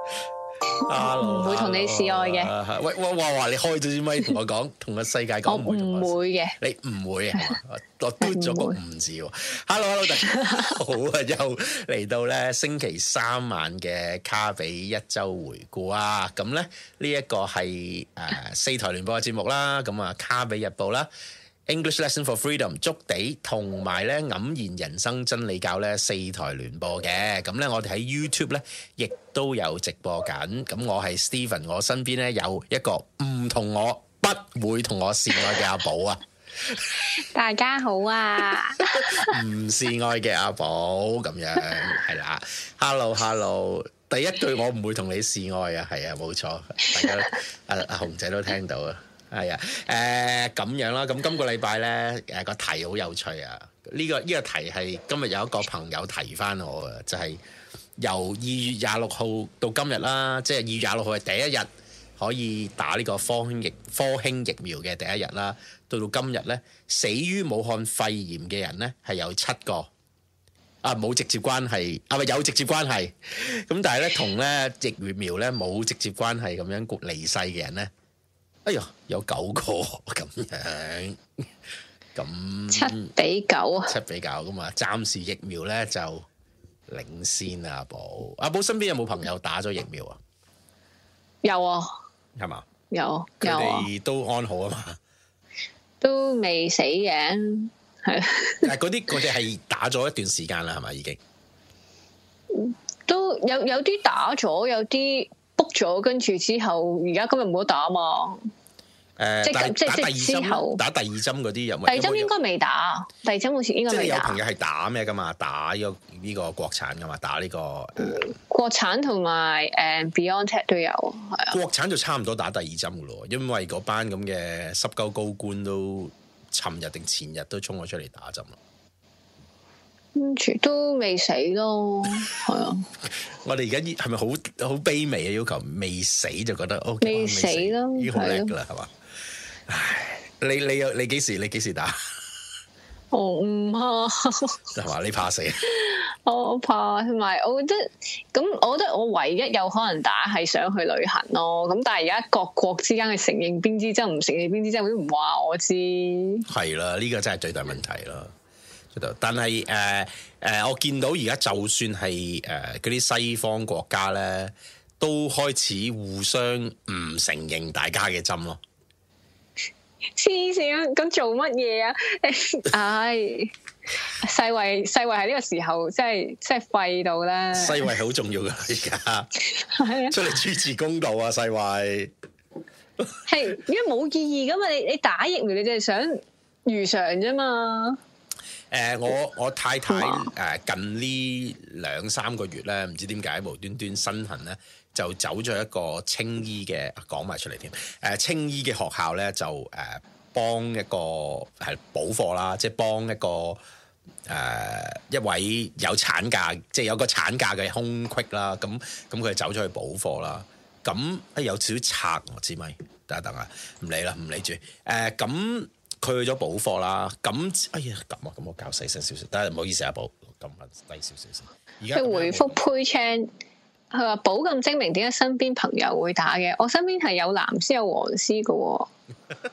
唔 Hello，會同你示愛嘅，hello，喂喂，喂哇你開咗支咪同我講，同個 世界講，我唔會嘅，你唔會啊，落斷咗個唔字。Hello，hello，大家 好啊，又嚟到咧星期三晚嘅卡比一周回顧啊，咁咧呢一個係誒四台聯播嘅節目啦，咁啊卡比日報啦。English lesson for freedom，築地同埋咧黯然人生真理教咧四台聯播嘅，咁咧我哋喺 YouTube 咧亦都有直播緊。咁我係 Steven，我身邊咧有一個唔同我不會同我示愛嘅阿寶啊！大家好啊！唔示愛嘅阿寶咁樣係啦，Hello Hello，第一句我唔會同你示愛啊，係啊，冇錯，大家都，阿阿紅仔都聽到啊！係啊，誒、呃、咁樣啦，咁今個禮拜咧，誒、啊、個題好有趣啊！呢、這個呢、這個題係今日有一個朋友提返我嘅，就係、是、由二月廿六號到今日啦，即係二月廿六號係第一日可以打呢個科興疫科興疫苗嘅第一日啦，到到今日咧，死於武漢肺炎嘅人咧係有七個啊，冇直接關係啊，咪有直接關係，咁但係咧同咧疫苗咧冇直接關係咁樣離世嘅人咧。哎呀，有九個咁樣，咁七比九啊，七比九㗎嘛？暫時疫苗咧就領先啊，阿寶，阿寶身邊有冇朋友打咗疫苗啊？有啊，係嘛吧？有、啊，佢都安好 啊嘛，都未死嘅，係。但嗰啲佢哋係打咗一段時間啦，係咪？已經，都有有啲打咗，有啲。有些復咗，跟住之後，而家今日冇得打嘛？誒、呃，即係但即係即係之後打第二針嗰啲有冇？第二針應該未打，第二針好似應該未打。即你有朋友係打咩噶嘛？打呢個呢個國產噶嘛？打呢、呢個誒、嗯、國產同埋誒 Beyond Tech 都有。國產就差唔多打第二針噶咯，因為嗰班咁嘅濕鳩高官都尋日定前日都衝咗出嚟打針啦。跟住都未死咯，係啊！ 我哋而家係咪好好卑微嘅要求？未死就覺得 OK，未死啦，死了已經好叻噶啦，係嘛是的 吧？唉，你你有你幾時？你幾時打？我唔不怕，係嘛？你怕死？ 我怕，同埋我覺得咁，我覺得我唯一有可能打係想去旅行咯。咁但係而家各國之間嘅承認，邊啲真唔承認？邊啲真會唔話我知。係啦，呢、啊這個真係最大問題咯。但係誒誒，我見到而家就算係誒嗰啲西方國家咧，都開始互相唔承認大家嘅針咯。黐線，咁做乜嘢啊？誒、哎， 世衛，世衛喺呢個時候即係即係廢到啦。了世衛好重要噶，而家 出嚟主持公道啊！世衛係因為冇意義噶嘛？你你打疫苗，你就係想如常啫嘛？誒、呃、我我太太誒、呃、近呢兩三個月咧，唔知點解無端端身痕咧，就走咗一個青衣嘅講埋出嚟添。誒、呃、青衣嘅學校咧就誒幫、呃、一個係補課啦，即係幫一個誒、呃、一位有產假，即係有個產假嘅空隙啦。咁咁佢走咗去補課啦。咁啊、哎、有少少拆，我知咪？等一等啊，唔理啦，唔理住。誒、呃、咁。那佢去咗補課啦，咁哎呀咁啊，咁我教細聲少少，但係唔好意思啊，補撳下低少少先。佢回覆配 Chan 佢話補咁精明，點解身邊朋友會打嘅？我身邊係有藍絲有黃絲嘅喎，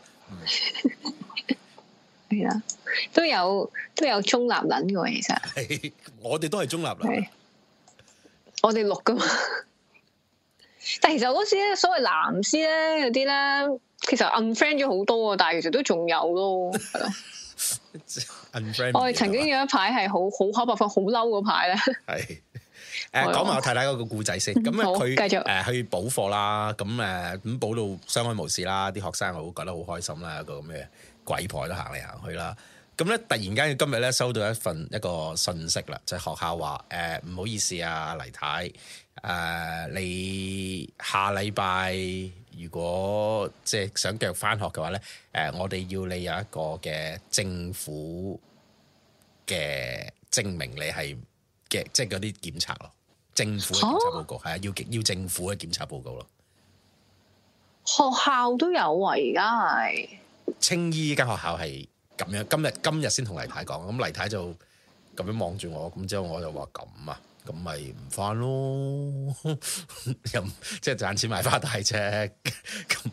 係 啊，都有都有中立人嘅喎，其實 我哋都係中立人，我哋綠嘅嘛。 但係其實嗰時咧，所謂藍絲咧，嗰啲咧。其實 unfriend 咗好多，但係其實都仲有咯。 Un friendly 我哋曾經有一排係好好考白髮好嬲嗰排咧。係誒， 講埋、 uh, 我太太嗰個故仔先。咁啊 好，佢繼他續誒去補課啦。咁誒咁補到相安無事啦。啲學生我會覺得好開心啦。一個咁嘅鬼婆都行嚟行去啦。咁咧突然間今日咧收到一份一個信息啦，就係，學校話誒唔好意思啊，黎太誒、呃、你下禮拜。如果即係想繼續翻學嘅話咧，誒，我哋要你有一個嘅政府嘅證明你，你係嘅即係嗰啲檢查咯，政府嘅檢查報告係啊，要、哦、要政府嘅檢查報告咯。學校都有啊，而家係青衣間學校係咁樣，今日今日先同黎太講，咁黎太，太就咁樣望住我，咁之後我就話咁啊。咁咪唔翻咯？又即係賺錢買花大隻，咁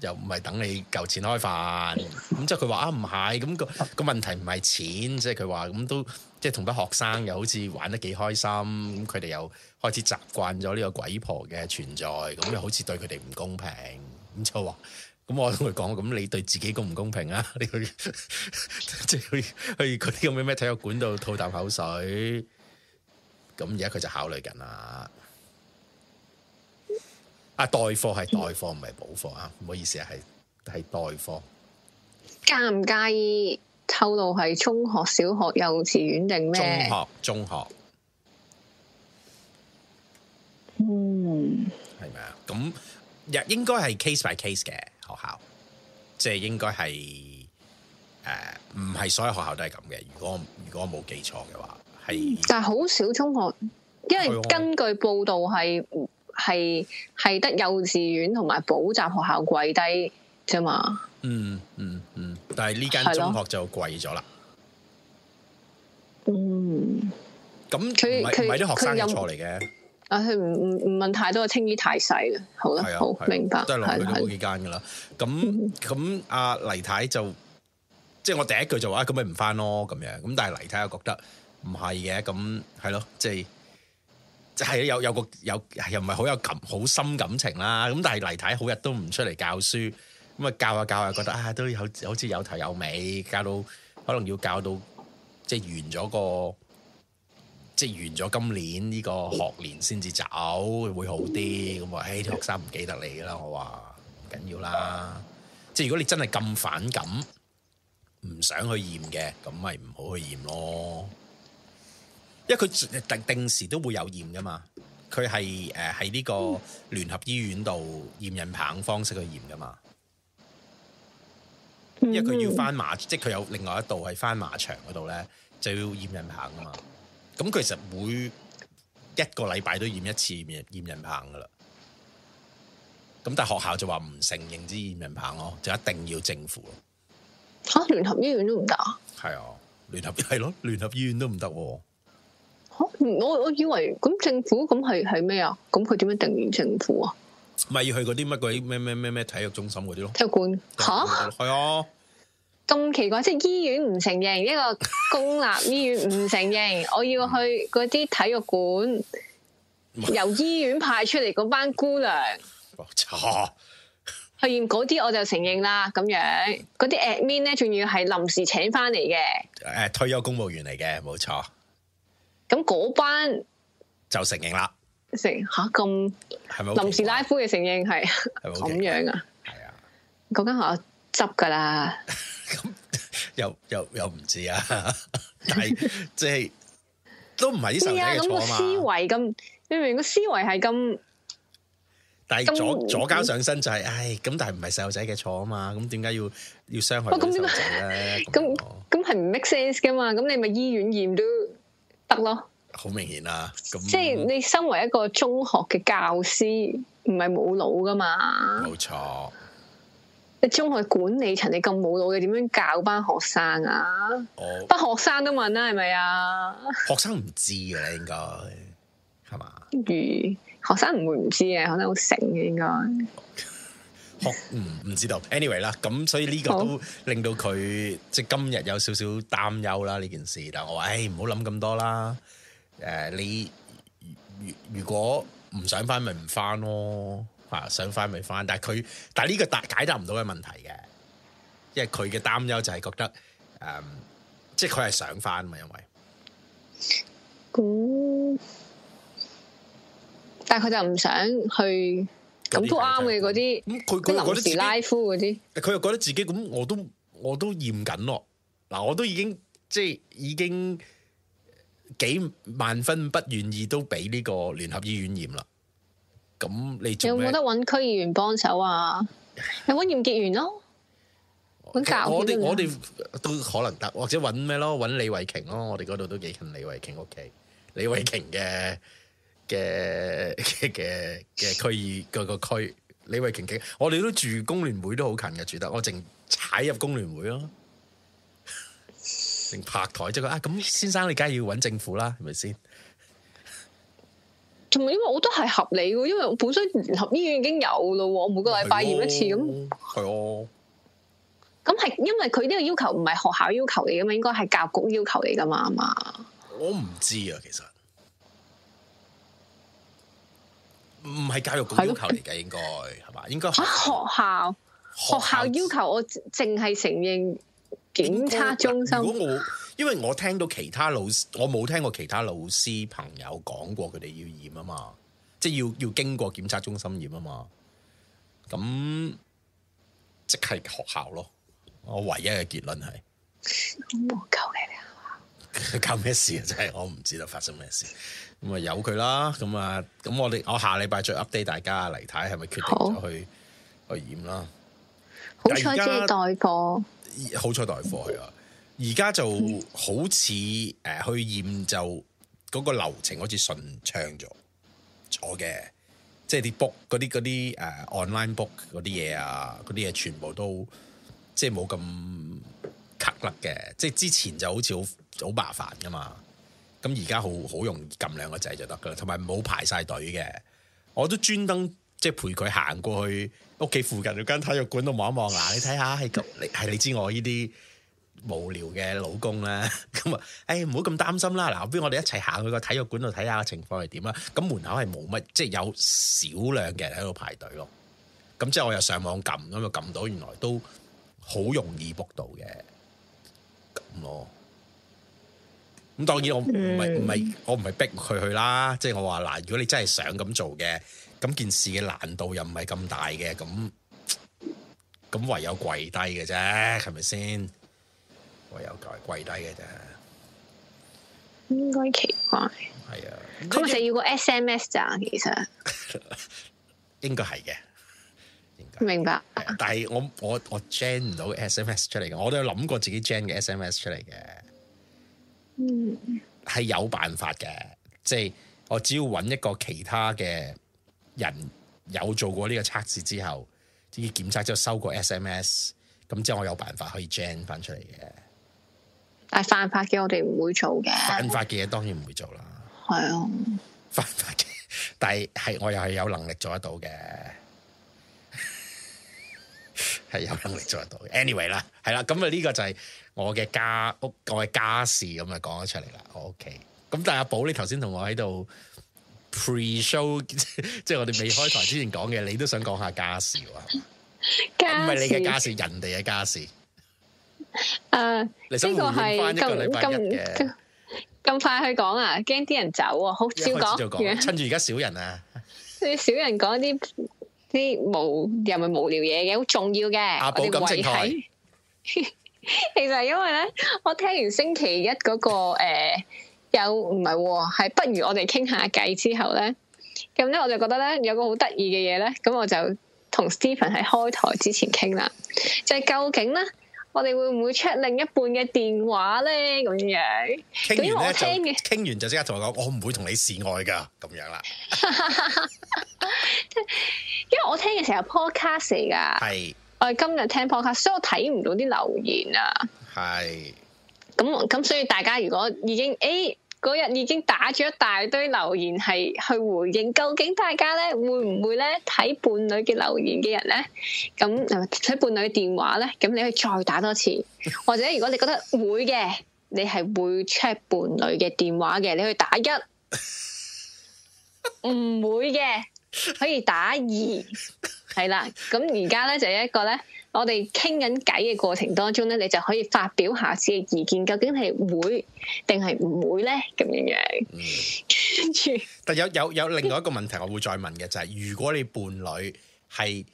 又唔係等你舊錢開飯。咁即係佢話啊，唔係咁個、嗰個問題唔係錢，即係、即係佢話咁都即係同班學生又好似玩得幾開心，咁佢哋又開始習慣咗呢個鬼婆嘅存在，咁又好似對佢哋唔公平。咁就話，咁我同佢講，咁你對自己公唔公平啊？你去即係去去啲咁嘅咩體育館度吐啖口水。咁而家佢就考慮緊啦。啊，代課係代課唔係補課啊！唔好意思啊，係係代課。介唔介意透露係中學、小學、幼稚園定咩？中學，中學。嗯。係咪啊？咁亦應該係 case by case 嘅學校，即係應該係誒，唔係所有學校都係咁嘅。如果如果我冇記錯嘅話。但係好少中學，因為根據報道係係係得幼稚園同埋補習學校跪低啫嘛。嗯嗯嗯，但係呢間中學就貴咗啦。嗯，咁佢佢唔係啲學生嘅錯嚟嘅。啊，佢唔唔唔問太多，青衣太細啦。好啦，好明白，即係落佢哋嗰幾間噶啦。咁咁，阿黎太就即係我第一句就話，咁咪唔翻，咯咁樣。咁但係黎太又覺得。唔係嘅，咁係咯，即係即係有有個有又唔係好有感好深感情啦。咁但係黎太好日都唔出嚟教書，咁啊教下教下覺得啊都好似有頭有尾，教到可能要教到即係完咗個即係完咗今年呢個學年先至走會好啲。咁啊，唉、哎、啲學生唔記得你嘅啦，我話唔緊要啦。即係如果你真係咁反感，唔想去驗嘅，咁咪唔好去驗咯。因為佢定定時都會有驗噶嘛，佢係誒喺呢個聯合醫院度驗人棒方式去驗噶嘛。嗯、因為佢要翻馬，即係佢有另外一度係翻馬場嗰度咧，就要驗人棒噶嘛。咁佢其實每一個禮拜都驗一次驗驗人棒噶啦。咁但係學校就話唔承認之驗人棒咯，就一定要政府咯。吓、啊，聯合醫院都唔得？係啊，聯合係咯，聯、啊、合醫院都唔得喎。我我以為咁政府咁係係咩啊？咁佢點樣定義政府啊？咪要去嗰啲乜鬼咩咩咩咩體育中心嗰啲咯？體育館吓？係啊，咁、啊啊、奇怪，即係醫院唔承認，一個公立醫院唔承認， 我要去嗰啲體育館， 由醫院派出嚟嗰班姑娘，錯沒錯， 去完嗰啲我就承認啦，咁樣，嗰啲 admin 咧，仲要係臨時請返嚟嘅，誒，退休公務員嚟嘅，冇錯。咁嗰班就承認啦，承吓咁係咪？臨、啊、時拉夫嘅承認係咁樣啊？係啊，嗰間學校執噶啦。咁又又又唔知啊？但係即係都唔係呢層嘅錯啊嘛。咁、啊嗯那個思維咁，你明個思維係咁？但係左麼左交上身就係、是、唉，咁但係唔係細路仔嘅錯啊嘛？咁點解要要傷害那？咁點解咁咁係唔 make sense 噶嘛？咁你咪醫院驗都。得咯，好明顯啦，咁。即係你身為一個中學嘅教師，唔係冇腦噶嘛？冇錯，你中學管理層你咁冇腦嘅，點樣教班學生啊？班學生都問啦，係咪啊？學生唔知嘅，應該係嘛？如學生唔會唔知嘅，可能好醒嘅應該。唔唔知道，anyway 啦，咁所以呢個都令到佢即係今日有少少擔憂啦呢件事。但係我話，誒唔好諗咁多啦。誒，你如如果唔想翻咪唔翻咯，吓想翻咪翻。但係佢但係呢個答解答唔到嘅問題嘅，因為佢嘅擔憂就係覺得，誒，即係佢係想翻嘛，因為，哦，但係佢就唔想去。咁都啱嘅嗰啲，咁佢佢覺得拉夫啲。佢些些又覺得自己咁，我都我都驗緊咯。嗱，我都已經即係已經幾萬分不願意都俾呢個聯合醫院驗啦。咁你有冇得揾區議員幫手啊？去揾驗結員咯、啊， 教、啊、我哋我哋都可能得，或者揾咩咯？揾李慧瓊咯，我哋嗰度都幾近李慧瓊屋企，李慧瓊嘅。嘅嘅嘅嘅區議個個區，李慧瓊瓊，我哋都住工聯會都好近嘅，住得，我淨踩入工聯會咯，淨拍枱即係啊！咁先生你梗係要揾政府啦，係咪先？同埋，因為我都係合理嘅，因為我本身聯合醫院已經有咯，我每個禮拜驗一次咁。係哦。咁係因為佢呢個要求唔係學校要求嚟嘅嘛，應該係教育局要求嚟嘅嘛，係嘛？我唔知啊，其實。唔係教育局要求嚟嘅的，應該係嘛？應該嚇學校，學校要求我淨係承認檢測中心。如果我，因為我聽到其他老師，我冇聽過其他老師朋友講過佢哋要驗啊嘛，即係要要經過檢測中心驗啊嘛。咁即係學校咯。我唯一嘅結論係冇救嘅啦。我求你 搞咩事啊？真係我唔知道發生咩事。咁啊，由佢啦。咁啊，咁我哋我下禮拜再 update 大家嚟睇，係咪決定咗去好去驗啦？好彩即係代貨，好彩代貨係啊。而家、嗯、就好似誒，去驗就嗰個流程好似順暢咗咗嘅，即係啲 book 嗰啲嗰啲誒 online book 嗰啲嘢啊，嗰啲嘢全部都即係冇咁卡甩嘅，即、就、係、是就是、之前就好似好好麻煩噶嘛。咁而家好好容易撳兩個仔就得㗎，同埋唔好排晒隊嘅。我都專登即係陪佢行過去屋企附近嗰間體育館度望一望嗱， 你睇下係你，係你知我呢啲無聊嘅老公啦。咁 啊、哎，誒唔好咁擔心啦。嗱，不如我哋一齊行去個體育館度睇下情況係點啦。咁門口係冇乜，即係有少量嘅人喺度排隊咯。咁即係我又上網撳咁啊撳到，原來都好容易 book 到嘅咁咯。咁當然我唔係唔係，我唔係逼佢去啦。即係我話嗱，如果你真係想咁做嘅，咁件事嘅難度又唔係咁大嘅，咁咁唯有跪低嘅啫，係咪先？唯有跪跪低嘅啫。應該奇怪。係啊，佢咪就係要個 SMS 咋？其實應該係嘅。明白。但係我我我 gen 唔到 SMS 出嚟嘅，我都有諗過自己 gen 嘅 SMS 出嚟嘅。係、嗯、有辦法嘅，即、就、係、是、我只要揾一個其他嘅人有做過呢個測試之後，啲檢測之後收過 SMS，咁之後我有辦法可以 gen 翻出嚟嘅，嗯。但係犯法嘅我哋唔會做嘅，犯法嘅嘢當然唔會做啦。係啊，犯法嘅，但係係我又係有能力做得到嘅，係 有能力做得到嘅。Anyway 啦，係啦，咁啊呢個就係、是。.我嘅家屋，我嘅家事咁就講咗出嚟啦。我屋企咁但係阿寶，你頭先同我喺度 pre show，即係我哋未開台之前講嘅， 你都想講下家事喎？唔係你嘅家事，人哋嘅家事。誒、啊，呢、uh, 個係今今咁快去講啊？驚啲人走啊？好，照講，在趁住而家少人啊，你少人講啲啲無又咪無聊嘢嘅，好重要嘅。阿寶寶咁們正氣。 其實因為咧，我聽完星期一嗰，那個誒，有唔係喎，係不，不如我哋傾下偈之後咧，咁咧我就覺得咧有個好得意嘅嘢咧，咁我就同 Stephen 喺開台之前傾啦，就係，是、究竟咧，我哋會唔會 check 另一半嘅電話咧？咁樣，咁我聽嘅，傾完就即刻同我講，我唔會同你示愛噶，咁樣啦，因為我聽嘅 時候 podcast 噶，係。我今日聽 podcast，所以我睇唔到啲留言啊。係是，咁咁所以大家如果已經誒嗰日已經打咗一大堆留言係去回應，究竟大家咧會唔會咧睇伴侶嘅留言嘅人咧？咁係咪睇伴侶嘅電話咧？咁你可以再打多次，或者如果你覺得會嘅，你係會 check 伴侶嘅電話嘅，你去打一唔 會嘅可以打二。係啦，咁而家咧就一個咧，我哋傾緊偈嘅過程當中咧，你就可以發表下次嘅意見，究竟係會定係唔會咧咁樣樣。跟住、嗯，後但有有有另外一個問題，我會再問嘅就係、是，如果你伴侶係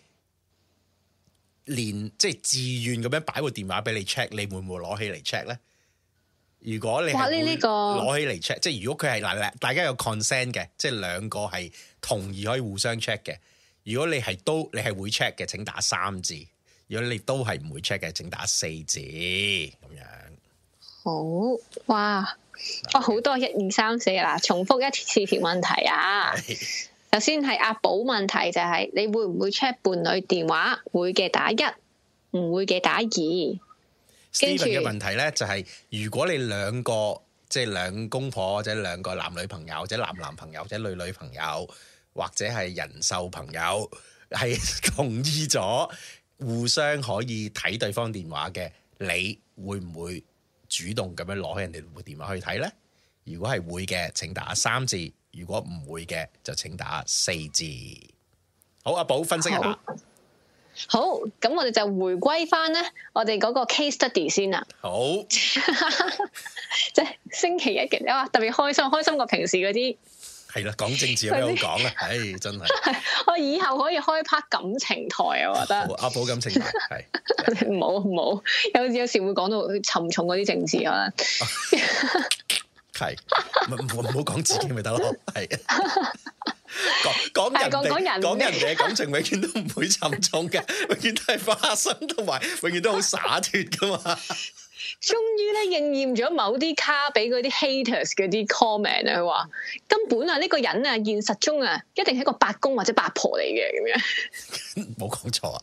連即係、就是、自願咁樣擺個電話俾你 check，你會唔會攞起嚟 check 咧？如果你，話呢、呢個攞起嚟 check，即係如果佢係嗱，大家有 consent 嘅，即係兩個係同意可以互相 check 嘅。如果你係都你係會 check 嘅，請打三字；如果你都係唔會 check 嘅，請打四字。咁樣好哇，哇好對、哦、多一二三四啦！重複一次條問題啊。首先係阿寶問題就係、是、你會唔會 check 伴侶電話？會嘅打一，唔會嘅打二。Steven 嘅問題咧後就係如果你兩個即係、就是、兩公婆或者兩個男女朋友或者男男朋友或者女女朋友。或者係人壽朋友係同意咗，互相可以睇對方的電話嘅，你會唔會主動咁樣攞起人哋部電話去睇咧？如果係會嘅，請打三字；如果唔會嘅，就請打四字。好，阿寶分析下好。好，咁我哋就回歸翻咧，我哋嗰個 case study 先啊。好，即係 星期一嘅，你話特別開心，開心過平時嗰啲。係啦，講政治有咩好講啊，唉、 哎，真係 我以後可以開 part 感情台啊，我覺得阿寶、啊啊、感情台係唔好唔好有有時會講到沉重嗰啲政治，可能係唔唔好講自己咪得咯，係講講人講人講人嘅感情永遠都唔會沉重嘅， 永遠都係花生同埋永遠都好灑脫噶嘛。終於咧應驗咗某啲卡比嗰啲 haters 嗰啲 comment 啊，佢話根本啊呢、這個人啊現實中啊一定係一個八公或者八婆嚟嘅咁樣，冇講錯啊，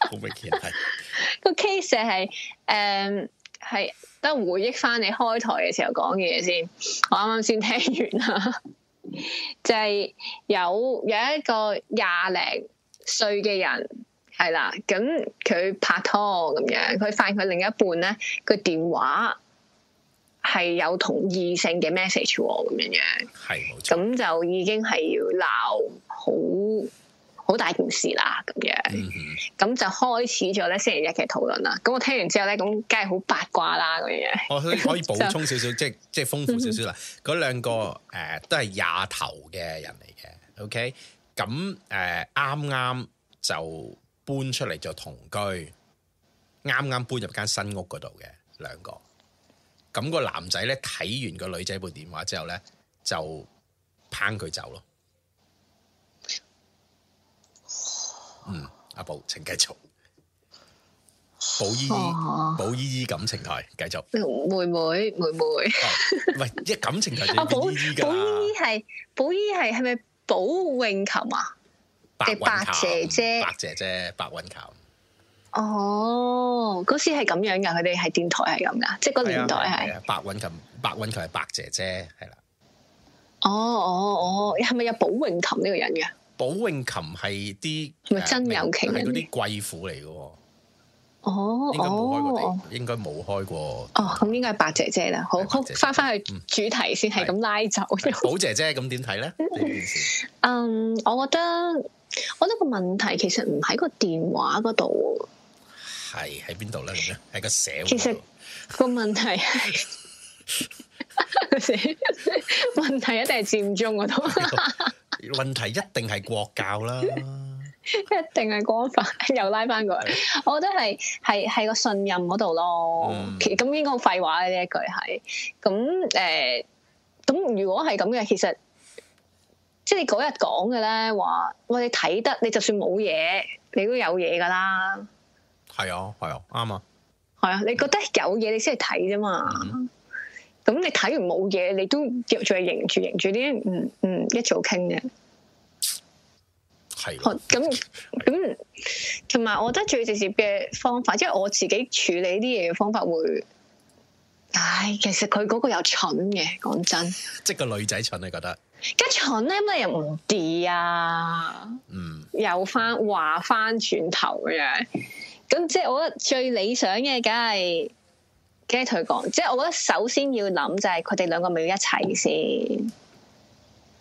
好 明顯係 個 case 係誒係得回憶翻你開台嘅時候講嘅嘢先，我啱啱先聽完啦， 就係有有一個廿零歲嘅人。係啦，咁佢拍拖咁樣，佢發現佢另一半咧個電話係有同異性嘅 message 咁樣，係，冇錯，咁就已經係要鬧好好大件事啦，咁樣，咁、嗯、哼就開始咗咧星期一嘅討論啦。咁我聽完之後咧，咁梗係好八卦啦，咁樣。我可以補充少少，即係即係豐富少少啦。嗰兩個誒都係廿頭嘅人嚟嘅，OK，咁誒啱啱就。哼搬出嚟就同居，啱啱搬入間新屋嗰度嘅兩個。咁個男仔咧睇完個女仔部電話之後咧，就拋佢走咯。嗯，阿寶，請繼續。寶姨姨，寶姨姨感情台繼續。妹妹，妹妹，唔係即係感情台，寶姨姨噶啦。寶姨係，寶姨係係咪寶詠琴啊？白姐姐，白姐姐，白韻琴。哦，嗰時係咁樣噶，佢哋係電台係咁噶，即係嗰年代係。白韻琴，白韻琴係白姐姐係啦。哦哦哦，係咪有寶詠琴呢個人噶？寶詠琴係啲，係咪真有其人？嗰啲貴婦嚟噶。哦哦，應該冇開過。哦，咁應該係白姐姐啦。好好翻翻去主題先，係咁拉走。寶姐姐咁點睇咧？呢件事，嗯，我覺得。我覺得個問題其實唔喺個電話嗰度，係喺邊度咧？係個社會，其實個問題係問題一定係佔中嗰度，問題一定係國教啦，一定係光法又拉翻過嚟。我覺得係係係個信任嗰度咯。咁應該廢話嘅呢一句係咁誒，咁、嗯嗯嗯嗯嗯、如果係咁嘅，其實。即係你嗰日講嘅咧，話我你睇得，你就算冇嘢，你都有嘢噶啦。係啊，係啊，啱啊。係啊，你覺得有嘢，你先係睇啫嘛。咁、嗯、你睇完冇嘢，你都仲係迎住迎住啲，嗯嗯，一早傾嘅。係、啊。咁咁，同埋我覺得最直接嘅方法，即係我自己處理啲嘢嘅方法會，唉，其實佢嗰個有蠢嘅，講真。即係個女仔蠢，你覺得？跟住好咧，乜又唔掂啊？嗯又，又翻話翻轉頭咁樣，咁即係我覺得最理想嘅，梗係梗係同佢講。即係我覺得首先要諗就係佢哋兩個咪要一齊先。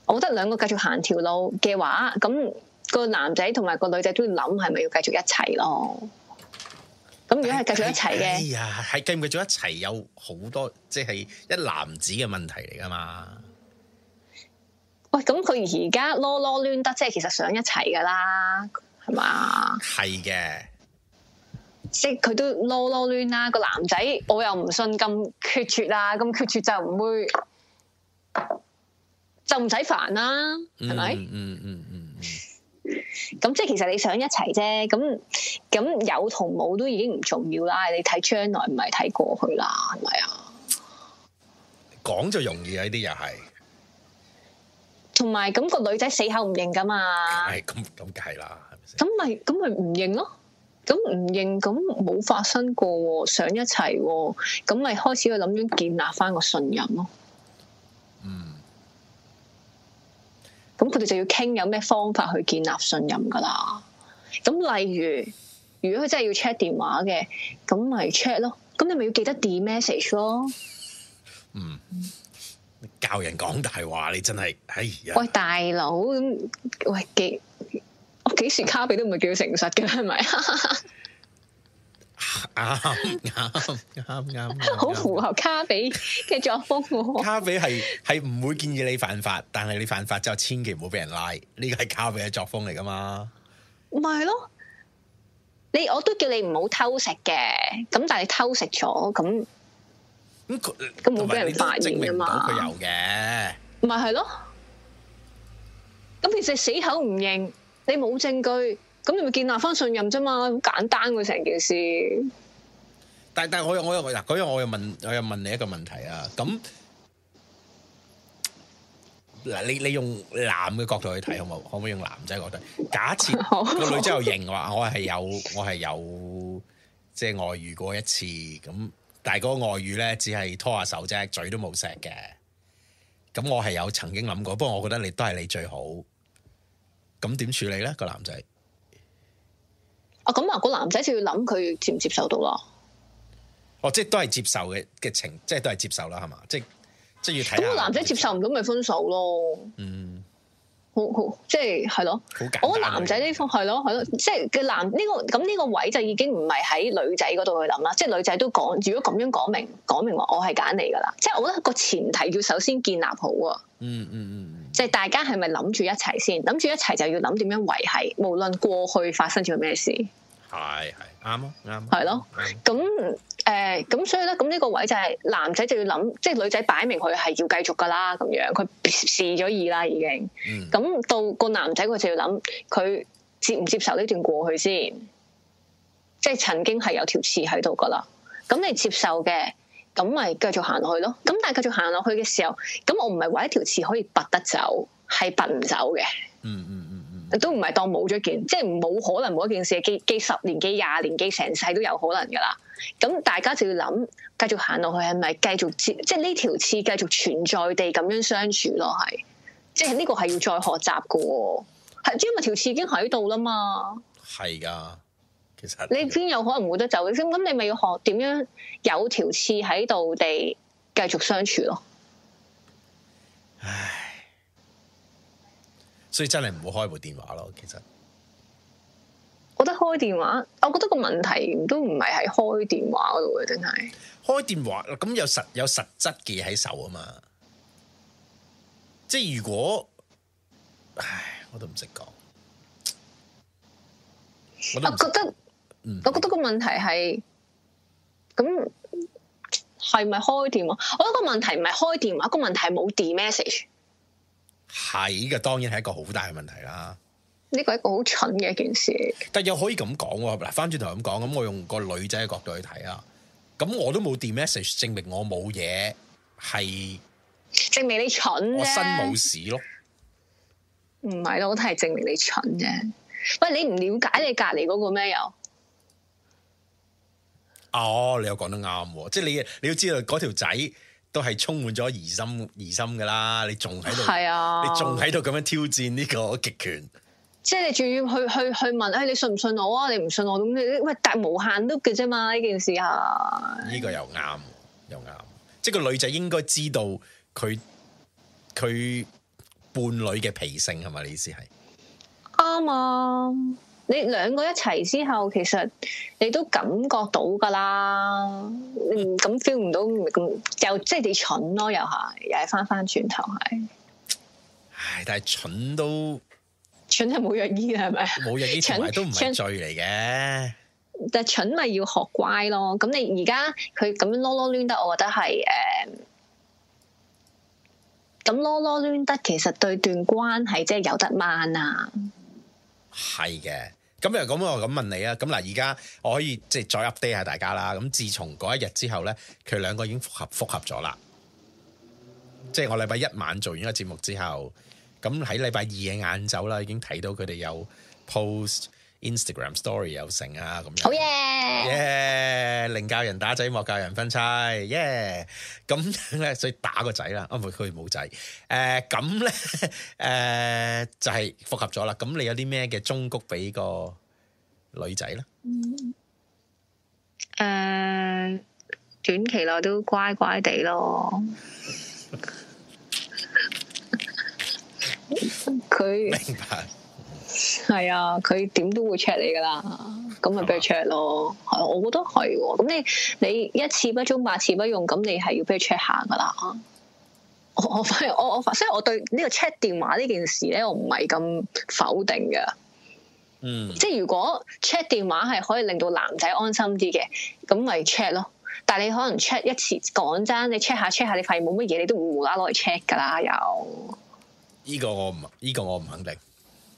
我覺得兩個繼續行條路嘅話，咁個男仔同埋個女仔都要諗係咪要繼續一齊咯。咁如果係繼續一齊嘅，係繼唔繼續一齊有好多，即係一男子嘅問題嚟噶嘛？喂，咁佢而家囉囉攣得，即係其實想一齊噶啦，係嘛？係嘅是的，即係佢都囉囉攣啦。個男仔我又唔信咁決絕啊，咁決絕就唔會就唔使煩啦，係咪？嗯？嗯嗯嗯嗯，咁，嗯嗯嗯、即係其實你想一齊啫，咁咁有同冇都已經唔重要啦。你睇將來唔係睇過去啦，係咪啊？講就容易啊，呢啲又係。同埋咁個女仔死口唔認噶嘛？係咁咁梗係啦，係咪先？咁咪咁咪唔認咯。咁唔認咁冇發生過，想一齊，咁咪開始去諗樣建立翻個信任咯。嗯。咁佢哋就要傾有咩方法去建立信任噶啦。咁例如，如果佢真係要 check 電話嘅，咁咪 check 咯。咁你咪要記得啲 message 咯。嗯。教人講大話，你真係哎呀！喂，大佬咁喂幾？我幾時卡比都唔係叫誠實嘅，係咪？啱啱啱啱，好符合卡比嘅作風啊。 卡比係係唔會建議你犯法，但係你犯法之後千，千祈唔好俾人拉。呢個係卡比嘅作風嚟噶嘛？咪咯，你我都叫你唔好偷食嘅，咁但係偷食咗咁。咁佢，唔係你證明唔到佢有嘅。咪係咯？咁其實死口唔認，你冇證據，咁你咪建立翻信任啫嘛，好簡單喎成件事。但但我又我又嗱嗰樣我又問我又問你一個問題啊，咁嗱你你用男嘅角度去睇好冇？可唔可以用男仔角度？假設個女仔又認話，我係有我係有即係外遇過一次咁。但係嗰個外語咧，只係拖下手啫，嘴都冇錫嘅。咁我係有曾經諗過，不過我覺得你都係你最好。咁點處理咧？個男仔啊，咁啊，個男仔就要諗佢接唔接受到咯。哦，即係都係接受嘅嘅情，即係都係接受啦，係嘛？即係即係要睇下。咁個男仔接受唔到，咪分手咯。嗯。好好，即係係咯，我覺得男仔呢方係咯係咯，即係嘅男呢個咁呢個位就已經唔係喺女仔嗰度去諗啦，即係女仔都講，如果咁樣講明講明話我係揀你噶啦，即係我覺得個前提要首先建立好啊，嗯嗯嗯，即係大家係咪諗住一齊先，諗住一齊就要諗點樣維繫，無論過去發生咗咩事。係係啱咯，啱係咯。咁誒，咁、呃、所以咧，咁呢個位就係男仔就要諗，即係女仔擺明佢係要繼續噶啦，咁樣佢示咗意啦，已經。咁、嗯、到個男仔佢就要諗，佢接唔接受呢段過去先。即係曾經係有條刺喺度噶啦，咁你接受嘅，咁咪繼續行落去咯。咁但係繼續行落去嘅時候，咁我唔係話一條刺可以拔得走，係拔唔走嘅、嗯。嗯嗯。都唔係當冇咗件，即係冇可能冇一件事，幾十年、幾廿年、幾成世都有可能噶啦。咁大家就要諗，繼續行落去係咪繼續接？即係呢條刺繼續存在地咁樣相處咯，係即係呢個係要再學習噶，係因為條刺已經喺度啦嘛。係噶，其實你邊有可能冇得走？咁，咁你咪要學點樣有條刺喺度地繼續相處咯。唉。所以真係唔會開部電話咯，其實，我覺得開電話，我覺得個問題都唔係喺開電話嗰度嘅，定係開電話咁有實有實質嘅嘢喺手啊嘛。即係如果，唉，我都唔識講。我，我覺得，嗯、我覺得個問題係，咁係咪開電話？我覺得個問題唔係開電話，個問題係冇 D message。係嘅，當然係一個好大嘅問題啦。呢個係一個好蠢嘅一件事。但又可以咁講，嗱，翻轉頭咁講，咁我用個女仔嘅角度去睇啊。咁我都冇電 message，證明我冇嘢，係證明你蠢我事。我身冇屎咯，唔係咯，我都係證明你蠢嘅。喂，你唔了解你隔籬嗰個咩又？哦，你又講得啱，即係你你要知道嗰條仔。都係充滿咗疑心疑心噶啦，你仲喺度，係啊，你仲喺度咁樣挑戰呢個極權，嗯，即係你仲要去去去問，誒、哎，你信唔信我啊？你唔信我咁你，喂，但無限都嘅啫嘛，呢件事啊，呢個又啱，又啱，即係個女仔應該知道佢佢伴侶嘅脾性係咪？你意思係啱啊？你兩個一齊之後，其實你都感覺到噶啦，唔咁 feel 唔到，咁又即係你蠢咯，又係又係翻翻轉頭係。唉，但係蠢都蠢係冇藥醫啦，係咪？冇藥醫同埋都唔係罪嚟嘅。但係蠢咪要學乖咯。咁你而家佢咁樣囉囉攣得，我覺得係誒。咁囉囉攣得，其實對段關係即係有得掹啊。係嘅。咁又咁我咁問你啊？咁嗱，而家我可以即係再 update 下大家啦。咁自從嗰一日之後咧，佢兩個已經復合復合咗啦。即係我禮拜一晚做完個節目之後，咁喺禮拜二嘅晏晝啦，已經睇到佢哋有 post。Instagram story 又成啊咁樣，好嘢！耶，寧教人打仔，莫教人分妻，耶！咁咧，所以打個仔啦，啊唔係佢冇仔，誒咁咧，誒就係復合咗啦。咁你有啲咩嘅忠告俾個女仔咧？誒，短期內都乖乖地咯。佢。明白。係啊，佢點都會 check 你噶啦，咁咪俾佢 check 咯。吧我覺得係，哦，咁你你一次不忠，百次不用，咁你係要俾佢 check 下噶啦。我反而我我所以我對呢個 check 電話呢件事咧，我唔係咁否定嘅。嗯，即係如果 check 電話係可以令到男仔安心啲嘅，咁咪 check 咯。但係你可能 check 一次講真，你 check 下 check 下，你發現冇乜嘢，你都無啦啦攞嚟 check 噶啦。又呢個我唔呢，這個我唔肯定。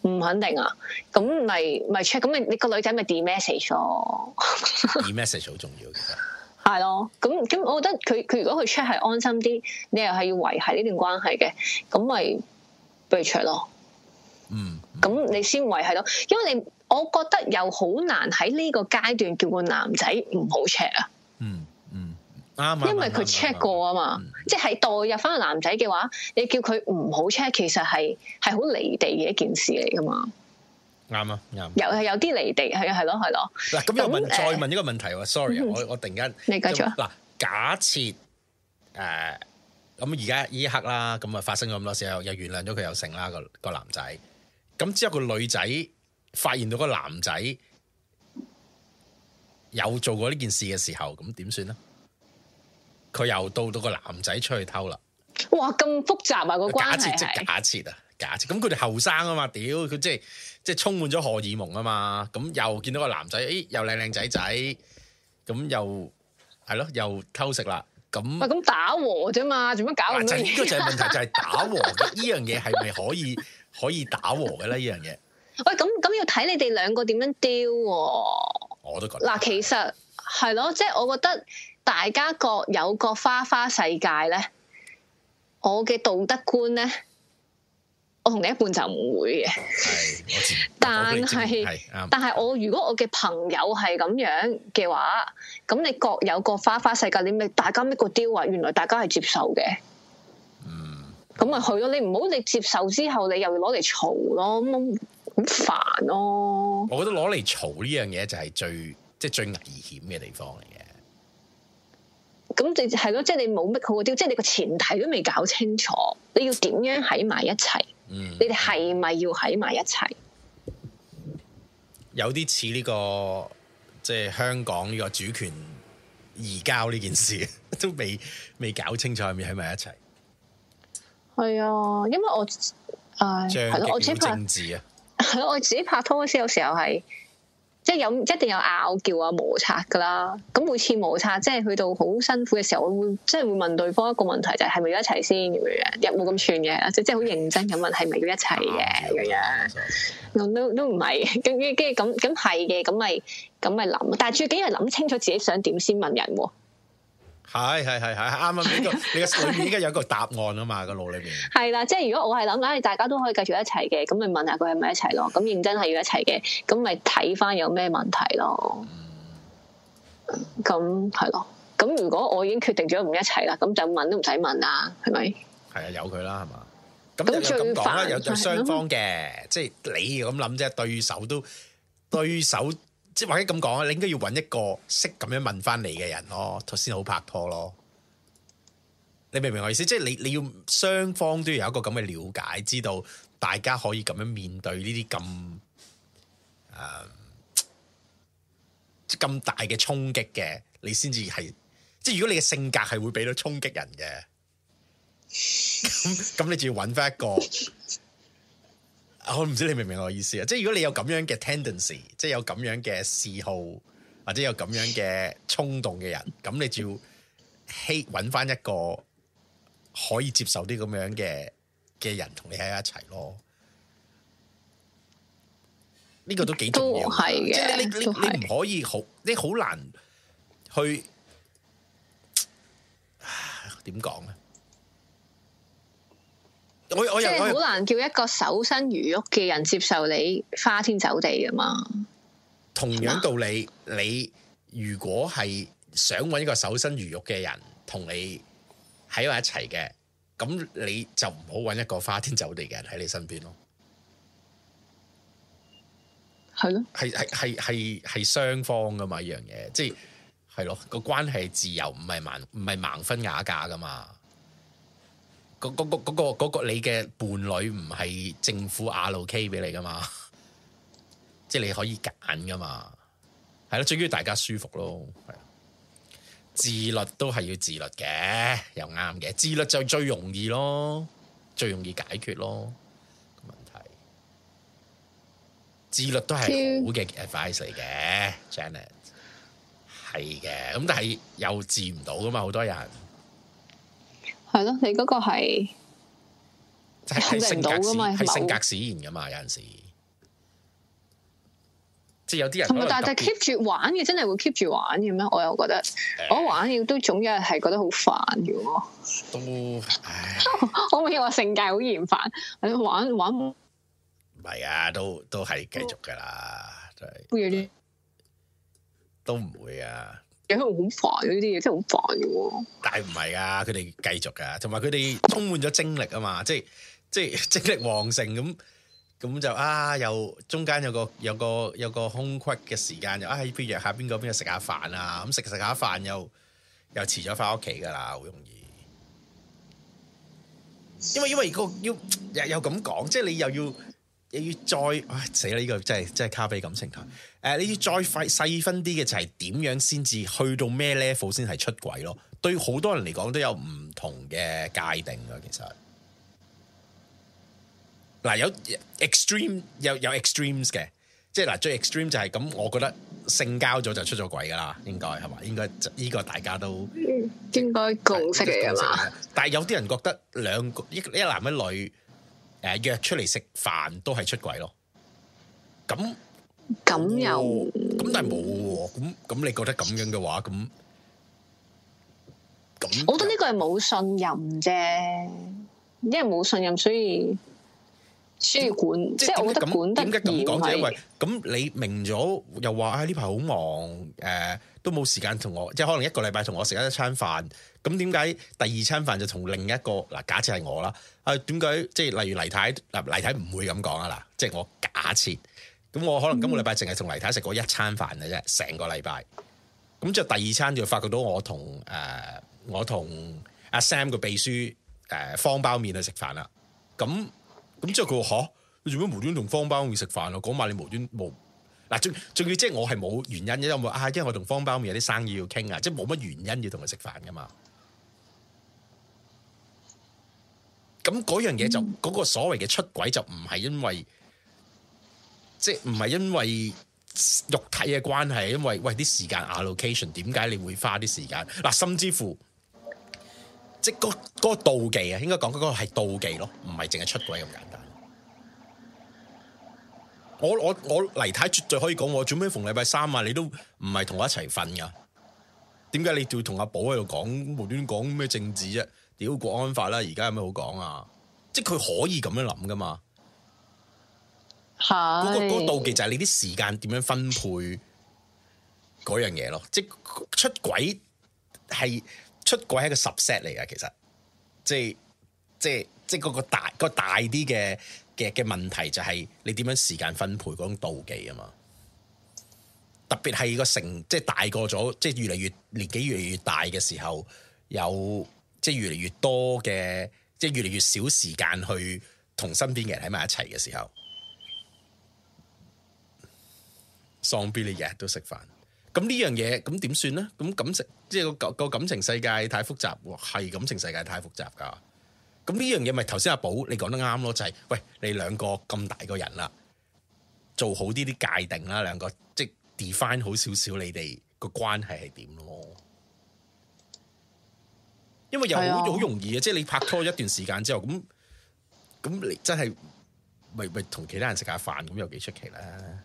唔肯定啊，咁咪咪 check，咁你個女仔咪啲 message 咯，啊。啲 message 好重要嘅，其實，係咯，咁咁我覺得佢佢如果佢 check 係安心啲，你又係要維繫呢段關係嘅，咁咪不如 check 咯，嗯。嗯，咁你先維繫咯，因為你我覺得又好難喺呢個階段叫個男仔唔好 check 啊。嗯。因為佢 check 過啊嘛，對對對對，即係代入翻個男仔嘅話，你叫佢唔好 check，其實係係好離地嘅一件事嚟噶嘛。啱啊，啱。有係有啲離地，係係咯係咯。嗱咁又問那再問一個問題喎、呃、，sorry，我我突然間、嗯。你繼續。嗱，假設誒咁而家呢刻啦，咁啊發生咗咁多事又又原諒咗佢又成啦個、那個男仔，咁之後個女仔發現到個男仔有做過呢件事嘅時候，咁點算咧？佢又到到個男仔出去偷啦！哇，咁複雜啊、個關係假！假設即係假設啊，假設咁佢哋後生啊嘛，屌佢即係即係充滿咗荷爾蒙啊嘛，咁又見到個男仔，咦、哎、又靚靚仔仔，咁又係咯，又偷食啦！咁咪咁打和啫嘛，做乜搞、啊？就係、是、呢個就係問題，就係、是、打和呢 樣嘢係咪可以可以打和嘅咧？呢樣嘢喂咁咁要睇你哋兩個點樣 deal 喎、啊？我都覺得嗱、啊，其實係咯，即係、就是、我覺得。大家各有各花花世界咧，我嘅道德觀咧，我同你一半就唔會嘅。係， 但係是但係我如果我嘅朋友係咁樣嘅話，咁你各有各花花世界，你咪大家 make 個 deal 啊！原來大家係接受嘅，嗯，咁咪去咯。你唔好你接受之後，你又要攞嚟嘈咯，咁好煩咯、啊。我覺得攞嚟嘈呢樣嘢就係最即係、就是、最危險嘅地方嚟嘅。咁即係咯，即係你冇乜好啲，即係你個前提都未搞清楚，你要點樣喺埋一齊？你哋係咪要喺埋一齊？有啲似呢個即係香港呢個主權移交呢件事，都未未搞清楚係咪喺埋一齊？係啊，因為我誒係咯，我自己拍係咯，我自己拍拖嗰時有時候係。即係有即一定有拗撬啊摩擦噶啦，咁每次摩擦即係去到好辛苦嘅時候，我會即係會問對方一個問題就係係咪要一齊先咁樣，有冇咁串嘅，即係即係好認真咁問係咪要一齊嘅咁樣，咁都都唔係，跟住跟住咁咁係嘅，咁咪咁咪諗，但係最緊要係諗清楚自己想點先問人。係係係係啱啊！你個你個，依家有一個答案啊嘛，個腦、啊、裏邊。係啦，即係如果我係諗緊大家都可以繼續一齊嘅，咁咪問下佢係咪一齊咯？咁認真係要一齊嘅，咁咪睇翻有咩問題咯？咁係咯？咁、啊、如果我已經決定咗唔一齊啦，咁就問都唔使問啊？係咪？係啊，有佢啦，係嘛？咁最又咁講咧，有就雙方嘅，即係、啊、你要咁諗啫，對手都對手。即係或者咁講啊，你應該要揾一個識咁樣問翻你嘅人咯，頭先好拍拖咯。你明唔明我意思？即係你你要雙方都要有一個咁嘅了解，知道大家可以咁樣面對呢啲咁、誒、咁大嘅衝擊嘅，你先至係。即係如果你嘅性格係會俾到衝擊人嘅，咁咁 你就要揾翻一個。我唔知你明唔明我意思啊！即係如果你有咁樣嘅 tendency，即係有咁樣嘅嗜好或者有咁樣嘅衝動嘅人，咁 你就要揾翻一個可以接受啲咁樣嘅嘅人同你喺一齊咯。呢個都幾重要，係你是你你唔可以好，你好難去點講咧？我我即係好難叫一個守身如玉嘅人接受你花天酒地噶嘛？同樣道理，是嗎你如果係想揾一個守身如玉嘅人同你喺埋一齊嘅，咁你就唔好揾一個花天酒地嘅人喺你身邊咯。係咯的，係係係係係雙方噶嘛？一樣嘢，即係係咯，個關係自由唔係，唔係盲唔係盲婚啞嫁噶嘛？嗰、嗰個、嗰個嗰個你嘅伴侶唔係政府 allocate 俾你噶嘛？即 係你可以揀噶嘛？係咯，最緊要大家舒服咯。係啊，自律都係要自律嘅，又啱嘅。自律就最容易咯，最容易解決咯問題。自律都係好嘅 advice 嚟嘅 ，Janet 係嘅。咁但係又治唔到噶嘛，好多人。係咯，你嗰個係係性格，係某性格使然噶嘛？有陣時即係有啲人，同埋，但係 keep 住玩嘅，真係會 keep 住玩嘅咩？我又覺得、欸、我玩嘢，都總有人係覺得好煩嘅，都唉 我唔知我性格好厭煩，玩玩唔係啊，都都係繼續噶啦，都係都唔對會啊。好煩啊！呢啲嘢真係好煩嘅。但係唔係啊，佢哋繼續噶，同埋佢哋充滿咗精力啊嘛，即係即係精力旺盛咁，咁就啊又中間有個有個有個空隙嘅時間、啊啊嗯，又不如約下邊個邊個食下飯啊，咁食食下飯又又遲咗翻屋企噶啦，好容易。因為因為、那個要又又咁講，即係你又要。你要再唉死啦！呢、哎這個真係真係卡比感情台誒、呃，你要再細分啲嘅就係點樣先至去到咩 level 先係出軌咯？對好多人嚟講都有唔同嘅界定㗎，其實嗱有 extreme 有有 extremes 嘅，即係嗱最 extreme 就係、是、咁，我覺得性交咗就出咗軌噶啦，應該係嘛？應該呢、這個大家都應該共識嘅係嘛？吧但係有啲人覺得兩個一一男一女。誒約出嚟食飯都係出軌咯，咁咁又咁但係冇喎，咁咁你覺得咁樣嘅話，咁咁我覺得呢個係冇信任啫，因為冇信任所以需要管，即係我覺得管得，點解咁講？就因為咁你明咗又話啊呢排好忙誒？都冇時間同我，即係可能一個禮拜同我食一餐飯。咁點解第二餐飯就同另一個嗱？假設係我啦，啊點解？即係例如黎太嗱，黎太唔會咁講啊嗱。即係我假設，咁我可能今個禮拜淨係同黎太食過一餐飯嘅啫，成個禮拜。咁之後第二餐就發覺到我同誒、呃、我同阿 Sam 個秘書誒、呃、方包麪去食飯啦。咁咁之後佢話：嚇，你做乜無端同方包麪食飯啊？講埋你無端無。嗱，仲仲要即係我係冇原因嘅，我有冇啊，因為我同方包面有啲生意要傾啊，即係冇乜原因要同佢食飯噶嘛。咁樣嘢就，嗰個所謂嘅出軌就唔係因為，即係唔係因為肉體嘅關係，因為喂啲時間 allocation，點解你會花啲時間？嗱、啊，甚至乎，即係嗰嗰個妒忌啊，應該講個係妒忌咯，唔係淨係出軌咁簡單。我我我黎太，太絕對可以講，我做咩逢禮拜三啊？你都唔係同我一齊瞓噶？點解你仲要同阿寶喺度講無端端講咩政治啫？屌國安法啦，啊！而家有咩好講啊？即係佢可以咁樣諗噶嘛？吓是，嗰、那個嗰、那個妒忌就係你啲時間點樣分配嗰樣嘢咯。即係出軌係出軌係一個 subset 嚟噶，其實即係即係即係嗰個大、那個大啲嘅。嘅嘅問題就係你點樣時間分配嗰種妒忌啊嘛，特別係個成即係大個咗，即係越嚟越年紀越嚟越大嘅時候，有即係越嚟越多嘅，即係越嚟越少時間去同身邊嘅人喺埋一齊嘅時候，喪邊你日日都食飯，咁呢樣嘢咁點算呢？咁感情即係個感情世界太複雜，係感情世界太複雜㗎。咁呢樣嘢咪頭先阿寶你講得啱咯，就係、是、喂你兩個咁大個人啦，做好呢啲界定啦，兩個即係、就是、define 好少少你哋個關係係點咯，因為又好好是、啊、容易嘅，即係你拍拖一段時間之後，咁咁你真係咪咪同其他人食下飯咁又幾出奇咧？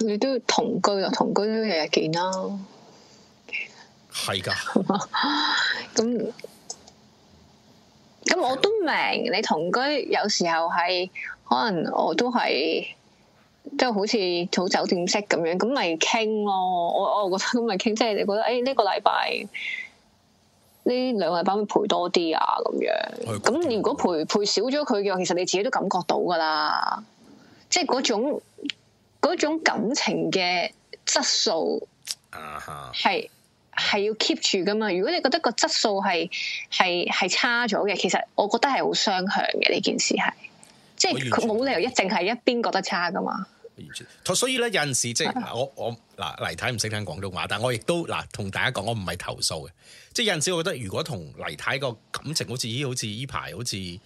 你都要同居啊，同居都日日見啦，係噶是的， 咁。咁我都明，你同居有時候係可能我都係即係好似做酒店式咁樣，咁咪傾咯。我我覺得咁咪傾，即係你覺得誒呢個禮拜呢兩個禮拜會陪多啲啊咁樣。咁如果陪陪少咗佢嘅話，其實你自己都感覺到噶啦，即係嗰種嗰種感情嘅質素係。Uh huh. 係要 keep 住噶嘛？如果你覺得個質素係係係差咗嘅，其實我覺得係好雙向嘅，呢件事係，即係佢冇理由一定係一邊覺得差噶嘛。完全。所以咧，有陣時即係我我嗱黎太唔識聽廣東話，但我亦都嗱同大家講，我唔係投訴嘅。即係有陣時我覺得，如果同黎太個感情好似好似呢排好似即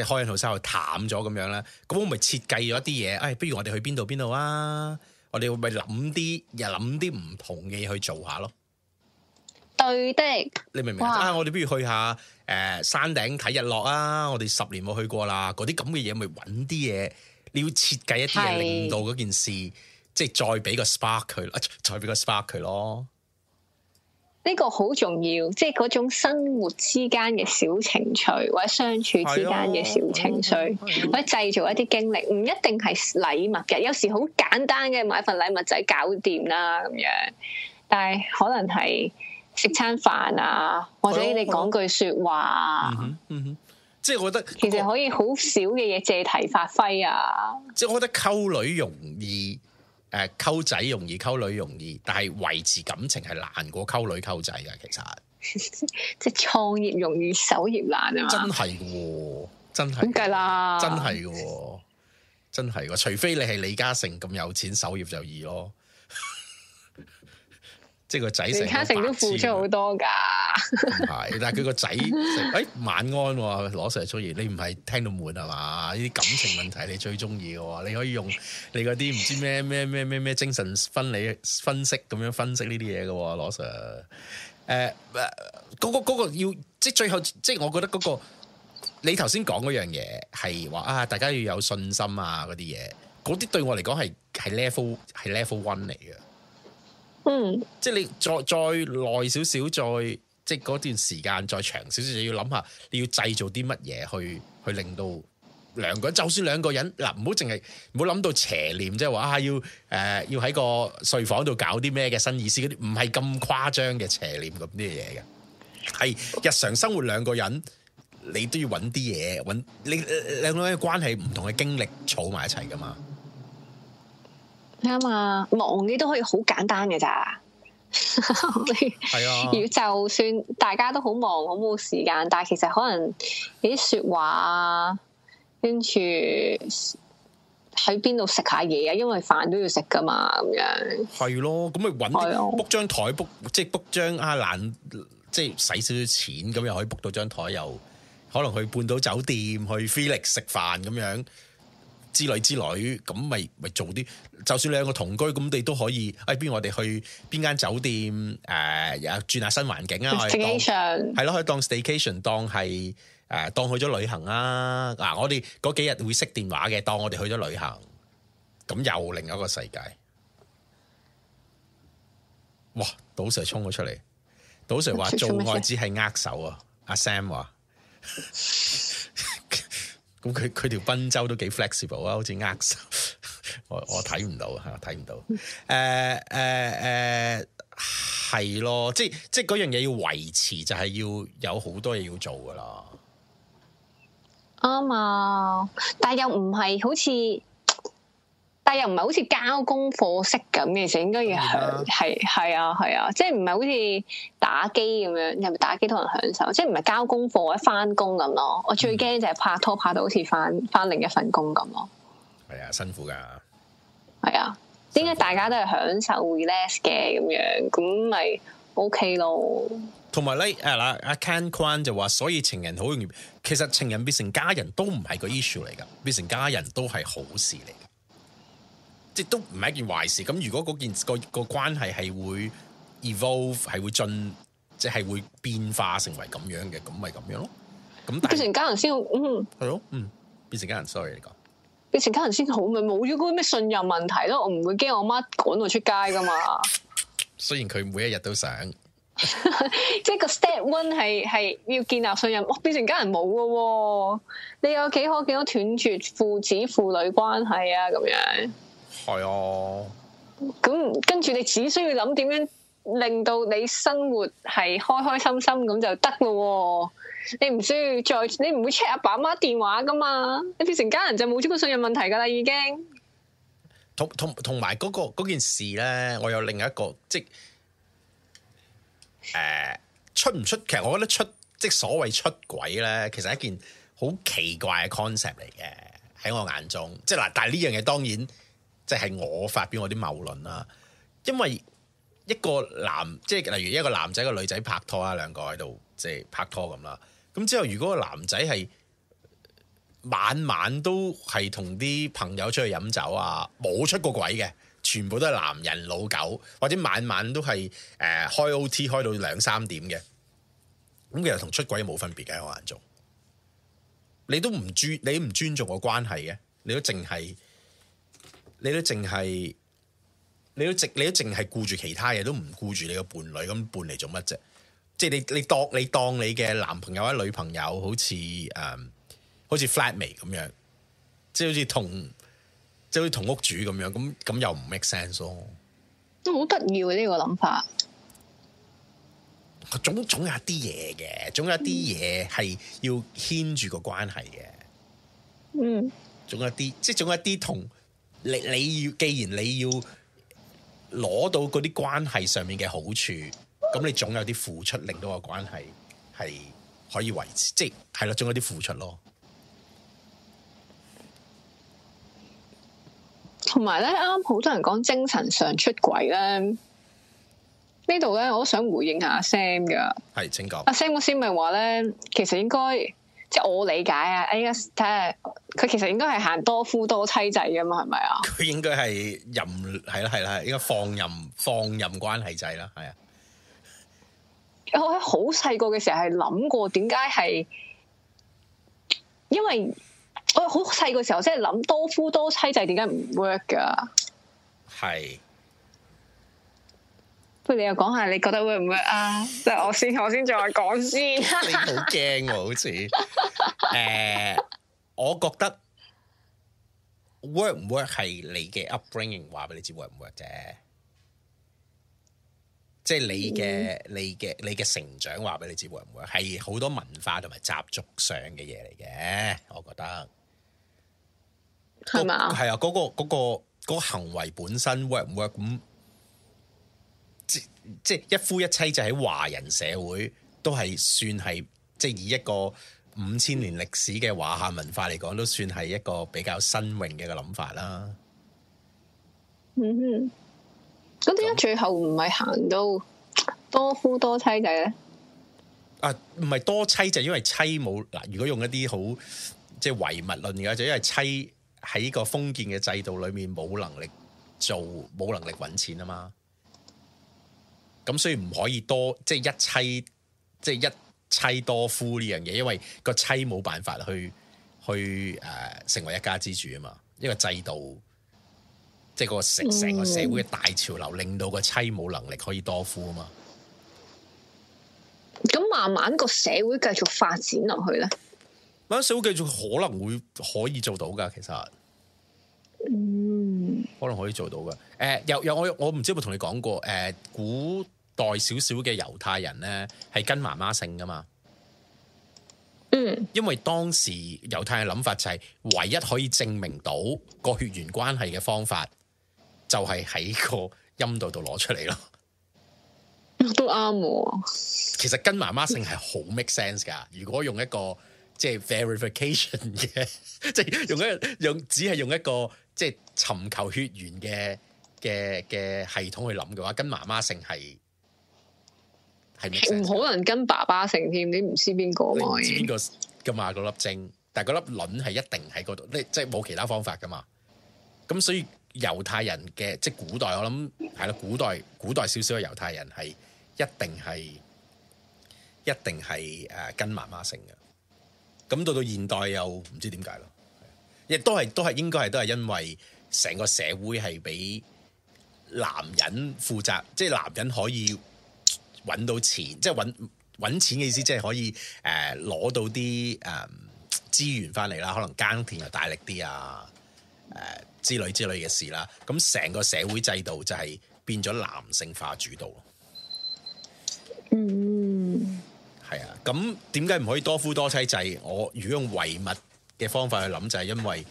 係開櫻桃沙去淡咗咁樣咧，咁我咪設計咗一啲嘢，誒、哎、不如我哋去邊度邊度啊？我哋會咪會諗啲又諗啲唔同嘅嘢去做一下咯。對的，你明唔明哇啊？我哋不如去下誒、呃、山頂睇日落啊！我哋十年冇去過啦，嗰啲咁嘅嘢，咪揾啲嘢，你要設計一啲嘢的令到嗰件事，即係再俾個 spark 佢咯，再俾個 spark 佢咯。呢個好重要，即係嗰種生活之間嘅小情趣，或者相處之間嘅小情趣，或者製造一啲經歷，唔一定係禮物嘅，有時好簡單嘅買份禮物仔搞掂啦咁樣，但係可能係。食餐飯啊，或者你講句說話，嗯嗯、即係我覺得、嗰個，其實可以好少嘅嘢，借題發揮啊。即係我覺得溝女容易，誒，溝仔容易，溝女容易，但係維持感情係難過溝女溝仔嘅，其實 即係創業容易，守業難啊，真係嘅，真係啦，真係嘅，真係嘅，除非你係李嘉誠咁有錢，守業就容易咯。即係個仔成個都付出好多㗎。係，但係佢個仔，誒、哎、晚安、啊，羅 Sir 出嚟，你唔係聽到悶係嘛？呢啲感情問題你最中意嘅喎，你可以用你嗰啲唔知咩咩咩咩咩精神分理分析咁樣分析呢啲嘢嘅喎，羅 Sir。誒、uh, 嗰個，嗰、嗰個要，即係最後，即係我覺得嗰、嗰個你頭先講嗰樣嘢係話啊，大家要有信心啊嗰啲嘢，嗰啲對我嚟講係係 level 係 level one 嚟嘅。嗯，即係你再再耐少少，再即係嗰段時間再長少少，就要諗下你要製造啲乜嘢去去令到兩個人，就算兩個人嗱，唔好淨係唔好諗到邪念，即係話啊要誒、呃、要喺個睡房度搞啲咩嘅新意思嗰啲，唔係咁誇張嘅邪念咁啲嘢嘅。係日常生活兩個人你都要揾啲嘢揾你兩兩個人嘅關係唔同嘅經歷，儲埋一齊噶嘛。啱啊！忙嘅都可以好簡單嘅咋。係啊， 就算大家都好忙，好冇時間，但係其實可能你啲說話，跟住喺邊度食下嘢啊，因為飯都要食噶嘛，咁樣。係咯，咁咪揾卜張台卜，即係卜張阿難，即係使少少錢，咁又可以卜到張台，又可能去半島酒店，去 Felix 食飯咁樣。之女之女咁咪咪做啲，就算你兩個同居，咁你都可以。哎，不如我哋去邊間酒店？誒、呃，又轉下新環境啊 Staycation，係咯，可以當 staycation 當係誒、呃，當去咗旅行啊！嗱，我哋嗰幾日會熄電話嘅，當我哋去咗旅行，咁又另一個世界。哇！賭 Sir 衝咗出嚟，賭 Sir 話做愛只係握手啊！阿 Sam 話。咁佢佢條賓州都幾 flexible 啊，好似握手，我我睇唔到嚇，睇唔到，誒誒誒係咯，即即嗰樣嘢要維持，就係、是、要有好多嘢要做噶啦，啱啊，但又唔係好似。但又唔係好似交功課式咁嘅，其實應該要享受係啊係啊，即係唔係好似打機咁樣？又唔係打機多人享受，即係唔係交功課或者翻工咁咯？我最驚就係拍拖拍到好似翻翻另一份工咁咯。係啊，辛苦噶。係啊，點解、啊、大家都係享受 relax 嘅咁樣？咁咪、啊、OK 咯。同埋咧，誒嗱，阿 Ken Kwan 就話：，所以情人好容易，其實情人變成家，家人都唔係個 issue 嚟噶，變成家人都係好事嚟。亦都唔係一件壞事。咁如果嗰件個、嗰個關係係會 evolve，係會進，即係會變化成為咁樣嘅，咁咪咁樣咯。咁變成家人先好，嗯，係咯，嗯，變成家人，sorry 你講，變成家人先好咪冇咗嗰咩信任問題咯。我唔會驚我媽趕我出街噶嘛。 雖然佢每一日都想， 即係個 step one 係係要建立信任，我、哦、變成家人冇噶，你有幾可見到斷絕父子父女關係啊？咁樣。係啊，咁跟住你只需要諗點樣令到你生活係開開心心咁就得咯。你唔需要再，你唔會 check 阿爸阿媽電話噶嘛你變成家人就冇咗個信任問題噶啦，已經同。同同同埋嗰、嗰個件事咧，我有另一個即係，誒、呃，出唔出？其實我覺得出，即係所謂出軌咧，其實係一件好奇怪嘅 concept 嚟嘅，喺我眼中。即係嗱，但係呢樣嘢當然。即係我發表我啲謬論啦，因為一個男，即係例如一個男仔個女仔拍拖啊，兩個喺度即係拍拖咁啦。咁之後如果個男仔係晚晚都係同啲朋友出去飲酒啊，冇出過軌嘅，全部都係男人老狗，或者晚晚都係誒開 O T 開到兩三點嘅，咁其實同出軌冇分別嘅，好難做。你都唔尊，你唔尊重個關係嘅，你都淨係。你都淨係，你都淨，你都淨係顧住其他嘢，都唔顧住你個伴侶，咁伴嚟做乜啫？即係你你當你當你嘅男朋友或者女朋友，好似誒、嗯，好似 flat 眉咁樣，即係好似同，即係好似同屋主咁樣，咁咁又唔 make sense 咯。都好得意嘅呢個諗法。總總有一啲嘢嘅，總有一啲嘢係要牽住個關係嘅。嗯，總有一啲，即係總有一啲同。你你要既然你要攞到嗰啲關係上面嘅好處，咁你總有啲付出令到個關係係可以維持，即係咯、嗯，總有啲付出咯。同埋咧，啱好多人講精神上出軌咧，呢度咧我都想回應下 Sam 噶。係，請講。阿 Sam 先咪話咧，其實應該。即係我理解啊，應該睇下佢其實應該係行多夫多妻制噶嘛，係咪啊？佢、啊、應該係任係啦係啦，應該放任放任關係制啦，係啊！我喺好細個嘅時候係諗過點解係，因為我好細個時候即係諗多夫多妻制點解唔 work 噶？係。你又講下你覺得 work 唔 work 啊？即係 我先，我先再講先。你好驚喎、啊，好似。誒、uh,，我覺得 work 唔 work 係你嘅 upbringing 話俾你知 work 唔 work 啫。即係 你嘅、就是嗯、你嘅、你嘅成長話俾你知 work 唔 work 係好多文化同埋習俗上嘅嘢嚟嘅，我覺得。係嘛？係啊，嗰個、嗰個、嗰個行為本身 work 唔 work 咁。活即係一夫一妻制，喺華人社會都係算係，即係以一個五千年歷史嘅華夏文化嚟講，都算係一個比較新穎嘅一個諗法啦。嗯哼，咁點解最後唔係行到多夫多妻制咧？啊，唔係多妻，就係因為妻冇嗱。如果用一啲好即係唯物論嘅，就因為妻喺個封建嘅制度裏面冇能力做，冇能力搵錢啊嘛。咁所以唔可以多，即係一妻，即係一妻多夫呢樣嘢，因為個妻冇辦法去去誒成為一家之主啊嘛，因為制度，即係個成成個社會嘅大潮流，令到個妻冇能力可以多夫啊嘛。咁慢慢個社會繼續發展落去咧，咁社會繼續可能會可以做到噶。其實，嗯，可能可以做到噶。誒，又又我我唔知有冇同你講過，誒古。代少少嘅猶太人咧，係跟媽媽姓噶嘛？嗯，因為當時猶太嘅諗法就係、是、唯一可以證明到個血緣關係嘅方法，就係、是、喺個陰度度攞出嚟咯。都啱喎。其實跟媽媽姓係好 make sense 㗎。如果用一個即係 verification 嘅，即係用一用，只係用一個，用一個即係尋求血緣嘅嘅嘅系統去諗嘅話，跟媽媽姓係。唔可能跟爸爸姓添，你唔知邊個嘛？你知邊個噶嘛？嗰粒精，但係嗰粒卵係一定喺嗰度，即係即係冇其他方法噶嘛咁所以猶太人嘅即係古代，我諗係啦，古代古代少少嘅猶太人係一定係一定係誒跟媽媽姓嘅。咁到到現代又唔知點解咯，亦都係都係應該係都係因為成個社會係俾男人負責，即係男人可以。搵到錢，即係搵搵錢嘅意思，即係可以誒攞、呃、到啲誒、呃、資源翻嚟啦，可能耕田又大力啲啊，誒、呃、之類之類嘅事啦。咁成個社會制度就係變咗男性化主導咯。嗯，係啊。咁點解唔可以多夫多妻制？我如果用唯物嘅方法去諗，就係、係、因為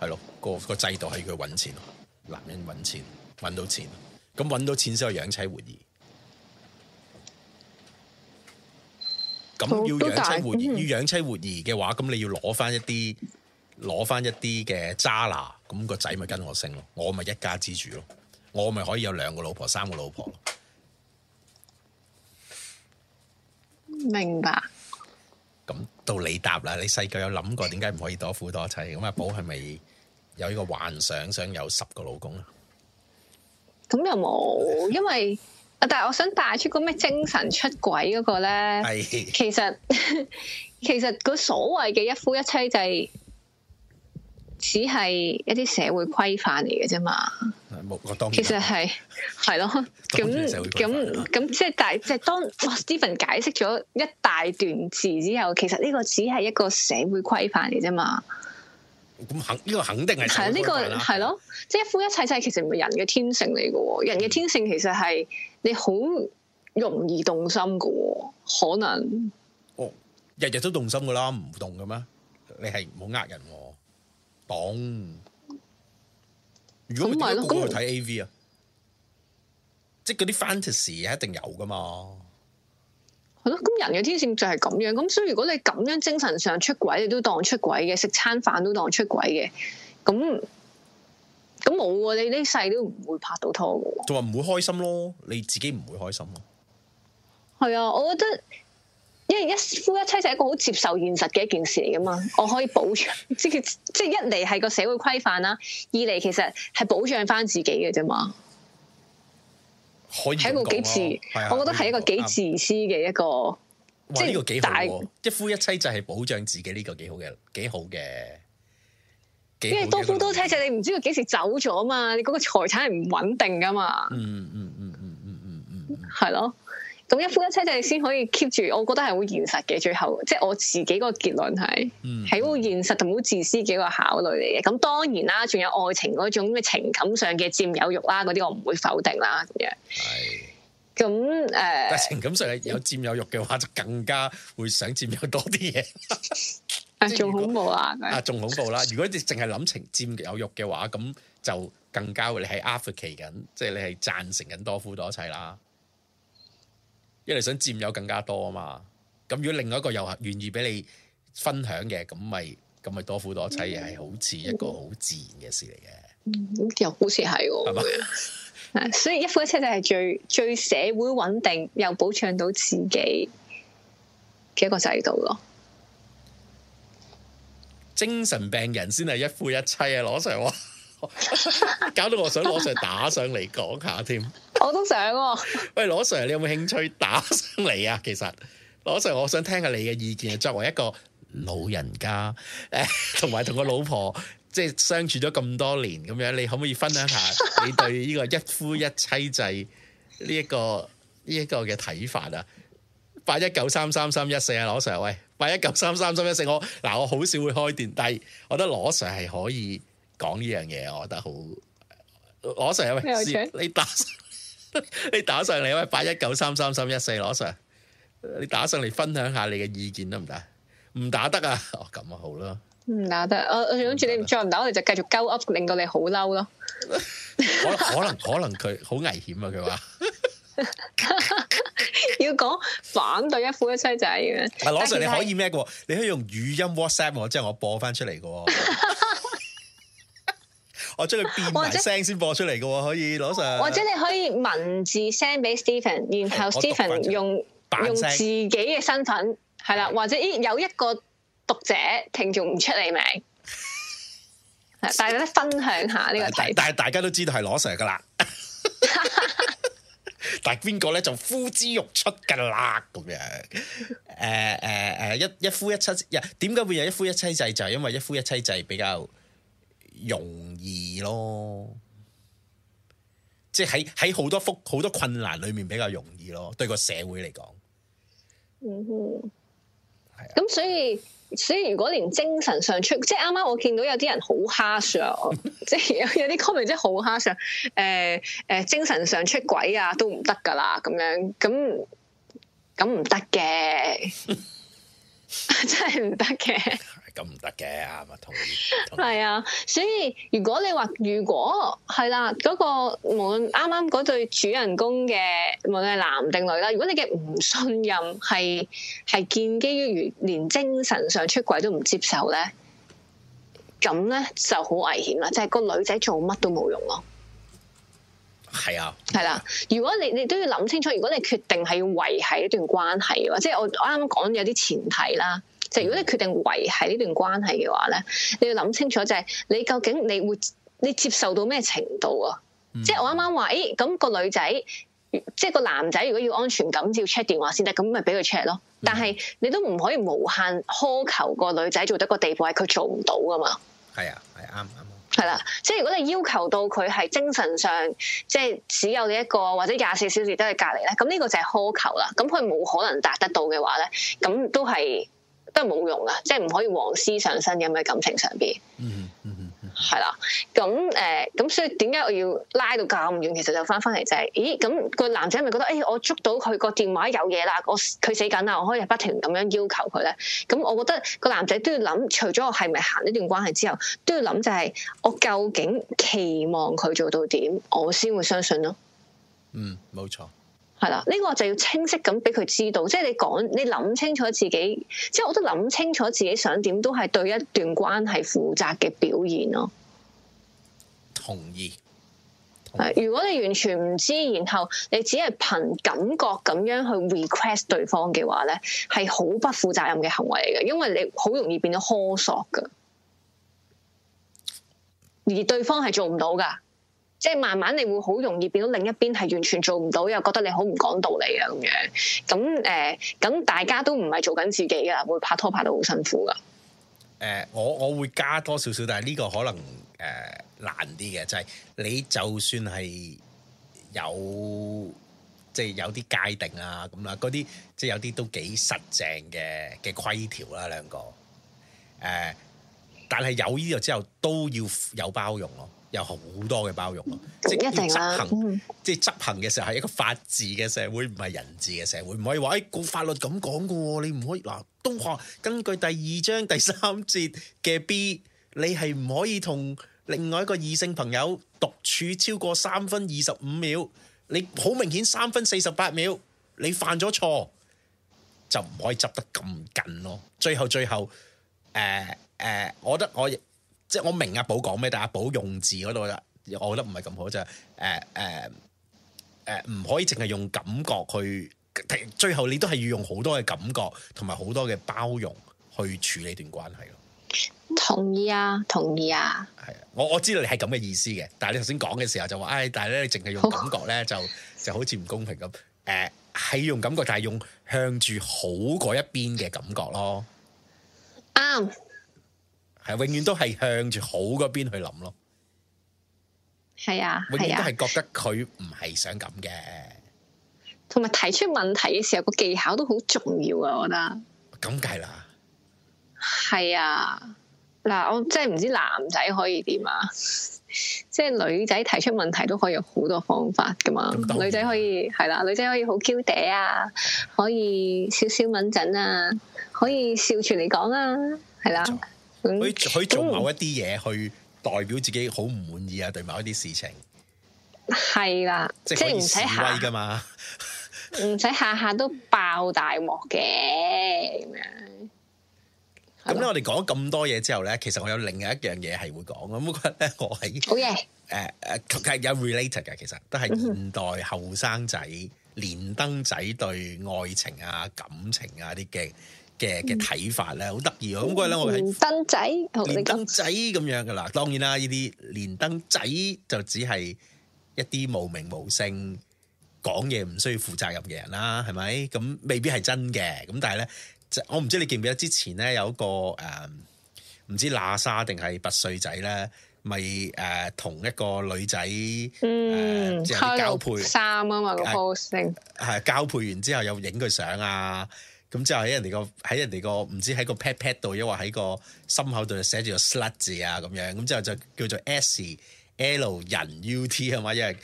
係咯，係嗰個、嗰個制度係佢揾錢，男人揾錢，揾到錢，咁揾到錢先有養妻活兒。咁要養妻活兒，嗯、要養妻活兒嘅話，咁你要攞翻一啲，攞翻一啲嘅渣拿，咁個仔咪跟我姓咯，我咪一家之主咯，我咪可以有兩個老婆，三個老婆。明白。咁到你答啦，你細個有諗過點解唔可以多夫多妻？咁阿寶係咪有呢個幻想，想有十個老公啊？咁又冇，有有因為。 但係我想帶出個咩精神出軌嗰個咧？係 其實其實個所謂嘅一夫一妻制就係只係一啲社會規範嚟嘅啫嘛。其實係係咯。咁咁咁即係但係即係當，了當，當 Stephen 解釋咗一大段字之後，其實呢個只係一個社會規範嚟啫嘛。咁肯呢個肯定係係呢個係咯。即係了了一夫一妻制其實唔係人嘅天性嚟嘅喎。嗯、人嘅天性其實係。你好容易動心噶，可能哦日日都動心噶啦，唔動噶咩？你係唔好呃人，懂？如果睇個個去睇 A V 啊，嗯、即係嗰啲 fantasy 一定有噶嘛？係咯、嗯，咁人嘅天性就係咁樣，咁所以如果你咁樣精神上出軌，你都當出軌嘅，食餐飯都當出軌嘅，咁。咁冇喎，你呢世都唔會拍到拖噶。就話唔會開心咯，你自己唔會開心咯。係啊，我覺得，因為一夫一妻就係一個好接受現實嘅一件事嚟噶嘛。 我可以保障，即係即係一嚟係個社會規範啦，二嚟其實係保障翻自己嘅啫嘛。可以係一個幾自，啊、我覺得係一個幾自私嘅一個，呃、即係但係一夫一妻就係保障自己呢個幾好嘅，幾好嘅。因為多夫多妻制，你唔知道幾時走咗嘛，你嗰個財產係唔穩定噶嘛。嗯嗯嗯嗯嗯嗯嗯，係 咯，咁一夫一妻制你先可以 keep 住，我覺得係好現實嘅。最後，即係我自己個結論係，係好現實同好自私嘅一個考慮嚟嘅。咁當然啦，仲有愛情嗰種咩情感上嘅佔有欲啦，嗰啲我唔會否定啦。咁樣。係唉。咁誒，情感上係有佔有欲嘅話，就更加會想佔有多啲嘢。 仲恐怖啊！啊，仲恐怖啦！ 如果你淨係諗情佔有欲嘅話，咁就更加會你係阿福期緊，即、就、係、是、你係贊成緊多夫多妻啦。因為你想佔有更加多啊嘛，咁如果另外一個又願意俾你分享嘅，咁咪咁咪多夫多妻又係、嗯、好似一個好自然嘅事嚟嘅。又好似係，係嘛吧？ 所以一夫一妻就係最最社會穩定又保障到自己嘅一個制度咯。精神病人先係一夫一妻啊，羅 Sir！我搞到我想羅 Sir 打上嚟講下添，我都想、啊。喂，羅 Sir，你有冇興趣打上嚟啊？其實，羅 Sir，我想聽下你嘅意見。作為一個老人家，誒、哎，同埋同個老婆即係、即係、相處咗咁多年咁樣，你可唔可以分享下你對呢個一夫一妻制呢、呢、一個呢一、呢個嘅睇法啊？八一九三三三一四啊，羅 Sir，喂，八一九三三三一四，我嗱我好少會開電，但係我覺得羅 Sir 係可以講呢樣嘢，我覺得好。羅 Sir，喂，你打 你打上嚟喂，八一九三三三一四，羅 Sir，你打上嚟分享下你嘅意見得唔得？唔打，打得啊，哦咁啊好咯，唔打得，我我諗住你唔再唔打，我哋就繼續鳩 Up，令到你好嬲咯。可能可能可能佢好危險啊，佢話。 要講反對一夫一妻制嘅，唔係羅 Sir，你可以咩嘅？你可以用語音 WhatsApp Wh 我，之後我播翻出嚟嘅。 我將佢變埋聲先播出嚟嘅，者可以攞上。羅 Sir 或者你可以文字 send 俾 Stephen，然後 Stephen 用用自己嘅身份係啦，或者咦有一個讀者聽眾唔出你名， 大家分享一下呢個題目但。但係大家都知道係羅 Sir 噶啦。 但係邊個咧就呼之欲出嘅啦，咁樣誒誒誒，一一夫一妻，點解會有一夫一妻制？就係、是、因為一夫一妻制比較容易咯，即係喺喺好多福好多困難裏面比較容易咯，對個社會嚟講，嗯哼，係啊的，咁所以。所以如果連精神上出，即係啱啱我見到有啲人好 h 上， 即係有啲 comment 即係好 h 上，誒、呃、誒、呃，精神上出軌啊都唔得噶啦。咁樣咁咁唔得嘅，唔得嘅 真係唔得嘅。咁唔得嘅，係咪同意？係啊，所以如果你話如果係啦，嗰個無論啱啱嗰對主人公嘅無論男定女啦，如果你嘅唔信任係係建基於如連精神上出軌都唔接受咧，咁咧就好危險啦，即係個女仔做乜都冇用咯。係啊，係啦，如果你你都要諗清楚，如果你決定係要維繫一段關係嘅話，即係我啱啱講有啲前提啦。就如果你決定維係呢段關係嘅話咧，你要諗清楚就係你究竟你會你接受到咩程度啊？嗯、即係我啱啱話，誒、欸、咁、那個女仔，即係個男仔，如果要安全感，只要 check 電話先得，咁咪俾佢 check 咯。但係你都唔可以無限苛求個女仔做得個地步，係佢做唔到㗎嘛。係啊，係啱啱。係啦、啊啊啊啊，即係如果你要求到佢係精神上，即係只有你、這、一個，或者廿四小時都喺隔籬咧，咁呢個就係苛求啦。咁佢冇可能達得到嘅話咧，咁都係。都係冇用啊！即係唔可以黃絲上身嘅，感情上邊、嗯。嗯嗯嗯，係、嗯、啦。咁誒，咁、呃、所以點解我要拉到咁遠？其實就翻翻嚟就係、是，咦？咁、那個男仔咪覺得，誒、欸，我捉到佢個電話有嘢啦，我佢死緊啦，我可以不停咁樣要求佢咧。咁我覺得個男仔都要諗，除咗我係咪行呢段關係之後，都要諗就係、是，我究竟期望佢做到點，我先會相信咯。嗯，冇錯。係啦，呢個就要清晰咁俾佢知道，即係你講，你諗清楚自己，即係我都諗清楚自己想點，都係對一段關係負責嘅表現咯。同意。係，如果你完全唔知，然後你只係憑感覺咁樣去 request 對方嘅話咧，係好不負責任嘅行為嚟嘅，因為你好容易變咗苛索噶，而對方係做唔到噶。即係慢慢你會好容易變到另一邊係完全做唔到，又覺得你好唔講道理啊咁樣。咁誒，咁、呃、大家都唔係做緊自己噶，會拍拖拍到好辛苦噶。誒、呃，我我會加多少少，但係呢個可能誒、呃、難啲嘅，就係、是、你就算係有即係、就是、有啲界定啊咁啦，嗰啲即係有啲都幾實正嘅嘅規條啦，兩、啊、個。誒、呃，但係有呢個之後都要有包容咯。有好多嘅包容咯，啊、即係要執行，嗯、即執行嘅時候係一個法治嘅社會，唔係人治嘅社會，唔可以話誒個法律咁講㗎喎，你唔可以嗱，都話根據第二章第三節嘅 B，你係唔可以同另外一個異性朋友獨處超過三分二十五秒，你好明顯三分四十八秒，你犯咗錯，就唔可以執得咁緊咯。最後最後，誒、呃、誒、呃，我覺得我。即係我明阿寶講咩，但阿寶用字嗰度我覺得唔係咁好，就誒誒誒，唔可以淨係用感覺去，最後你都係要用好多嘅感覺，同埋好多嘅包容去處理段關係咯。同意啊，同意啊。係啊，我我知道你係咁嘅意思嘅，但係你頭先講嘅時候就話，唉、哎，但係咧你淨係用感覺咧，就好就好似唔公平咁。誒、呃，係用感覺，但係用向住好嗰一邊嘅感覺咯。啱、嗯。係永遠都係向住好嗰邊去諗咯，係啊，係啊，永遠都係覺得佢唔係想咁嘅，同埋提出問題嘅時候，個技巧都好重要啊！我覺得咁計啦，係啊，嗱，我即係唔知道男仔可以點啊，即係女仔提出問題都可以有好多方法噶嘛，女仔可以係啦，女仔可以好 Q 嗲啊，可以少少敏陣啊，可以笑住嚟講啊，係啦、啊。佢佢、嗯、做某一啲嘢去代表自己好唔滿意啊，對某一啲事情係啦，是的即係示威㗎嘛，唔使下下都爆大鑊嘅咁樣。咁咧，我哋講咗咁多嘢之後咧，其實我有另外一樣嘢係會講，咁我覺得咧，我係，好嘢，誒誒，有 related 嘅，其實都係現代後生仔、連登仔對愛情啊、感情啊啲嘅。嘅嘅睇法咧，好得意哦！咁嘅咧，我係連登仔，嘗嘗連登仔咁樣嘅啦。當然啦，呢啲連登仔就只係一啲無名無姓講嘢唔需要負責任嘅人啦，係咪？咁未必係真嘅。咁但係咧，我唔知你記唔記得之前咧，有一個誒，唔、嗯、知喇沙定係拔萃仔咧，咪誒同一個女仔，誒即係交配三啊嘛，個 post 交配完之後又影佢相啊！咁之後喺人哋個喺人哋個唔知喺個 pat pat 度，又或喺個心口度寫住個 slut 字啊咁樣，咁之後就叫做 s l 人 u t 係嘛，因為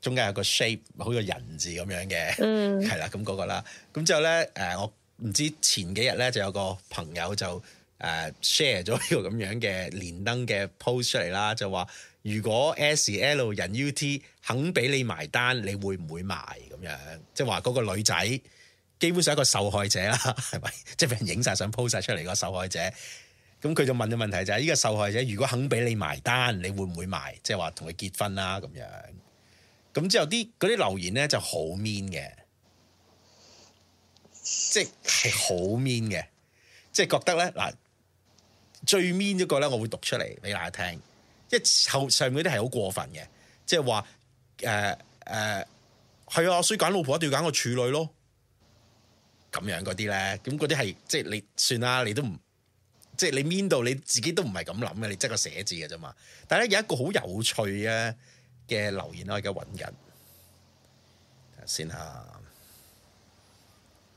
中間有個 shape 好似人字咁樣嘅，係啦、嗯，咁嗰、嗰個啦。咁之後咧、呃，我唔知前幾日咧就有個朋友就 share 咗一個咁樣嘅連登嘅 post 出嚟啦，就話如果 s l 人 u t 肯俾你埋單，你會唔會埋咁樣？即係話嗰個女仔。基本上一個受害者啦，係咪？即係俾人影晒相，po 晒出嚟個受害者。咁佢就問咗問題就係：呢個受害者如果肯俾你埋單，你會唔會埋？即係話同佢結婚啦，咁樣。咁之後啲啲留言咧就好 mean 嘅，即係係好 mean 嘅，即係覺得咧，嗱，最 mean 個咧我會讀出嚟俾大家聽，即係後上面啲係好過分嘅，即係話誒誒，係啊，所以揀老婆一定要揀個處女咯。咁樣嗰啲咧，咁嗰啲係即係你算啦，你都唔即係你面對你自己都唔係咁諗嘅，你即係個寫字嘅啫嘛。但係咧有一個好有趣嘅嘅留言我而家揾緊，先下，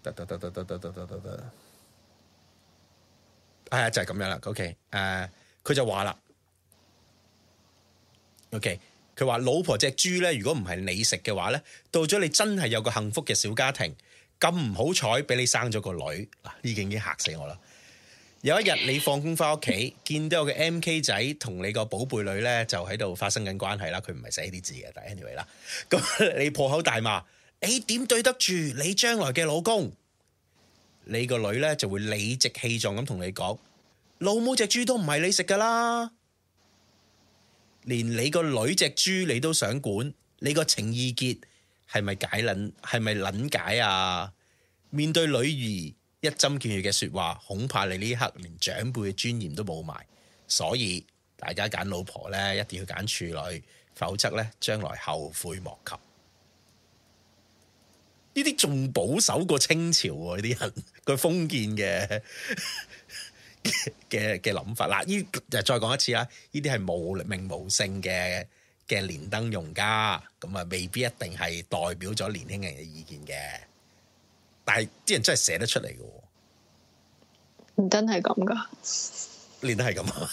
得得得得得得得得得，係、啊、就係、是、咁樣啦。OK，誒、呃，佢就話啦，OK，佢話老婆隻豬咧，如果唔係你食嘅話咧，到咗你真係有個幸福嘅小家庭。咁唔好彩，俾你生咗個女，呢件已經吓死我啦！有一日你放工翻屋企，見到我嘅 M K 仔同你個寶貝女呢，就喺度發生緊關係啦。佢唔係寫呢啲字嘅，但 anyway 啦。咁你破口大罵，你點對得住你將來嘅老公？你個女呢，就會理直氣壯咁同你講：老母隻豬都唔係你食噶啦，連你個女隻豬你都想管，你個情意結。係咪解捻？係咪捻解啊？面對女兒一針見血嘅說話，恐怕你呢一刻連長輩嘅尊嚴都冇埋。所以大家揀老婆咧，一定要揀處女，否則咧將來後悔莫及。呢啲仲保守過清朝喎、啊！呢啲人佢、呢個、封建嘅嘅嘅諗法啦。呢就再講一次啦，呢啲係無名無姓嘅。嘅連登用家，咁啊未必一定係代表咗年輕人嘅意見嘅，但係啲人真係寫得出嚟嘅。 連登係咁噶，連登係咁啊，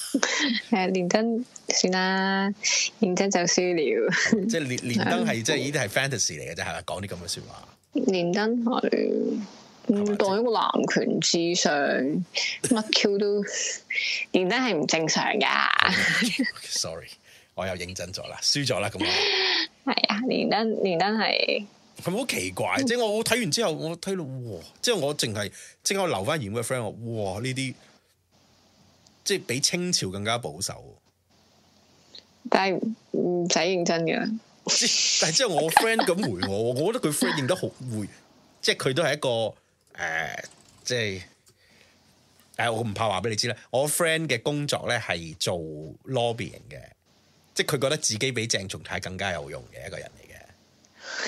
係連登算啦，連登就輸了。即係連連登係即係呢啲係 fantasy 嚟嘅啫，係咪講啲咁嘅說話？連登係唔代一個男權至上，乜 Q 吧都 連登係唔正常噶。 okay. Sorry。我又認真咗啦，輸咗啦咁咯。係啊，連登、哎，連登係。係咪好奇怪？ 即係我睇完之後，我睇到哇！即係我淨係即係我留翻嚴嘅 friend，我哇呢啲，即係比清朝更加保守。但係唔使認真嘅。 但係即係我 friend 咁回我，我覺得佢 friend 認得好會，即係佢都係一個誒、呃，即係誒、呃，我唔怕話俾你知啦。我 friend 嘅工作咧係做 lobbying 嘅。即係佢覺得自己比鄭松泰更加有用嘅一個人嚟嘅，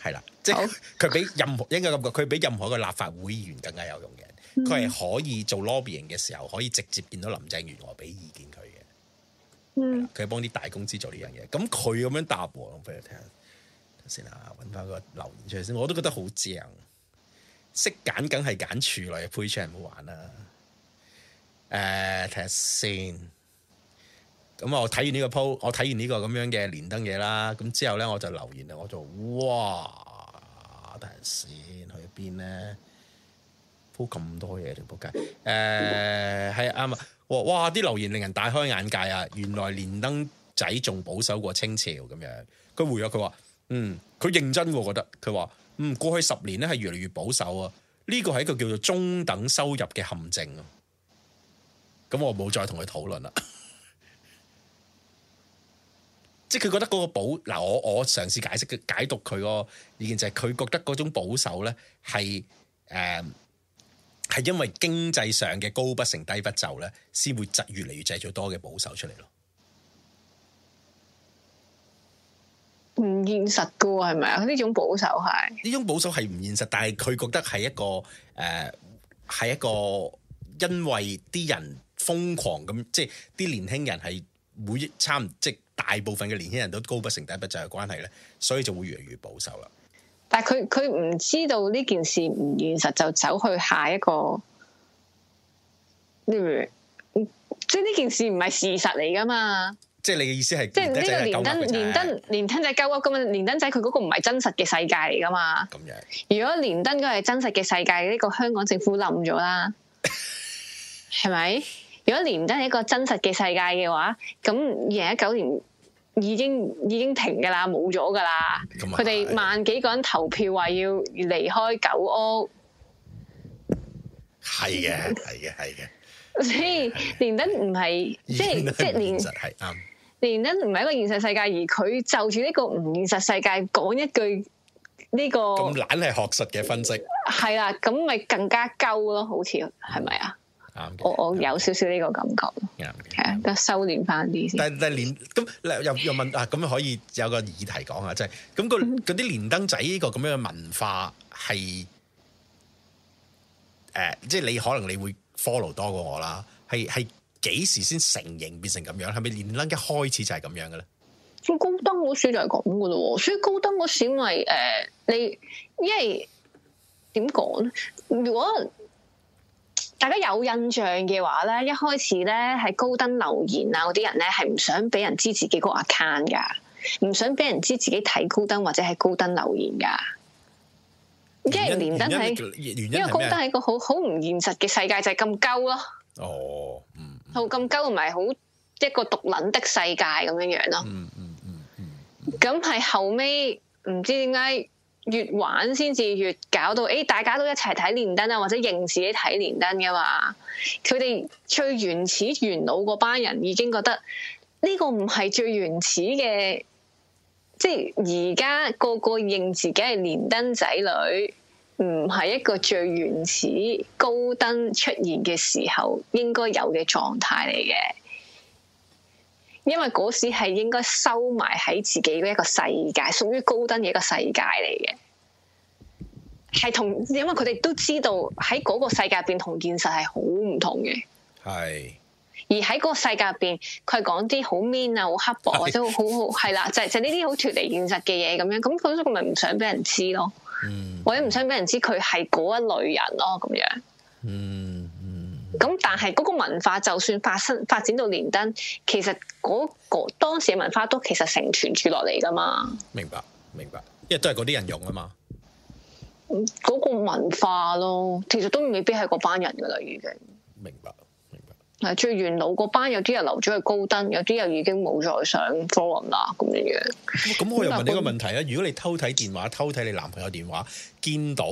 係啦， 即係佢比任何應該感覺佢比任何一個立法會議員更加有用嘅，佢係、嗯、可以做 lobbying 嘅時候可以直接見到林鄭月娥俾意見佢嘅。佢係幫啲大公司做呢樣嘢，咁佢咁樣答我，我俾你聽等等先啦，揾翻個留言出嚟先，我都覺得好正，識揀梗係揀處女嘅配出嚟唔好玩啦。誒、呃，睇下先。咁啊！我睇完呢個 po 我睇完呢個咁樣嘅連登嘢啦。咁之後咧，我就留言啦。我就哇，等陣先去邊咧 po 咁多嘢定仆街？誒，係啊，啱啊！哇！啲、呃嗯、留言令人大開眼界啊！原來連登仔仲保守過清朝咁樣。佢回咗，佢話：嗯，佢認真喎、啊，我覺得佢話：嗯，過去十年咧係越嚟越保守啊。呢個係一個叫做中等收入嘅陷阱啊。咁我冇再同佢討論啦。即係佢覺得嗰個保，嗱我我嘗試解釋嘅，解讀佢個意見就係、是、佢覺得嗰種保守咧係誒係因為經濟上嘅高不成低不就咧，先會製越嚟越製造多嘅保守出嚟咯。唔現實噶喎，係咪啊？呢種保守係呢種保守係唔現實，但係佢覺得係一個誒係、呃、一個因為啲人瘋狂咁，即係啲年輕人係每差唔即大部分嘅年輕人都高不成低不就嘅關係咧，所以就會越嚟越保守啦。但係佢佢唔知道呢件事唔現實就走去下一個，你明唔明？即係呢件事唔係事實嚟噶嘛？即係你嘅意思係即係呢個連登連登連登仔鳩屋咁啊？連登仔佢嗰個唔係真實嘅世界嚟噶嘛？咁樣，就是、如果連登都係真實嘅世界，呢、呢個香港政府冧咗啦，係咪？ 如果連登係一個真實嘅世界嘅話，咁二零一九年已經已經停噶啦，冇咗噶啦。佢哋、嗯、萬幾個人投票話、嗯、要離開九屋，係嘅，係嘅，係嘅。所以連登唔係即係即係現實係啱，連登唔係一個現實世界，而佢就住呢個唔現實世界講一句呢、呢個咁懶係學術嘅分析，係啦，咁咪更加鳩咯，好似係咪啊？對我我有少少呢個感覺，係啊，得收斂翻啲先。但但連咁又又問啊，咁可以有個議題講下，即係咁個嗰啲連登仔呢個咁樣嘅文化係誒、嗯呃，即係你可能你會 follow 多過我啦。係係幾時先成形變成咁樣？係咪連登一開始就係咁樣嘅咧？高登嗰時就係咁噶啦，所以高登嗰時咪誒、就是呃，你因為點講咧？如果大家有印象嘅話咧，一開始咧係高登留言啊，嗰啲人咧係唔想俾人知自己個 account 噶，唔想俾人知自己睇高登或者係高登留言噶。即係連登係，因為高登係一個好好唔現實嘅世界就係咁鳩咯。哦，嗯，就咁鳩唔係好一個毒撚的世界咁樣樣咯，嗯。嗯嗯嗯，咁係後尾唔知點解。越玩先至越搞到，誒、欸，大家都一齊睇連登啊，或者認自己睇連登嘅嘛。佢哋最原始、元老嗰班人已經覺得呢、這個唔係最原始嘅，即係而家個個認自己係連登仔女，唔係一個最原始高登出現嘅時候應該有嘅狀態嚟嘅。因為嗰時係應該收埋喺自己嘅一個世界，屬於高登嘅一個世界嚟嘅，係同因為佢哋都知道喺嗰個世界入邊同現實係好唔同嘅，係是。而喺嗰個世界入邊，佢係講啲好 mean 啊、好刻薄是或者好好係啦，就係、就呢啲好脫離現實嘅嘢咁樣，咁佢所以佢咪唔想俾人知咯，或者唔想俾人知佢係嗰一類人咯，咁樣。嗯。咁但係嗰個文化就算發生發展到連登，其實嗰、嗰個當時嘅文化都其實成傳住落嚟噶嘛？明白，明白，因為都係嗰啲人用啊嘛。嗰個文化咯，其實都未必係嗰班人噶啦，已經。明白，明白。係最元老嗰班，有啲人留咗去高登，有啲又已經冇再上 forum 啦，咁樣樣。咁 我又問你一個問題咧：嗰個、如果你偷睇電話，偷睇你男朋友電話，見到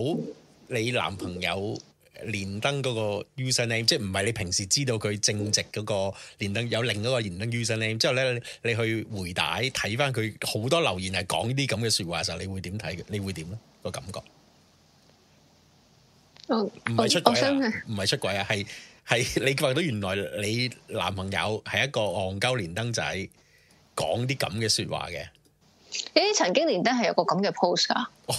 你男朋友？連登嗰個 user name，即係唔係你平時知道佢正直嗰個連登有另一個連登 user name 之後咧，你去回帶睇翻佢好多留言係講呢啲咁嘅說話，時候，你會點睇嘅？你會點咧？個感覺？唔係出軌啊！唔係出軌啊！係係你話到，原來你男朋友係一個戇鳩連登仔，講啲咁嘅說話嘅。咦？曾經連登係有個咁嘅 post 啊。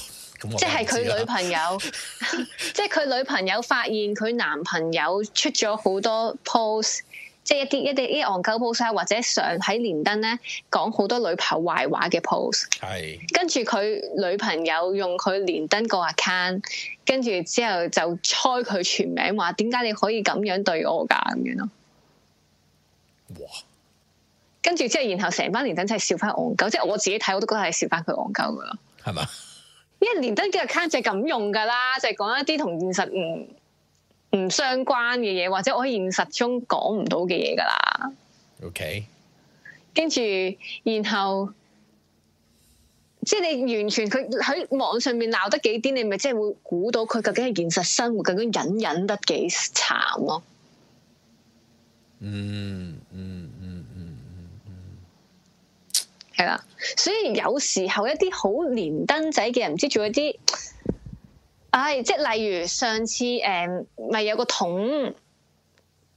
即係佢女朋友， 即係佢女朋友發現佢男朋友出咗好多 post， 即係一啲一啲啲戇鳩 post 或者上喺連登咧講好多女朋友壞話嘅 post，係是跟住佢女朋友用佢連登個 account，跟住之後就猜佢全名，話點解你可以咁樣對我噶咁樣咯。哇！跟住之後然後成班連登真係笑翻戇鳩，即係我自己睇我都覺得係笑翻佢戇鳩噶咯，係咪？一連登幾個 account 就咁用噶啦，就講、是、一啲同現實唔唔相關嘅嘢，或者我喺現實中講唔到嘅嘢噶啦。OK，跟住然後即係你完全佢喺網上面鬧得幾癲，你咪即係會估到佢究竟喺現實生活究竟忍忍得幾慘咯、啊？嗯嗯嗯嗯嗯嗯，係啦。所以有時候一啲好連登仔嘅人唔知做一啲，唉、哎，即係例如上次誒，咪、嗯、有個桶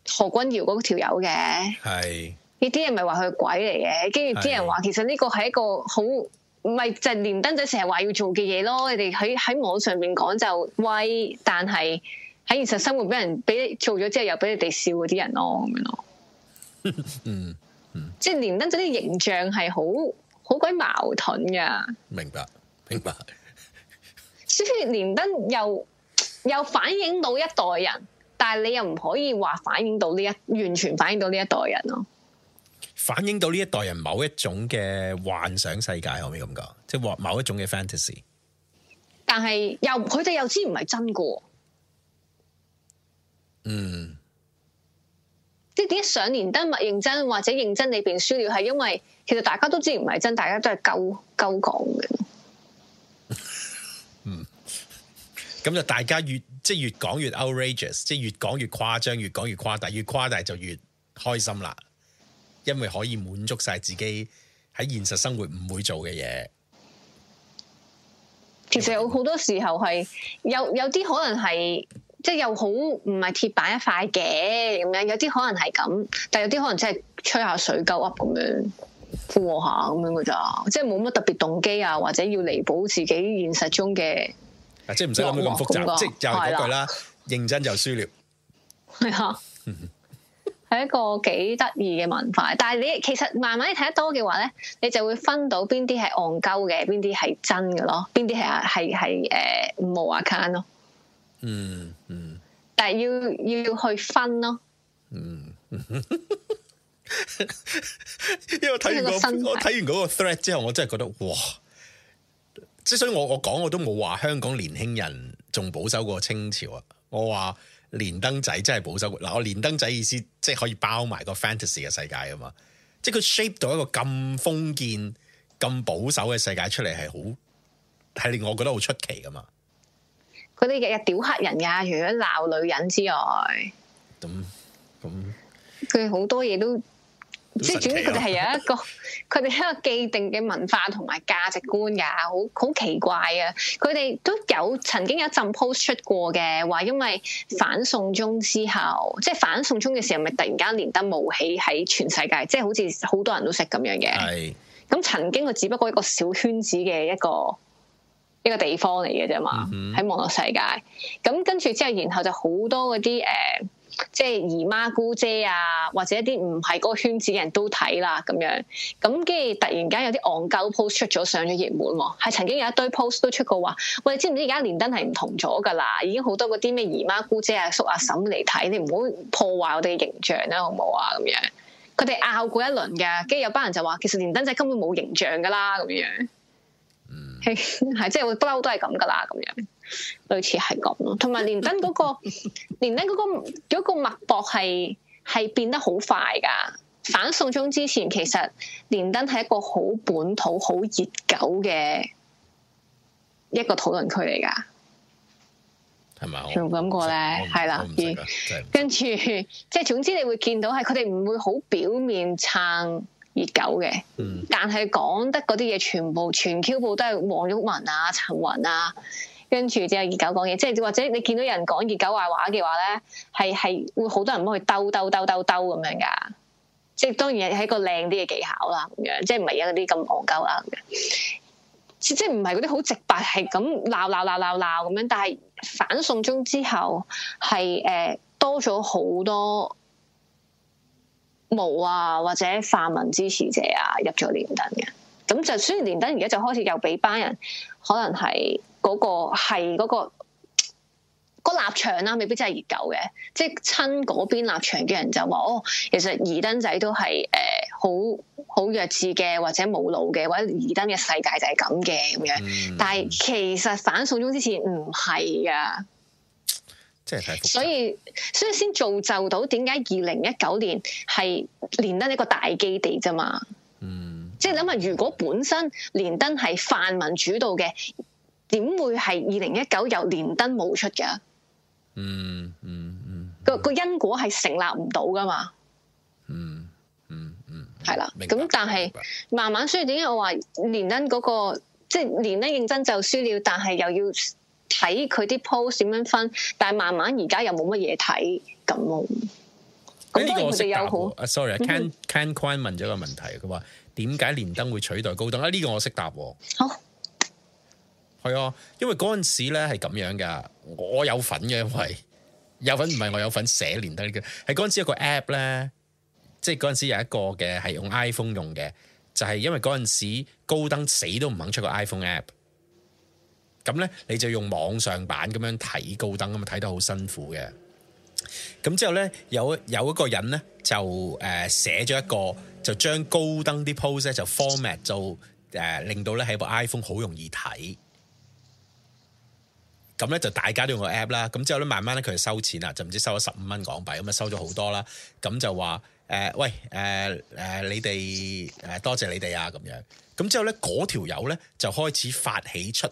何君堯嗰條友嘅，係呢啲人咪話佢鬼嚟嘅，跟住啲人話其實呢個係一個好，唔係就係、是、連登仔成日話要做嘅嘢咯。你哋喺喺網上面講就威，但係喺現實生活俾人俾做咗之後又俾你哋笑嗰啲人咯，咁樣咯。嗯，即係連登仔啲形象係好。好鬼矛盾噶，明白明白。所以連登又又反映到一代人，但係你又唔可以話反映到呢一完全反映到呢一代人咯。反映到呢一代人某一種嘅幻想世界可唔可以咁講？即係話某一種嘅 fantasy。但係又佢哋又知唔係真噶。嗯。即係點解上連登，咪認真，或者認真你便輸了，係因為其實大家都知唔係真，大家都係鳩鳩講嘅。 嗯，咁就大家越即係越講越 outrageous，即係越講越誇張，越講越誇大，越誇大就越開心啦。因為可以滿足晒自己喺現實生活唔會做嘅嘢。其實有好多時候係有有啲可能係。即係又好唔係鐵板一塊嘅咁樣，有啲可能係咁，但係有啲可能真係吹下水鳩 up 咁樣，敷下咁樣噶咋，即係冇乜特別動機啊，或者要彌補自己現實中嘅、啊，即係唔使諗到咁複雜，那個、即係又係嗰句啦，對了 認真就輸了，係啊，係 一個幾得意嘅文化，但係你其實慢慢睇得多嘅話咧，你就會分到邊啲係戇鳩嘅，邊啲係真嘅咯，邊啲係係係誒無 account 咯。嗯嗯，嗯但係要要去分咯、啊嗯。嗯呵呵，因為我睇完、嗰個，個我睇完個 thread 之後，我真係覺得哇！即係所以我我講我都冇話香港年輕人仲保守過清朝啊！我話連登仔真係保守嗱，我連登仔意思即係可以包埋個 fantasy 嘅世界啊嘛！即係佢 shape 到一個咁封建、咁保守嘅世界出嚟，係好係令我覺得好出奇噶嘛！佢哋日日屌黑人噶、啊，除咗鬧女人之外，咁咁佢好多嘢都即係，總之佢哋係有一個佢哋 一個既定嘅文化同埋價值觀噶，好好奇怪啊！佢哋都有曾經有一陣 post 出過嘅，話因為反送中之後，即係反送中嘅時候，咪突然間連登冒起喺全世界，即係好似好多人都識咁樣嘅。係咁曾經佢只不過一個小圈子嘅一個，一個地方嚟嘅啫嘛，喺網絡世界，咁跟住之後，然後就好多嗰啲誒，即、呃、係、就是、姨媽姑姐啊，或者一啲唔係嗰個圈子嘅人都睇啦，咁樣，咁跟住突然間有啲戇鳩 post 出咗上咗熱門喎，係曾經有一堆 post 都出過話，喂，知唔知而家連登係唔同咗噶啦？已經好多嗰啲咩姨媽姑姐阿、啊、叔阿嬸嚟睇，你唔好破壞我哋嘅形象啦，好唔好啊？咁樣，佢哋拗過一輪嘅，跟住有班人就話，其實連登仔根本冇形象噶啦，咁樣。係係即係不嬲都係咁噶啦，咁樣類似係咁咯。同埋連登嗰個 連登嗰個嗰個脈搏係係變得好快噶。反送中之前，其實連登係一個好本土、好熱狗嘅一個討論區嚟噶。係咪啊？有冇咁過咧？係啦，跟住即係總之你會見到係佢哋唔會好表面撐。熱狗嘅，但係講得嗰啲嘢，全部全 Q 部都係黃毓民啊、陳雲啊，跟住之後熱狗講嘢，即係或者你見到有人講熱狗壞話嘅話咧，係係會好多人幫佢兜兜兜兜兜咁樣噶即係當然係一個靚啲嘅技巧啦，咁樣即係唔係有啲咁戇鳩啊，即係唔係嗰啲好直白，係咁鬧鬧鬧鬧鬧咁樣罵罵罵罵罵罵，但係反送中之後係誒、呃、多咗好多。冇啊，或者泛民支持者啊入咗連登嘅，咁就雖然連登而家就開始又俾班人，可能係嗰個係嗰個個立場啦、啊，未必真係熱狗嘅，即係親嗰邊立場嘅人就話：哦，其實二登仔都係誒好好弱智嘅，或者冇腦嘅，或者二登嘅世界就係咁嘅咁樣。嗯、但係其實反送中之前唔係啊。即係所以所以先造就到點解二零一九年係連登是一個大基地啫嘛？嗯，即係諗下如果本身連登係泛民主導嘅，點會係二零一九由連登冇出嘅，嗯？嗯嗯嗯，個個因果係成立唔到噶嘛嗯？嗯嗯嗯，係、嗯、啦。咁的白但係慢慢輸，點解我話連登嗰、嗰個即係連登認真就輸了，但係又要？睇佢啲 post 點樣分，但係慢慢而家又冇乜嘢睇咁咯。咁呢、啊啊呢個我識答啊，sorry，can can coin 問咗個問題，佢話點解連登會取代高登啊？呢、呢個我識答喎。好。係啊，因為嗰陣時咧係咁樣噶，我有份嘅，因為有份唔係我有份寫連登嘅，係嗰陣時有一個 app 咧，即係嗰陣時有一個嘅係用 iPhone 用嘅，就係、是、因為嗰陣時高登死都唔肯出個 iPhone app。咁咧，你就用網上版咁樣睇高登咁啊，睇得好辛苦嘅。咁之後咧，有有一個人咧就、呃、寫咗一個，就將高登啲 post 咧就 format 就、呃、令到咧喺部 iPhone 好容易睇。咁咧就大家都用個 app 啦。咁之後咧，慢慢咧佢就收錢啦，就唔知收咗十五蚊港幣咁啊，收咗好多啦。咁就話喂、呃呃呃呃、你哋、呃、多謝你哋啊咁樣。咁之後咧嗰條友咧就開始發起出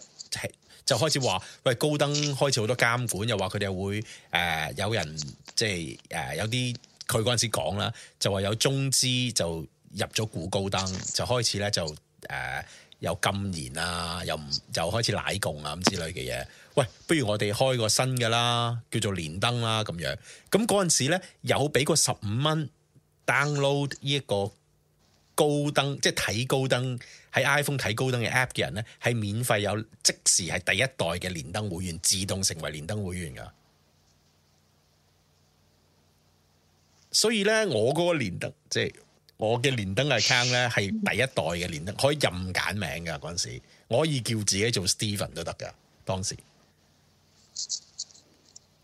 就開始話，喂高登開始好多監管，又話佢哋會誒、呃、有人即係誒、呃、有啲，佢嗰陣時講啦，就話有中資就入咗股高登，就開始咧就誒、呃、又禁言啊，又又開始奶共啊，咁之類嘅嘢。喂，不如我哋開個新嘅啦，叫做連登啦咁樣。咁嗰陣時咧有俾個十五蚊 download 呢一個高登，即係睇高登。喺 iPhone 睇高登嘅 App 嘅人咧，係免費有即時係第一代嘅連登會員，自動成為連登會員噶。所以咧，我嗰個連登即係、就是、我嘅連登 account 咧，係第一代嘅連登，可以任揀名噶嗰陣時，我可以叫自己做 Steven 都得噶。當時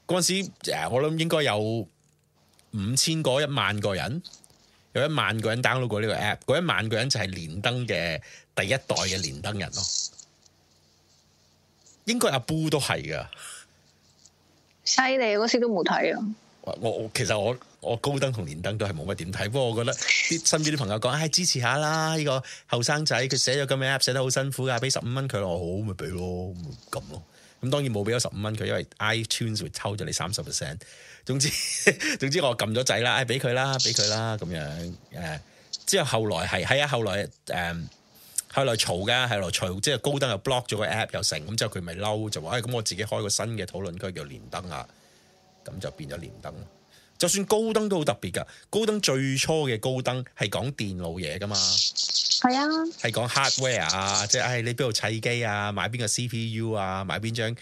嗰陣時誒，我諗應該有五千個、一萬個人。嗰一萬個人 download 過呢個 app，嗰一萬個人就係連登嘅第一代嘅連登人咯。應該阿 Bo 都係噶，犀利！我先都冇睇啊。我我其實我我高登同連登都係冇乜點睇，不過我覺得啲身邊啲朋友講，唉，哎，支持下啦，呢，呢個後生仔佢寫咗咁嘅 app 寫得好辛苦噶，俾十五蚊佢我好咪俾咯咁咯。咁當然冇俾咗十五蚊佢，因為 iTunes 會抽咗你三十 percent。總之總之我撳咗掣啦，誒俾佢啦，俾佢啦咁樣，誒、嗯、之後後來係係啊，後來誒後來嘈噶，後來嘈，即係高登又 block 咗個 app 又成，咁、嗯、之後佢咪嬲就話，誒咁、哎、我自己開個新嘅討論區叫連登啊，咁就變咗連登。就算高登都好特別噶，高登最初嘅高登係講電腦嘢噶嘛，係啊，係講 hardware 啊，即係唉，你邊度砌機啊，買邊個 CPU 啊，買邊張誒誒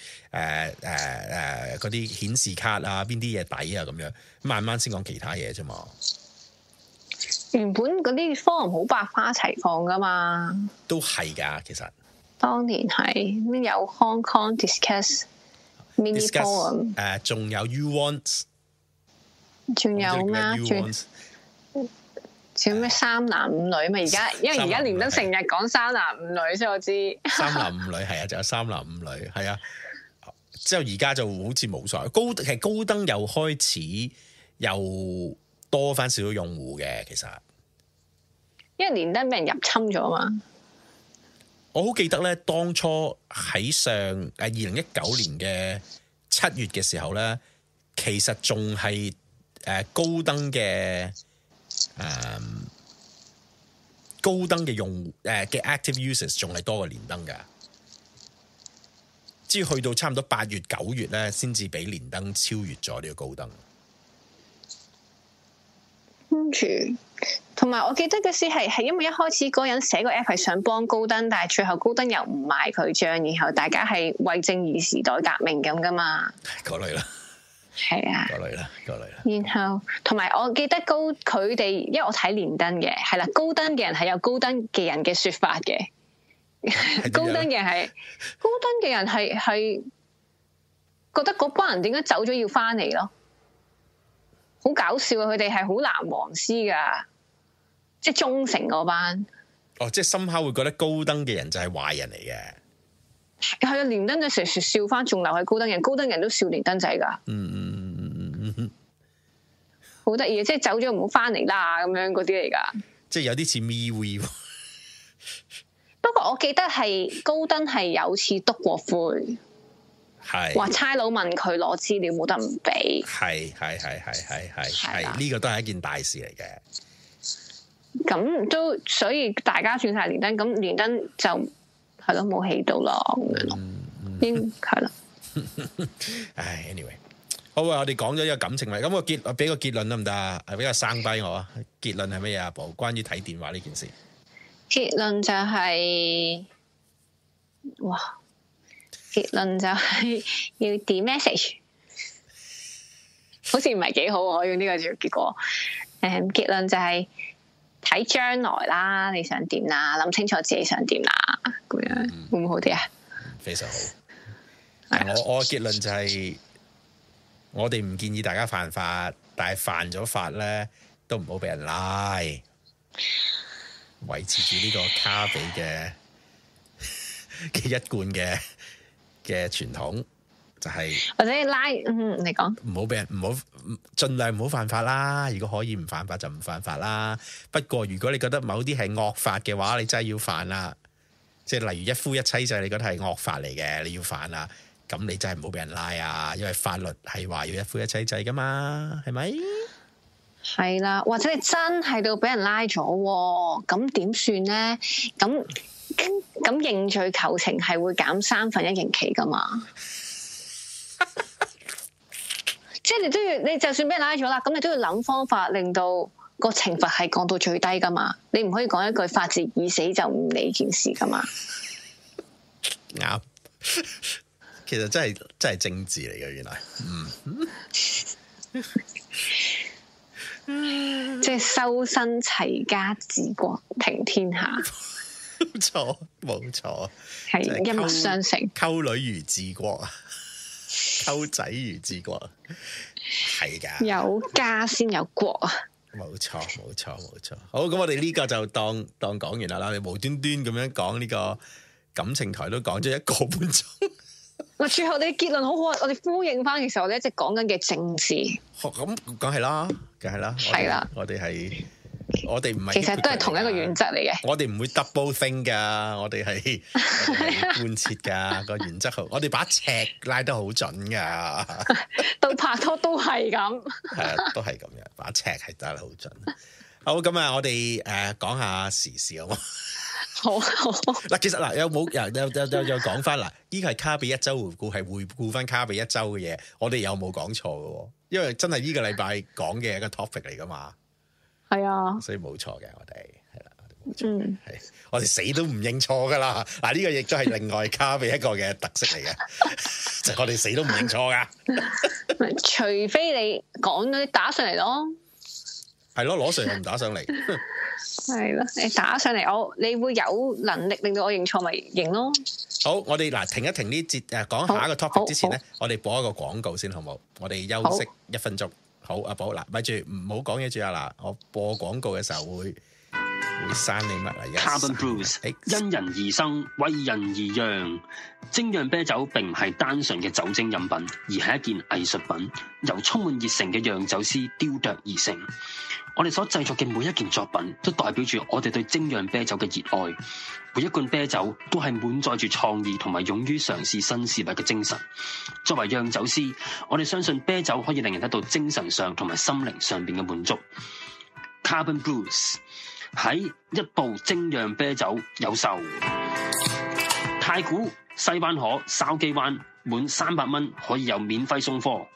誒嗰啲顯示卡啊，邊啲嘢抵啊咁樣，慢慢先講其他嘢啫嘛。原本嗰啲 forum 好百花齊放噶嘛，都係㗎，其實當年係有 Hong Kong Discuss Mini Forum，呃、仲有 You Want。仲有咩？仲咩全 want？三男五女啊嘛！而家，因為而家連登成日講三男五女，五女所以我知。三男五女係啊，就有「三男五女係啊。之後而家就好似冇咗高，其實高登又開始又多翻少少用戶嘅，其實。因為連登俾人入侵咗啊嘛！我好記得咧，當初喺上誒二零一九年嘅七月嘅時候咧，其實仲係。誒、嗯，高登嘅誒，高登嘅用戶誒嘅 active users 仲係多過連登噶，至於去到差唔多八月九月咧，先至俾連登超越咗呢個高登。跟住、嗯，同埋我記得嗰時係係因為一開始嗰人寫個 app 係想幫高登，但係最後高登又唔買佢賬，然後大家係為正義時代革命咁噶嘛？過嚟啦。係啊，過嚟啦，過嚟啦。然後同埋，我記得高佢哋，因為我睇連登嘅，係啦，高登嘅人係有高登嘅人嘅說法嘅，高登嘅人係 高登嘅人係係覺得嗰班人點解走咗要翻嚟咯？好搞笑啊！佢哋係好藍黃絲㗎，即係忠誠嗰班。哦，即係深刻會覺得高登嘅人就係壞人嚟嘅。係啊，連登嘅成時笑翻，仲留喺高登人，高登人都笑連登仔噶、嗯。嗯嗯嗯嗯嗯嗯，好得意啊！即係走咗唔好翻嚟啦，咁樣嗰啲嚟噶。即係有啲似 MeWe 不過我記得係高登係有次篤過灰，係話差佬問佢攞資料冇得唔俾。係係係係係係，呢個都係一件大事嚟嘅。咁都所以大家算晒連登，咁連登就。係咯，冇氣到咯咁樣嗯，係咯。唉，Anyway，好啊，我哋講咗一個感情咪，咁我結，我俾個結論得唔得啊？比較生低我啊，結論係咩啊？阿婆，關於睇電話呢件事，結論就係、是，哇，結論就係要點 message，好似唔係幾好，我用呢個做結果。誒、um, 就是，結論就係。睇將來啦，你想點啦？諗清楚自己想點啦，咁樣、嗯、會唔會好啲啊？非常好。我我結論就係，我哋唔、就是、建議大家犯法，但係犯咗法咧，都唔好俾人拉，維持住呢個卡比嘅嘅 一貫嘅嘅傳統。就係或者拉，嗯，你講唔好俾人唔好盡量唔好犯法啦。如果可以唔犯法就唔犯法啦。不過如果你覺得某啲係惡法嘅話，你真係要犯啦。即係例如一夫一妻制，你覺得係惡法嚟嘅，你要犯啦。咁你真係唔好俾人拉啊，因為法律係話要一夫一妻制噶嘛，係咪？係啦，或者你真係到俾人拉咗，咁點算咧？咁咁認罪求情係會減三分一刑期噶嘛？即係你都要，你就算俾人拉咗啦，咁你都要諗方法令到個懲罰係降到最低噶嘛？你唔可以講一句法治已死就唔理件事噶嘛？啱，其實真係真係政治嚟嘅，原來，嗯，即係修身齊家治國平天下，冇錯冇錯，係一脈相承，溝女如治國啊！溝仔如治國，係噶有家先有國啊！冇錯冇錯冇錯，好，咁我哋呢個就當 當講完啦啦，你無端端咁樣講呢個感情台都講咗一個半鐘。嗱， 最後你結論好好，我哋呼應翻，嘅時候，我哋一直講緊嘅政治，咁梗係啦，梗係啦，係啦，我哋係。 我哋唔係，其實都係同一個原則嚟嘅。我哋唔會 double thing 噶，我哋係貫徹噶個原則好。我哋把尺拉得好準噶， 到拍拖都係咁，係 啊，都係咁樣，把尺係拉得好準。好，咁啊，我哋誒講下時事好，好。好嗱，其實嗱，有冇有，有，有，有講翻嗱？依個係卡比一周回顧，係回顧翻卡比一周嘅嘢。我哋有冇講錯噶？因為真係依個禮拜講嘅一個 topic 嚟噶嘛。係啊，所以冇錯嘅，我哋係啦，冇錯係我哋、嗯、死都唔認錯噶啦。嗱，呢個亦都係另外卡比一個嘅特色嚟嘅，就係 我哋死都唔認錯噶。除非你講嗰啲打上嚟咯，係咯，攞上嚟唔打上嚟，係咯，你打上嚟，我 你，你會有能力令到我認錯咪認咯、啊。好，好我哋嗱停一停呢節誒，講下一個 topic 之前咧，我哋播一個廣告先好冇？我哋休息一分鐘。好阿寶嗱，咪住唔好講嘢住啊，嗱，我播廣告嘅時候會會刪你麥啊。Carbon Bruise，因人而生，為人而釀，精釀啤酒並唔係單純嘅酒精飲品，而係一件藝術品，由充滿熱誠嘅釀酒師雕琢而成。我哋所製作嘅每一件作品，都代表住我哋對精釀啤酒嘅熱愛。每一罐啤酒都係滿載住創意同埋勇於嘗試新事物嘅精神。作為釀酒師，我哋相信啤酒可以令人得到精神上同埋心靈上面嘅滿足。Carbon Blues 喺一部精釀啤酒有售。太古、西灣河、筲箕灣滿三百蚊可以有免費送貨。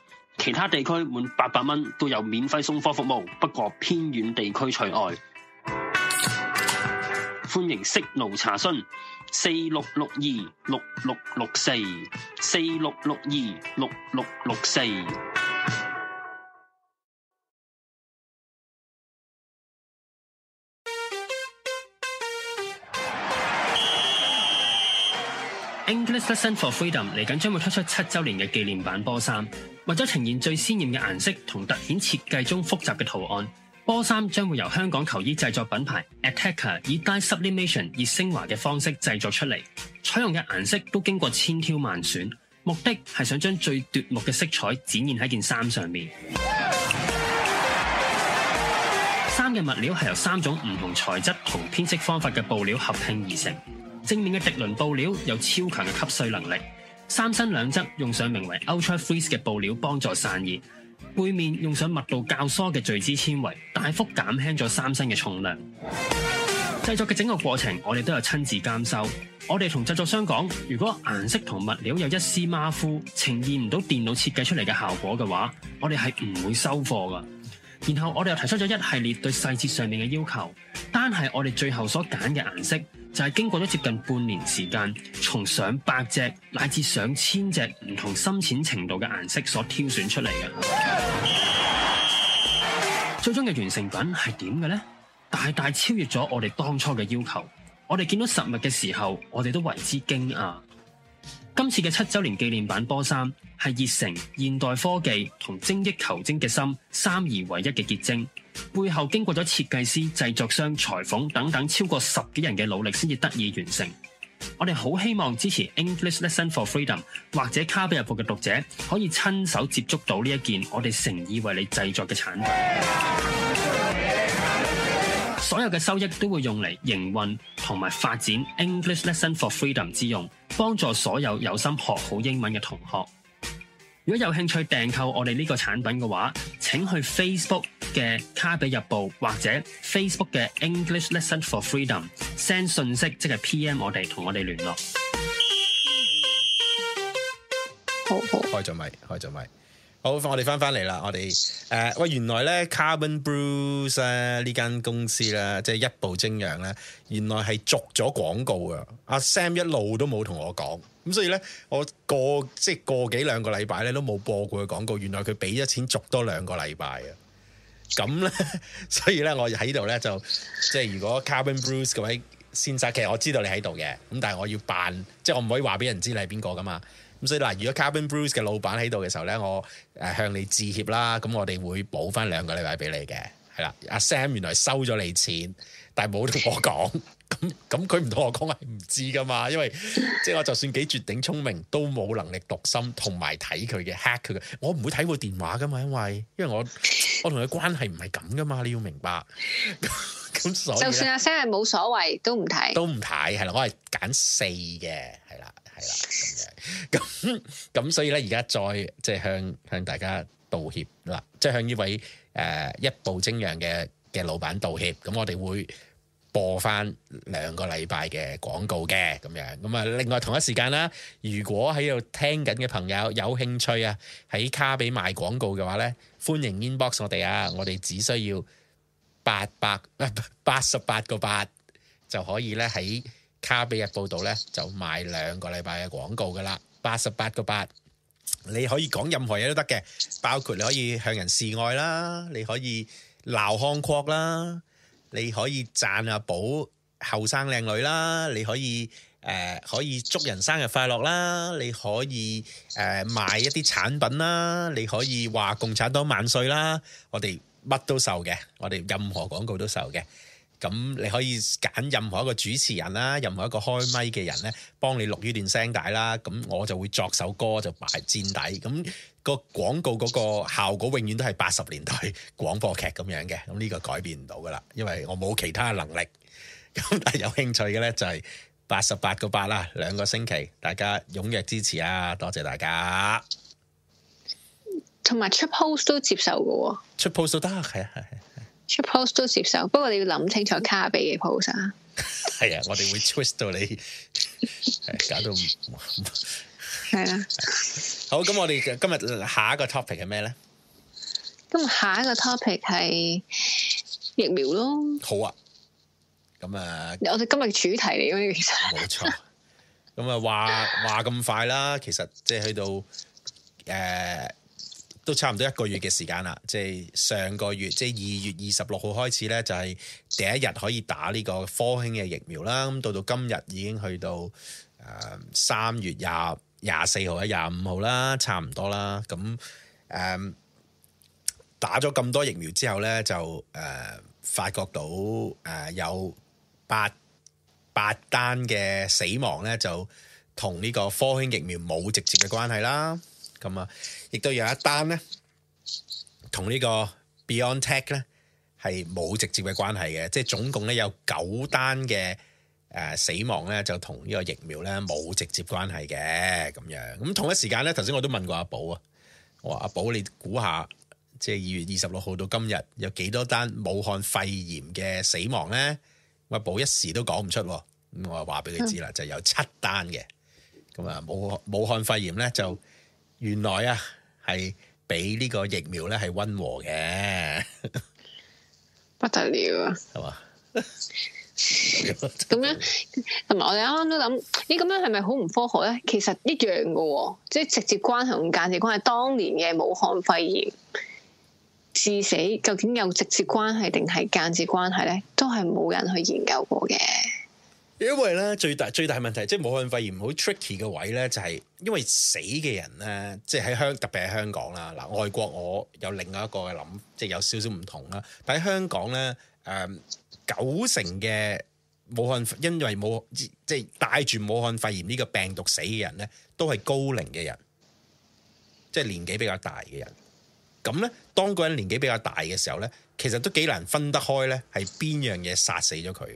其他地區滿八百蚊都有免費送貨服務，不過偏遠地區除外。歡迎 Signal 查詢：四六六二六六六四，四六六二六六六四。English Lesson for Freedom 嚟緊將會推出七周年嘅紀念版波衫，為咗呈現最鮮艷嘅顏色同凸顯設計中複雜嘅圖案，波衫將會由香港球衣製作品牌 Attacker 以 Dye Sublimation 以升華嘅方式製作出嚟，採用嘅顏色都經過千挑萬選，目的係想將最奪目嘅色彩展現喺件衫上面。衫嘅 物料係由三種唔同材質同編織方法嘅布料合拼而成。正面嘅滌綸布料有超強嘅吸水能力，衫身兩側用上名為 Ultra Freeze 嘅布料幫助散熱，背面用上密度較疏嘅聚酯纖維，大幅減輕咗衫身嘅重量。製作嘅整個過程，我哋都有親自監修。我哋同製作商講，如果顏色同物料有一絲馬虎，呈現唔到電腦設計出嚟嘅效果嘅話，我哋係唔會收貨噶。然後我哋又提出咗一系列對細節上面嘅要求，單係我哋最後所揀嘅顏色。就係經過咗接近半年時間，從上百隻乃至上千隻唔同深淺程度嘅顏色所挑選出嚟嘅，最終嘅完成品係點嘅呢？大大超越咗我哋當初嘅要求，我哋見到實物嘅時候，我哋都為之驚訝。今次嘅七周年紀念版波衫係熱誠、現代科技同精益求精嘅心三而為一嘅結晶，背後經過咗設計師、製作商、裁縫等等超過十幾人嘅努力先至得以完成。我哋好希望支持《English Lesson for Freedom》或者《卡比日報》嘅讀者可以親手接觸到呢一件我哋誠意為你製作嘅產品。所有嘅收益都會用嚟營運同埋發展 English Lesson for Freedom 之用，幫助所有有心學好英文嘅同學。如果有興趣訂購我哋呢個產品嘅話，請去 Facebook 嘅卡比日報或者 Facebook 嘅 English Lesson for Freedom send 信息，即係 PM 我哋同我哋聯絡。好好。開咗咪，開咗咪。好，我哋翻返嚟啦，我哋喂、呃，原來咧 Carbon Bruce、啊、咧呢間公司咧、啊，即係一步精養咧，原來係續咗廣告噶。阿、啊、Sam 一路都冇同我講，咁所以咧，我過即係過幾兩個禮拜咧都冇播過佢廣告。原來佢俾咗錢續多兩個禮拜啊！咁咧，所以咧，我喺度咧就即係如果 Carbon Bruce 嗰位先生，其實我知道你喺度嘅，咁但係我要扮，即係我唔可以話俾人知你係邊個噶嘛。咁所以嗱，如果 Carbon Brews 嘅老闆喺度嘅時候咧，我誒向你致歉啦。咁我哋會補返兩個禮拜俾你嘅，係啦。阿、啊、Sam 原來收咗你錢，但係冇同我講。咁咁佢唔同我講係唔知㗎嘛，因為即係、就是、我就算幾絕頂聰明，都冇能力讀心同埋睇佢嘅 hack 佢嘅。我唔會睇個電話㗎嘛，因為因為我我同佢關係唔係咁㗎嘛，你要明白。咁 所以就算阿 Sam 係冇所謂都唔睇，都唔睇係啦。我係揀四嘅。咁咁所以咧，而家 再即係向向大家道歉啦，即係向呢位誒一步精人嘅嘅老闆道歉。咁我哋會播翻兩個禮拜嘅廣告嘅咁樣。咁啊，另外同一時間啦，如果喺度聽緊嘅朋友有興趣啊，喺卡比賣廣告嘅話咧，歡迎 inbox 我哋啊，我哋只需要八百八十八個八就可以咧喺。卡比嘅報道咧，就賣兩個禮拜嘅廣告噶啦，八十八個八，你可以講任何嘢都得嘅，包括你可以向人示愛啦，你可以鬧港共啦，你可以讚阿寶後生靚女啦，你可以誒可以祝人生日快樂啦，你可以誒賣一啲產品啦，你可以話共產黨萬歲啦，我哋乜都受嘅，我哋任何廣告都受嘅。咁你可以揀任何一個主持人啦，任何一個開咪嘅人咧，幫你錄呢段聲帶啦。咁我就會作首歌就埋墊底。咁個廣告嗰個效果永遠都係八十年代廣播劇咁樣嘅。咁呢個改變唔到噶啦，因為我冇其他能力。咁但係有興趣嘅咧就係八十八個八啦，兩個星期，大家踴躍支持啊！多謝大家。同埋出 post 都接受嘅喎，哦，出 post 都得，係啊係。proposal 接受，不過你要諗清楚卡比嘅 proposal。係啊，我哋會 twist 到你，搞到係啊。好，咁我哋今日下一個 topic 係咩咧？今日下一個 topic 係疫苗咯。好啊，咁啊，我哋今日嘅主題嚟嘅，其實冇錯。咁啊，話話咁快啦，其實即係去到誒。都差唔多一個月嘅時間啦，即係上個月，即係二月二十六號開始咧，就係第一日可以打呢個科興嘅疫苗啦。咁到到今日已經去到誒三月廿廿四號啊廿五號啦，差唔多啦。咁誒打咗咁多疫苗之後咧，就誒發覺到誒有八八單嘅死亡咧，就同呢個科興疫苗冇直接嘅關係啦。咁啊。亦都有一單咧，同呢個 Beyond Tech 咧係冇直接嘅關係嘅，即係總共咧有九單嘅誒死亡咧，就同呢個疫苗咧冇直接關係嘅咁樣。咁同一時間咧，頭先我都問過阿寶啊，我話阿寶你估下，即係二月二十六號到今日有幾多單武漢肺炎嘅死亡咧？阿寶一時都講唔出了，咁我就話俾佢知啦，嗯、就有七單嘅。咁啊，武武漢肺炎咧就原來啊～係俾呢個疫苗咧，係溫和嘅，不得了啊！係嘛？咁樣，同埋 我哋啱啱都諗，咦？咁樣係咪好唔科學咧？其實一樣㗎，即係直接關係同間接關係。當年嘅武漢肺炎致死，究竟有直接關係定係間接關係咧？都係冇人去研究過嘅。因為咧，最大最大問題，即係武漢肺炎好 tricky 嘅位咧，就係因為死嘅人咧，即係喺香，特別喺香港啦。嗱，外國我有另外一個嘅諗，即係有少少唔同啦，但喺香港咧，誒、呃、九成嘅武漢因為武即係、就是、帶住武漢肺炎呢個病毒死嘅人咧，都係高齡嘅人，即係、就是、年紀比較大嘅人。咁咧，當個人年紀比較大嘅時候咧，其實都幾難分得開咧，係邊樣嘢殺死咗佢。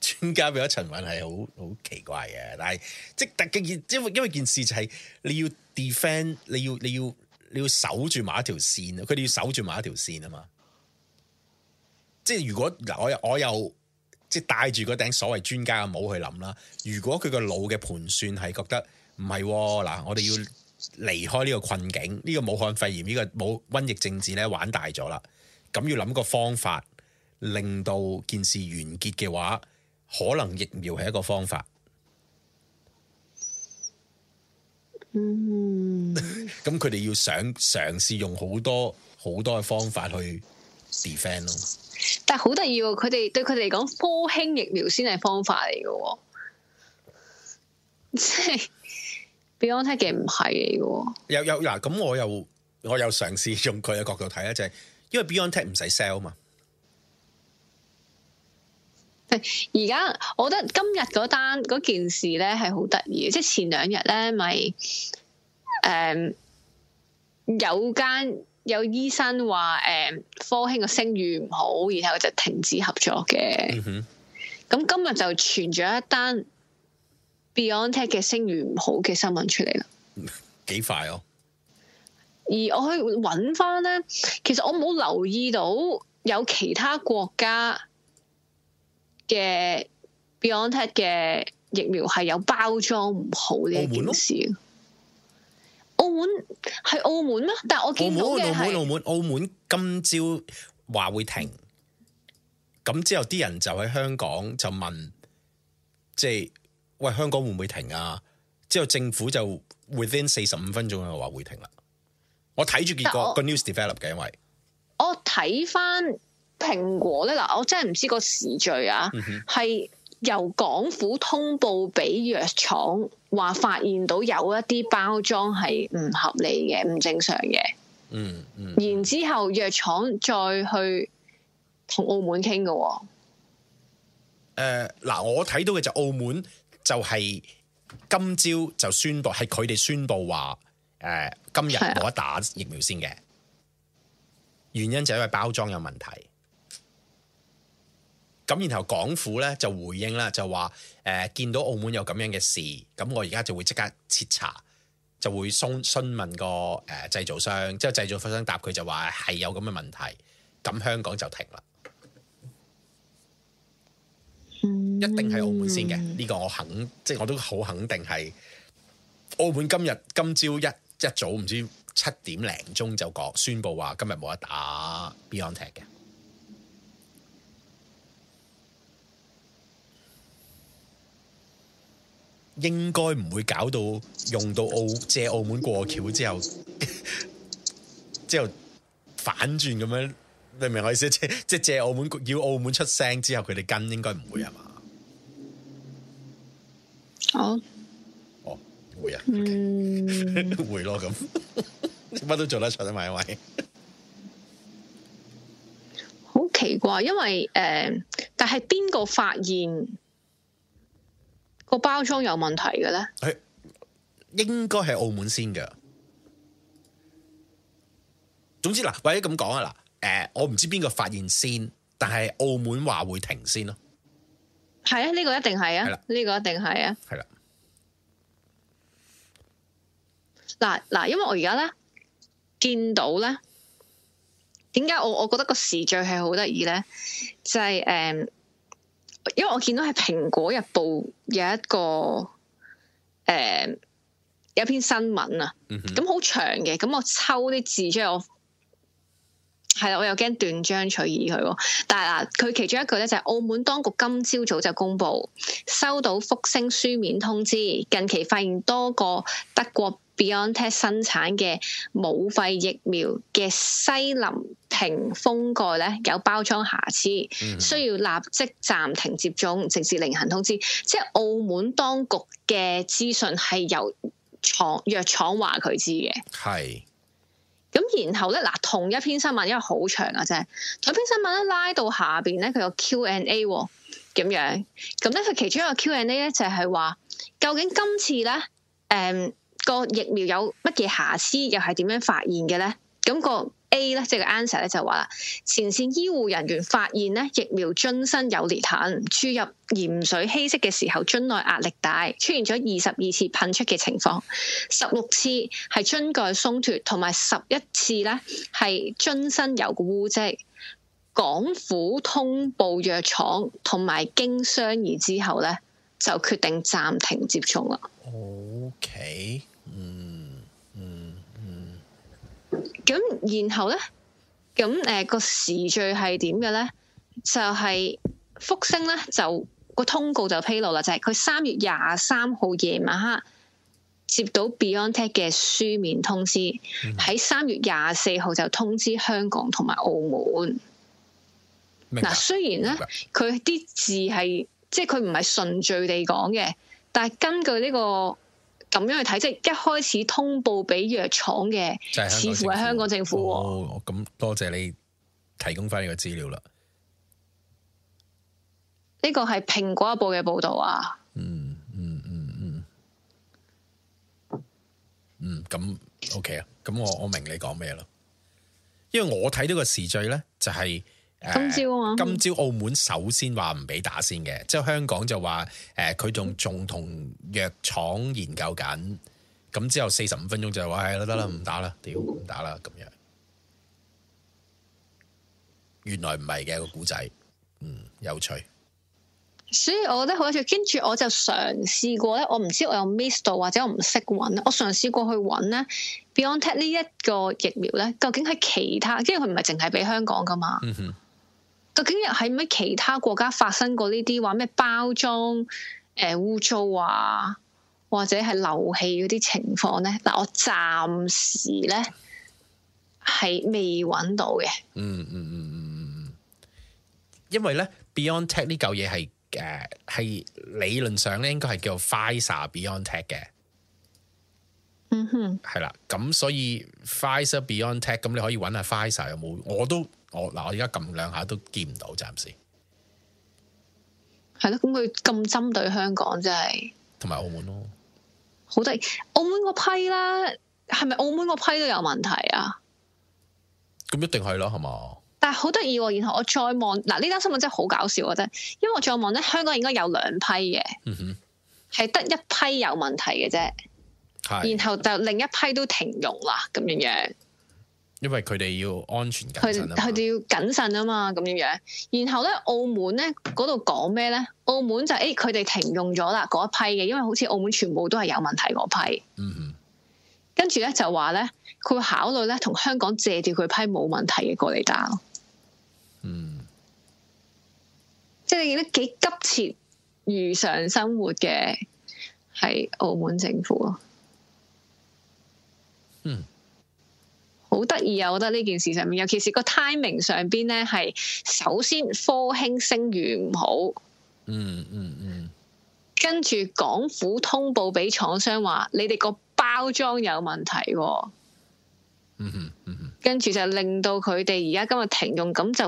專家俾咗陳雲係好好奇怪嘅，但係即係但嘅，因為因為件事就係你要 defend，你要你要你要守住某一條線，佢哋要守住某一條線啊嘛。即係如果嗱，我我又即係戴住嗰頂所謂專家嘅帽去諗啦。如果佢個腦嘅盤算係覺得唔係嗱，我哋要離開呢個困境，呢個武漢肺炎呢個冇瘟疫政治咧玩大咗啦，咁要諗個方法令到件事完結嘅話。可能疫苗係一個方法，嗯，咁佢哋要想嘗試用好多好多嘅方法去 defend 咯。但係好得意，佢哋對佢哋嚟講，科興疫苗先係方法嚟嘅，即 係 Beyond Tech 唔係嚟嘅。有有嗱，咁、啊、我又我又嘗試用佢嘅角度睇啦，就係、是、因為 Beyond Tech 唔使 sell 啊嘛。而家我覺得今日嗰單嗰件事咧係好得意，即係前兩日咧咪誒有間有醫生話誒、嗯、科興嘅聲譽唔好，然後就停止合作嘅。咁、嗯、哼今日就傳咗一單 BioNTech 嘅聲譽唔好嘅新聞出嚟啦。幾快哦！而我可以揾翻，咧，其實我冇留意到有其他國家。嘅 BioNTech 嘅疫苗係有包裝唔好呢一件事。澳門係澳門咩？但係我澳門澳門澳門澳門今朝話會停，咁之後啲人就喺香港就問，即係喂，香港會唔會停啊？之後政府就 within 四十五分鐘嘅話會停啦。我睇住結果個 news develop 嘅，我因為我睇翻。蘋果咧，嗱，我真係唔知個時序啊，係、嗯、哼由港府通報俾藥廠，話發現到有一啲包裝係唔合理嘅，唔正常嘅、嗯。嗯嗯。然之後藥廠再去同澳門傾嘅、哦。誒、呃，嗱、呃，我睇到嘅就是澳門就係今朝就宣佈係佢哋宣佈話，誒、呃，今日冇得打疫苗先嘅，是啊、原因就係因為包裝有問題。咁然後港府咧就回應啦，就話，誒見到澳門有咁樣嘅事，咁我而家就會即刻徹查，就會詢詢問個誒、呃、製造商，之後製造商答佢就話係有咁嘅問題，咁香港就停啦。一定喺澳門先嘅，呢、嗯、個我肯，即、就是、我都好肯定係澳門今日今朝一一早唔知七點零鐘就講宣布話今日冇得打 BioNTech 嘅。應該唔會搞到用到澳借澳門過橋之後，之後反轉咁樣，你明我意思？即即係借澳門要澳門出聲之後，佢哋跟應該唔會係嘛？好，哦，oh. oh，會啊，嗯、okay. mm. 會咯，咁 乜都做得出啊，咪一位，好奇怪，因為誒、呃，但係邊個發現？個包裝有問題嘅咧，應該係澳門先嘅。總之嗱，或者咁講啊嗱，誒、呃，我唔知邊個發現先，但係澳門話會停先咯。係啊，呢、這個一定係啊，呢的個一定係啊，係啦的。嗱嗱、啊啊，因為我而家咧見到咧，點解我我覺得個時序係好得意咧，就係、是、誒。嗯因為我見到係蘋果日報有一個誒、呃、有一篇新聞啊，咁好、嗯、哼長嘅，咁我抽啲字出嚟，我係啦，我又驚斷章取義佢喎。但係嗱，佢其中一句咧就係、是、澳門當局今朝早就公布收到復星書面通知，近期發現多個德國。Beyond Tech 生產嘅冇肺疫苗嘅西林瓶封蓋咧有包裝瑕疵，嗯、哼需要立即暫停接種，直至另行通知。即係澳門當局嘅資訊係由廠藥廠話佢知嘅。係是。咁然後咧嗱，同一篇新聞因為好長啊啫，嗰篇新聞咧拉到下邊咧，佢有 Q&A 咁樣。咁咧佢其中一個 Q&A 咧就係話，究竟今次咧誒？嗯個疫苗有乜嘢瑕疵，又係點樣發現嘅呢？咁個 A 呢，即係個 answer 咧，就話啦，前綫醫護人員發現呢，疫苗樽身有裂痕，注入鹽水稀釋嘅時候，樽內壓力大，出現咗二十二次噴出嘅情況，十六次係樽蓋鬆脫，同埋十一次呢係樽身有污漬。港府通報藥廠同埋經商議之後呢，就決定暫停接種啦。O K。嗯嗯嗯，咁、嗯嗯、然後咧，咁誒個時序係點嘅咧？就係、是、復星咧，就個通告就披露啦，就係佢三月廿三號夜晚黑接到 BioNTech 嘅書面通知，喺三、嗯、月廿四號就通知香港同埋澳門。嗱白、啊，雖然咧佢啲字係即係佢唔係順序地講嘅，但係根據呢、這個。咁樣去睇，即係一開始通報俾藥廠嘅，就似乎係香港政府。哦，咁多謝你提供翻呢個資料啦。呢個係蘋果日報嘅報道啊。嗯嗯嗯嗯。嗯，咁、嗯嗯嗯、OK 啊，咁我我明你講咩啦。因為我睇到個時序咧，就係。今朝啊、嘛，今朝澳門首先話唔俾打先嘅，即係香港就話誒，佢仲仲同藥廠研究緊，咁之後四十五分鐘就話係啦，得啦，唔打啦，屌唔打啦，咁樣，原來唔係嘅個古仔，嗯，有趣，所以我覺得好有趣，跟住我就嘗試過咧，我唔知我有 miss 到或者我唔識搵，我嘗試過去搵咧，Beyond Tech 呢一個疫苗咧，究竟係其他，因為佢唔係淨係俾香港噶嘛，嗯究竟有喺咩其他國家發生過呢啲話咩包裝誒污糟啊，或者係漏氣嗰啲情況咧？嗱，我暫時咧係未揾到嘅、嗯。嗯嗯嗯嗯因為咧 Beyond Tech 呢嚿嘢係誒係理論上咧應該係叫 Pfizer Beyond Tech 嘅。嗯哼，係啦，咁所以 Pfizer Beyond Tech，咁你可以揾下 Pfizer 有冇我都。我嗱，我而家撳兩下都見唔到，暫時係咯。咁佢咁針對香港真係，同埋澳門咯。好得意，澳門個批啦，係咪澳門個批都有問題啊？咁一定係咯，係嘛？但係好得意喎，然後我再望嗱，呢、啊、單新聞真係好搞笑，我覺得，因為我再望咧，香港應該有兩批嘅，係得、嗯、哼一批有問題嘅啫，是然後就另一批都停用啦，咁樣樣。因為佢哋要安全，佢哋要謹慎啊嘛，咁點樣？然後咧，澳門咧嗰度講咩咧？澳門就誒，佢哋停用咗啦嗰一批嘅，因為好似澳門全部都係有問題嗰批。嗯哼。跟住咧就話咧，佢會考慮咧同香港借調佢批冇問題嘅過嚟打咯。嗯。即係你見得幾急切如常生活嘅係澳門政府咯。嗯。好得意啊！我覺得呢件事上面，尤其是個 timing 上邊咧，係首先科興聲譽唔好，嗯嗯嗯，嗯嗯跟住港府通報俾廠商話，你哋個包裝有問題，哦嗯，嗯嗯嗯跟住就令到佢哋而家今日停用，咁就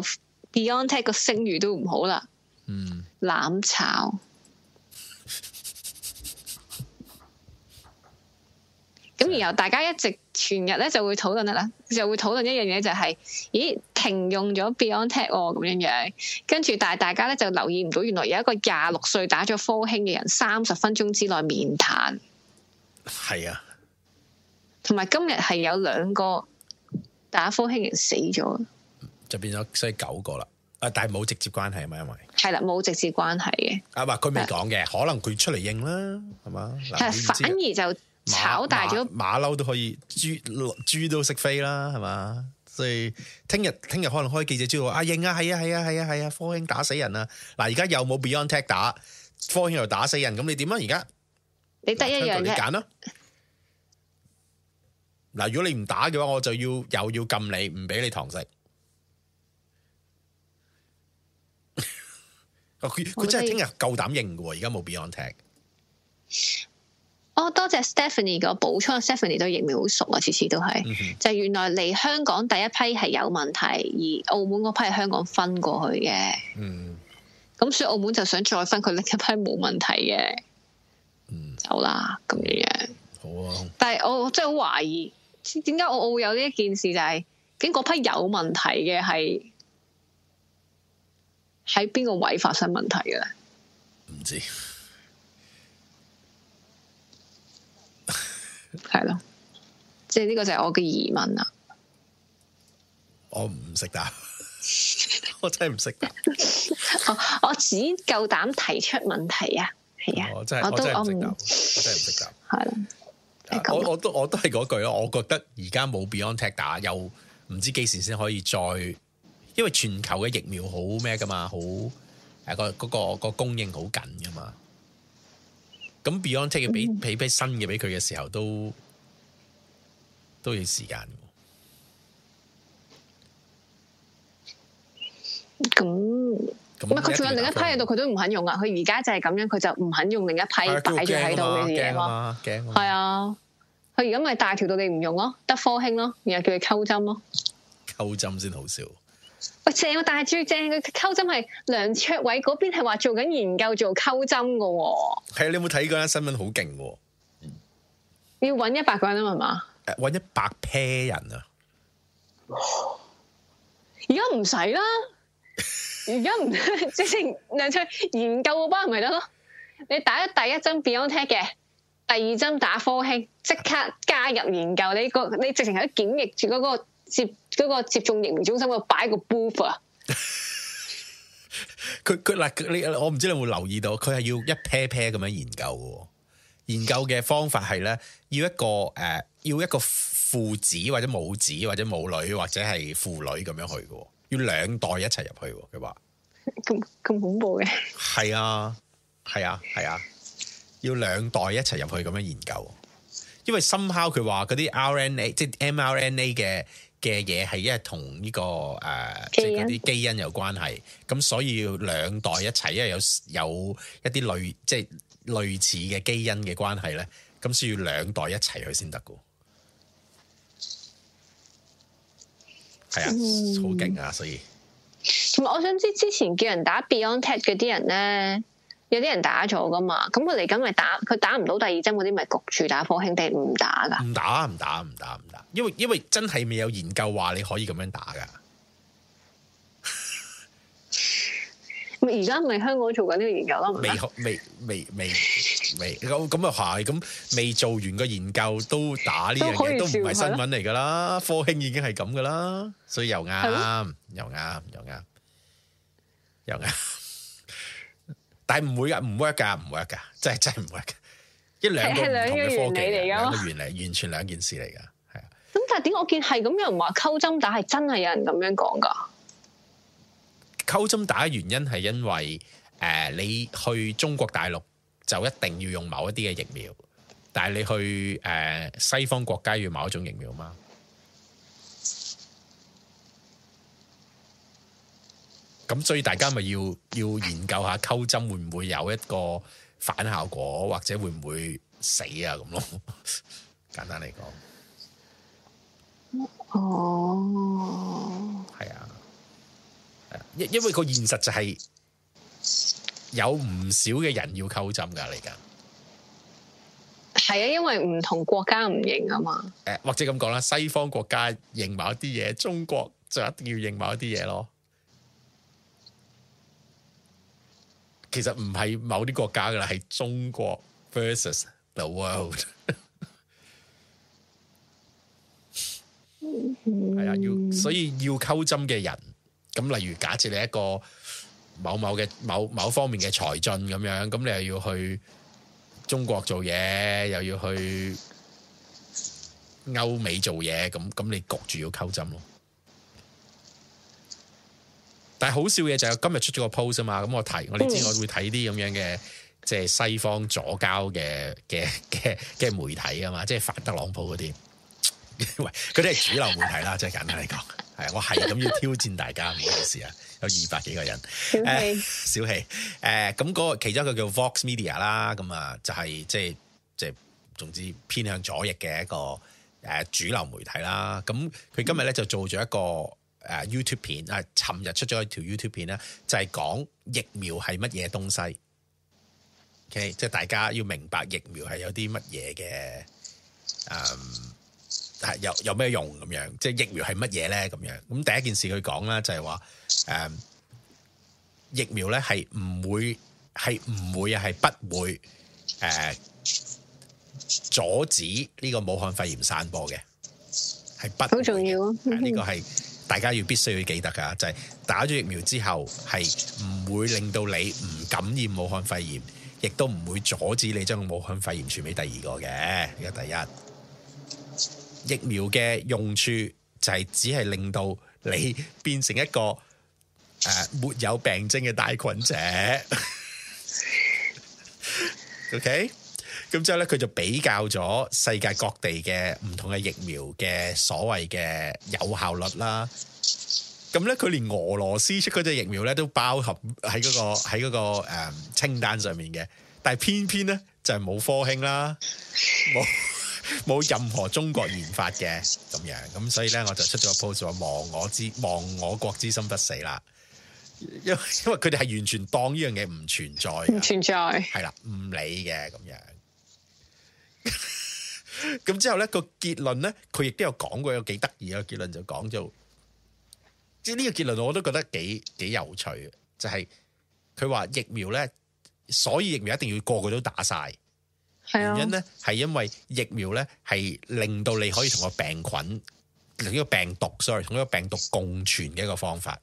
BioNTech 個聲譽都唔好啦，嗯，攬炒。咁然後大家一直全日咧就會討論得啦，就會討論一樣嘢就係、是，咦停用咗 BioNTech 咁、哦、樣樣，跟住但係大家咧就留意唔到，原來有一個廿六歲打咗科興嘅人，三十分鐘之內面癱。係啊，同埋今日係有兩個打科興的人死咗，就變咗所以九個啦，啊但係冇直接關係啊咪？因為係啦冇直接關係嘅，啊唔係佢未講嘅，的可能佢出嚟應啦，係嘛，係的反而就。馬炒大咗，馬騮都可以，豬豬都識飛啦，係嘛？所以聽日聽日可能開記者招待，阿英啊，係啊係啊係啊係啊，啊，科興打死人啊！嗱，而家又冇 BioNTech 打，科興又打死人，咁你點啊？而家你得一樣嘢，嗱、啊，你揀囉 如果你唔打嘅話，我就要又要禁你，唔俾你堂食。佢 佢真係聽日夠膽認嘅，而家冇 BioNTech 哦，多謝 Stephanie 嘅補充。Stephanie 都疫苗好熟啊，次次都係。Mm hmm. 就原來嚟香港第一批係有問題，而澳門嗰批係香港分過去嘅。嗯、mm。咁、hmm. 所以澳門就想再分佢另一批冇問題嘅。嗯、mm。走、hmm. 啦，咁樣。好啊、mm。Hmm. 但係我真係好懷疑，點解我我會有呢一件事、就係？就係，竟嗰批有問題嘅係喺邊個位發生問題嘅咧？唔知。係咯，即係呢個就係我嘅疑問啦 我唔識答，我真係唔識答。我我只夠膽提出問題啊，係啊，我真係，我都我我真係唔識答。係啦，我我都我都係嗰句啊。我覺得而家冇 BioNTech 打，又唔知幾時先可以再，因為全球嘅疫苗好咩噶嘛，好誒、啊嗰個嗰、嗰個、嗰個供應好緊噶嘛。咁 Beyond take 嘅俾俾批新嘅俾佢嘅時候都，都都要時間。咁唔係佢仲有另一批喺度，佢都唔肯用啊。佢而家就係咁樣，佢就唔肯用另一批擺住喺度嘅嘢。係啊，佢而家咪大條到你唔用咯，得科興咯，然後叫佢溝針咯，溝針先好笑。正，但係最正嘅溝針係梁卓偉嗰邊，係話做緊研究做溝針嘅。係啊，你有冇睇嗰單新聞？好勁喎，你要搵一百個人啊嘛？誒，搵一百 pair 人啊！而家唔使啦，而家唔，之前梁卓研究嗰班咪得咯？你打咗第一針 BioNTech 嘅，第二針打科興，即刻加入研究。你，你、那個你直情喺檢疫住嗰個。接嗰、那個接種疫苗中心個擺個 booth 啊 ，佢佢嗱你，我唔知你有冇留意到，佢係要一 pair pair 咁樣研究嘅，研究嘅方法係咧要一個誒、呃、要一個父子或者母子或者母女或者係父女咁樣去嘅，要兩代一齊入去。佢話咁咁恐怖嘅，係啊係啊係啊，啊，要兩代一齊入去咁樣研究，因為 somehow 佢話嗰啲 RNA 即係 mRNA 嘅。嘅嘢係因為同呢、這個誒，即係啲基因有關係，咁所以要兩代一齊，因為有有一啲類即係、就是、類似嘅基因嘅關係咧，咁需要兩代一齊去先得噶。係啊，好勁、嗯、啊！所以同埋，我想知之前叫人打 Beyond Tech 嗰啲人咧。有啲人打咗噶嘛，咁佢嚟緊咪打，佢打唔到第二針嗰啲咪焗住打科興定唔打噶？唔打唔打唔打唔打，因為因為真係未有研究話你可以咁樣打噶。咪而家咪香港做緊呢個研究咯，未未未未未咁咁啊係，咁未做完個研究都打呢樣嘢都唔係新聞嚟噶啦，科興已經係咁噶啦，所以又啱又啱又啱又啱。但係唔會噶，唔 work 噶，唔 work 噶，真係真係唔 work 一兩個唔同嘅科技嚟噶，原理，原理完全兩件事嚟噶，係啊。咁但係點我見係咁有人話溝針打係真係有人咁樣講噶？溝針打嘅原因係因為誒、呃、你去中國大陸就一定要用某一啲嘅疫苗，但係你去誒、呃、西方國家要某一種疫苗嘛。咁所以大家咪要要研究下溝針會唔會有一個反效果，或者會唔會死啊？咁咯，簡單嚟講。哦，係啊，係啊，因因為個現實就係有唔少嘅人要溝針噶，嚟緊。係啊，因為唔同國家唔認啊嘛。誒，或者咁講啦，西方國家認某一啲嘢，中國就一定要認某一啲嘢咯。其實唔係某啲國家噶啦，係中國 versus the world。係啊，要所以要溝針嘅人，咁例如假設你一個某某嘅某某方面嘅才俊咁樣，咁你又要去中國做嘢，又要去歐美做嘢，咁咁你焗住要溝針咯。但係好笑嘅就係今日出咗個 post 啊嘛，咁我睇，我哋知我會睇啲咁樣嘅，即係西方左膠嘅嘅嘅嘅媒體啊嘛，即係反特朗普嗰啲，因為嗰啲係主流媒體啦，即係 簡單嚟講，我係咁要挑戰大家，唔好意思啊，有二百幾個人，小氣器、呃，小氣咁嗰個其中一個叫 Vox Media 啦，咁啊就係即係即係，總之偏向左翼嘅一個、呃、主流媒體啦，咁佢今日咧就做咗一個。嗯誒、uh,，YouTube 片誒，尋日出咗一條 YouTube 片咧，就係、是、講疫苗係乜嘢東西。O.K.，即係大家要明白疫苗係有啲乜嘢嘅，誒、um,，有有咩用咁樣？即係疫苗係乜嘢咧？咁樣，咁第一件事佢講啦，就係話，誒，疫苗咧係唔會，係唔會啊，係不會，誒、啊，阻止呢個武漢肺炎散播嘅，係不會，好重要啊！呢個係。大家要必須要記得㗎，就係、是、打咗疫苗之後係唔會令到你唔感染武漢肺炎，亦都唔會阻止你將武漢肺炎傳俾第二個嘅。因為第一疫苗嘅用處就係只係令到你變成一個誒、呃、沒有病徵嘅帶菌者。 OK。咁之後咧，佢就比較咗世界各地嘅唔同嘅疫苗嘅所謂嘅有效率啦。咁咧，佢連俄羅斯出嗰隻疫苗咧都包含喺嗰個喺嗰個誒清單上面嘅。但係偏偏咧就係冇科興啦，冇冇任何中國研發嘅咁樣。咁所以咧，我就出咗個 post 話亡我之亡我國之心不死啦。因因為佢哋係完全當呢樣嘢唔存在，唔存在係啦，唔理嘅咁樣。咁 之後咧、嗰個結論咧，佢亦都有講過，嗰個、有幾得意啊！結論就講咗即係呢個結論，呢個、結論我都覺得幾幾有趣嘅，就係佢話疫苗咧，所以疫苗一定要個個都打晒，係啊、原因咧係因為疫苗咧係令到你可以同個病菌同呢個病毒，病毒，sorry 同呢個病毒共存嘅一個方法。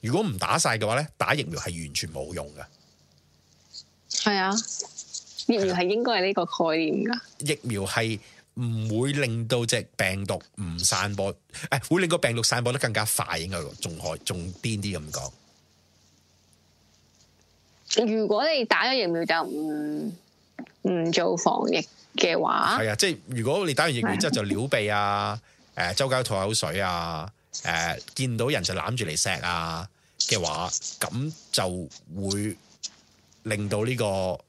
如果唔打晒嘅話咧，打疫苗係完全冇用㗎。係啊。疫苗係應該係呢個概念，噶、啊，疫苗係唔會令到隻病毒唔散播，誒、哎、會令個病毒散播得更加快應該的，應該仲可，仲癲啲咁講。如果你打咗疫苗就唔唔做防疫嘅話，係啊，即係如果你打完疫苗之後就撩鼻啊，誒、 呃、周街吐口水啊，誒、呃、見到人就攬住嚟錫啊嘅話，咁就會令到呢、呢個。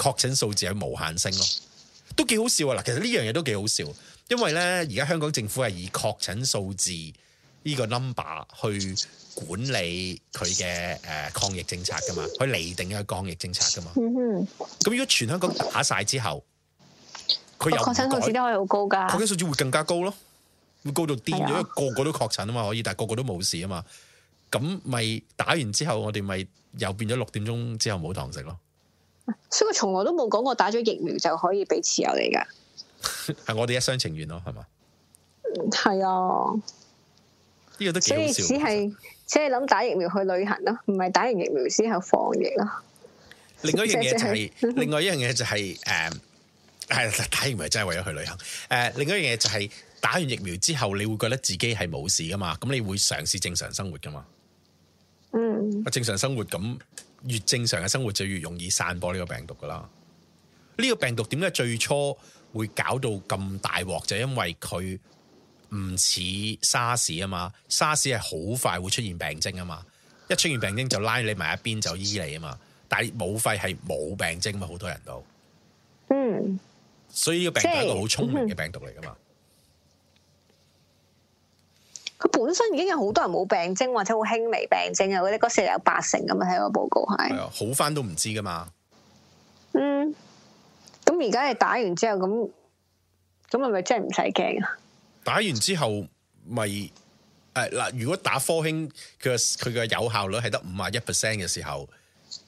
確診數字係無限性咯，都幾好笑啊！嗱，其實呢樣嘢都幾好笑，因為咧而家香港政府係以確診數字呢個 number 去管理佢嘅誒抗疫政策噶嘛，佢釐定一個抗疫政策噶嘛。咁、嗯、哼如果全香港打晒之後，佢又確診數字都可以好高噶，確診數字會更加高咯，會高到癲咗，的因為個個都確診啊嘛，可以，但係個個都冇事啊嘛。咁咪打完之後，我哋咪又變咗六點鐘之後冇堂食咯。所以我從來都冇講過打咗疫苗就可以俾持有你噶 ，係我哋一廂情願咯，係嘛？係啊，呢個都幾好笑的。所以只係即係諗打疫苗去旅行咯，唔係打完疫苗先後防疫咯。另外一樣嘢就係，另外一樣嘢就係，誒，係打疫苗真係為咗去旅行。誒，另外一樣嘢就係打完疫苗之後疫，你會覺得自己係冇事噶嘛？咁你會嘗試正常生活噶嘛？嗯，正常生活咁。越正常嘅生活就越容易散播呢個病毒噶啦。呢個病毒點解最初會搞到咁大鑊，就因為佢唔似沙士啊嘛，沙士係好快會出現病徵啊嘛，一出現病徵就拉你埋一邊就醫你啊嘛，但係冇肺係冇病徵啊嘛，好多人都嗯，所以呢個病毒係一個好聰明嘅病毒嚟噶嘛。嗯嗯佢本身已經有好多人冇病徵或者好輕微病徵啊！我哋嗰時有八成咁啊，睇個報告係。係啊，好返都唔知㗎嘛。嗯，咁而家你打完之後，咁咁係咪真係唔使驚啊？打完之後咪誒嗱，如果打科興佢佢嘅有效率係得五啊一 percent 嘅時候，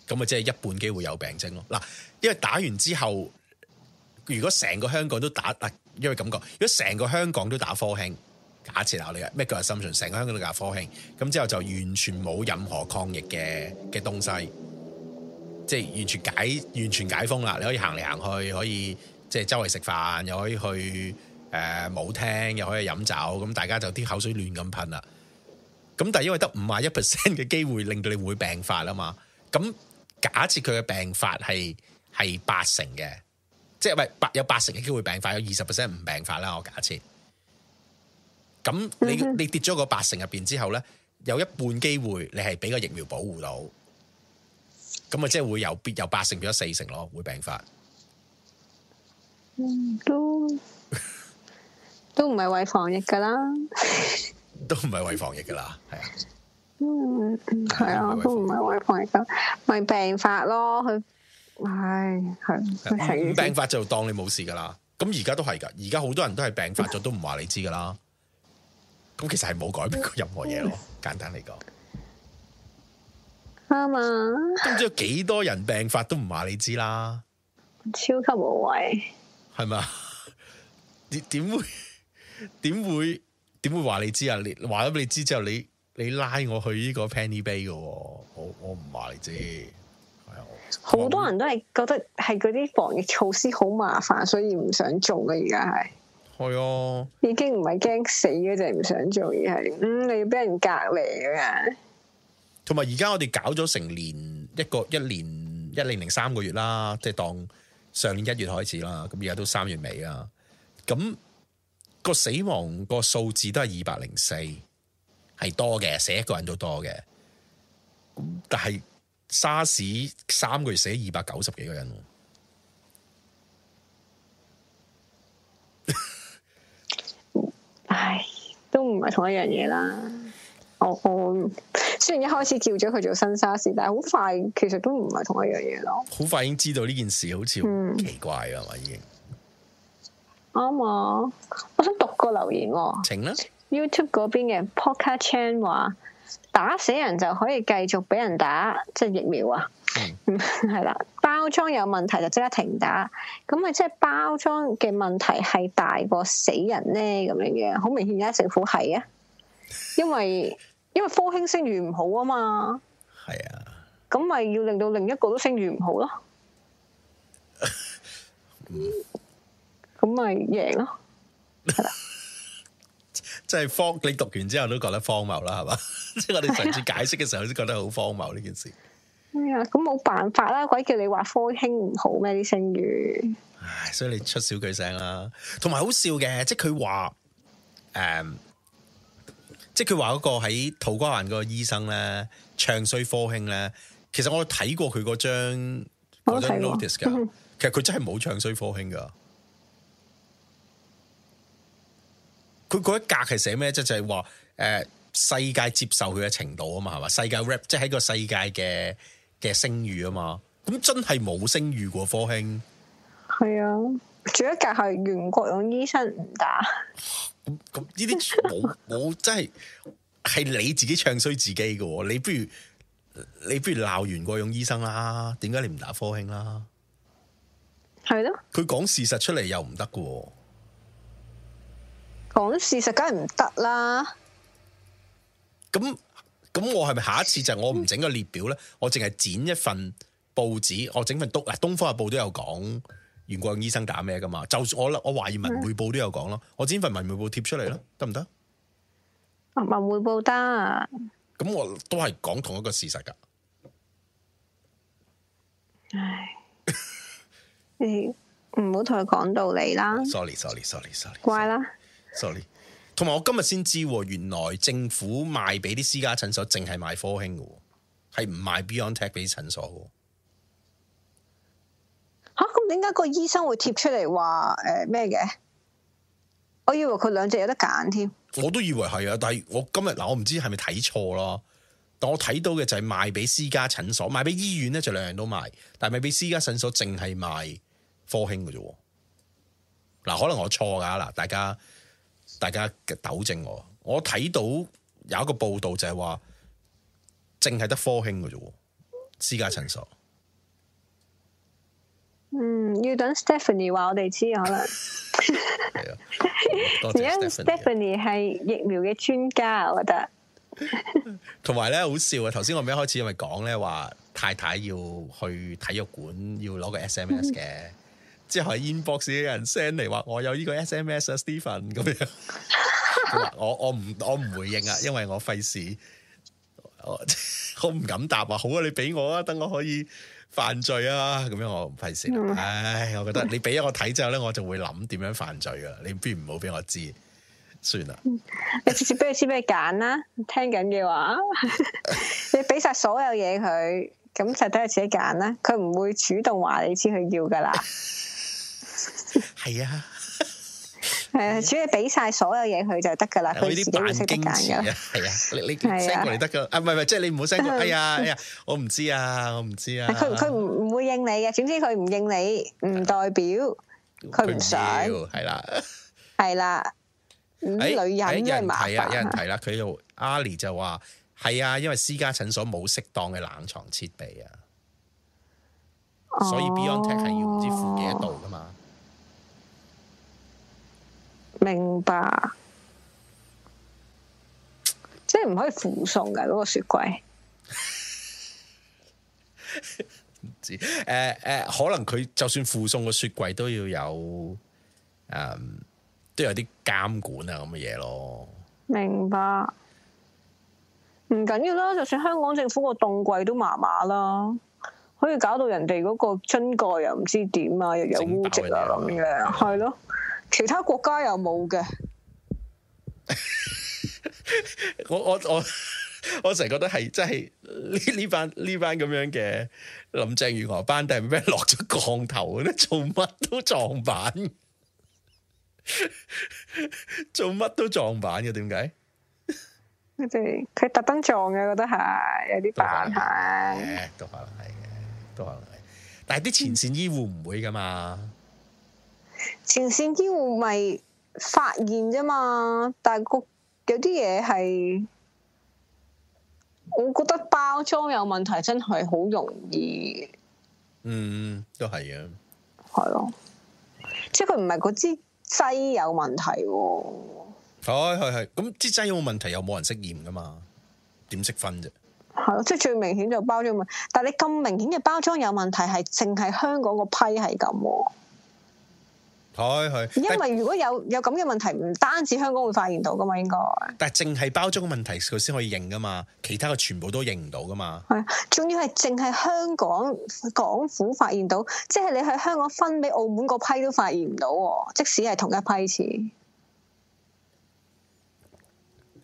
咁咪即係一半機會有病徵咯。嗱，因為打完之後，如果成個香港都打嗱，因為咁講，如果成個香港都打科興。假設啊，你咩叫 assume？成個香港都打科興，咁之後就完全冇任何抗疫嘅嘅東西，即係完全解完全解封啦！你可以行嚟行去，可以即係周圍食飯，又可以去誒舞廳，又可以飲酒，咁大家就啲口水亂咁噴啦。咁但係因為得五十一 percent 嘅機會令到你會病發啊嘛，咁假設佢嘅病發係係八成嘅，即係喂八有八成嘅機會病發，有二十 percent 唔病發啦。我假設。咁你你跌咗個八成入邊之後咧，有一半機會你係俾個疫苗保護到，咁啊，即係會由由八成變咗四成咯，會病發。嗯、都都唔係為防疫噶啦， 都唔係為防疫噶啦，係啊。係啊、嗯，都唔係為防疫噶，咪、就是、病發咯。佢係係病發就當你冇事噶啦。咁而家都係噶，而家好多人都係病發咗，都唔話你知噶啦。 咁其實係冇改變過任何嘢咯，簡單嚟講，啱啊、嗯！都唔知有幾多人病發都唔話你知啦，超級無謂，係咪？你點會點會點會話你知啊？你話咗畀你知之後，你你拉我去呢個 Penny Bay 嘅，我我唔話你知，係啊！好多人都係覺得係嗰啲防疫措施好麻煩，所以唔想做嘅，而家係。係、哦、已經唔係驚死嘅，就係、是、唔想做而係，嗯，你要俾人隔離㗎。同埋而家我哋搞咗成年一個一年一零零三個月啦，即係當上年一月開始啦，咁而家都三月尾啦。咁、那個死亡個數字都係二百零四，係多嘅，死一個人都多嘅。但係沙士三個月死二百九十幾個人。 唉，都唔係同一樣嘢啦。我、oh, 我、oh, oh, 雖然一開始叫咗佢做新沙士，但係好快其實都唔係同一樣嘢咯。好快已經知道呢件事，好似好奇怪噶嘛，已經啱啊！我想讀個留言，請啦呢。YouTube 嗰邊嘅 Podcast channel 話打死人就可以繼續俾人打，即係疫苗啊！係啦、嗯， 包裝有問題就即刻停打，咁咪即係包裝嘅問題係大過死人咧，咁樣樣，好明顯而家政府係啊，因為因為科興聲譽唔好啊嘛，係是啊，咁咪要令到另一個都聲譽唔好咯，咁咪贏咯，係啦 即係科你讀完之後都覺得荒謬啦，係嘛，即 係我哋上次解釋嘅時候都覺得好荒謬呢是、啊、件事。哎呀，咁冇辦法啦，鬼叫你話科興唔好咩啲聲譽？聲唉，所以你出少句聲啦，同埋好笑嘅，即係佢話，誒、嗯，即係佢話嗰個喺土瓜灣個醫生咧，唱衰科興咧，其實我睇過佢嗰張嗰張 notice 噶，其實佢真係冇唱衰科興噶，佢嗰、嗯、哼一格係寫咩？即係話，誒、呃，世界接受佢嘅程度啊嘛，係嘛？世界 rap 即係喺個世界嘅。嘅聲譽啊嘛，咁真係冇聲譽過科興，係啊，仲有一格係袁國勇醫生唔打，咁咁呢啲冇冇真係係你自己唱衰自己噶，你不如你不如鬧袁國勇醫生啦，點解你唔打科興啦？係咯的，佢講事實出嚟又唔得噶，講事實梗係唔得啦，咁。咁我係咪下一次就係我唔整個列表咧？ 我淨係剪一份報紙，我整份東東方日報都有講袁國勇醫生打咩噶嘛？就算我我懷疑文匯報都有講咯，嗯、我剪份文匯報貼出嚟咯，得唔得？文匯報得。咁我都係講同一個事實噶。唉， 你唔好同佢講道理啦。Sorry，sorry，sorry，sorry，乖啦，sorry。了我今日先知，原來政府賣俾啲私家診所，淨係賣科興嘅，係唔賣 Beyond Tech 俾診所嘅。吓、啊，咁點解個醫生會貼出嚟話誒咩嘅？我以為佢兩隻有得揀添，我都以為係啊。但係我今日嗱，我唔知係咪睇錯咯。但我睇到嘅就係賣俾私家診所，賣俾醫院咧就兩樣都賣，但係賣俾私家診所淨係賣科興嘅啫。嗱、啊，可能我錯噶嗱，大家。大家嘅糾正我，我睇到有一個報道就係話，淨係得科興㗎啫喎，私家診所。嗯，要等 Stephanie 話我哋知可能。係啊。 而家 Stephanie 係疫苗嘅專家，我覺得。同埋咧好笑啊！頭先我哋一開始因為講咧話太太要去體育館要攞個 SMS 嘅。嗯之後 inbox 嘅人 send 嚟話我有呢個 sms，Steven 啊咁樣，我我唔我唔回應啊，因為我費事，我唔敢答啊。好啊，你俾我啊，等我可以犯罪啊，咁樣我唔費事。嗯、唉，我覺得你俾咗我睇之後咧，我就會諗點樣犯罪噶，你必唔好俾我知，算啦、嗯。你直接俾佢知，俾佢揀啦，聽緊嘅話， 你俾晒所有嘢佢，咁就睇下自己揀啦。佢唔會主動話你知佢要噶啦。 係 啊，係啊，主要俾晒所有嘢佢就得噶啦，佢 自己識揀噶啦，係 啊，你你 send、 啊、過嚟得噶，啊唔係唔係，即係、就是、你唔好 send 過、 哎、呀啊、哎、呀我唔知啊，我唔知啊，佢佢唔唔會應你嘅，總之佢唔應你，唔代表佢唔想，係啦，係啦、啊， 啊、女人係麻煩有人提啦，有人提啦、啊，佢、啊、就 Ali 就話係啊，因為私家診所冇適當嘅冷藏設備啊，哦、所以 BioNTech 係要唔知負幾多度噶嘛。明白，即係唔可以附送嘅嗰，那個雪櫃，唔 知誒誒，呃呃，可能佢就算附送個雪櫃都要有誒，嗯，都有啲監管啊咁嘅嘢咯。明白，唔緊要啦，就算香港政府個凍櫃都麻麻啦，可以搞到人哋嗰個樽蓋又唔知點啊，又有污漬啊咁嘅，係咯。啦其他國家又冇嘅，我我我我成日覺得係，即係呢呢班呢班咁樣嘅林鄭月娥班，定咩落咗降頭咧？做乜都撞板，做乜都撞板嘅，點解？佢特登撞嘅，我覺得係有啲板係，都可能係嘅、啊，都可能係。但係啲前綫醫護唔會㗎嘛。嗯前線機會咪發現啫嘛，但係個有啲嘢係，我覺得包裝有問題，真係好容易。嗯，都係啊，係咯，即係佢唔係嗰支劑有問題。係係係，咁支劑有問題，又冇人識驗噶嘛？點識分啫？係咯，即係最明顯就包裝問題嘛。但係你咁明顯嘅包裝有問題，係淨係香港個批係咁。係，係，因為如果有但有咁嘅問題，唔單止香港會發現到噶嘛，應該。但係淨係包裝嘅問題佢先可以認噶嘛，其他嘅全部都認唔到噶嘛。係，仲要係淨係香港港府發現到，即係你喺香港分俾澳門個批都發現唔到喎，即使係同一批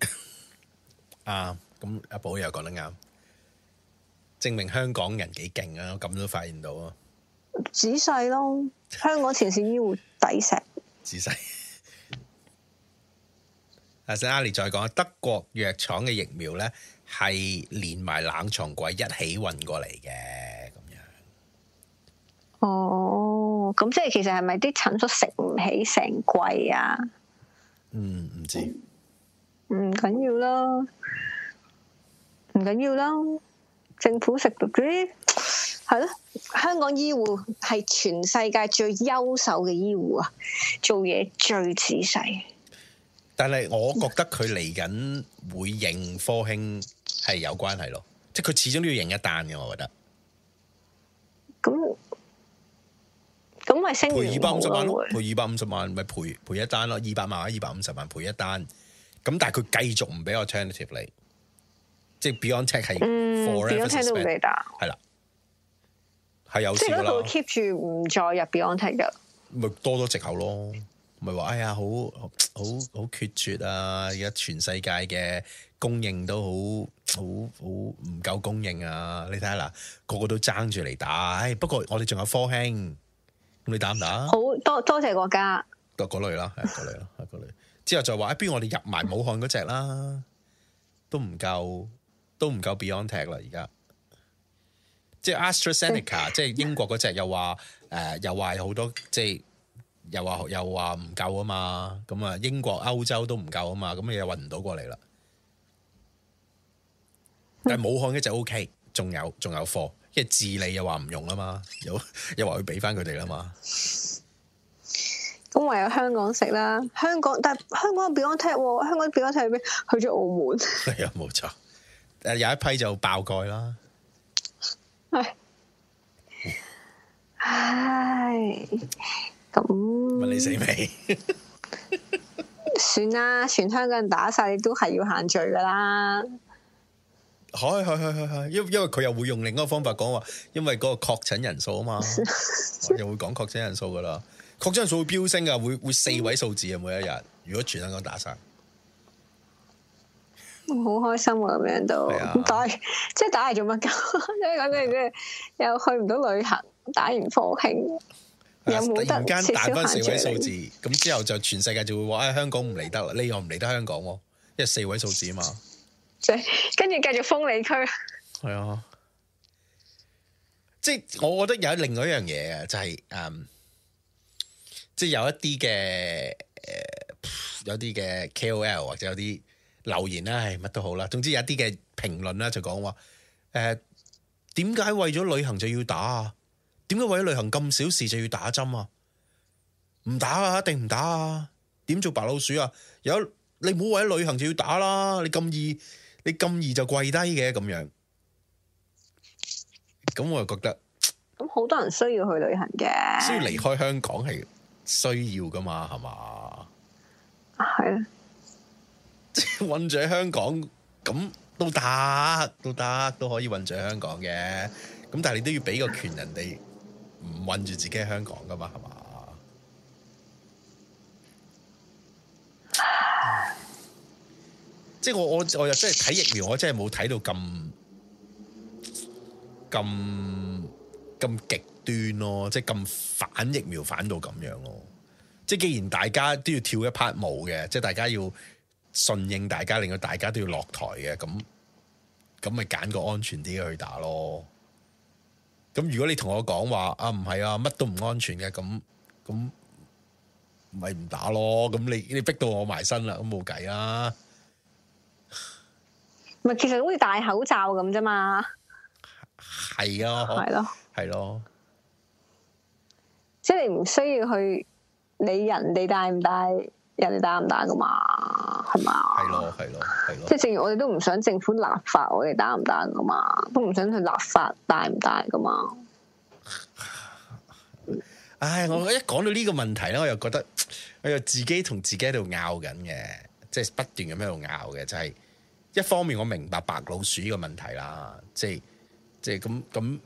次。 啊，咁阿寶又講得啱，證明香港人幾勁啊！咁都發現到啊，仔細咯，香港前線醫護。 抵食仔細，阿 Sa 阿 Lee 再講，德國藥廠嘅疫苗咧係連埋冷藏櫃一起運過嚟嘅，咁樣。哦，咁即係其實係咪啲診所食唔起成櫃啊？嗯，唔知。唔緊要咯，唔緊要咯，政府食獨資，係咯。香港醫護係全世界最優秀嘅醫護啊，做嘢最仔細。但係我覺得佢嚟緊會認科興係有關係咯，即係佢始終都要認一單嘅，我覺得。咁咁咪升賠二百五十萬咯，賠二百五十萬咪賠賠一單咯，二百萬或者，二百五十萬賠一單。咁但係佢繼續唔俾 alternative 嚟，即係 Beyond Tech 係 Beyond Tech 都唔俾你打，係啦。係有事啦！即係度 keep 住唔再入 BioNTech 嘅，咪多多藉口咯。咪話哎呀，好好好決絕啊！而家全世界嘅供應都好好好唔夠供應啊！你睇下嗱，個個都爭住嚟打。不過我哋仲有科興，咁你打唔打？好多多謝國家。多嗰類啦，係嗰類啦，係 類。之後再話，哎，不如我哋入埋武漢嗰隻啦，都唔夠，都唔夠 BioNTech 啦，而家。即係 AstraZeneca，即係英國嗰隻又話誒、呃，又話好多即係又話又話唔夠啊嘛，咁啊英國歐洲都唔夠啊嘛，咁你又運唔到過嚟啦。但係武漢一隻 O K，仲有仲有貨，即係智利又話唔用啊嘛，又又話要俾翻佢哋啊嘛。咁唯有香港食啦，香港但係香港嘅 BioNTech 香港嘅 BioNTech、啊、去去咗澳門。係啊，冇錯，誒有一批就爆蓋啦。唉，唉，咁問你死未？ 算啦，全香港人打晒都係要限聚噶啦。係係係係係，因因為佢又會用另一個方法講話，因為嗰個確診人數啊嘛， 我又會講確診人數噶啦，確診人數會飆升噶，會會四位數字啊，每一日，如果全香港打晒。好開心啊！咁樣都，但係即係打嚟做乜噶？即係講句即係又去唔到旅行，打完科興，又突然間打翻四位數字，咁之後就全世界就會話，唉，香港唔嚟得啦，呢個唔嚟得香港，因為四位數字嘛。即係跟住繼續封你區。係啊，即係、啊就是、我覺得有另外一樣嘢啊，就係、是、嗯、即、就、係、是、有一啲嘅誒，有啲嘅 KOL 或者有啲，留言啦，乜都好啦。總之有一啲嘅評論啦，就講話誒，點解為咗旅行就要打啊？點解為咗旅行咁小事就要打針啊？唔打啊，一定唔打啊？點做白老鼠啊？有你唔好為咗旅行就要打啦！你咁易，你咁易就跪低嘅咁樣。咁我又覺得，咁好多人需要去旅行嘅，需要離開香港係需要噶嘛？係嘛？係啊。混住喺香港咁都得，都得，都可以混住喺香港嘅。咁但係你都要俾個權人哋唔混住自己喺香港噶嘛，係嘛、啊嗯？即係我我我又真係睇疫苗，我真係冇睇到咁咁咁極端咯，即係咁反疫苗反到咁樣咯。即係既然大家都要跳一 part 舞嘅，即係大家要。順應大家，令到大家都要落台嘅，咁咁咪揀個安全啲去打咯。咁如果你同我講話啊，唔係啊，乜都唔安全嘅，咁咁咪唔打咯。咁你你逼到我埋身啦，咁冇計啊。咪其實好似戴口罩咁啫嘛，係啊，係咯，係咯。即係你唔需要去理人哋戴唔戴，人哋打唔打噶嘛？係嘛？係咯，係咯，係咯。即係正如我哋都唔想政府立法，我哋打唔打噶嘛？都唔想佢立法，打唔打噶嘛？唉，我一講到呢個問題咧，我又覺得我又自己同自己喺度拗緊嘅，即係不斷咁喺度拗嘅，就係一方面我明白白老鼠呢個問題啦，即係即係咁咁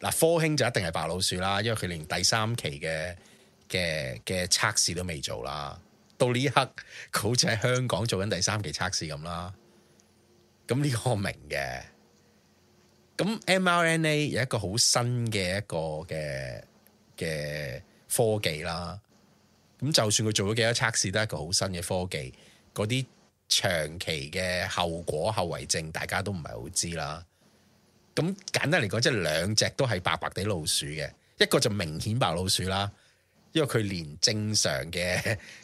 嗱，科興就一定係白老鼠啦，因為佢連第三期嘅嘅嘅測試都未做啦。到呢一刻，好似喺香港做緊第三期測試咁啦。咁呢個我明嘅。咁 mRNA 有一個好新嘅一個嘅嘅科技啦。咁就算佢做咗幾多測試，都係一個好新嘅科技。嗰啲長期嘅後果、後遺症，大家都唔係好知啦。咁簡單嚟講，即係兩隻都係白白地老鼠嘅，一個就明顯白老鼠啦。因為佢連正常嘅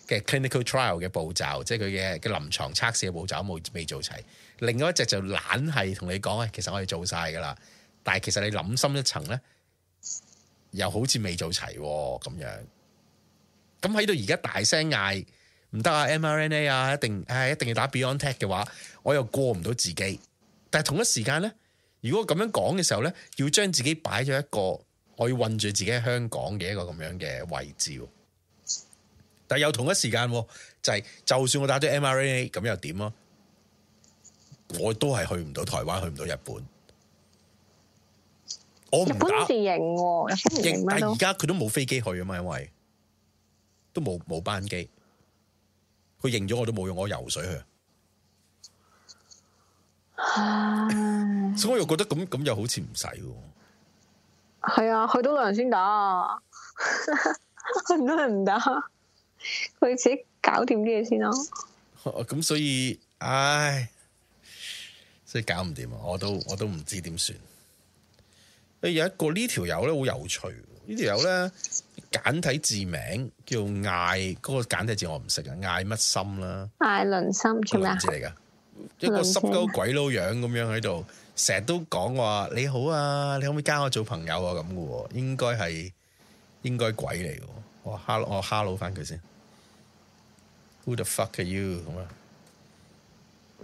嘅 clinical trial 嘅步驟，即係佢嘅嘅臨床測試嘅步驟冇未做齊。另外一隻就懶係同你講啊、哎，其實我哋做晒㗎喇。但係其實你諗深一層咧，又好似未做齊咁、哦、樣。咁喺度而家大聲嗌唔得啊，mRNA 啊，一定、哎、一定要打 BioNTech 嘅話，我又過唔到自己。但係同一時間咧，如果我咁樣講嘅時候咧，要將自己擺咗一個。我要困住自己喺香港嘅一個咁樣嘅位置，但有同一時間就係、是，就算我打咗 mRNA 咁又點咯？我都係去唔到台灣，去唔到日本。我唔打日本是認、哦，日本但係而家佢都冇飛機去啊嘛，因為都冇冇班機。佢認咗我都冇用，我游水去。唉 所以我又覺得咁咁又好似唔使喎。係啊，去到兩人先打，啊，去到人唔打，佢自己搞掂啲嘢先咯，哦。咁所以，唉，所以搞唔掂啊！我都我都唔知點算。有一個呢條友咧好有趣，這個，呢條友咧簡體字名叫艾，嗰，那個簡體字我唔識啊，艾乜心啦？艾倫心做咩字嚟噶？一個濕鳩深鬼佬樣咁樣喺度。成日都講話你好啊，你可唔可以加我做朋友啊？咁嘅喎，應該係應該鬼嚟嘅喎。我哈我哈囉返佢先。Who the fuck are you？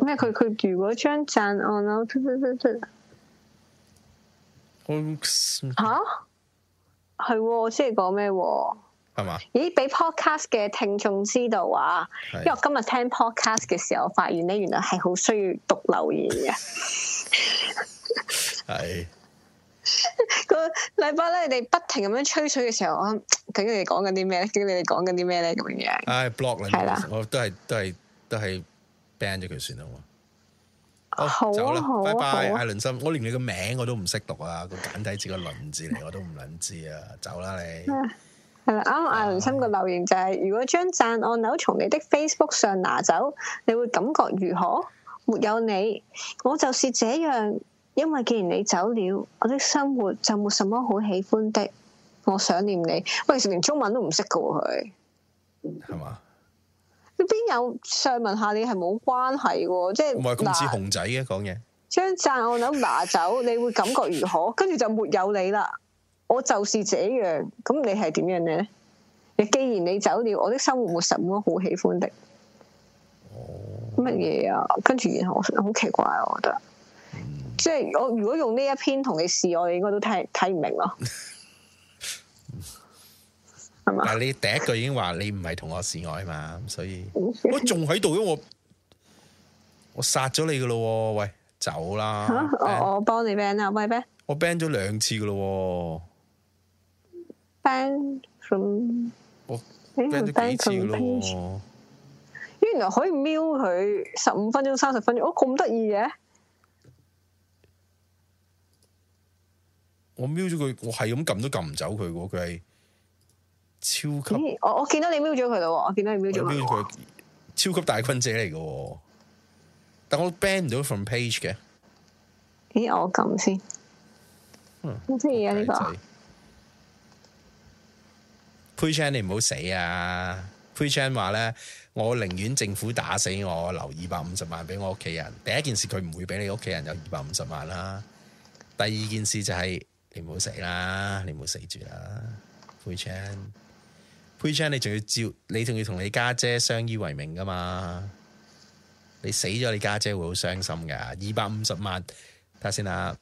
咩？佢佢如果張讚案啊？哈？係喎、oh, looks 啊，我先嚟講咩喎？係嘛？咦，俾 podcast 嘅聽眾知道啊！因為我今日聽 podcast 嘅時候，發現咧，原來係好需要讀留言嘅。係個禮拜咧，你哋不停咁樣吹水嘅時候，我諗緊你哋講緊啲咩咧？究竟你哋講緊啲咩咧？咁樣。唉，block 啦，係我都係，都係，都係 ban 咗佢算啦嘛。好，走啦，拜拜，艾倫森，我連你個名我都唔識讀啊，個簡體字個輪字嚟，我都唔捻知啊，走啦你。係啦，啱啱阿倫森個留言就係、是：如果將贊按鈕從你的 Facebook 上拿走，你會感覺如何？沒有你，我就是這樣，因為既然你走了，我的生活就沒什麼好喜歡的。我想念你。喂，連中文都唔識噶佢，係嘛吧？你邊有上問下你係冇關係嘅？即係唔係公字紅仔嘅講嘢？將贊按鈕拿走，你會感覺如何？跟住就沒有你啦。我就是這樣，咁你係點樣咧？你既然你走了，我的生活冇什麼好喜歡的。乜嘢、哦、啊？跟住然後我好奇怪，嗯、我覺得，即係我如果用呢一篇同你示愛，我哋應該都睇睇唔明咯。係嘛 吧？但你第一句已經話你唔係同我示愛嘛，所以我仲喺度因為我，我殺咗你嘅咯。喂，走啦！啊、ban 我我幫你 ban 啦，喂 ban 我 ban 咗兩次嘅咯。ban 咁，哎，ban 咗幾次咯？咦，from page? 原來可以瞄佢十五分鐘、三十分鐘，哦，咁得意嘅。我瞄咗佢，我係咁撳都撳唔走佢嘅，佢係超級。我我見到你瞄咗佢啦，我見到你瞄咗佢，超級大坤姐嚟嘅。但我 ban 唔到 from page 嘅。咦，我撳先，好得意啊呢個。PayChan，你唔好死啊！PayChan 話咧，我寧願政府打死我，我留二百五十萬俾我屋企人。第一件事佢唔會俾你屋企人有二百五十萬啦。第二件事就係你唔好死啦，你唔好死住啦，PayChan。PayChan，你仲要照，你仲要同你家姐相依為命噶嘛？你死咗，你家姐會好傷心噶。二百五十萬，睇下先啦。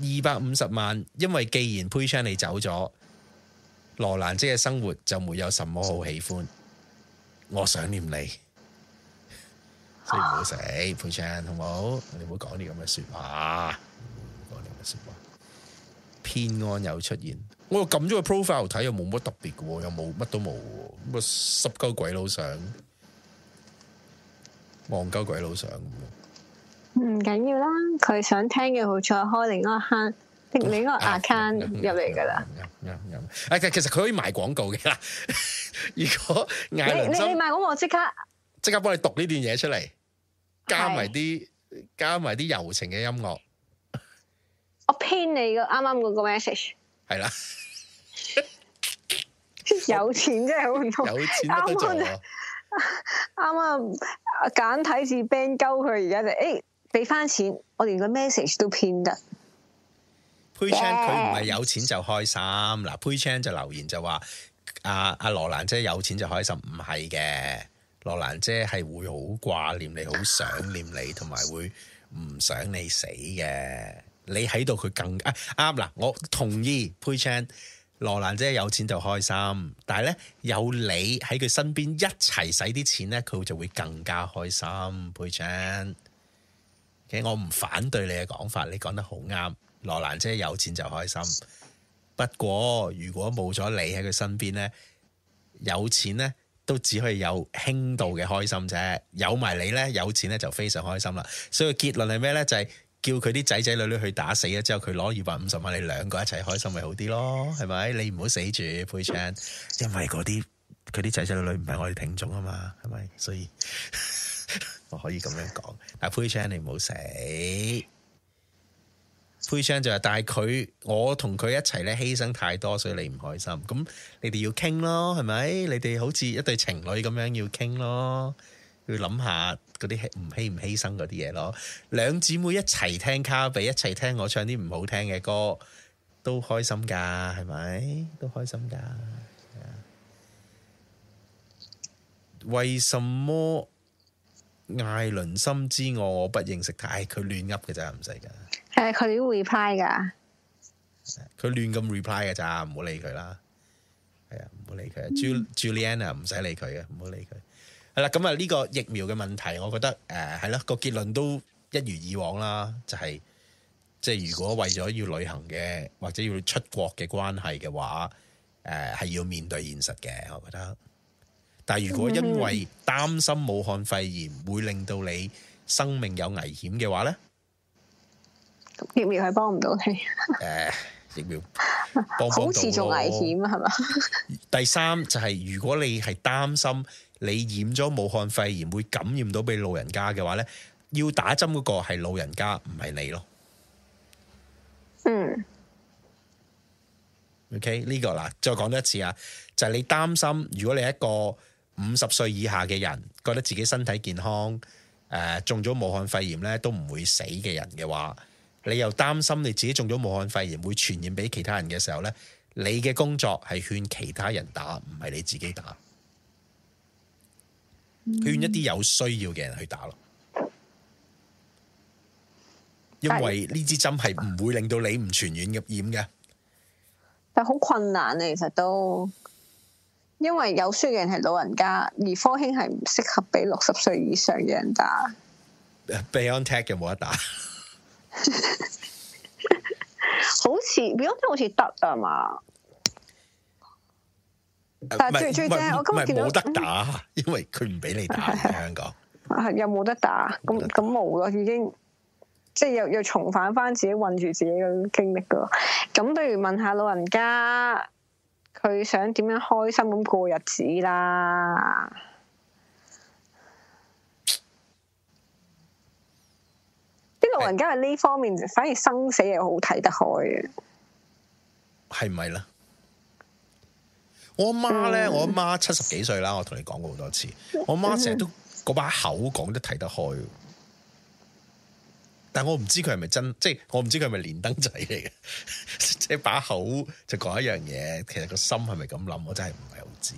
二百五十萬，因為既然 PayChan 你走咗。羅蘭姐嘅生活就沒有什麼好喜歡，我想念你， 所以唔好死，潘昌，啊、好唔好？你唔好講啲咁嘅說話，講啲咁嘅說話。騙案又出現，我又撳咗個 profile 睇又冇乜特別嘅，又冇乜都冇，乜濕鳩鬼佬相，望鳩鬼佬相，唔緊要啦，佢想聽嘅，好彩開另一個坑。你個 account 入嚟噶啦，入入入。其實佢可以賣廣告嘅。 如果你你你賣我即刻，即刻幫你讀呢段嘢出嚟，加埋啲是的 加埋啲柔情嘅音樂。我編你剛剛個啱啱嗰個 message。係啦，有錢真係好唔錯，啱啱啱啱，簡體字 band 鳩佢而家就誒，俾、欸、翻錢，我連個 message 都編得。PayChan 佢唔係有錢就開心嗱，PayChan 就留言就話阿阿羅蘭姐有錢就開心，唔係嘅羅蘭姐係會好掛念你，好想念你，同埋會唔想你死嘅。你喺度佢更加啊啱嗱，我同意 PayChan 羅蘭姐有錢就開心，但係咧有你喺佢身邊一齊使啲錢咧，佢就會更加開心。PayChan，其實我唔反對你嘅講法，你講得好啱。羅蘭姐有錢就開心，不過如果冇咗你喺佢身邊咧，有錢咧都只可以有輕度嘅開心啫。有埋你咧，有錢咧就非常開心啦。所以結論係咩咧？就係、是、叫佢啲仔仔女女去打死咗之後一一，佢攞二百五十萬，你兩個一齊開心咪好啲咯？係咪？你唔好死住 p u h a n 因為嗰啲佢啲仔仔女女唔係我哋聽眾啊嘛，係咪？所以 我可以咁樣講，但 p u h a n 你唔好死。悲傷就係，但係佢我同佢一齊咧犧牲太多，所以你唔開心。咁你哋要傾咯，係咪？你哋好似一對情侶咁樣要傾咯，要諗下嗰啲唔犧唔犧牲嗰啲嘢咯。兩姊妹一齊聽卡比，一齊聽我唱啲唔好聽嘅歌，都開心噶，係咪？都開心噶。為什麼艾倫深知我我不認識？唉，佢亂噏嘅咋，唔使噶。係佢 reply 噶，佢，嗯，亂咁 reply 嘅咋，唔好理佢啦。係啊，唔好，嗯，理佢。Juliana 唔使理佢嘅，唔好理佢。係啦，咁啊，呢個疫苗嘅問題，我覺得誒係咯，呃那個結論都一如以往啦，就係即係如果為咗要旅行嘅或者要出國嘅關係嘅話，誒，呃，係要面對現實嘅，我覺得。但係如果因為擔心武漢肺炎會令到你生命有危險嘅話咧？疫苗係幫唔到你，誒、 啊，疫苗好似仲危險係嘛？第三就係、是，如果你係擔心你染咗武漢肺炎會感染到俾老人家嘅話咧，要打針嗰個係老人家，唔係你咯。嗯。OK，呢個嗱，再講多一次啊，就係、是，你擔心，如果你一個五十歲以下嘅人覺得自己身體健康，誒、呃，中咗武漢肺炎咧都唔會死嘅人嘅話。你又擔心你自己中咗武漢肺炎會傳染俾其他人嘅時候，呢你嘅工作係勸其他人打，唔係你自己打，嗯、勸一啲有需要嘅人去打咯。因為呢支針係唔會令到你唔傳染入染嘅，但好困難啊！其實都因為有需要嘅人係老人家，而科興係唔適合俾六十歲以上嘅人打。BioNTech 有冇得打？ 好似表 e 好似得啊嘛，呃、但係最最正，我今日見到冇得打，嗯、因為佢唔俾你打是是是香港，係又冇得打，咁咁冇咯，已經即係又又重返翻自己困住自己嘅經歷噶，咁不如問下老人家，佢想點樣開心咁過日子啦。老人家係呢方面是反而生死嘢好睇得開嘅，係咪咧？我媽咧、嗯，我阿媽七十幾歲啦，我同你講過好多次，嗯、我媽成日都嗰把口講得睇得開，但我唔知佢係咪真，即、就、係、是、我唔知佢係咪連登仔嚟嘅，即 係把口就講一樣嘢，其實個心係咪咁諗，我真係唔係好知。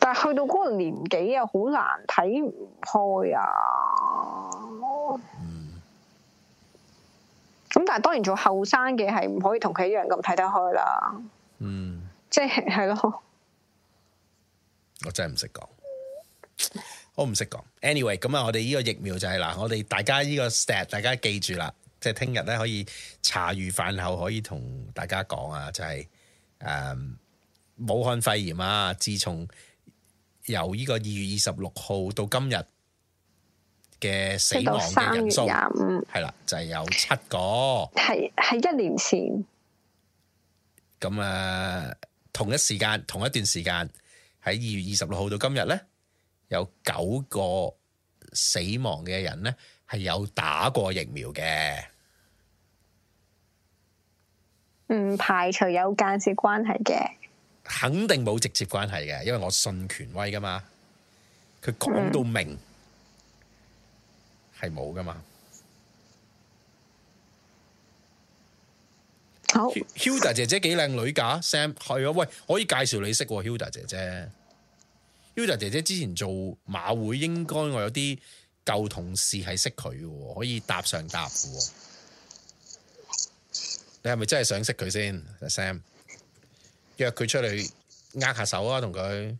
但係去到嗰個年紀啊，好難睇唔開啊！咁、嗯、但係當然做後生嘅係唔可以同佢一樣咁睇得開啦。嗯，即係係咯。我真係唔識講，我唔識講。Anyway，咁啊，我哋呢個疫苗就係、是、嗱，我哋大家呢個 step，大家記住啦，即係聽日咧可以茶餘飯後可以同大家講啊，就係、是、誒。嗯武漢肺炎啊！自從由呢個二月二十六號到今日嘅死亡嘅人數係啦，就係、是、有七個。係喺一年前。咁啊，同一時間同一段時間喺二月二十六號到今日咧，有九個死亡嘅人咧係有打過疫苗嘅。唔排除有間接關係嘅。肯定冇直接關係嘅，因為我信權威噶嘛，佢講到明係冇噶嘛。好，Hilda 姐姐幾靚女噶，Sam，係啊，喂，可以介紹你識 Hilda 姐姐。Hilda 姐姐之前做馬會，應該我有啲舊同事係識佢嘅，可以搭上搭嘅。你係咪真係想識佢先，Sam？約佢出嚟握下手啊，同佢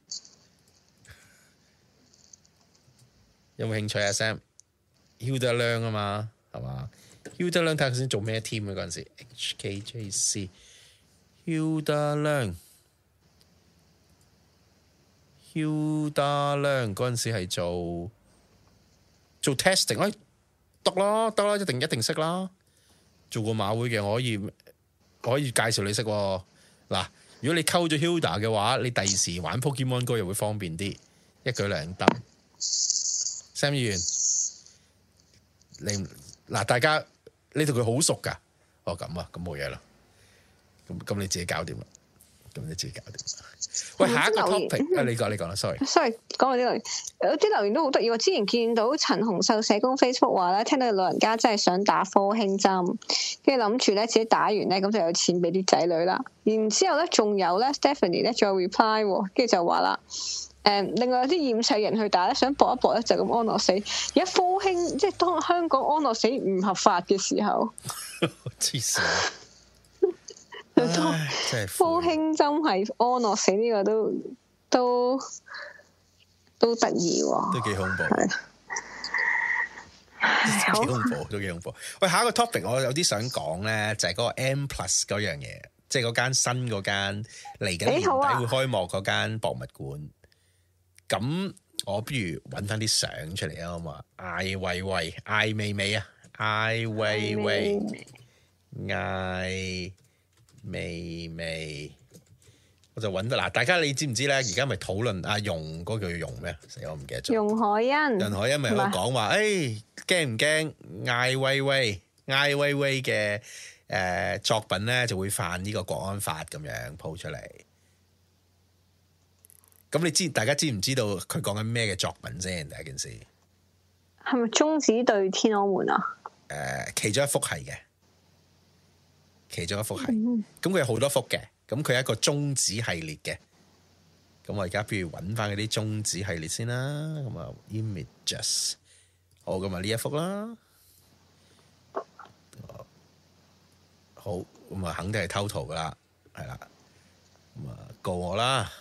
有冇興趣啊？Sam，Hilda Len 啊嘛，係嘛？Hilda Len 睇下先做咩 team 啊？嗰陣時 HKJC，Hilda Len，Hilda Len 嗰陣時係做做 testing，哎得咯，得咯，一定一定識啦！做過馬會嘅，我可以我可以介紹你識嗱。如果你溝咗 Hilda 嘅話，你第二時玩 Pokemon Go 又會方便啲，一舉兩得。Sam 議員，你嗱大家你同佢好熟㗎，哦咁啊，咁冇嘢啦，咁咁你自己搞掂啦，咁你自己搞掂。喂，下一個 topic，啊，你講你講啦，sorry，sorry，講下呢個有啲留言都好得意。我之前見到陳洪秀社工 Facebook 話咧，聽到老人家真係想打科興針，跟住諗住咧自己打完咧，咁就有錢俾啲仔女啦。然之後咧仲有咧 Stephanie 咧仲有 reply，跟住就話啦，誒、嗯，另外有啲厭世人去打咧，想搏一搏咧就咁安樂死。而家科興即係當香港安樂死唔合法嘅時候。 黐線。科興針係安樂死呢個都都都得意喎，都幾恐怖，係幾恐怖，都幾恐怖。喂，下一個 topic 我有啲想講咧，就係嗰個 M+ 嗰樣嘢，即係嗰間新嗰間嚟緊年底會開幕嗰間博物館。咁我不如揾翻啲相出嚟啊好嘛？艾喂喂，艾美美啊，艾喂喂，艾。未未，我就揾得嗱！大家你知唔知咧？而家咪討論阿、啊、容嗰句、那個、容咩？死我唔記得咗。容海恩，容海恩咪喺度講話，誒，驚唔驚？艾未未，艾未未嘅誒、呃、作品咧就會犯呢、這個國安法咁樣鋪出嚟。咁你知，大家知唔知道佢講緊咩嘅作品先？第一件事係咪中指對天安門啊？誒、呃，其中一幅係嘅。其中一幅係，咁佢有好多幅嘅，咁佢係一個中指系列嘅，咁我而家不如揾翻嗰啲中指系列先啦，咁啊 images，好，咁啊呢一幅啦，好，咁啊肯定係偷圖噶啦，係啦，咁啊告我啦，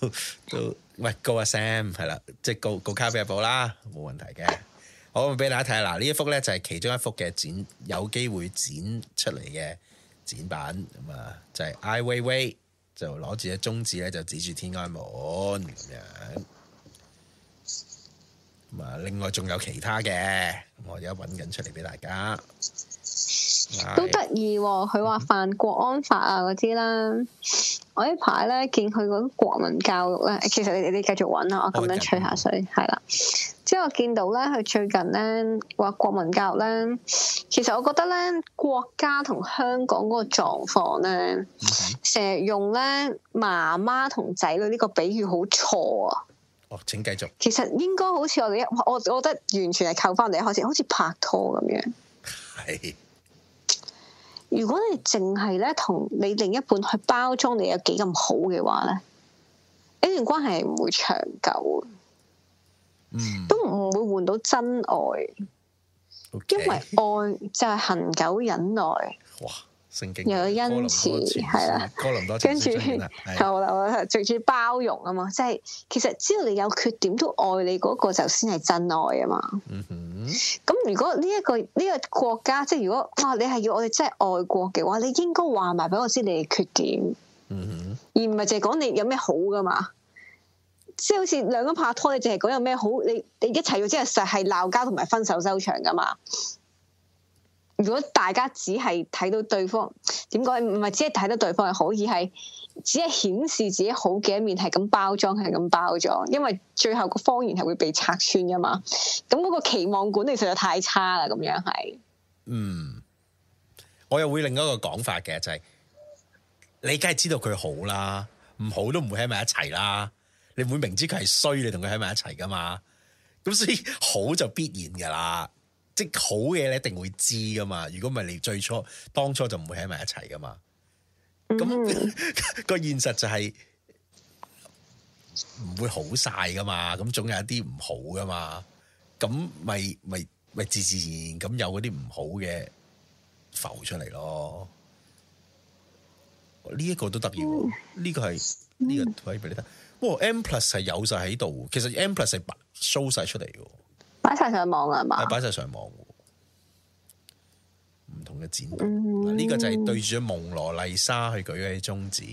都都，喂告阿 Sam 係啦，即係告告卡比阿寶啦，冇問題嘅。好，俾大家睇下，嗱呢一幅咧，就係其中一幅嘅展，有機會展出嚟嘅展板，咁啊就係、是、艾未未就攞住個中指咧就指住天安門咁樣。咁啊，另外仲有其他嘅，我而家揾緊出嚟俾大家，都得意。佢話犯國安法啊嗰啲啦，嗯、我呢排咧見佢個國民教育咧，其實你哋繼續揾啦，我咁樣吹下水，係啦。即後我見到咧，佢最近咧話國民教育咧，其實我覺得咧國家同香港嗰個狀況咧，成日、嗯、哼用咧媽媽同仔女呢個比喻好錯啊！哦，請繼續。其實應該好似我哋，我我覺得完全係扣翻嚟，一開始，好似拍拖咁樣。係是，如果你淨係咧同你另一半去包裝你有幾咁好嘅話咧，呢段關係唔會長久。嗯、都唔會換到真愛，Okay 因為愛就係恆久忍耐。哇！聖經又有個恩慈，係啦。啊、哥林多跟住又啦，最主要包容啊嘛。即、就、係、是、其實，只要你有缺點，都愛你嗰、那個就先係真愛啊嘛。咁、嗯、哼如果呢、這、一個呢、這個國家，即係如果哇、啊，你係要我哋真係愛國嘅話，你應該話埋俾我知你嘅缺點。嗯、哼而唔係淨係講你有咩好噶嘛？即係好似兩個拍拖，你淨係講有咩好？你你一齊咗之後，實係鬧交同埋分手收場噶嘛。如果大家只係睇到對方點講，唔係只係睇到對方係好，而係只係顯示自己好嘅一面，係咁包裝，係咁包裝，因為最後個謊言係會被拆穿噶嘛。咁嗰個期望管理實在太差啦，咁樣係。嗯，我又會另一個講法嘅就係，你梗係知道佢好啦，唔好都唔會喺埋一齊啦。你會明知佢係衰，你同佢喺埋一齊噶嘛？咁所以好就必然噶啦，即係好嘢你一定會知噶嘛。如果唔係，你最初當初就唔會喺埋一齊噶嘛。咁個、嗯、 現實就係、是、唔會好晒噶嘛，咁總有一啲唔好噶嘛。咁咪咪咪自自然然咁有嗰啲唔好嘅浮出嚟咯。呢、這、一個都得意，呢、這個係呢、這個可以俾你睇哇、哦、！M Plus 係有晒喺度，其實 M Plus 係 show 晒出嚟嘅，擺晒上網噶係嘛？係擺晒上網嘅，唔同嘅展覽嗱，呢、嗯、個就係對住蒙羅麗莎去舉起中指，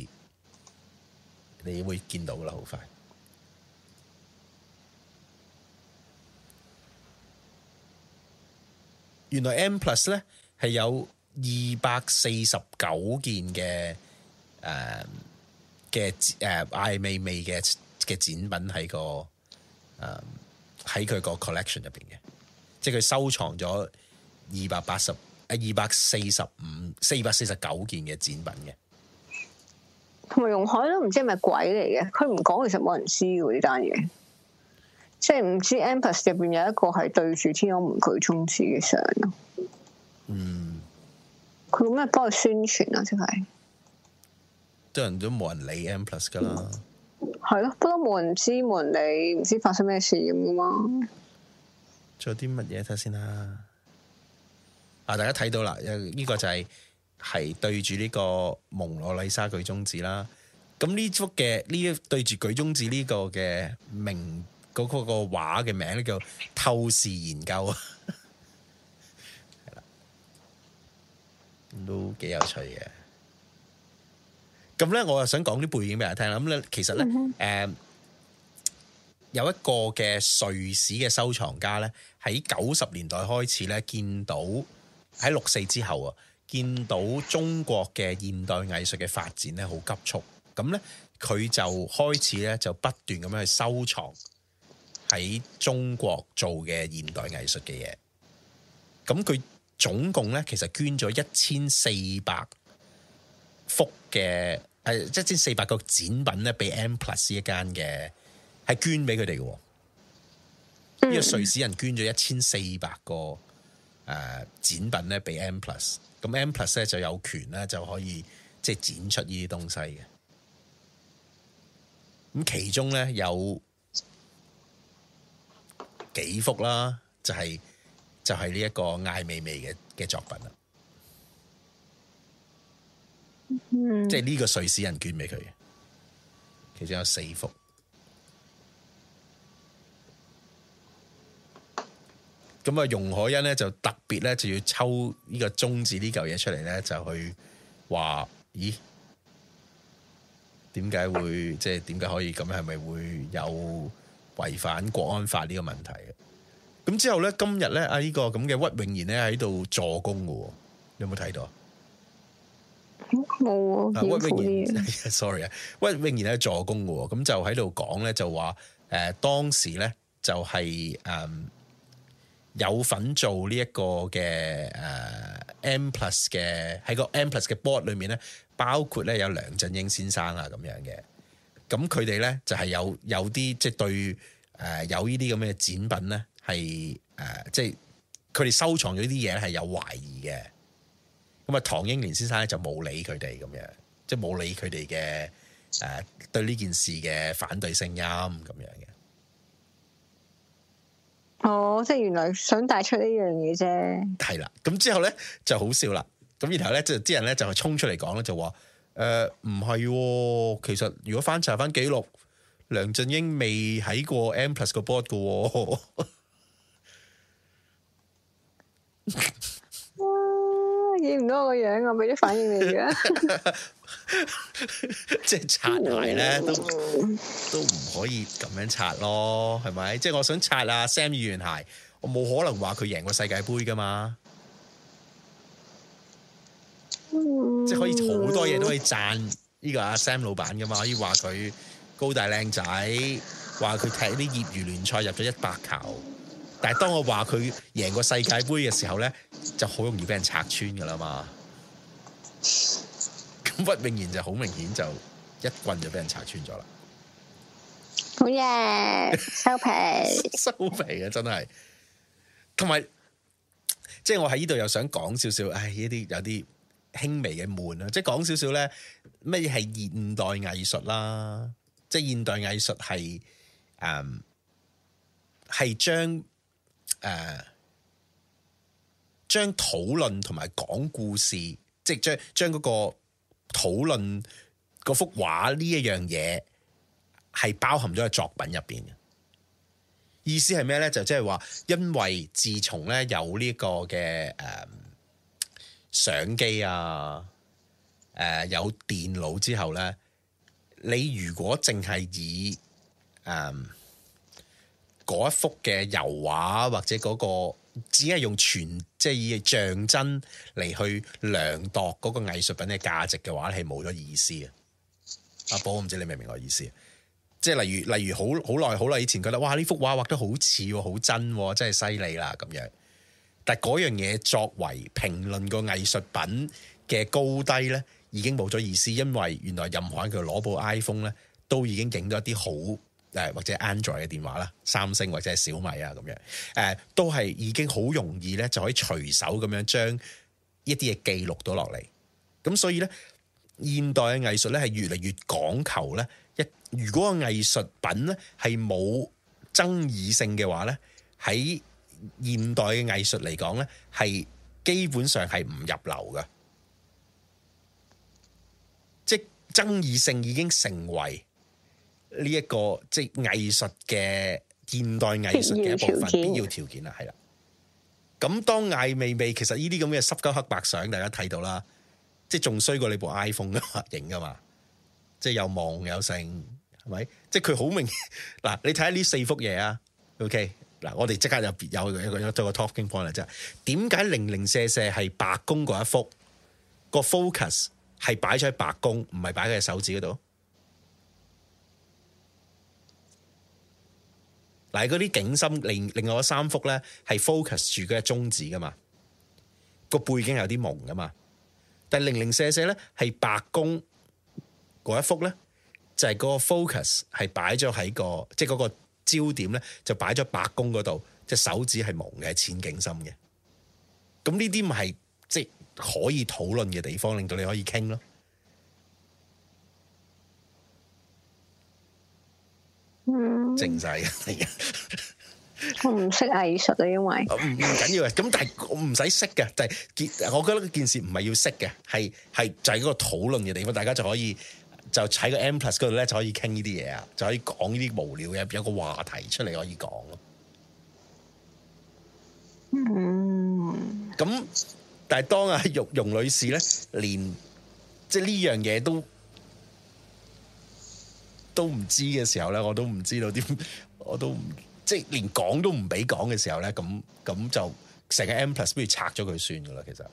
你會見到噶啦，好快。原來 M Plus 咧係有二百四十九件嘅誒。嗯嘅誒、呃，艾未未嘅嘅展品喺個誒喺、呃、佢個 collection 入邊嘅，即係佢收藏咗二百八十誒二百四十五四百四十九件嘅展品嘅，同埋容海都唔知係咪鬼嚟嘅，佢唔講其實冇人知喎呢單嘢，即係唔知 M+ 入邊有一個係對住天安門佢中指嘅相咯，嗯，佢有咩幫佢宣傳啊？即係。啲人都冇人理 M+ 噶啦，係咯、嗯，不過冇人知冇人理，唔知發生咩事咁嘛，仲有啲乜嘢睇先啦？啊，大家睇到啦，呢、這個就係、是、係對住呢個蒙羅麗莎舉中指啦。咁呢幅嘅呢對住舉中指呢個嘅名嗰個、那個畫嘅名咧叫透視研究，係啦，都幾有趣嘅。咁咧，我又想講啲背景俾人聽啦。咁咧，其實咧，誒，有一個嘅瑞士嘅收藏家咧，喺九十年代開始咧，見到喺六四之後啊，見到中國嘅現代藝術嘅發展咧，好急促。咁咧，佢就開始咧，就不斷咁樣去收藏喺中國做嘅現代藝術嘅嘢。咁佢總共咧，其實捐咗一千四百幅。嘅一千四百個展品咧，俾 M Plus 一間嘅係捐俾佢哋嘅。因為呢個瑞士人捐咗一千四百個誒展品咧，俾 M Plus，咁 M Plus 咧就有權咧就可以即係展出呢啲東西嘅。咁其中咧有幾幅啦，就係就係呢一個艾未未嘅嘅作品啦。嗯、即係呢個瑞士人捐俾佢，其中有四幅。咁啊，容海欣呢就特別咧就要抽呢個中指這個東西出來呢嚿嘢出嚟咧，就去話，咦，點解會即係點解可以咁？係咪會有違反國安法呢個問題啊？咁之後咧，今日咧，阿、這、呢個咁嘅屈穎妍咧喺度助攻噶，你有冇睇到？冇啊、嗯、！sorry 啊，威永賢係助攻嘅，咁就喺度講咧，就話誒、呃，當時咧就係、是、誒、呃、有份做呢一個嘅誒、呃、，M+ 嘅喺個 M+ 嘅 board 裏面咧，包括咧有梁振英先生啊咁樣嘅，咁佢哋咧就係、是、有有啲即係對誒、呃、有呢啲咁嘅展品咧係誒，即係佢哋收藏咗啲嘢咧係有懷疑嘅。咁啊，唐英年先生咧就冇理佢哋咁樣，即係冇理佢哋嘅誒，對呢件事嘅反對聲音咁樣嘅。哦，即係原來想帶出呢樣嘢啫。係啦，咁之後咧就好笑啦。咁然後咧即係啲人咧就係衝出嚟講咧，就話：誒唔係，其實如果翻查翻記錄，梁振英未喺過 M plus 個 board 嘅喎、哦。 見唔到我個樣，我俾啲反應你嘅。 即係擦鞋咧，都都唔可以咁樣擦咯，係咪？即係我想擦阿、啊、Sam 議員鞋，我冇可能話佢贏過世界杯噶嘛。嗯、即係可以好多嘢都可以讚呢個阿、啊、Sam 老闆噶嘛，可以話佢高大靚仔，話佢踢啲業餘聯賽入咗一百球。但係當我話佢贏過世界杯嘅時候咧，就好容易俾人拆穿噶啦嘛。咁不，明言就好明顯就一棍就俾人拆穿咗啦。好嘢，收皮， 收皮嘅、啊、真係。同埋，即、就、係、是、我喺呢度又想講少少，唉，呢啲有啲輕微嘅悶、就是、啦，即係講少少咧，乜嘢係現代藝術啦？即係現代藝術係，誒，係將。誒，uh, 將討論同埋講故事，即係將將嗰、嗰個討論個幅畫呢一樣嘢，係包含咗喺作品入邊嘅。意思係咩咧？就即係話，因為自從咧有呢個嘅誒、uh, 相機啊，誒、uh, 有電腦之後咧，你如果淨係以誒。Uh, 嗰一幅嘅油畫或者嗰、嗰個只係用全即係以象徵嚟去量度嗰個藝術品嘅價值嘅話，係冇咗意思啊。阿寶，我唔知你明唔明我意思？即係例如，例如好好耐好耐以前覺得哇，呢幅畫畫得好似喎，好真喎，真係犀利啦咁樣。但係嗰樣嘢作為評論個藝術品嘅高低咧，已經冇咗意思，因為原來任何人佢攞部 iPhone 咧，都已經影咗一啲好。或者 Android 嘅電話啦，三星或者係小米啊咁樣，誒都係已經好容易咧，就可以隨手咁樣將一啲嘢記錄到落嚟。咁所以咧，現代嘅藝術咧係越嚟越講求咧，一如果個藝術品咧係冇爭議性嘅話咧，喺現代嘅藝術嚟講咧係基本上係唔入流嘅，即係爭議性已經成為。呢一，這個即係藝術嘅現代藝術嘅一部分，必要條件啦，係啦。咁當艾未未其實呢啲咁嘅濕鳩黑白相，大家睇到啦，即係仲衰過你部 iPhone 嘅拍影㗎嘛？即係有望有性，係咪？即係佢好明嗱， 你睇下呢四幅嘢啊。OK，嗱，我哋即刻又有一個有一個 talking point 啦，即係點解零零四四係白宮嗰一幅個 focus 係擺咗喺白宮，唔係擺喺隻手指嗰度？嗱，嗰啲景深，另另外三幅咧，係 focus 住嗰隻中指噶嘛，個背景有啲蒙噶嘛，但零零舍舍咧係白宮嗰一幅咧，就係、是、個 focus 係擺咗喺、個，即係嗰個焦點咧就擺咗白宮嗰度，隻手指係蒙嘅，係淺景深嘅。咁呢啲咪即係可以討論嘅地方，令到你可以傾咯。靜晒嘅，係啊，我唔識藝術啊，因為唔唔緊要嘅，咁但係我唔使識嘅，就係、是、我覺得這件事唔係要識嘅，係係就喺、是、個討論嘅地方，大家就可以就喺個 M Plus 嗰度咧就可以傾呢啲嘢啊，就可以講呢啲無聊嘢，有一個話題出嚟可以講咯。嗯，咁但係當阿、啊、玉容女士咧，連即係呢樣嘢都。都唔知嘅時候咧，我都唔知道點，我都唔即係連講都唔俾講嘅時候咧，咁咁就成個 M+ 不如拆咗佢算噶啦，其實。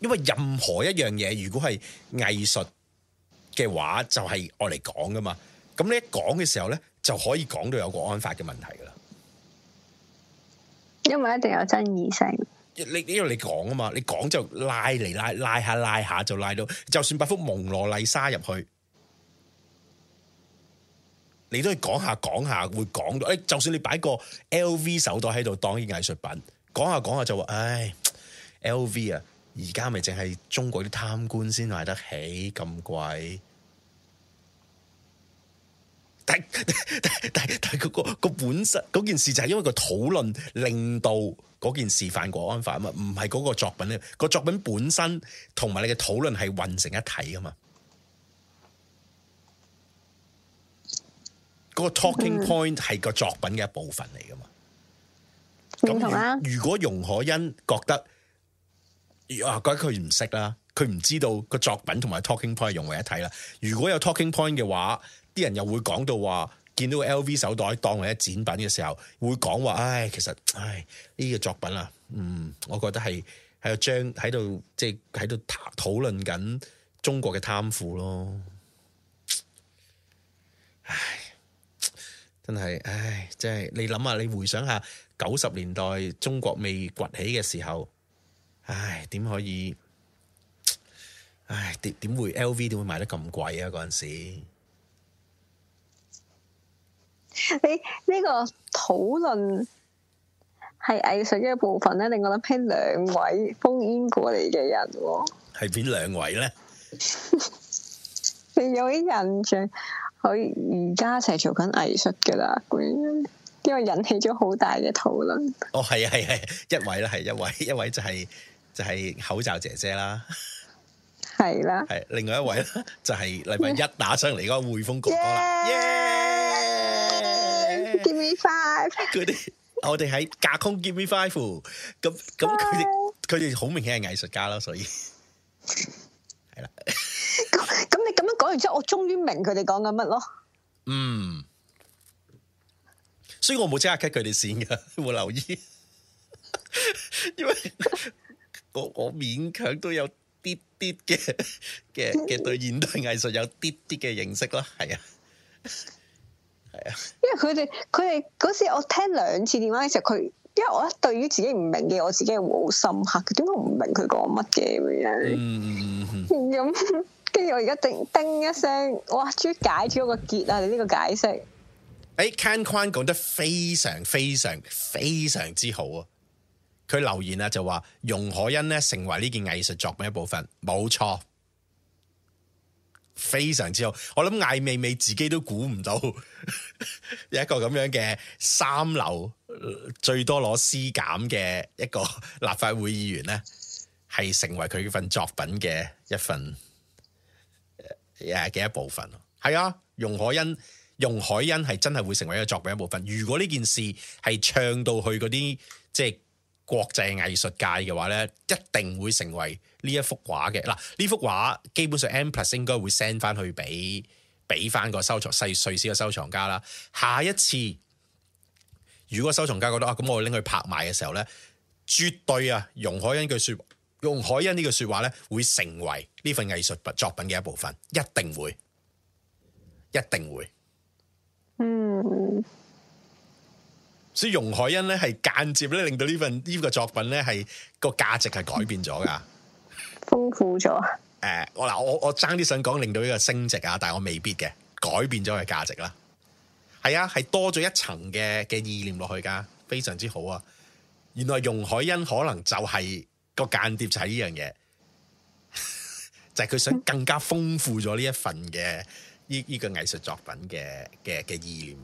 因為任何一樣嘢，如果係藝術嘅話，就係愛嚟講噶嘛。咁你一講嘅時候咧，就可以講到有個安法嘅問題噶啦。因為一定有爭議性。你因為你講啊嘛，你講就拉嚟拉，拉下拉下就拉到，就算擺幅蒙娜麗莎入去，你都係講下講下會講到。誒，就算你擺個 LV 手袋喺度當啲藝術品，講下講下就話，唉，LV 啊，而家咪淨係中國啲貪官先買得起咁貴。但但但但嗰、那個個本身嗰件事就係因為個討論令到嗰件事犯國安法啊嘛，唔係嗰個作品咧，那個作品本身同埋你嘅討論係混成一體噶嘛。嗰、那個 talking point 係個作品嘅一部分嚟噶嘛。唔同啊！如果容可欣覺得啊，嗰佢唔識啦，佢唔知道個作品同埋 talking point 融為一體啦。如果有 talking point 嘅話。啲人又會講到話，見到個 LV 手袋當為一展品嘅時候，會講話：，唉，其實唉，呢個作品啊，嗯，我覺得係喺度將喺度，即係喺度討論緊中國嘅貪腐咯。唉，真係唉，即係你諗下，你回想下九十年代中國未崛起嘅時候，唉，點可以？唉，點點會 LV 點會賣得咁貴啊？嗰陣時。你呢，這個討論係藝術嘅一部分咧，令我諗起兩位封煙過嚟嘅人，係邊兩位咧？ 你有啲印象，佢而家一齊做緊藝術噶啦，因為引起咗好大嘅討論。哦，係啊，係係，一位咧係一位，一位就係、是、就係、是、口罩姐姐啦，係啦的，係另外一位咧就係禮拜一打上嚟嗰個匯豐哥哥啦。Give me five，佢哋我哋喺架空，Give me five。咁咁佢哋佢哋好明顯係藝術家咯，所以係啦。咁咁你咁樣講完之後，我終於明佢哋講緊乜咯。嗯。所以我冇即刻 cut 佢哋線㗎，冇留意。因為我我勉強都有啲啲嘅嘅嘅對現代藝術有啲啲嘅認識咯，係啊。係啊，因為佢哋佢哋嗰時我聽兩次電話嘅時候，佢因為我對於自己唔明嘅我自己會好深刻，佢點解唔明佢講乜嘅咁？咁跟住我而家叮叮一聲，哇！終於解咗個結啊！你、這、呢個解釋，誒、欸、Can Quan 講得非常非常非常之好啊！佢留言啊就話，容可欣呢成為呢件藝術作品一部分，冇錯。非常之好，我諗艾未未自己都估唔到， 有一個咁樣嘅三流最多攞 C 減嘅一個立法會議員咧，係成為佢份作品嘅一份嘅、yeah, 一部分。係啊，容海恩，容海恩係真係會成為一個作品一部分。如果呢件事係唱到去嗰啲即係國際藝術界嘅話咧，一定會成為。呢一幅畫嘅嗱，呢幅畫基本上 M+ 應該會 send 翻去俾俾翻個收藏細瑞士嘅收藏家啦。下一次如果收藏家覺得啊，咁我拎去拍賣嘅時候咧，絕對啊，容海恩句說，容海恩呢句說話咧，會成為呢份藝術作品嘅一部分，一定會，一定會。嗯，所以容海恩咧係間接咧令到呢份呢、呢個作品咧係個價值係改變咗噶。豐富咗誒、呃，我嗱我我爭啲想講令到呢個升值啊，但係我未必嘅改變咗佢價值啦。係啊，係多咗一層嘅嘅意念落去噶，非常之好啊！原來容海恩可能就係個間諜就係呢樣嘢， 就係佢想更加豐富咗呢一份嘅呢呢個藝術作品嘅嘅嘅意念。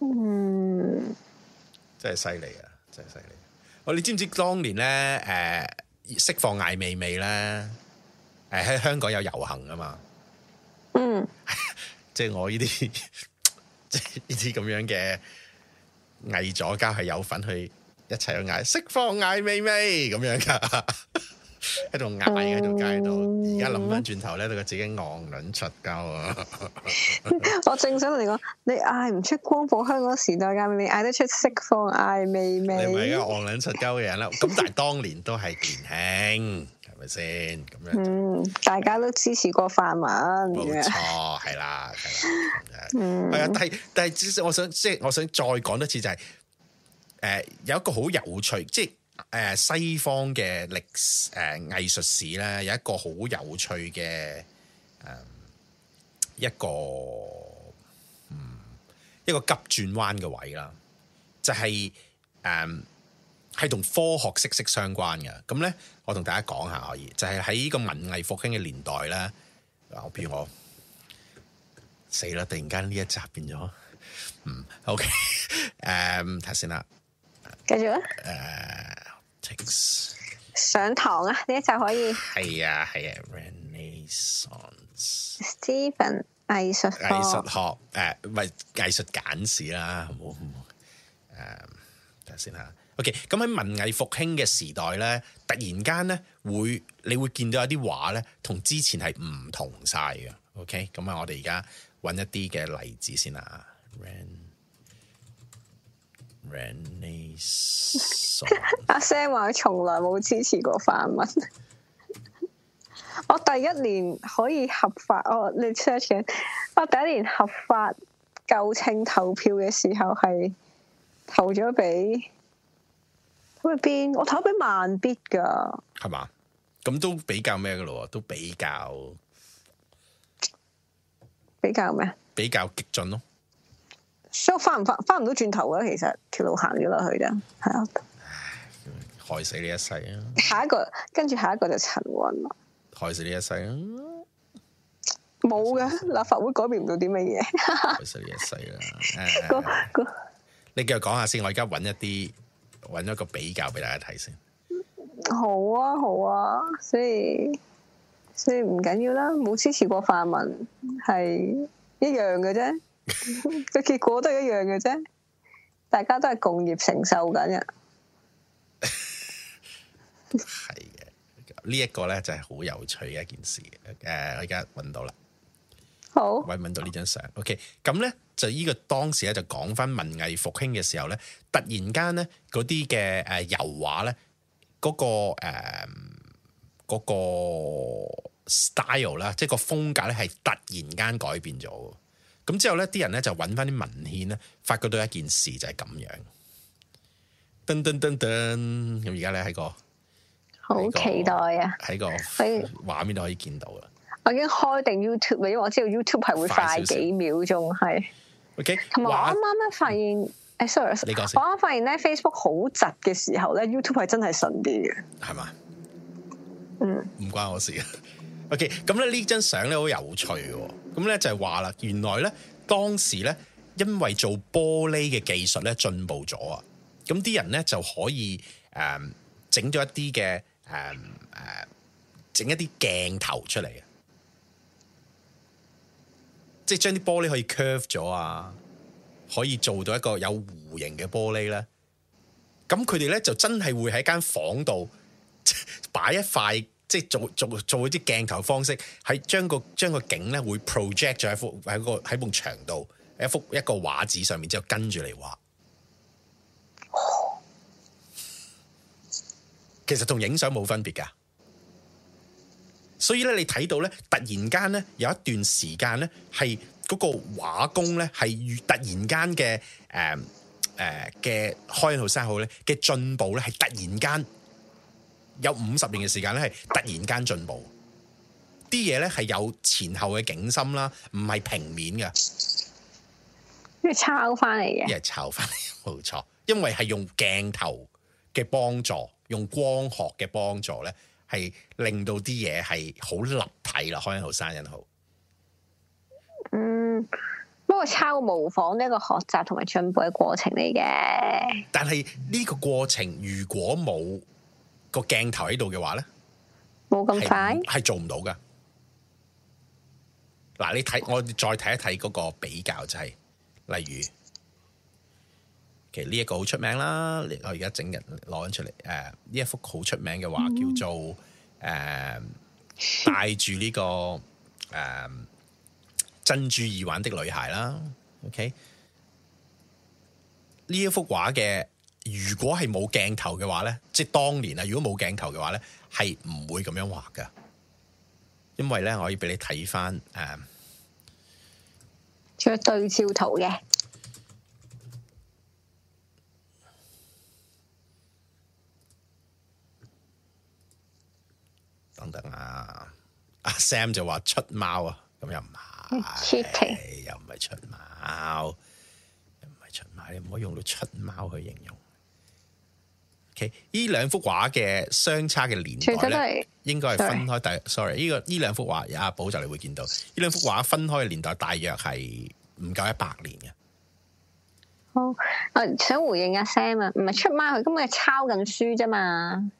嗯，真係犀利啊！真係犀利。喂，你知唔知當年咧誒？呃釋放艾未未咧，誒喺香港有遊行啊嘛，嗯，即係 我呢啲，即係呢啲咁樣嘅藝術家係有份去一齊去嗌釋放艾未未咁樣㗎。 喺度嗌嘅喺度街度，而家諗翻轉頭咧，佢自己昂捻出鳩啊！ 我正想同你講，你嗌唔出光復香港時代嘅，你嗌得出釋放艾未未？美美你咪一個昂捻出鳩嘅人啦！咁 但係當年都係年輕，係咪先？咁樣嗯，樣大家都支持過泛民，冇錯係啦，係啦， 係啊、嗯！但係但係，我想即係、就是，我想再講一次、就是，就係誒，有一個好有趣，即、就、係、是。誒、呃，西方嘅歷史誒，藝、呃、術史咧有一個好有趣嘅誒、呃、一個嗯一個急轉彎嘅位啦，就係誒係同科學息息相關嘅。咁咧，我同大家講下可以，就係、是、喺個文藝復興嘅年代咧。嗱，我譬如我死啦，突然間呢一集變咗，嗯，OK，誒、呃，睇先啦，繼續誒。呃上堂啊，呢一集可以。係啊係啊，Renaissance，Stephen 藝術藝術學，誒，唔係藝術簡史啦，好唔好？誒、呃，等下先吓，OK。咁喺文藝復興嘅時代咧，突然間咧會，你會見到一啲畫咧，同之前係唔同晒嘅。OK，咁啊，我哋而家搵一啲嘅例子先啦。Renaissance 阿 Sam 話佢從來冇支持過泛民。 我第一年可以合法，我、哦、你 search 我第一年合法夠秤投票嘅時候係投咗俾去邊？我投俾慢必噶，係嘛？咁都比較咩嘅咯？都比較比較咩？比較激進咯。所以翻唔翻翻唔到轉頭嘅，其實條路行咗落去啫，係啊，害死你一世啊！下一個跟住下一個就陳雲，害死你一世啊！冇嘅的，立法會改變唔到啲乜嘢，害死你一世啦！你繼續講下先，我而家揾一啲揾一個比較俾大家睇先。好啊，好啊，所以所以唔緊要啦，冇支持過泛民，係一樣嘅啫。個 結果都係一樣嘅啫，大家都係共業承受緊嘅 。係嘅，呢一個咧就係好有趣嘅一件事。誒、呃，我而家揾到啦，好，揾到呢張相。OK，咁咧就呢個當時咧就講翻文藝復興嘅時候咧，突然間咧嗰啲嘅誒油畫咧、嗰個，嗰個誒嗰個 style 啦，即、嗰、係個風格咧，係、就係、突然間改變咗。咁之後咧，啲人咧就揾翻啲文獻咧，發覺到一件事就係咁樣。噔噔噔噔，咁而家咧喺個，好期待啊！喺個喺畫面度可以見到啊！我已經開定 YouTube 啊，因為我知道 YouTube 係會快幾秒鐘係。點點是 OK，同埋我啱啱咧發現，誒、嗯哎、，sorry，你講先。我啱發現咧 Facebook 好窒嘅時候咧，YouTube 係真係順啲嘅，係嘛嗎？嗯，唔關我事啊。OK，咁咧呢張相咧好有趣哦。咁咧就係話啦，原來咧當時咧因為做玻璃嘅技術咧進步咗啊，咁啲人咧就可以誒整咗一啲嘅誒誒整一啲鏡頭出嚟啊，即係將啲玻璃可以 curve 咗啊，可以做到一個有弧形嘅玻璃咧，咁佢哋咧就真係會喺間房度擺一塊。即係做做做嗰啲鏡頭方式，喺將個將個景咧會 project 咗喺幅喺個喺埲牆度一幅一個畫紙上面，之後跟住嚟畫。其實同影相冇分別㗎。所以咧，你睇到咧，突然間咧有一段時間咧係嗰個畫工咧係突然間嘅誒誒嘅開路生號咧嘅進步咧係突然間。有五十年嘅時間咧，係突然間進步，啲嘢咧係有前後嘅景深啦，唔係平面嘅。一抄翻嚟嘅，一係抄翻嚟冇錯，因為係用鏡頭嘅幫助，用光學嘅幫助咧，係令到啲嘢係好立體啦。開口生人好。嗯，不過抄模仿呢個學習同埋進步嘅過程嚟嘅。但係呢個過程如果冇。個鏡頭喺度嘅話咧，冇咁快係做唔到噶。嗱，你睇我再睇一睇嗰個比較制、就係，例如其實呢一個好出名啦，我而家整日攞出嚟誒，呢、呃、一幅好出名嘅畫叫做誒帶住呢個誒、呃、珍珠耳環的女孩啦。OK，呢一幅畫嘅。如果係冇鏡頭嘅話咧，即係當年啊！如果冇鏡頭嘅話咧，係唔會咁樣畫噶，因為咧我可以俾你睇翻誒，做、嗯、對照圖嘅。等等啊，阿、啊、Sam 就話出貓啊，咁又唔係、嗯哎，又唔係出貓，又唔係出貓，你唔可以用到出貓去形容。呢兩幅畫嘅相差嘅年代咧，應該係分開。大，sorry，呢個呢兩幅畫，阿寶就你會見到。呢兩幅畫分開嘅年代大約係唔夠一百年嘅。好、哦，我想回應阿、啊、Sam 啊，唔係出貓，佢根本係抄緊書啫嘛，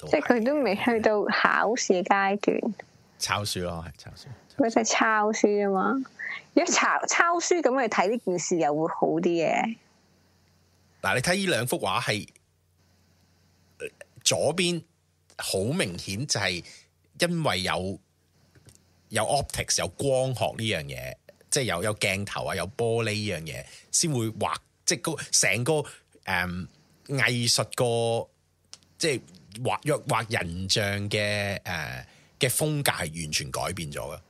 是即係佢都未去到考試嘅階段，抄書咯，係抄書，佢就係抄書啊嘛。如果抄抄書咁去睇呢件事又會好啲嘅。嗱，你睇呢兩幅畫係左邊，好明顯就係因為有有 optics、有光學呢樣嘢，即係有有鏡頭啊、有玻璃呢樣嘢，先會畫即係個成個誒藝術個即係畫若畫人像嘅誒嘅風格係完全改變咗嘅，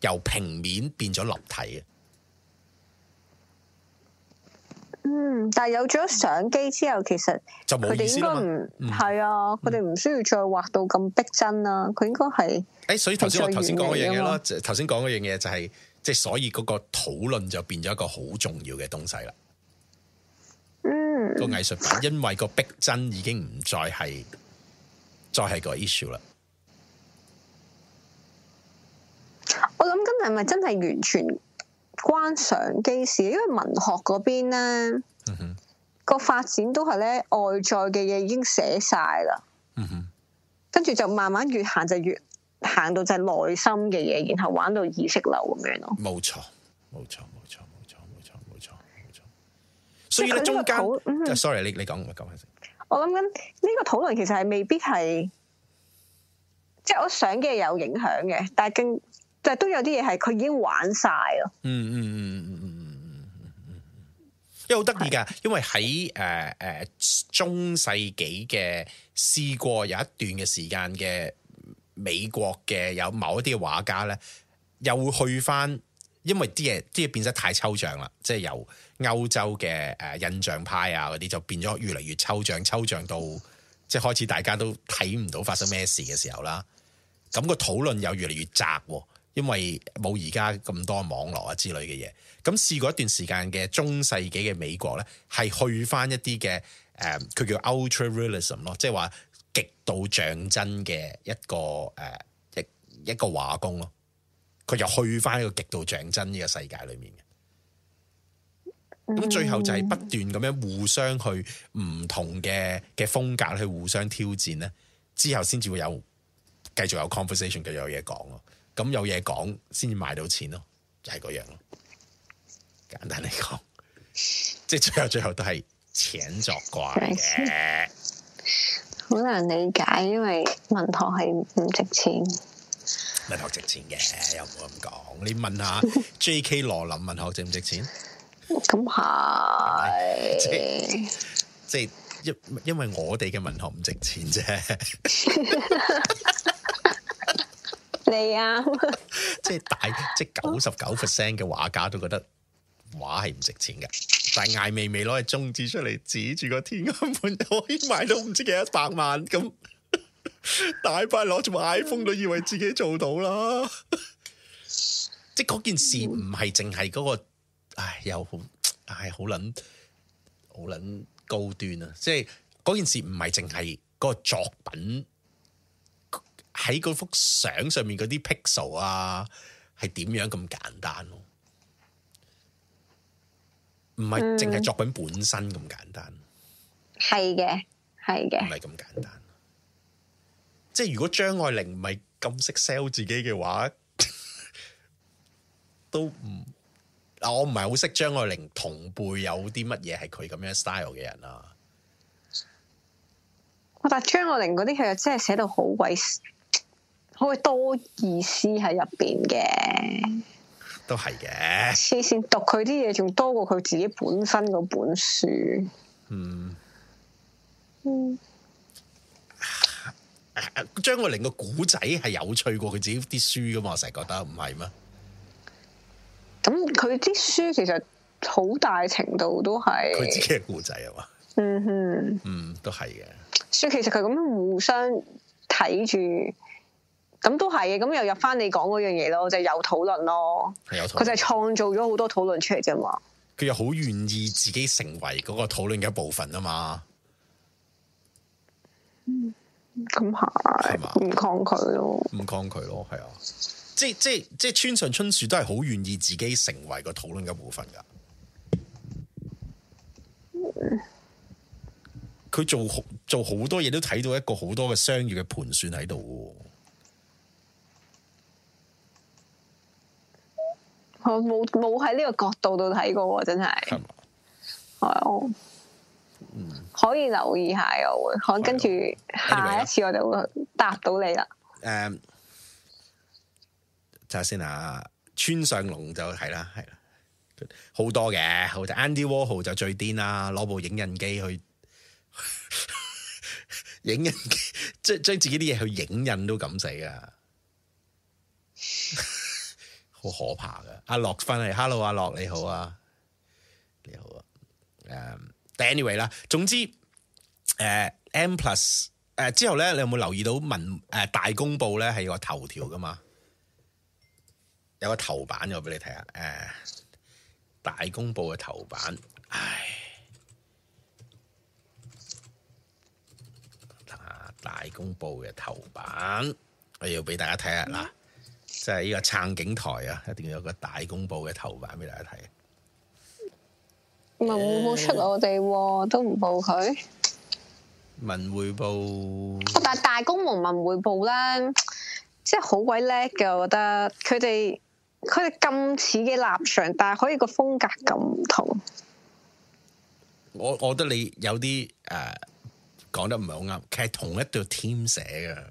由平面變咗立體嘅。嗯，但係有咗相機之後，其實佢哋應該唔係啊，佢哋唔需要再畫到咁逼真啦、啊。佢應該係誒，所以頭先我頭先講嗰樣嘢咯，頭先講嗰樣嘢就係即係，就係，所以嗰個討論就變咗一個好重要嘅東西啦。嗯，個藝術品因為嗰個逼真已經唔再係再係個 issue 啦。我諗，今日係咪真係完全。關相機事，因為文學嗰邊咧個發展都係咧外在嘅嘢已經寫晒啦，跟住、嗯、哼就慢慢越行就越行到就係內心嘅嘢，然後玩到意識流咁樣咯。冇錯，冇錯，冇錯，冇錯，冇錯，冇錯，冇錯。所以中間、嗯、哼，sorry，你你講唔係咁嘅先。我諗緊呢個討論其實係未必係，即、就、係、是、我相機有影響嘅，但係更。但係都有啲嘢係佢已經玩晒咯。嗯嗯嗯嗯嗯嗯嗯嗯嗯，因為好得意㗎。因為喺誒誒中世紀嘅試過有一段嘅時間嘅美國嘅有某一啲嘅畫家咧，又會去翻，因為啲嘢啲嘢變得太抽象啦。即係由歐洲嘅誒印象派啊嗰啲，就變咗越嚟越抽象，抽象到即係開始大家都睇唔到發生咩事嘅時候啦。咁個討論又越嚟越窄喎。因為冇而家咁多網絡啊之類嘅嘢，咁試過一段時間嘅中世紀嘅美國咧，係去翻一啲嘅誒，佢、呃、叫 Ultra Realism 咯，即係話極度像真嘅一個誒、呃，一個話功一個畫工咯，佢又去翻一個極度像真呢個世界裏面嘅。咁最後就係不斷咁樣互相去唔同嘅嘅風格去互相挑戰咧，之後先至會有繼續有 conversation，繼續有嘢講咯。咁有嘢講先至賣到錢咯，就係、是、嗰樣咯。簡單嚟講，即係最後最後都係錢作怪嘅。好難理解，因為文學係唔值錢。文學值錢嘅，有冇咁講？你問下 J.K. 羅琳，文學值唔值錢？咁係 是即即係因因為我哋嘅文學唔值錢啫。 啊！即係 大，即係九十九 percent 嘅畫家都覺得畫係唔值錢嘅，但係艾未未攞個中指出嚟指住個天安門，可以賣到唔知幾多百萬咁，大班攞住部 iPhone 都以為自己做到啦！ 即係嗰件事唔係淨係嗰個，唉，又好，唉，好撚，好撚高端啊！即係嗰件事唔係淨係個作品。喺嗰幅相上面嗰啲 pixel 啊，係點樣咁簡單咯，啊？唔係淨係作品本身咁簡單，係嘅係嘅，唔係咁簡單。即係如果張愛玲唔係咁識 sell 自己嘅話， 都唔啊！我唔係好識張愛玲同輩有啲乜嘢係佢咁樣嘅 style 嘅人啊。但係張愛玲嗰啲佢又真係寫到好鬼。可以多意思喺入邊嘅，都係嘅。黐線，讀佢啲嘢仲多過佢自己本身個本書。嗯，嗯。張愛玲個古仔係有趣過佢自己啲書㗎嘛？我成日覺得唔係咩？咁佢啲書其實好大程度都係佢自己嘅古仔啊嘛。嗯哼。嗯，都係嘅。所以其實佢咁樣互相睇住。咁都係嘅，咁又入翻你講嗰樣嘢咯，討論就係有討論咯，佢就係創造咗好多討論出嚟啫嘛。佢又好願意自己成為嗰個討論嘅一部分啊嘛。咁係唔抗拒咯。唔抗拒咯，係啊，即係即係即係，村上春樹都係好願意自己成為個討論嘅一部分噶。佢、嗯、做做好多嘢都睇到一個好多嘅商業嘅盤算喺度。我冇冇喺呢個角度度睇過，真係、嗯，係哦，可以留意下嘅，會、嗯、可跟住下一次我就會答到你啦 Anyway,、嗯。誒，村就先啊，村上龍就係啦，係啦，好多嘅，Andy Warhol 就最癲啦，攞部影印機去 影印機，即係將自己啲嘢去影印都敢死噶。 好可怕噶！阿樂翻嚟，Hello，阿樂你好啊，你好啊。誒、um，anyway 啦，總之誒、呃、M+ 誒、呃、之後咧，你有冇留意到文誒、呃、大公報咧係個頭條噶嘛，有個頭版我俾你睇下，誒、呃、大公報嘅頭版，唉，啊大公報嘅頭版，我要俾大家睇下嗱。即係呢個撐景台啊，一定要有個大公報嘅頭版俾大家睇。文匯報出我哋，啊，都唔報佢。文匯報，但係大公同文匯報咧，即係好鬼叻嘅，我覺得佢哋佢哋咁似嘅立場，但係可以個風格咁唔同。我我覺得你有啲誒講得唔係好啱，佢係同一隊添 e a 寫嘅。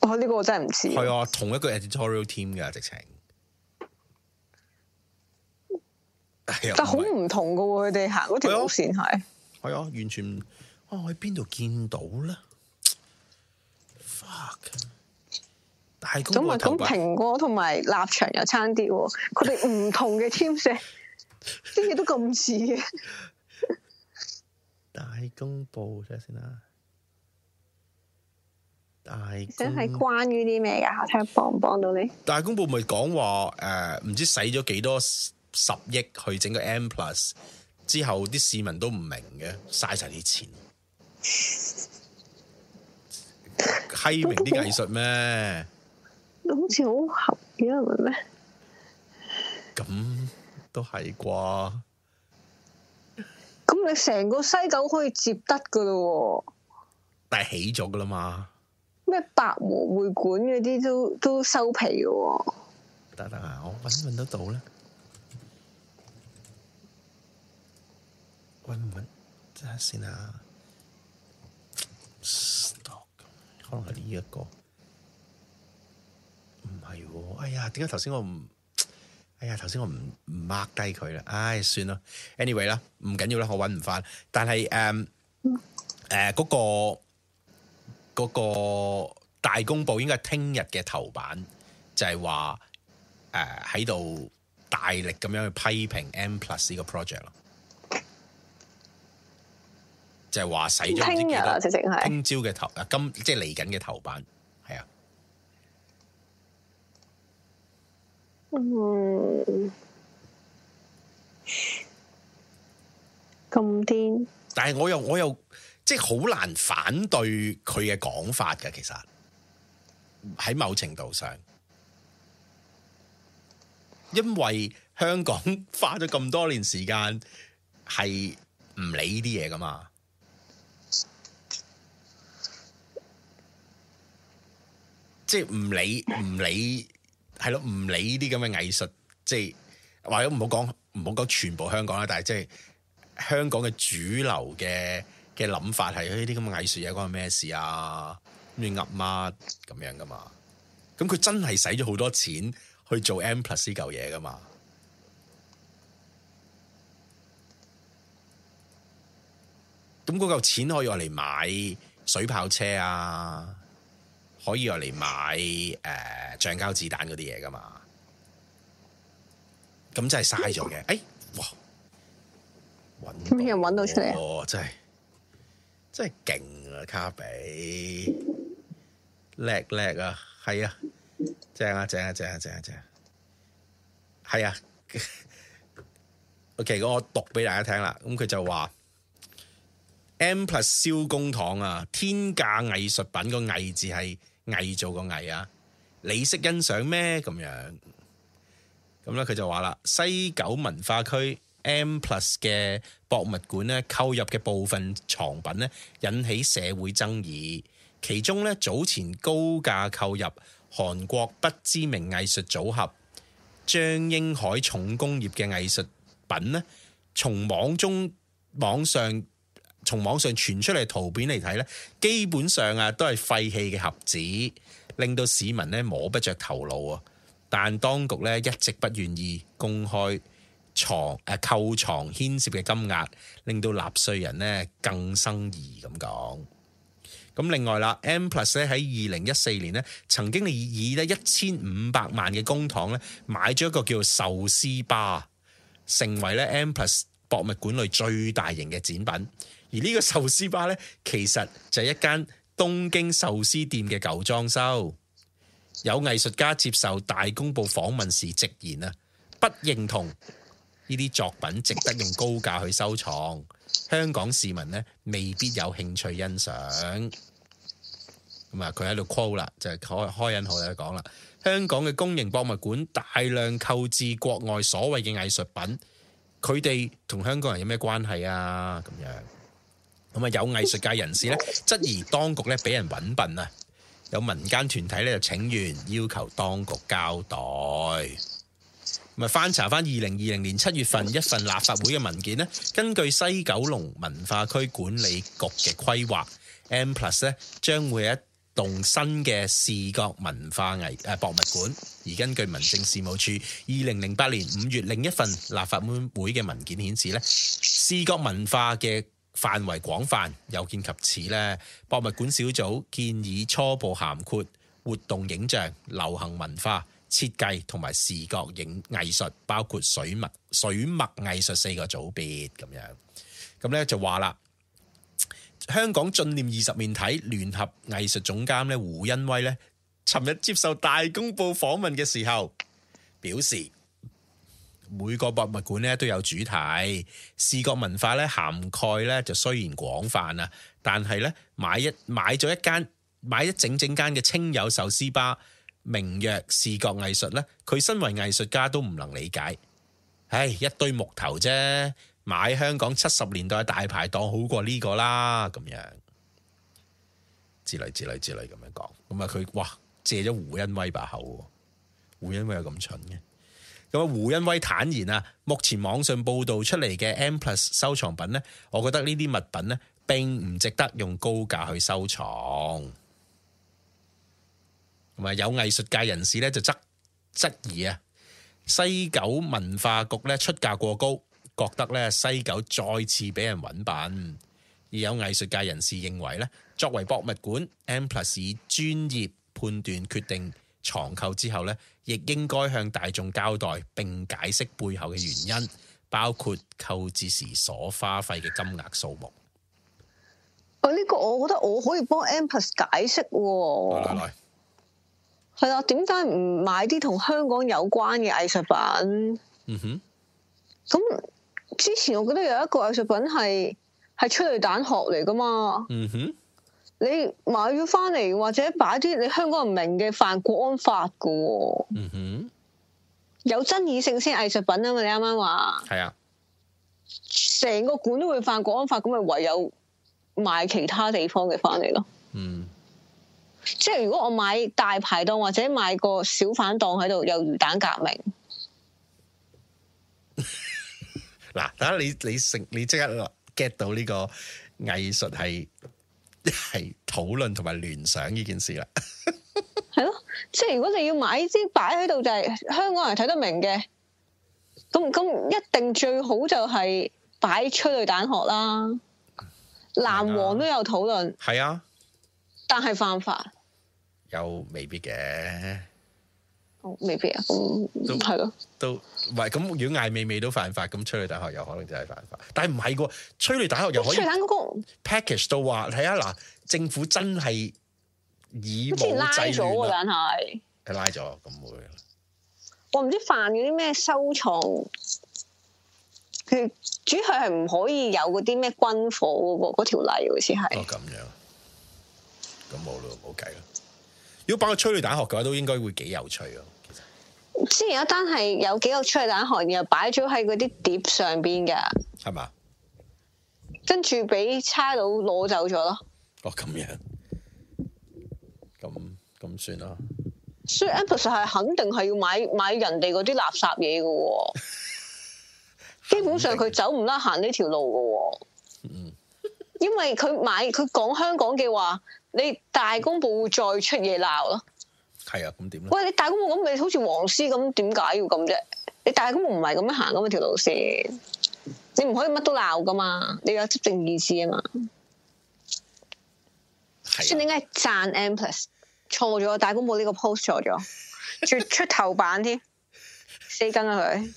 哦，呢、呢個我真係唔似。係 啊樂，同一個 editorial team 嘅直情、哎。但係好唔同嘅喎，佢哋行嗰條路線係、哦。係啊是，完全啊、哦，我喺邊度見到咧？Fuck！ 大公的，咁咪咁蘋果同埋立場又差啲喎，佢哋唔同嘅 team 社，啲嘢 都咁似嘅。 大公報睇下先啦。想係關於啲咩噶？睇下幫唔幫到你。大公報講話誒，唔、呃、知使咗幾多十億去整個 M Plus 之後，啲市民都唔明嘅，嘥晒啲錢，欺 明啲藝術咩？ 好似好合理，係咪咩？咁都係啩？咁你成個西九可以接得噶啦？喎，但係起咗噶啦嘛？咩百和會館嗰啲都都收皮嘅喎，得得啊，我揾揾都得到啦，揾唔揾即係先啊，stock 可能係呢一個，唔係喎，哎呀，點解頭先我唔，哎呀，頭先我唔唔 mark 低佢啦，哎，算啦，anyway 啦，唔緊要啦，我揾唔返，但係誒，誒嗰個。嗰個大公報應該係聽日嘅頭版，就係話誒喺度大力咁樣去批評 M Plus 呢個 project 咯，就係話使咗聽日直情係聽朝嘅頭啊，今即係嚟緊嘅頭版係啊，嗯，咁癲，但係我又我又。即係好難反對佢嘅講法嘅，其實喺某程度上，因為香港花咗咁多年時間係唔理呢啲嘢噶嘛，即係唔理唔理，係咯，唔理呢啲咁嘅藝術，即係、就是、或者唔好講唔好講全部香港啦，但係即係香港嘅主流嘅，嘅諗法係呢啲咁嘅藝術嘢關咩事啊？咁噏咁樣噶嘛？咁佢真係使咗好多錢去做 M Plus 呢嚿嘢噶嘛？咁嗰嚿錢可以用嚟買水炮車啊，可以用嚟買誒、呃、橡膠子彈嗰啲嘢噶嘛？咁真係嘥咗嘅，誒、哎、哇！搵咩人搵到出嚟？哦，真係。真係勁啊，卡比叻叻啊，係啊，正啊，正啊，正啊，正啊，係啊。啊啊啊 OK，咁我讀俾大家聽啦。咁佢就話：M plus 燒公堂啊，天價藝術品、個藝字係偽造個藝啊。你識欣賞咩？咁樣咁咧，佢就話啦：西九文化區。M plus 嘅博物館咧購入嘅部分藏品咧引起社會爭議，其中咧早前高價購入韓國不知名藝術組合張英海重工業嘅藝術品咧，從網中網上從網上傳出嚟圖片嚟睇咧，基本上啊都係廢棄嘅盒子，令到市民咧摸不着頭腦啊！但當局咧一直不願意公開。藏誒購藏牽涉嘅金額，令到納稅人呢更生疑。咁講咁另外啦，M Plus 咧喺二零一四年咧，曾經咧以咧一千五百萬嘅公帑咧買咗一個叫壽司吧，成為咧 M Plus 博物館裏最大型嘅展品。而呢個壽司吧呢，其實就係一間東京壽司店嘅舊裝修。有藝術家接受大公報訪問時直言啊，不認同。呢啲作品值得用高價去收藏，香港市民呢未必有興趣欣賞。咁啊，佢喺度 quote 啦，就係開開引號嚟講啦。香港嘅公營博物館大量購置國外所謂嘅藝術品，佢哋同香港人有咩關係啊？咁樣，咁啊有藝術界人士呢質疑當局咧俾人揾笨啊！有民間團體咧就請願要求當局交代。咪翻查翻二零二零年七月份一份立法會嘅文件咧，根據西九龍文化區管理局嘅規劃 M+ 咧，將會一棟新嘅視覺文化藝誒博物館，而根據民政事務處二零零八年五月另一份立法會嘅文件顯示咧，視覺文化嘅範圍廣泛，有見及此咧，博物館小組建議初步涵括活動影像、流行文化。設計同埋視覺影藝術，包括水墨、水墨藝術四個組別咁樣，咁咧就話啦。香港進念二十面體聯合藝術總監咧胡恩威咧，尋日接受大公報訪問嘅時候，表示每個博物館咧都有主題，視覺文化咧涵蓋咧就雖然廣泛啦，但係咧買一買咗一間買一整整間嘅清友壽司吧。名曰視覺藝術咧，佢身為藝術家都唔能理解，唉，一堆木頭啫，買香港七十年代嘅大排檔好過呢個啦，咁樣，之類之類之類咁樣講，咁啊佢哇借咗胡恩威把口，胡恩威有咁蠢嘅，咁啊胡恩威坦言啊，目前網上報道出嚟嘅 M+ 收藏品呢，我覺得呢啲物品呢，並唔值得用高價去收藏。咪有藝術界人士咧就則質疑啊，西九文化局咧出價過高，覺得咧西九再次俾人搵笨。」而有藝術界人士認為咧，作為博物館，M+ 以專業判斷決定藏購之後咧，亦應該向大眾交代並解釋背後嘅原因，包括購置時所花費嘅金額數目。啊，呢個我覺得我可以幫 M+ 解釋，啊。來係啦，點解唔買啲同香港有關嘅藝術品？嗯哼，咁之前我覺得有一個藝術品係係催淚彈殼嚟噶嘛。嗯哼，你買咗翻嚟或者擺啲你香港唔明嘅犯國安法噶喎。嗯哼，有爭議性先藝術品啊嘛，你啱啱話係啊，成個館都會犯國安法，咁咪唯有買其他地方嘅翻嚟咯。嗯。即係如果我買大排檔或者買個小販檔喺度有魚蛋革命，嗱， 睇下你你成你即刻 get 到呢個藝術係係討論同埋聯想呢件事啦。係 咯，即係如果你要買支擺喺度就係、是、香港人睇得明嘅，咁咁一定最好就係擺催淚彈殼啦。藍黃都有討論，係啊的，但係犯法。又未必嘅，未必啊，都係咯，的都唔係咁。如果艾美美都犯法，咁催淚彈又可能就係犯法，但係唔係噶，催淚彈又可以。催彈嗰個 package 都話，睇下嗱，政府真係以武拉咗啊！等下係佢拉咗，咁會我唔、哦、知犯咗啲咩收藏。佢主要係唔可以有嗰啲咩軍火嗰嗰條例，好似係。哦，咁樣，咁冇咯，冇計啦。如果擺個催淚彈殼嘅話，都應該會幾有趣咯。之前一單係有幾個催淚彈殼，又擺咗喺嗰啲碟上邊嘅，係嘛吧？跟住俾差佬攞走咗咯。哦，咁樣，咁咁算啦。所以 M+ 係肯定係要買買人哋嗰啲垃圾嘢嘅、哦， 定基本上佢走唔甩行呢條路嘅、哦。嗯，因為佢買佢講香港嘅話。你大公報會再出嘢鬧咯？係啊，咁點？喂，你大公報咁，你好似黃絲咁，點解要咁啫？你大公報唔係咁樣行咁條路線，你唔可以乜都鬧噶嘛，你有執政意思啊嘛。係是、啊。所以你應該讚 M+ 錯咗，大公報呢個 post 錯咗，出頭版添， 死梗啊佢，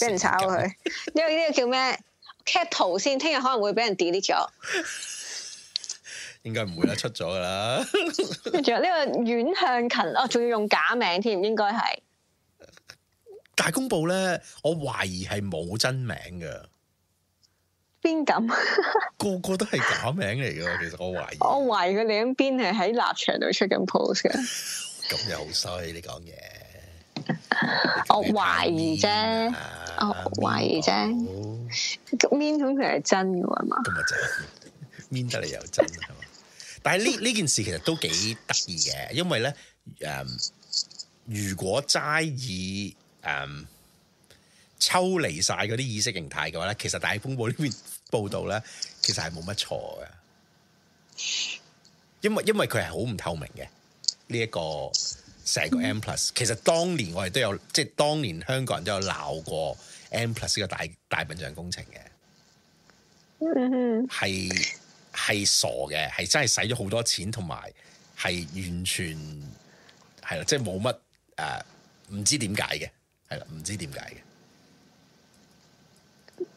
俾人炒佢，呢個呢個叫咩？截圖先，聽日可能會俾人 delete 咗。應該唔會啦，出咗噶啦。仲有呢個遠向勤哦，仲要用假名添，應該係大公報咧。我懷疑係冇真名噶。邊咁邊錦？ 個個都係假名嚟噶，其實我懷疑。 我懷疑佢兩邊係喺立場度出緊 post 嘅。咁又好衰，你講嘢。我懷、啊哦、疑啫，我懷疑啫。面通佢係真噶嘛？咁啊 真，面得嚟又真。但係呢，呢件事其實都幾得意嘅，因為咧，誒、嗯，如果齋以誒、嗯、抽離晒嗰啲意識形態嘅話咧，其實大公報呢邊報道咧，其實係冇乜錯嘅，因為因為佢係好唔透明嘅呢一個成個 M plus。其實當年我哋都有即係、就是、當年香港人都有鬧過 M plus 呢個大大白象工程嘅，嗯，係。係傻嘅，係真係使咗好多錢，同埋係完全係啦，即係冇乜誒，唔知點解嘅，係啦，唔知點解嘅。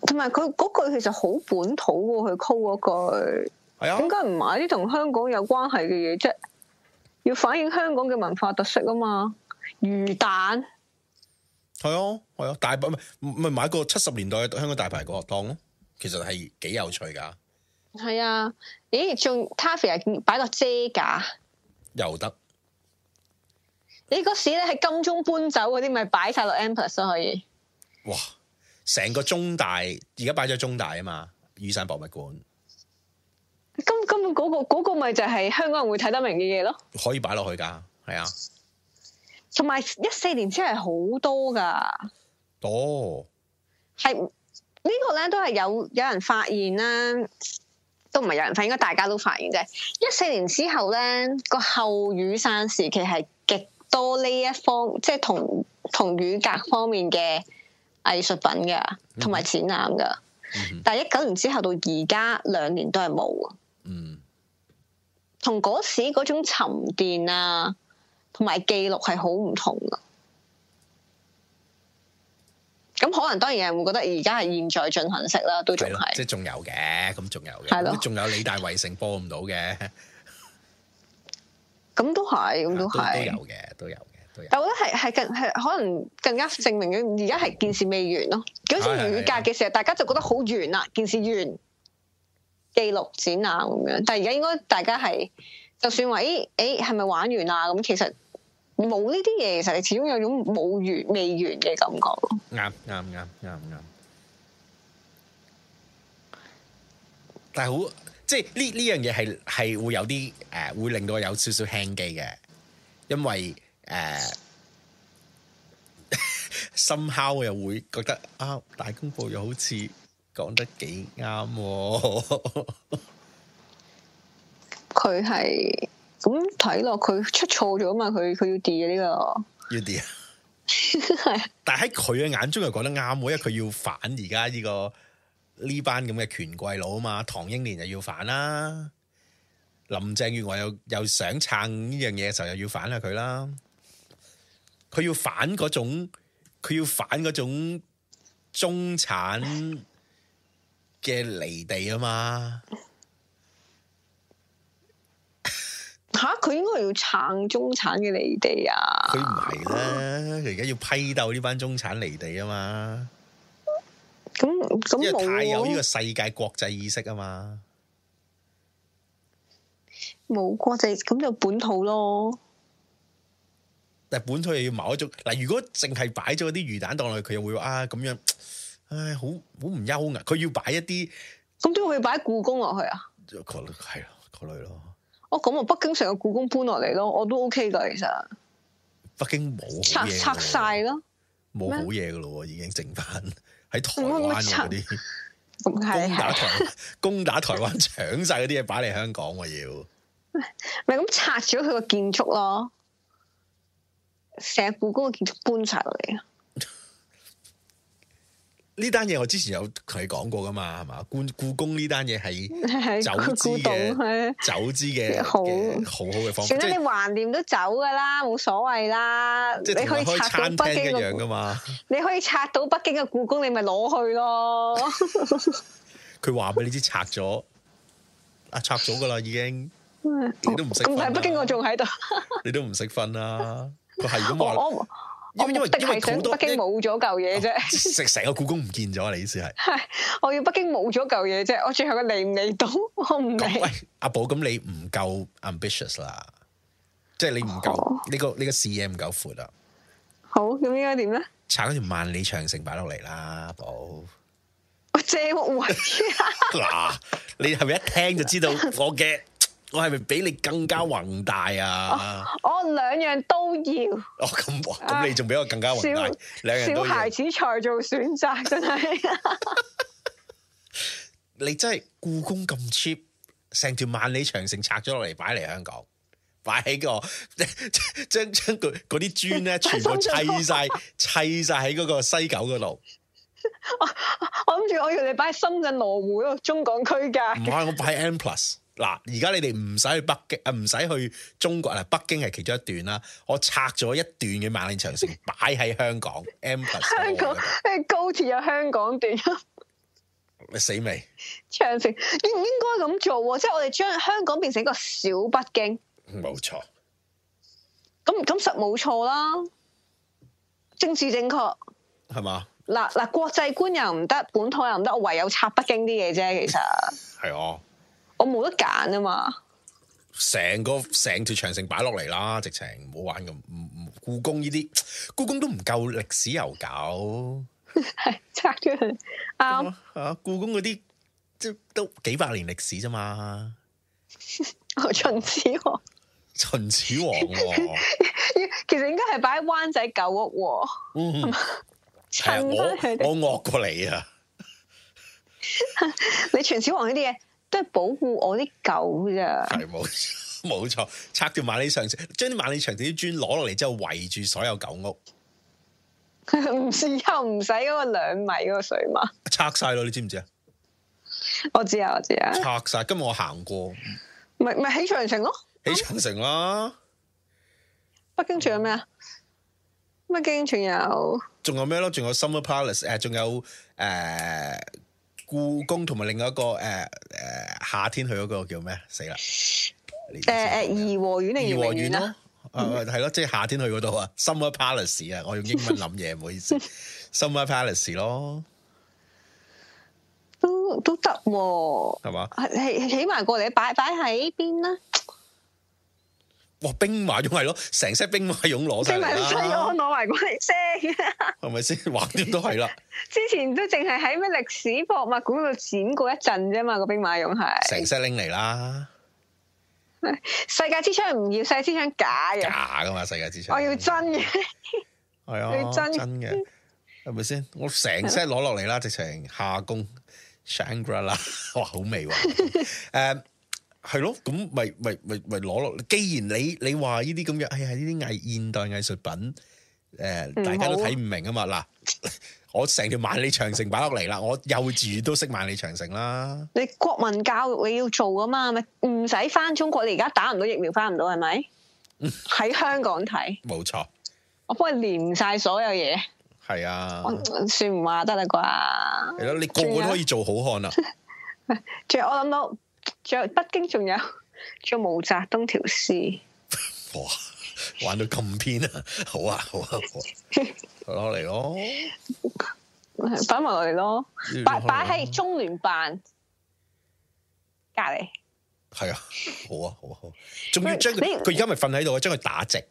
同埋佢嗰句其實好本土喎，佢 call 嗰句，點解唔買啲同香港有關係嘅嘢啫？要反映香港嘅文化特色啊嘛，魚蛋。係啊，係啊，大排唔係買個七十年代嘅香港大排檔咯，其實係幾有趣噶啊。係啊，咦？仲咖啡又擺個遮架，又得行。你嗰時咧喺金鐘搬走嗰啲咪擺晒落 M+ 咯？可以。哇！成個中大而家擺咗中大啊嘛，雨傘博物館。咁咁嗰個、嗰個咪就係香港人會睇得明嘅嘢咯。可以擺落去噶係啊。同埋一四年之係好多噶，哦！係、呢個、呢個咧都係有有人發現啦。都唔係有人發，應該大家都發現啫。一四年之後咧，個後雨山時期係極多呢一方，即係同同雨格方面嘅藝術品嘅，同埋展覽嘅。Hmm. 但係一九年之後到而家兩年都係冇嘅。嗯、mm，同、hmm. 嗰時嗰種沉澱啊，記錄是很不同埋記錄係好唔同嘅。咁可能當然係會覺得而家係現在進行式啦，都仲係，即係仲有嘅，咁仲有嘅，仲有李大衞星播唔到嘅，咁都係，咁都係，都有嘅，都有嘅，但係我覺得係係更係可能更加證明緊而家係件事未完咯。幾多天雨隔嘅時候，大家就覺得好完啦，件事完，紀錄展覽咁樣，但係而家應該大家係，就算話，哎哎係咪玩完啦？咁其實。冇呢啲嘢，其實你始終有種冇完未完嘅感覺啱啱啱啱啱，但係好即係呢呢樣嘢係係會有啲誒、呃、會令到我有少少輕機嘅，因為誒深烤又會覺得啊大公報又好似講得幾啱，佢係。咁睇落佢出錯咗嘛？佢佢要 delete 呢個，要 delete。但係喺佢嘅眼中又覺得啱，因為佢要反而家呢個呢班咁嘅權貴佬啊嘛，唐英年又要反啦，林鄭月娥又又想撐呢樣嘢嘅時候又要反下、啊、佢啦，佢要反嗰種，佢要反嗰種中產嘅離地啊嘛。 吓佢、啊、應該要撐中產嘅離地啊！佢唔係佢而家要批鬥呢班中產離地啊嘛！咁咁、嗯嗯嗯嗯、因為太有呢個、嗯、世界國際意識啊嘛！冇國際，咁就本土咯。但本土又要某一種嗱，如果淨係擺咗啲魚蛋檔落去，佢又會話啊咁樣，唉，好好唔優雅。佢要擺一啲，咁點會擺故宮落去啊？就考慮係啊，考慮咯。我講，哦，北京成個故宮搬落嚟咯，我都 OK 㗎，其實。北京冇拆，拆曬咯，冇好嘢㗎咯喎，麼已經剩翻喺台灣嗰啲。咁係攻打台灣？係係係攻打台灣， 搶晒嗰啲嘢擺嚟香港我要。咪咁拆咗佢個建築咯，成個故宮嘅建築搬晒落嚟啊！呢單嘢我之前有同你講過噶嘛，係嘛？故故宮呢單嘢係走資嘅，走資嘅好好好嘅方法，即係橫掂都走噶啦，冇所謂啦。即係可以拆到北京一樣噶嘛？你可以拆到北京嘅故宮，你咪攞去咯。佢話俾你知拆咗，啊拆咗噶啦，已經 你都唔識。唔係北京我 我，我仲喺度。你都唔識瞓啦，佢係咁話。因為係想北京冇咗嚿嘢啫，食成個故宮唔見咗。啊，你意思係？係，我要北京冇咗嚿嘢啫，我最後佢嚟唔嚟到，我唔嚟。喂、欸，阿寶，咁你唔夠 ambitious 啦，即係你唔夠，呢個、oh。你個視野唔夠闊啦。啊、好，咁應該點咧？拆條萬里長城擺落嚟啦，寶。我借位啊！嗱，你係咪一聽就知道我嘅？我係咪比你更加宏大啊？哦、我兩樣都要。哦，咁咁你仲比我更加宏大？兩小樣都要。小孩子才做選擇，真係。 你真係故宮咁 cheap，成條萬里長城拆咗落嚟擺嚟香港，擺喺個將將佢嗰啲磚咧全部砌晒砌晒喺嗰個西九嗰度。我我諗住我以為你擺喺深圳羅湖咯，那個、中港區界。唔係，我擺喺 M Plus。嗱，而家你哋唔使去北京啊，唔使去中國啊，北京係其中一段啦。我拆咗一段嘅萬里長城，擺喺香港。香港，誒，高鐵有香港段。你死未？長城應唔應該咁做？即係我哋將香港變成一個小北京。冇錯、嗯錯。咁咁實冇錯啦，政治正確係嘛？嗱嗱吧，國際觀又唔得，本土又唔得，我唯有拆北京啲嘢啫。其實係哦。 我冇得揀啊嘛！成個成條長城擺落嚟啦，直情唔好玩咁。嗯嗯，故宮呢啲故宮都唔夠歷史悠久， 拆咗佢啊！Um, 啊，故宮嗰啲即係都幾百年歷史啫嘛、 啊。秦始皇，秦始皇，啊， 其實應該係擺喺灣仔舊屋，啊。嗯，我我惡過你啊！ 你秦始皇呢啲嘢？都係保護我啲狗咋？係冇錯，冇錯，拆掉萬里長城，將啲萬里長城啲磚攞落嚟之後，圍住所有狗屋。唔使又唔使嗰個兩米嗰個水馬，拆晒咯！你知唔知啊？我知啊，我知啊，拆晒今日我行過。咪咪起慶城咯，起長城啦。北京仲有咩啊？北京仲有仲有咩咯、呃？仲有 Summer Palace 誒，仲有誒。故宮同埋另外一個誒誒、呃、夏天去嗰個叫咩？死啦！誒誒、呃，頤和園定圓明園啊？係咯，即係、 啊就是、夏天去嗰度啊！Summer Palace 啊！我用英文諗嘢，唔 好意思，Summer Palace 咯，都都得喎、啊，係嘛吧？起起埋過嚟，擺擺喺邊啦～哇！兵馬俑係咯，成 set 兵馬俑攞晒啦，係咪攞埋嗰 set，係咪先？橫掂吧 都係啦。之前都淨係喺咩歷史博物館度展過一陣啫嘛，個兵馬俑係成 set 拎嚟啦。世界之窗唔要，世界之窗假嘅，假噶嘛？世界之窗，我要真嘅，係啊、 哦，要真真嘅的，係咪先？我成 set 攞落嚟啦，直情夏宮 Shangri-La 啦，Shang La, 哇，好味哇、啊，誒、 呃。係咯，咁咪咪咪咪攞落。既然你你話呢啲咁嘅，哎呀呢啲藝現代藝術品，誒，大家都睇唔明啊嘛。嗱，我成條萬里長城擺落嚟啦，我幼稚園都識萬里長城啦。你國民教育你要做啊嘛，咪唔使翻中國你，而家打唔到疫苗，翻唔到係咪？喺香港睇，冇錯。我幫你連晒所有嘢。係啊，算唔話得啦啩？係咯，你個個都可以做好漢啊。仲有我諗到。仲有北京，仲有仲毛澤東條詩。哇！玩到咁偏啊！好啊，好啊，好啊，攞嚟咯，擺埋落嚟咯，擺擺喺中聯辦隔籬。係啊，好啊，好啊，仲要將佢佢而家咪瞓喺度，將佢打直。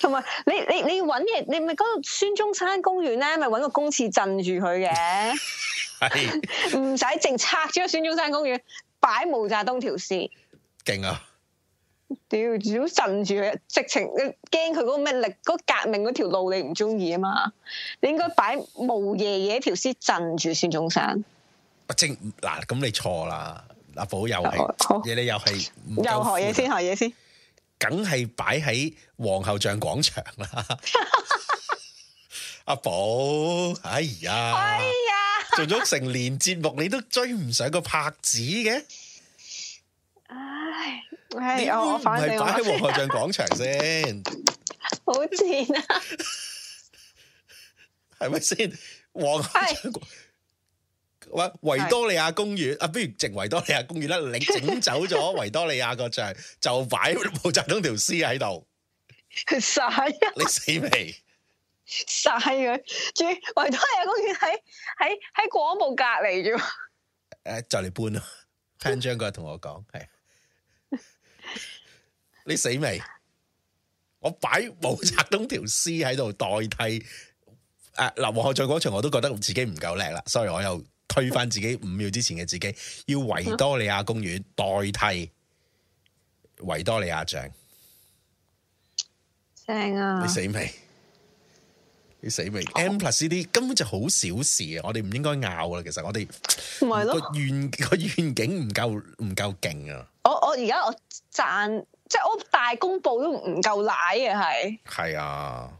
同埋你你你揾嘢，你咪嗰個孫中山公園咧，咪揾個公廁鎮住佢嘅，唔使淨拆咗孫中山公園，擺毛澤東條屍，勁啊！屌，仲鎮住佢，直情你驚佢嗰個咩力，嗰革命嗰條路你唔中意啊嘛？你應該擺毛爺爺條屍鎮住孫中山。不正嗱，咁你錯啦，阿寶又係，嘢你又係，又何嘢先，何嘢先。梗係擺喺皇后像廣場啦， 阿寶，哎呀，哎呀做咗成年節 目，你都追唔上個拍子嘅。唉、哎，哎，我我我你會唔係擺喺皇后像廣場先？好賤 啊，係咪先皇后像廣場？ 維多利亞公園的啊，不如淨維多利亞公園啦，你整走咗維多利亞個像， 就擺毛澤東條屍喺度晒啊！ 你死未？晒佢，住維多利亞公園喺喺喺廣布隔籬啫。誒，就嚟搬咯，聽張哥同我講，係你死未？我擺毛澤東條屍喺度代替誒，皇后像廣場我都覺得自己唔夠叻啦，所以我又。推翻自己五秒之前嘅自己，要維多利亞公園代替維多利亞像，正啊！你死未？你死未？Oh？M plus 呢啲根本就好小事啊！我哋唔應該拗啦，其實我哋唔係咯，個願個願景唔夠唔夠勁啊！我我而家我賺，即係我大公報都唔夠奶啊，係係啊！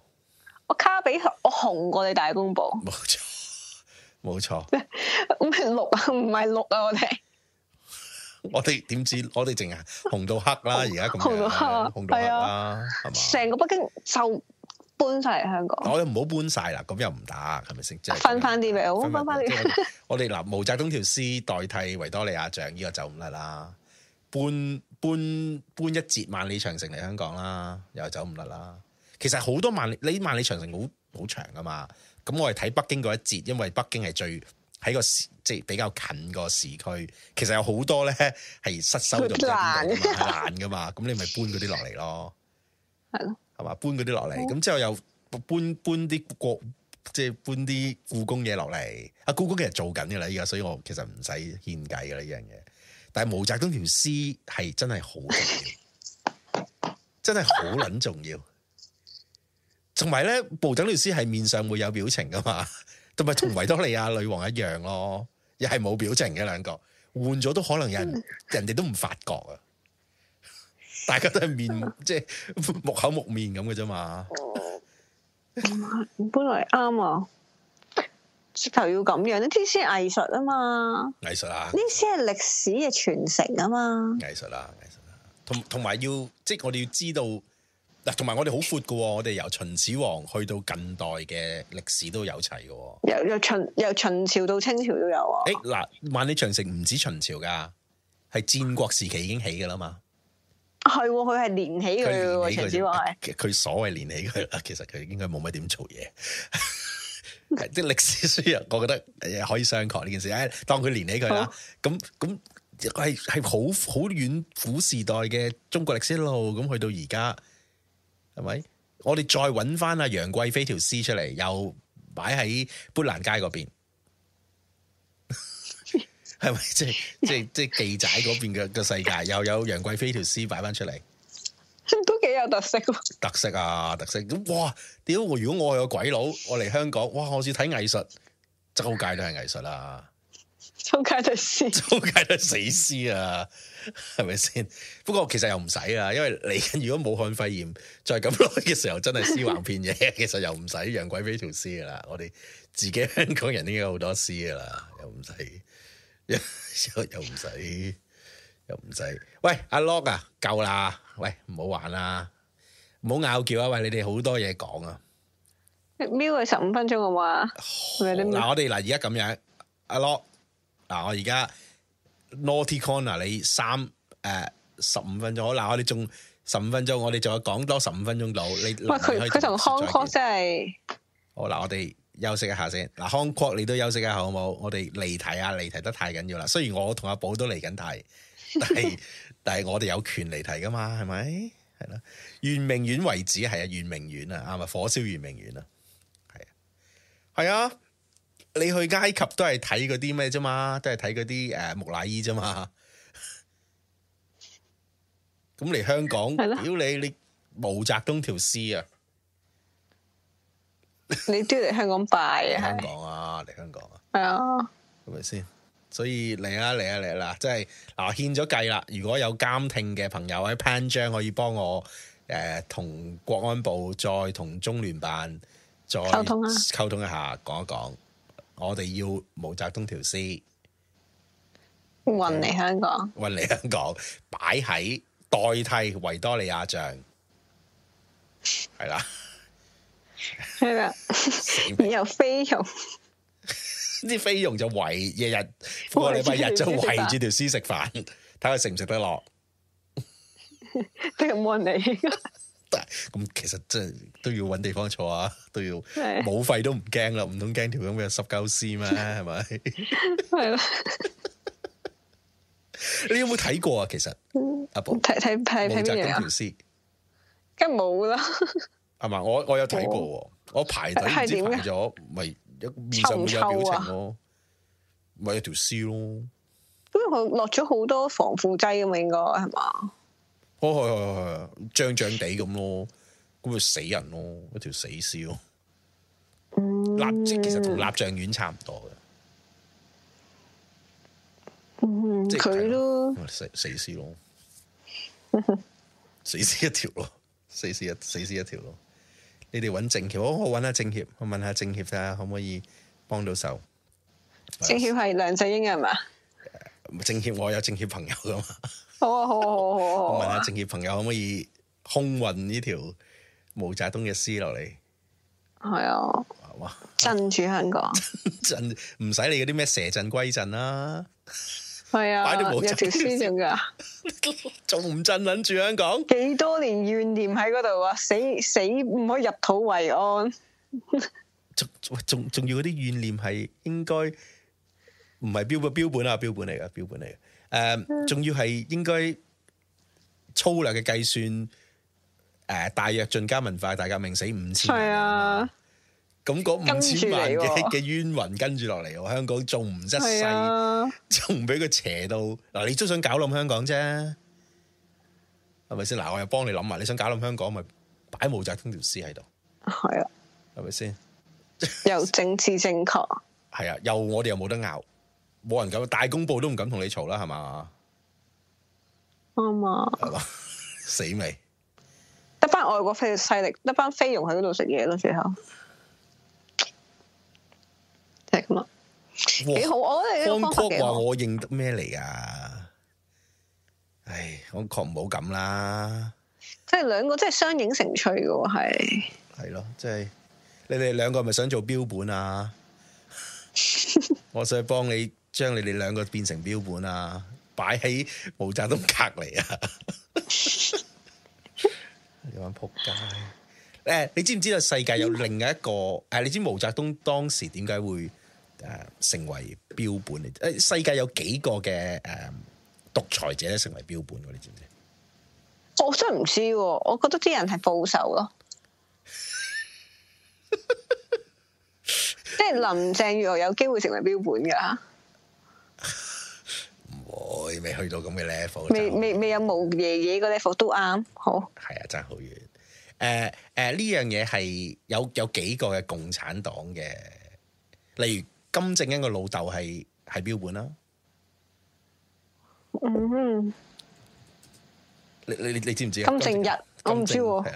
我卡比我紅過你大公報，冇錯。冇沒錯，唔係綠啊，唔係綠啊，我哋， 我哋點知？我哋淨係紅到黑啦 黑，而家咁樣，紅到黑係啊，成吧個北京就搬晒嚟香港。我哋唔好搬晒啦，咁又唔打。係咪先？分翻啲咪好？分翻啲。我哋嗱，毛澤東條詩代替維多利亞像，呢、這個走唔甩啦。搬搬搬一節萬里長城嚟香港啦，又走唔甩啦。其實好多萬里，你的萬里長城好好長噶嘛。咁我哋睇北京嗰一節，因為北京係最喺個時即係比較近個市區。其實有好多咧係失收咗，難嘅嘛。難嘅嘛，咁 你咪搬嗰啲落嚟咯，係咯的，係嘛？搬嗰啲落嚟，咁、嗯、之後又搬搬啲國即係搬啲故宮嘢落嚟。啊，故宮其實做緊嘅啦，依家所以我其實唔使獻計嘅啦，呢樣嘢。但係毛澤東條詩係真係好重要， 真係好撚重要。同埋咧，布登律師係面上會有表情噶嘛，同埋同維多利亞女王一樣咯，又係冇表情嘅兩個，換咗都可能有人， 人人哋都唔發覺啊！大家都係面即木、 即係、口木面咁嘅啫嘛、嗯。本來啱 啊，直頭要咁樣咧，啲先係藝術啊嘛，藝術啊，啲先係歷史嘅傳承啊嘛，藝術啊，藝術啊，同同埋要即係我哋要知道。嗱，同埋我哋好闊喎。我哋由秦始皇去到近代嘅歷史都有齊㗎，由由秦由秦朝到清朝都有啊。誒、欸，嗱，萬里長城唔止秦朝噶，係戰國時期已經起㗎啦嘛。係、嗯，佢係連起佢秦始皇，佢所謂連起佢，其實佢應該冇乜點做嘢。即係歷史書，我覺得可以商榷呢件事。當佢連起佢啦，咁咁係係好好遠古時代嘅中國歷史一路，咁去到而家。係咪？我哋再搵翻阿楊貴妃條詩出嚟，又擺喺砵蘭街嗰邊，係咪？ 即係即係即係記者嗰邊嘅嘅世界， 又有楊貴妃條詩擺翻出嚟，都幾有特色咯。特色啊，特色咁哇！屌如果我係個鬼佬，我嚟香港，哇！我似睇藝術，周街都係藝術啦。周街都死屍，周街都死屍啊，係咪先？不過其實又唔使啊，因為嚟緊如果武漢肺炎再咁耐嘅時候，真係屍橫遍野。 其實又唔使養鬼俾條屍噶啦，我哋自己香港人應該有好多屍噶啦，又唔使又唔使又唔使。喂，阿 Log、ok、啊，夠啦，喂，唔好玩啦，唔好拗撬啊！喂，你哋好多嘢講啊，瞄佢十五分鐘好唔好啊？嗱，我哋嗱而家咁樣，阿 Log。嗱、啊，我而家 Naughty Corner 你三誒十五分鐘，嗱、啊、我哋仲十五分鐘，我哋仲有講多十五分鐘到。你，佢佢同康 code 真係。是好嗱、啊，我哋休息一下先。嗱、啊，康 code 你都休息一下好冇？我哋離題啊，離題得太緊要啦。雖然我同阿寶都離緊題，但 但係但係我哋有權離題噶嘛？係咪？係咯、啊。圓明園為止係啊，圓明園啊，係咪？火燒圓明園啊，係啊，係啊。你去埃及都係睇嗰啲咩啫嘛？都係睇嗰啲誒木乃伊啫嘛。咁 嚟香港，屌 的你你，你毛澤東條屍啊！ 你都要嚟香港拜啊！ 香港啊，嚟香港啊！係 的啊，係咪先？所以嚟啊嚟啊嚟啦！即係嗱，獻咗計啦。如果有監聽嘅朋友喺 Panjang，可以幫我誒同、呃、國安部再同中聯辦再溝通啊，溝通一下，講一講。我哋要毛澤東條屍運嚟香港，運嚟、嗯、香港擺喺代替維多利亞像，係啦，係啦的，又菲傭，啲 菲傭就圍日日個禮拜日就圍住條屍食飯，睇佢食唔食得落，聽日冇人嚟。咁其實真係都要揾地方坐啊，都要冇肺都唔驚啦，唔通驚條咁嘅十九絲咩？係咪？係啦。你有冇睇過啊？其實阿伯睇睇睇睇條絲咩啊？梗係冇啦。係嘛？我我有睇過，我排隊唔知排咗，咪面上會有表情咯，咪有條絲咯。因為佢落咗好多防腐劑咁啊，應該係嘛？哦係，係係，脹脹地咁咯，咁咪死人咯，一條死屍咯，蠟像其實同蠟像院差唔多嘅，即佢咯，死屍 死屍咯，死屍一條咯，死屍一死屍一條咯，你哋揾政協，我我揾、啊、下政協，我問下政協睇下可唔可以幫到手。政協係梁振英係嘛？政協我有政協朋友噶嘛？好啊，好啊，好好好啊！好啊好啊我問下政協朋友可唔可以空運呢條毛澤東嘅詩落嚟？係啊,啊，哇！鎮住香港，鎮唔使你嗰啲咩蛇陣龜陣啦，係啊，啊毛澤東有條詩上噶，仲唔鎮撚住香港？幾多年怨念喺嗰度啊？死死唔可以入土為安，仲仲仲要嗰啲怨念係應該唔係標本標本啊？標本嚟噶，標本嚟嘅。誒，仲、呃、要係應該粗略嘅計算，誒、呃，大約更加文化大革命死五千係啊，咁嗰、啊啊、五千萬嘅嘅冤魂跟住落嚟喎，香港仲唔執世，仲唔俾佢邪到嗱？你都想搞冧香港啫，係咪先？嗱，我又幫你諗埋，你想搞冧香港，咪擺毛澤東條屍喺度，係啊，係咪先？又政治正確，係 啊，又我哋又冇得拗。冇人敢，大公報都唔敢同你嘈啦，係嘛？啱啊媽媽 嗎！死未？得班外國勢力，得班菲傭喺度食嘢咯，最後就係咁咯。哇幾好，我覺得呢個話我認得咩嚟啊？唉，我確唔好咁啦。即係兩個，即係相映成趣嘅，係係咯，即係你哋兩個，係咪想做標本啊？ 我想幫你。將你哋兩個變成標本啊！擺喺毛澤東隔籬啊！ 你玩扑街！誒，你知唔知道世界有另一個誒？你知毛澤東當時點解會誒成為標本嚟？誒，世界有幾個嘅誒獨裁者成為標本？你知唔知？我真係唔知，我覺得啲人係報仇咯。 即係林鄭月娥有機會成為標本噶？你未去到咁嘅 level，未未未有毛爺爺嘅 level 都啱，好。係啊，真係好遠。誒誒，呢樣嘢係有有幾個嘅共產黨嘅，例如金正恩個老豆係係標本啦。嗯。你你你你知唔知？金正日，我唔知喎。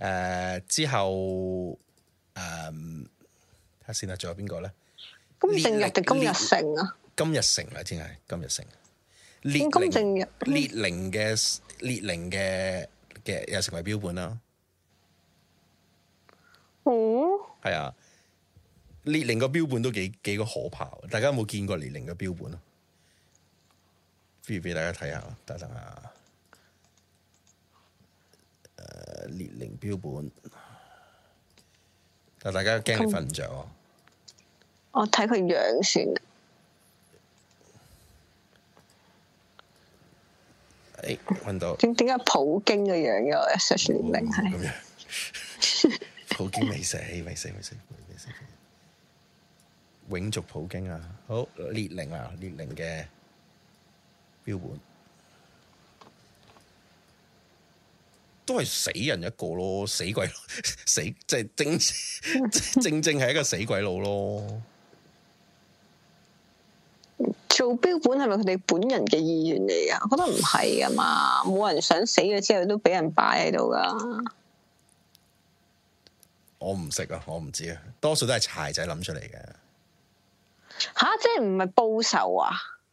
誒，之後誒，睇下先啦，仲有邊個咧？金正日定金日成啊？金日成啊，先係金日成。列寧列寧嘅列寧嘅嘅又成為標本啦。哦、嗯。係啊，列寧個標本都幾幾個可怕，大家有冇見過列寧嘅標本啊？不如俾大家睇下，等等下、呃。列寧標本，但大家驚你瞓唔着啊。我睇佢樣算。誒，揾、欸、到？點點解普京嘅樣嘅？Search 普京未死,未,死未死，未死，未死，未死，永續普京啊！好列寧啊，列寧嘅標本都係死人一個咯，死鬼，死即係、就是、正, 正正正係一個死鬼佬咯。做標本係咪佢哋本人嘅意願嚟啊？我覺得唔係啊嘛，冇人想死咗之後都俾人擺喺度噶。我唔識啊，我唔知啊，多數都係柴仔諗出嚟嘅。吓，即係唔係報仇啊？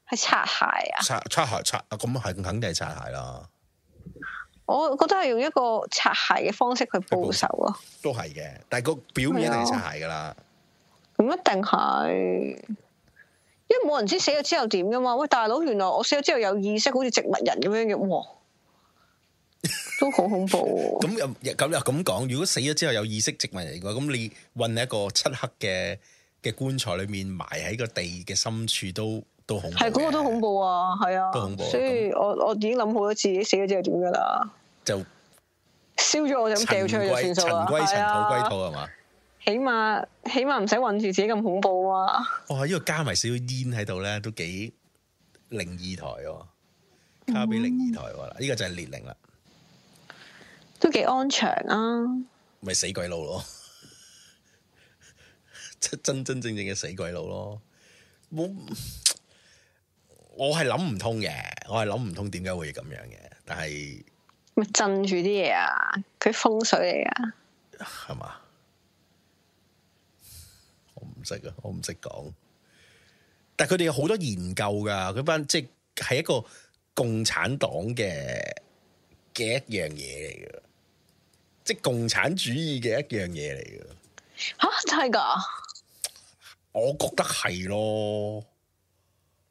係擦鞋啊？擦擦鞋擦啊，咁係，咁肯定係擦鞋啦。我覺得係用一個擦鞋嘅方式去報仇咯、啊。都係嘅，但係個表面一定係擦鞋噶啦，咁一定係。因為冇人知死咗之後點噶嘛，喂大佬，原來我死咗之後有意識，好似植物人咁樣嘅，哇，都好恐怖啊。咁又咁又咁講，如果死咗之後有意識，植物人嘅話，咁你運喺一個漆黑嘅嘅棺材裏面埋喺個地嘅深處都都恐怖，係嗰、嗰個都恐怖啊，係啊，都恐怖。所以我我已經諗好咗自己死咗之後點噶啦，就燒咗我就咁掉出去就算數，塵歸塵，塵歸塵，塵歸塵，塵土歸土係嘛。的起碼起碼唔使揾住自己咁恐怖啊！哇、哦，呢個加埋少少煙喺度咧，都幾靈異台喎，交俾靈異台啦，呢、嗯、個就係列寧啦，都幾安詳啊！咪死鬼佬咯，真真正正嘅死鬼佬咯，我我係諗唔通嘅，我係諗唔通點解會咁樣嘅，但係咪震住啲嘢啊？佢風水嚟噶，係嘛？唔識啊，我唔識講。但係佢哋有好多研究噶，佢班即係係一個共產黨嘅嘅一樣嘢嚟嘅，即係共產主義嘅一樣嘢嚟嘅。吓，真係噶？我覺得係咯。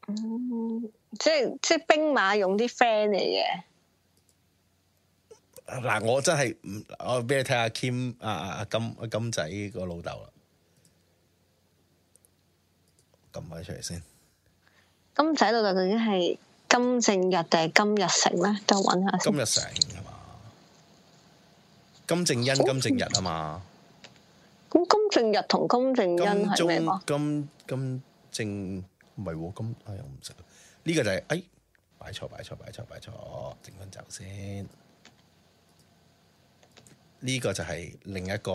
嗯，即係即係兵馬俑啲 friend 嚟嘅。嗱，我真係唔，我俾你睇下 Kim 阿阿阿金阿金仔個老豆啦。唔可以出嚟先。金仔老豆究竟係金正日定係金日成咧？等我搵下先。金日成啊嘛。金正恩、哦、金正日啊嘛。咁金正日同金正恩係咩話？金金正唔係喎，金哎呀，我唔識。呢、這個就係、是、哎，擺錯，擺錯，擺錯，擺錯，整翻走先。呢、這個就係另一個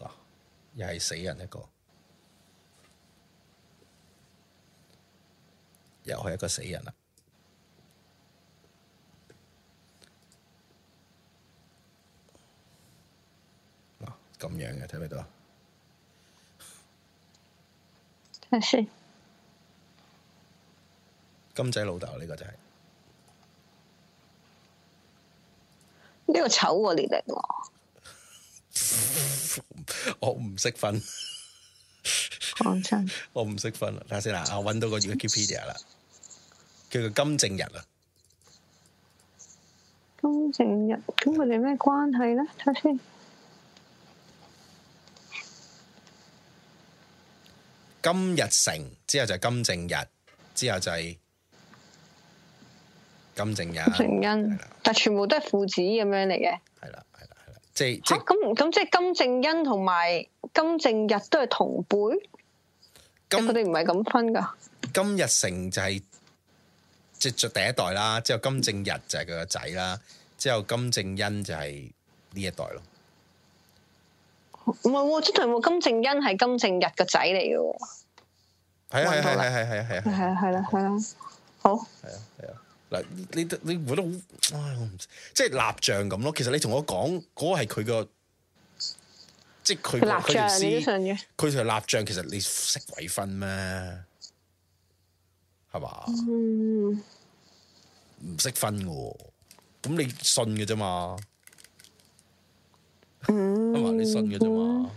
嗱，又係死人一個。又係一個死人啦！嗱，咁樣嘅睇唔睇到啊？睇先，看是是金仔老豆呢、呢個就係、是、呢個醜個、啊、你哋 不懂 懂。 我，我唔識分，講真，我唔識分。睇下先啦，我揾到個維基 pedia 啦。叫佢金正日啊！金正日，咁佢哋咩關係咧？睇下先。金日成之後就係金正日，之後就係金正日、正恩，但係全部都係父子咁樣嚟嘅。係啦，係啦，係啦，即係即係咁咁，即係金正恩同埋金正日都係同輩。咁佢哋唔係咁分噶。金日成就係。即係做第一代啦，之後金正日就係佢個仔啦，之後金正恩就係呢一代咯。唔係喎，即係金正恩係金正日個仔嚟嘅喎。係係係係係係係啦係啦好。係啊係啊嗱，你你活得好，唉我唔知即係蠟像咁咯。其實你同我講嗰、那個係佢個，即係佢佢啲相嘅。佢條蠟像，像其實你識鬼分咩？係嘛？唔識、嗯、分嘅，咁你信嘅啫嘛？係嘛、嗯？你信嘅啫嘛？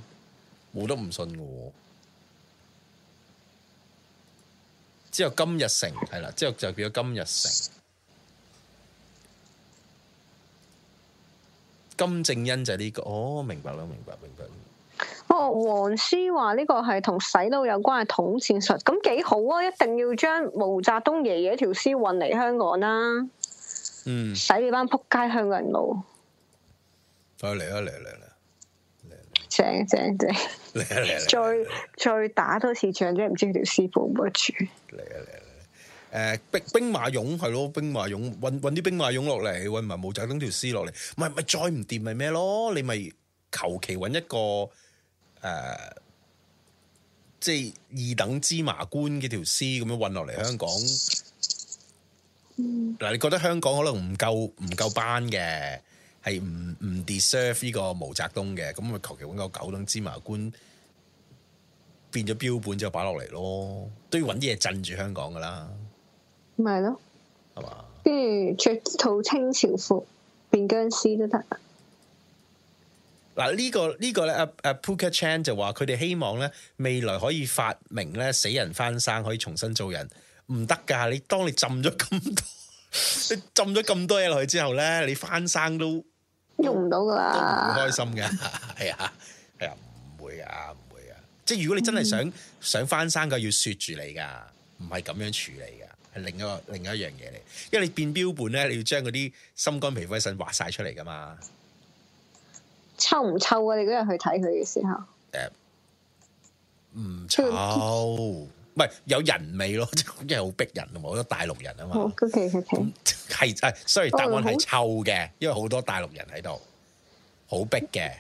冇得唔信嘅。之後金日成係啦，之後就叫做金日成。金正恩就係呢、這個，哦，明白啦，明白，明白。哦，黃絲話呢個係同洗腦有關嘅統戰術，咁幾好啊！一定要將毛澤東爺爺條屍運嚟香港啦，嗯，洗你班撲街香港人腦。嚟啊嚟啊嚟啊嚟啊嚟啊！正正正嚟啊嚟啊嚟啊！再再打多次仗啫，唔知條屍保唔得住。嚟啊嚟啊嚟！誒，兵兵馬俑係咯，兵馬俑運運啲兵馬俑落嚟，運埋毛澤東條屍落嚟，唔係唔係再唔掂咪咩咯？你咪求其揾一個。誒，uh, 即係二等芝麻官嘅條屍咁樣運落嚟香港。嗱，你覺得香港可能唔夠唔夠班嘅，係唔唔 deserve 呢個毛澤東嘅？咁咪求其搵個九等芝麻官變咗標本之後擺落嚟咯，都要搵啲嘢鎮住香港噶啦。咪係咯，係嘛？跟住着套清朝服變僵屍都得。嗱，呢個呢個咧，阿阿 Pooka Chan 就話佢哋希望咧，未來可以發明咧死人翻生可以重新做人。唔得噶！你當你浸咗咁多，你浸咗咁多嘢落去之後咧，你翻生都用唔到噶啦，唔開心噶，係啊，係啊，唔會啊，唔會啊。即係如果你真係想想翻生嘅，要雪住你噶，唔係咁樣處理噶，係另一個另一樣嘢嚟。因為你變標本咧，你要將嗰啲心肝脾肺腎挖晒出嚟噶嘛。臭唔臭啊？你嗰日去睇佢嘅時候，誒、嗯，唔臭，唔係有人味咯，即係好逼人，好多大陸人啊嘛。O K，係，係、okay, okay. 係，係，所以答案係臭嘅，因為好多大陸人喺度，好逼嘅。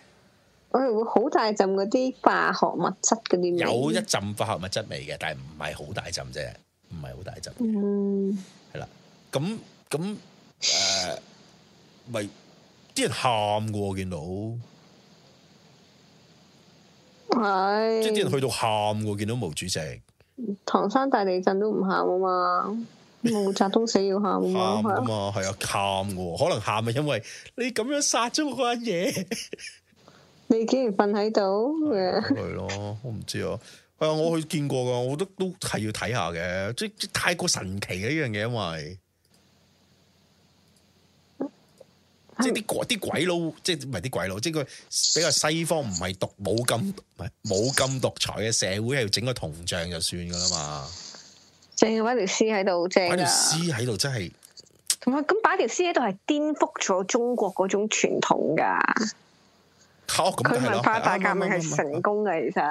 我哋會好大陣嗰啲化學物質嗰啲，有一陣化學物質味嘅，但係唔係好大浸啫，唔係好大浸，嗯，係啦，咁咁誒，咪。呃 啲人喊嘅，我唉見到係，即係啲人去到喊嘅，見到毛主席。唐山大地震都唔喊啊嘛，毛澤東死要喊啊嘛，係是啊，喊嘅，可能喊係因為你咁樣殺咗我個阿爺。你竟然瞓喺度，係咯，啊啊，我唔知啊。係 啊，我去見過噶，我覺得都係要睇下嘅，即係太過神奇嘅呢樣嘢，因為。即係啲鬼啲鬼佬，即係唔係啲鬼佬，即係佢比較西方唔係獨冇咁、唔係冇咁獨裁嘅社會，係要整個銅像就算噶啦嘛。正啊！把條絲喺度正，把條絲喺度真係同埋咁，把條絲喺度係顛覆咗中國嗰種傳統噶。好，哦，佢文化大革命係成功噶，其實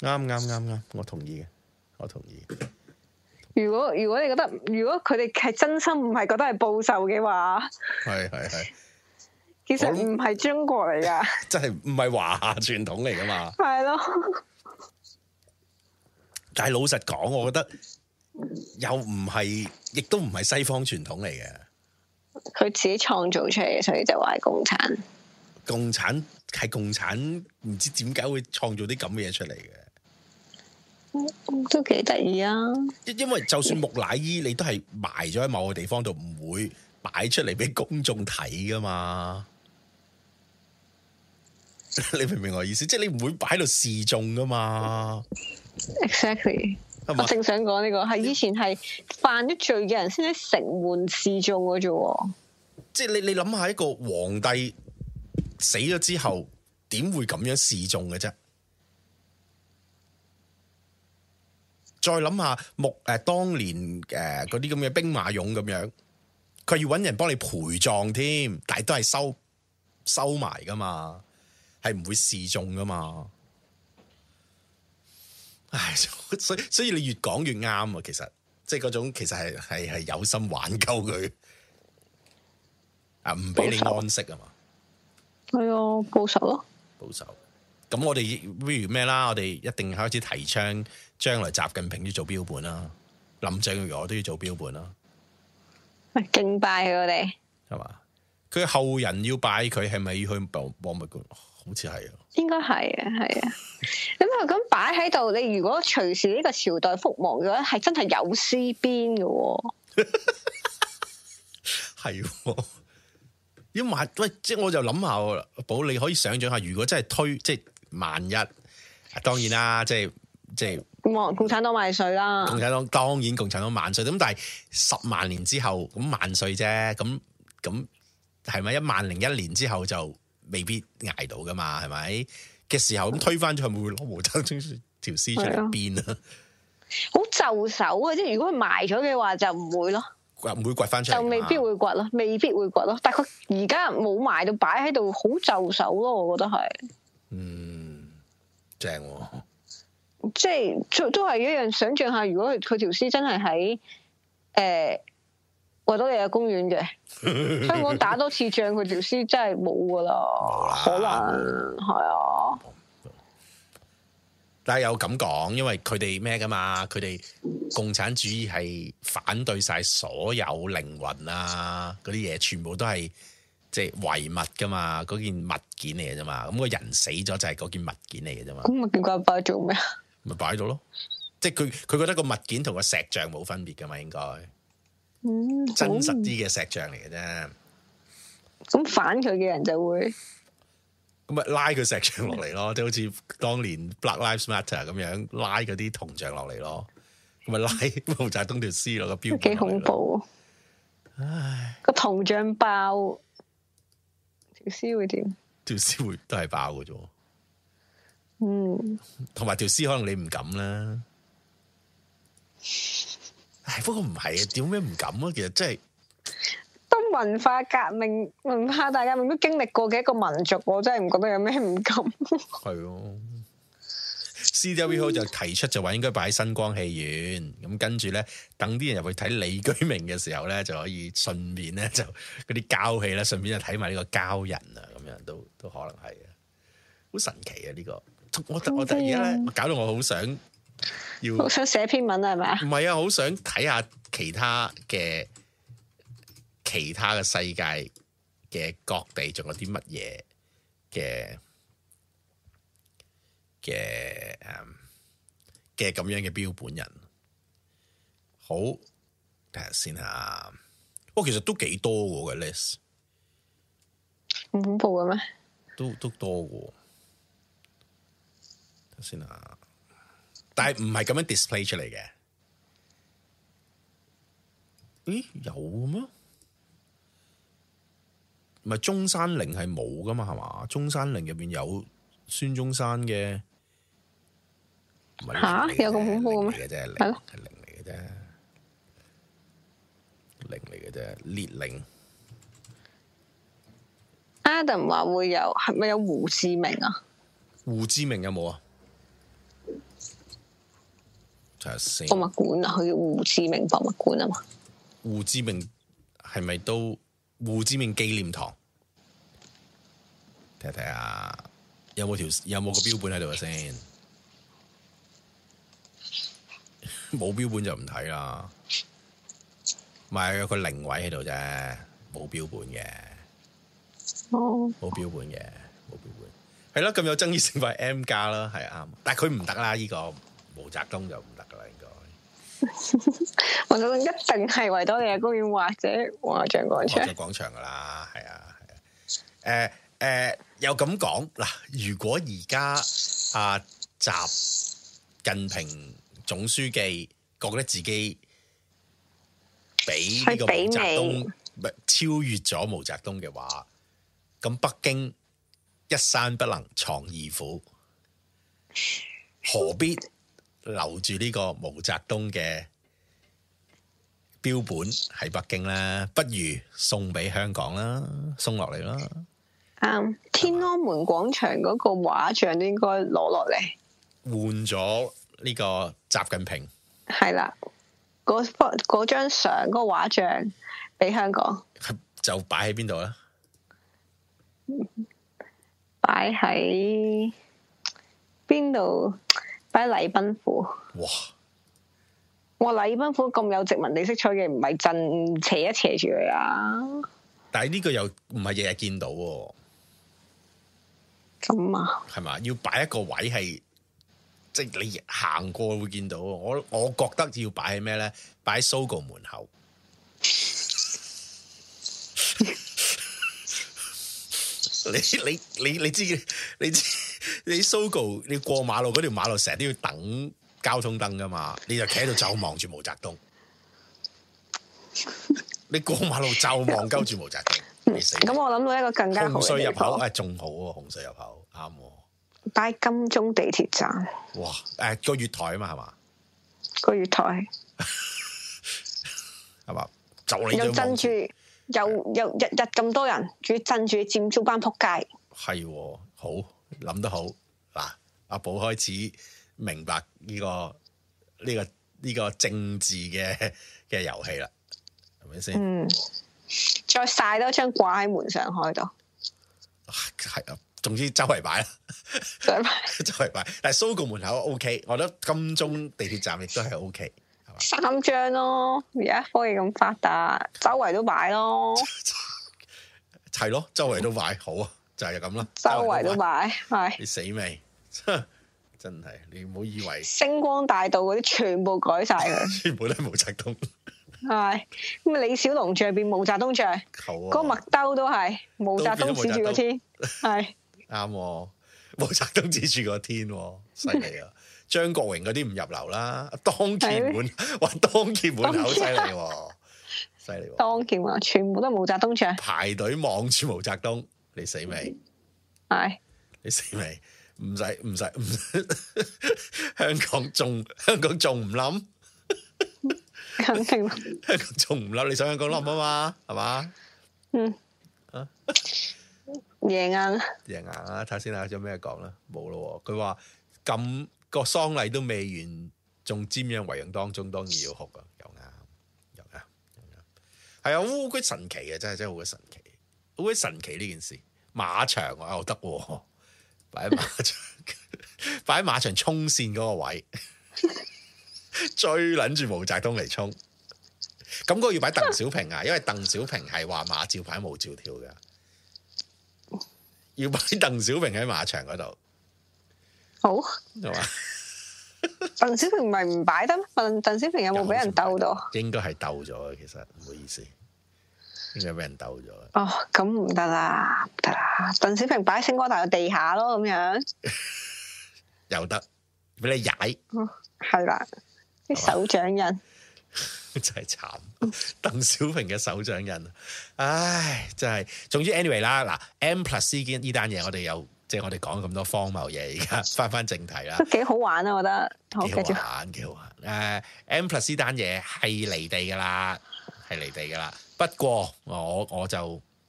啱啱啱啱，我同意嘅，我同意。如果如果你覺得如果佢哋係真心唔係覺得係報仇嘅話，係係係。其實唔係中國嚟噶很， 真係唔係華夏傳統嚟噶嘛？係咯，但係老實講，我覺得又唔係，亦都唔係西方傳統嚟嘅。佢自己創造出嚟嘅，所以就話係共產。共產係共產，唔知點解會創造啲咁嘅嘢出嚟嘅？都幾得意啊！因為就算木乃伊，你都係埋咗喺某個地方度，唔會擺出嚟俾公眾睇噶嘛。你明唔明我意思？即係你唔會擺喺度示眾噶嘛？Exactly，吧我正想講呢個，係以前係犯咗罪嘅人先至城門示眾嘅啫。即係你你諗下一個皇帝死咗之後，點會咁樣示眾嘅啫？再諗下木誒，當年誒嗰啲咁嘅兵馬俑咁樣，佢要搵人幫你陪葬添，但係都係收收埋噶嘛。係唔會示眾噶嘛？唉，所以所以你越講越啱啊。其實即係嗰種，其實係係係有心挽救佢啊，唔俾你安息啊嘛。係啊，保守咯，保守。咁我哋，不如咩啦，我哋一定開始提倡將來習近平要做標本啦，林鄭月娥都要做標本啦。喂，勁拜佢哋係嘛？佢後人要拜佢，係咪要去博物館？好似係啊，應該係啊，係啊。咁又咁擺喺度，你如果隨時呢個朝代覆亡嘅話，係真係有詩邊嘅。係，喎，因為，即係我就諗下保寶，你可以想象下，如果真係推，即係萬一，當然啦，即係即係，共共產黨萬歲啦！共產黨當然共產黨萬歲，咁但係十萬年之後，咁萬歲啫，咁咁係咪一萬零一年之後就？未必捱到噶嘛，係咪？嘅時候咁推返出去，會唔會攞毛針穿條絲出嚟啊？好就手啊！即係如果佢埋咗嘅話就不，就唔會咯。唔會掘翻出，就未必會掘咯，未必會掘咯。但係佢而家冇埋到，擺喺度好就手咯。我覺得係、啊。得嗯，正、啊。即係都都係一樣，想象下，如果佢條絲真係喺誒。呃維多利亞公園嘅， 香港打多次仗，佢條屍真係冇噶啦，可能係能啊。但係有咁講，因為佢哋咩噶嘛，佢哋共產主義係反對晒所有靈魂啊嗰啲嘢，那些東西全部都係即係遺物噶嘛，嗰件物件嚟嘅啫嘛。咁個人死咗就係嗰件物件嚟嘅啫嘛。咁咪點解擺做咩啊？咪擺咗咯， 即係佢佢覺得個物件同個石像冇分別噶嘛，應該。嗯、真實啲嘅石像嚟嘅啫，咁、嗯、反佢嘅人就會咁咪拉佢石像落嚟咯，就好似當年 Black Lives Matter 咁樣拉嗰啲銅像落嚟咯，咁咪、嗯、拉毛澤東條屍攞個標，幾恐怖啊！個銅唉像爆條屍會點？條屍會都係爆嘅啫，嗯，同埋條屍可能你唔敢啦。不過唔係啊，點解唔敢啊？其實真係，都文化革命文化大革命都經歷過嘅一個民族，我真係唔覺得有咩唔敢、啊。係哦、啊、，C D V 就提出就話應該擺喺新光戲院，咁、嗯、跟住咧，等啲人入去睇李居明嘅時候咧，就可以順便咧就嗰啲膠戲咧，順便就睇埋呢個膠人啊，咁樣都都可能係，好神奇啊！這個嗯、呢個我突我突然間咧，搞到我好想。要好想寫篇文係咪啊？唔係啊，好想睇下其他嘅其他嘅世界嘅各地仲有啲乜嘢嘅嘅嘅咁樣嘅標本人。好睇下先啊。吓、哦、其實都幾多個嘅 list，恐怖嘅咩？都都多個。睇下先啊。但係唔係咁樣 display 出嚟嘅？咦，有咩？唔係中山陵係冇噶嘛，係嘛？中山陵入邊有孫中山嘅。吓，有咁恐怖嘅咩？係咯，係陵嚟嘅啫。陵嚟嘅啫，列寧。Adam 話會有，係咪有胡志明啊？胡志明有冇啊？先博物館啊，去胡志明博物館啊嘛，胡是是。胡志明係咪都胡志明紀念堂？睇睇啊，有冇條有冇個標本喺度先？冇 標本就唔睇啦。唔係佢靈位喺度啫，冇標本嘅。哦，冇標本嘅，冇標本係咯。咁有爭議性咪 M+ 咯，係啊。但係佢唔得啦，呢、呢個毛澤東就。 我就一定係維多利亞公園或者華將廣場，華將廣場噶啦，係啊，係啊，誒誒、啊呃呃，又咁講嗱，如果而家阿習近平總書記覺得自己比呢個毛澤東超越咗毛澤東嘅話，咁北京一山不能藏二虎，何必？留住呢個毛澤東嘅標本喺北京啦，不如送俾香港啦，送落嚟啦。啱、um, 吧，天安門廣場嗰個畫像應該攞落嚟，換咗呢個習近平。係啦，嗰張相、嗰個畫像俾香港，就擺喺邊度啦？擺喺邊度？擺禮賓府，哇！我禮賓府咁有殖民地色彩嘅，唔係震斜一斜住佢啊！但係呢個又唔係日日見到，咁啊？係咪？要擺一個位係，即係你行過會見到。我我覺得要擺喺咩咧？擺喺 Sogo 門口。 你你你你知你知。你搜狗，你過馬路嗰條馬路成日都要等交通燈噶嘛？你就企喺度就望住毛澤東。 你過馬路就望鳩住毛澤東，咁 嗯嗯、我諗到一個更加紅隧入口，係仲、哎、好啊，紅隧入口啱。擺、哦、金鐘地鐵站。哇，誒、欸、個月台啊嘛，係嘛個月台係嘛 就你又鎮住又又日日咁多人，仲要鎮住你佔住班撲街係好。諗得好嗱，阿、啊、寶開始明白呢、這個呢、這個呢、這個政治嘅嘅遊戲啦，係咪先？嗯，再晒多張掛喺門上開度。係啊，總之周圍擺啦，周圍擺。但係 Sogo 門口 O、OK, K，我覺得金鐘地鐵站亦都係 O K，三張咯，而家科技咁發達，周圍都擺咯，係 咯，周圍都擺好啊。就係咁啦，周圍都擺，係，你死未？真係你唔好以為星光大道嗰啲全部改晒喇，全部都係毛澤東，係咁啊！李小龍像變，毛澤東像，嗰，麥兜都係毛澤東指住個天，係啱，毛澤東指住個天，犀利啊！張國榮嗰啲唔入流啦，當劍門話，當劍門口，犀利，犀利，當劍門全部都係毛澤東像，排隊望住毛澤東。你死未？係、哎。你死未？唔使唔使，唔使。香港仲香港仲唔諗？肯定香港仲唔諗？你想香港諗啊嘛？係嘛？嗯。啊吧！贏硬、嗯。贏硬啊！睇下先啦，仲有咩講啦？冇咯。佢話咁個喪禮都未完，仲瞻仰遺容當中，當然要哭啊！又啱，又啱，又啱。係啊，好鬼神奇啊，真係真係好鬼神奇，好鬼神奇呢件事。馬場我又得喎，擺喺馬場，擺、哦、喺、啊、馬場衝 線嗰個位，最捻住毛澤東嚟衝。咁、那、嗰個要擺鄧小平啊，因為鄧小平係話馬照擺，毛照跳嘅。要擺鄧小平喺馬場嗰度，好。係嘛吧？鄧小平唔係唔擺得咩？問鄧小平有冇俾人鬥到，到？應該係鬥咗嘅，其實唔好意思。就俾人鬥咗、oh,。哦，咁唔得啦，唔得啦。鄧小平擺喺星光大嘅地下咯，咁樣 又得俾你踩、oh,。哦掌吧，係啦 慘，啲、嗯、手掌印，真係慘。鄧小平嘅手掌印，唉，真係。總之，anyway 啦，嗱，M plus C 呢單嘢，就是、我哋又即係我哋講咁多荒謬嘢，而家翻翻正題啦。都幾好玩啊，我覺得。好玩，幾好玩。誒記住、呃、，M plus 呢單嘢係離地噶啦，係離地噶啦。不過我我就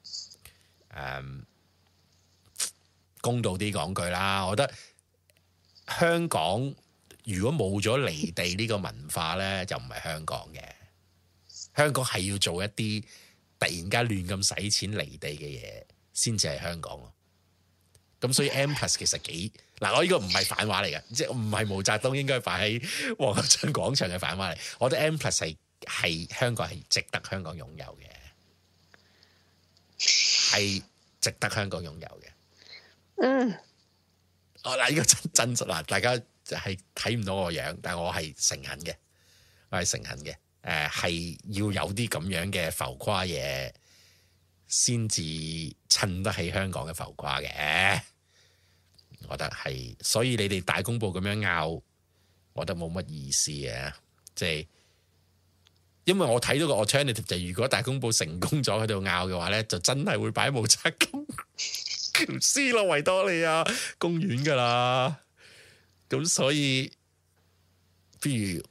誒、嗯、公道啲講句啦，我覺得香港如果冇咗離地呢個文化咧，就唔係香港嘅。香港係要做一啲突然間亂咁使錢離地嘅嘢，先至係香港咯。咁所以 M+ 其實幾，嗱，我、啊、呢、呢個唔係反話嚟嘅，即係唔係毛澤東應該擺喺黃金廣場嘅反話嚟，我覺得 M+ 係。係香港係值得香港擁有嘅，係值得香港擁有嘅。嗯，哦嗱，呢個真真實啊！大家就係睇唔到我樣，但我係誠懇嘅，我係誠懇嘅。誒、呃，係要有啲咁樣嘅浮誇嘢，先至襯得起香港嘅浮誇嘅。我覺得係，所以你哋大公報咁樣拗，我覺得冇乜意思嘅，即係。因為我睇到個 alternative 就是，如果大公報成功咗喺度拗嘅話咧，就真係會擺冇無側金橋斯咯，維多利亞公園噶啦。咁所以不如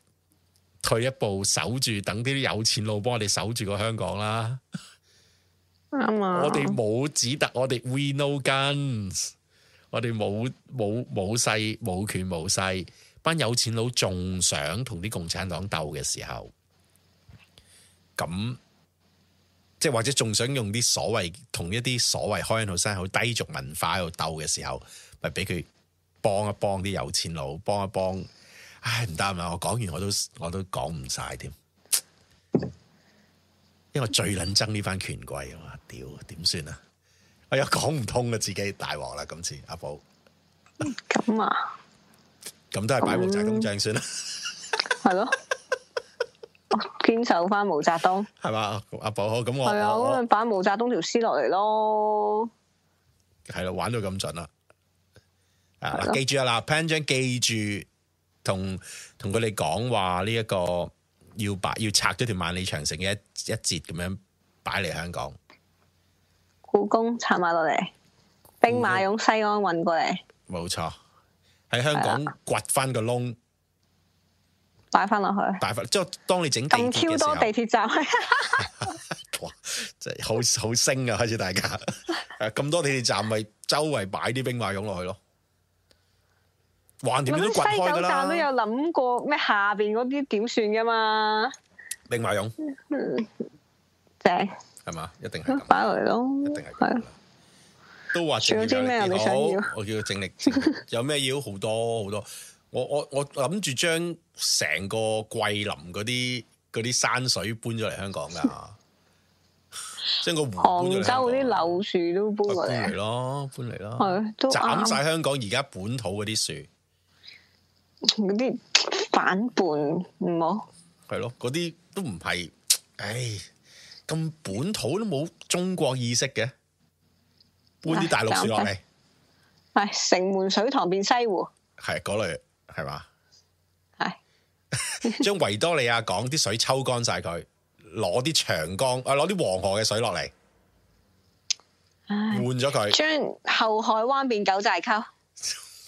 退一步守住，等啲有錢佬幫我哋守住個香港啦。啱啊！我哋冇指得，我哋 we no guns，我哋冇冇冇勢冇權冇勢，班有錢佬仲想同啲共產黨鬥嘅時候。咁即係或者仲想用啲所謂同一啲所謂開人頭山、好低俗文化喺度鬥嘅時候，咪俾佢幫一幫啲有錢佬，幫一幫。唉，唔得啊，我講完我都我都講唔晒添，因為最捻憎呢番權貴啊嘛，屌點算啊！哎呀，講唔通啊，自己大鑊啦，今次阿寶咁、嗯、啊，咁都係擺鑊仔東張算啦、嗯，係咯。 堅守翻毛澤東，係嘛？阿寶，好，咁我係啊，咁樣擺毛澤東條詩落嚟咯。係啦，玩到咁準啦。的啊，記住啊，嗱，潘生記住，同同佢哋講話呢一個要擺，要拆咗條萬里長城嘅一一節咁樣擺嚟香港。故宮拆埋落嚟，兵馬俑西安運過嚟，冇、嗯、錯，喺香港掘翻個窿。擺翻落去，即係當你整地鐵嘅時候，咁多地鐵站， 哇，即係好好升啊！開始大家，咁 多地鐵站咪周圍擺啲兵馬俑落去咯，橫掂都滾開噶，西九站都有諗過咩下邊嗰啲點算噶嘛？兵馬俑，嗯、正係嘛？一定係咁，擺落嚟咯，定係係。的都話仲有啲咩想我叫佢正，正力，有咩要好多好多。我我我諗住將成個桂林嗰啲啲山水搬咗嚟香港噶，將 個湖搬咗嚟，杭州嗰啲柳樹都搬嚟咯，搬嚟咯，係斬晒香港而家本土嗰啲樹，嗰啲反叛唔好，係咯，嗰啲都唔係，唉，咁本土都冇中國意識嘅，搬啲大陸樹落嚟，係哎哎、城門水塘變西湖，係嗰類。係嘛？係，將維是 多利亞港啲水抽乾晒佢，攞啲長江啊，攞啲黃河嘅水落嚟，換咗佢。將后海灣變九寨溝。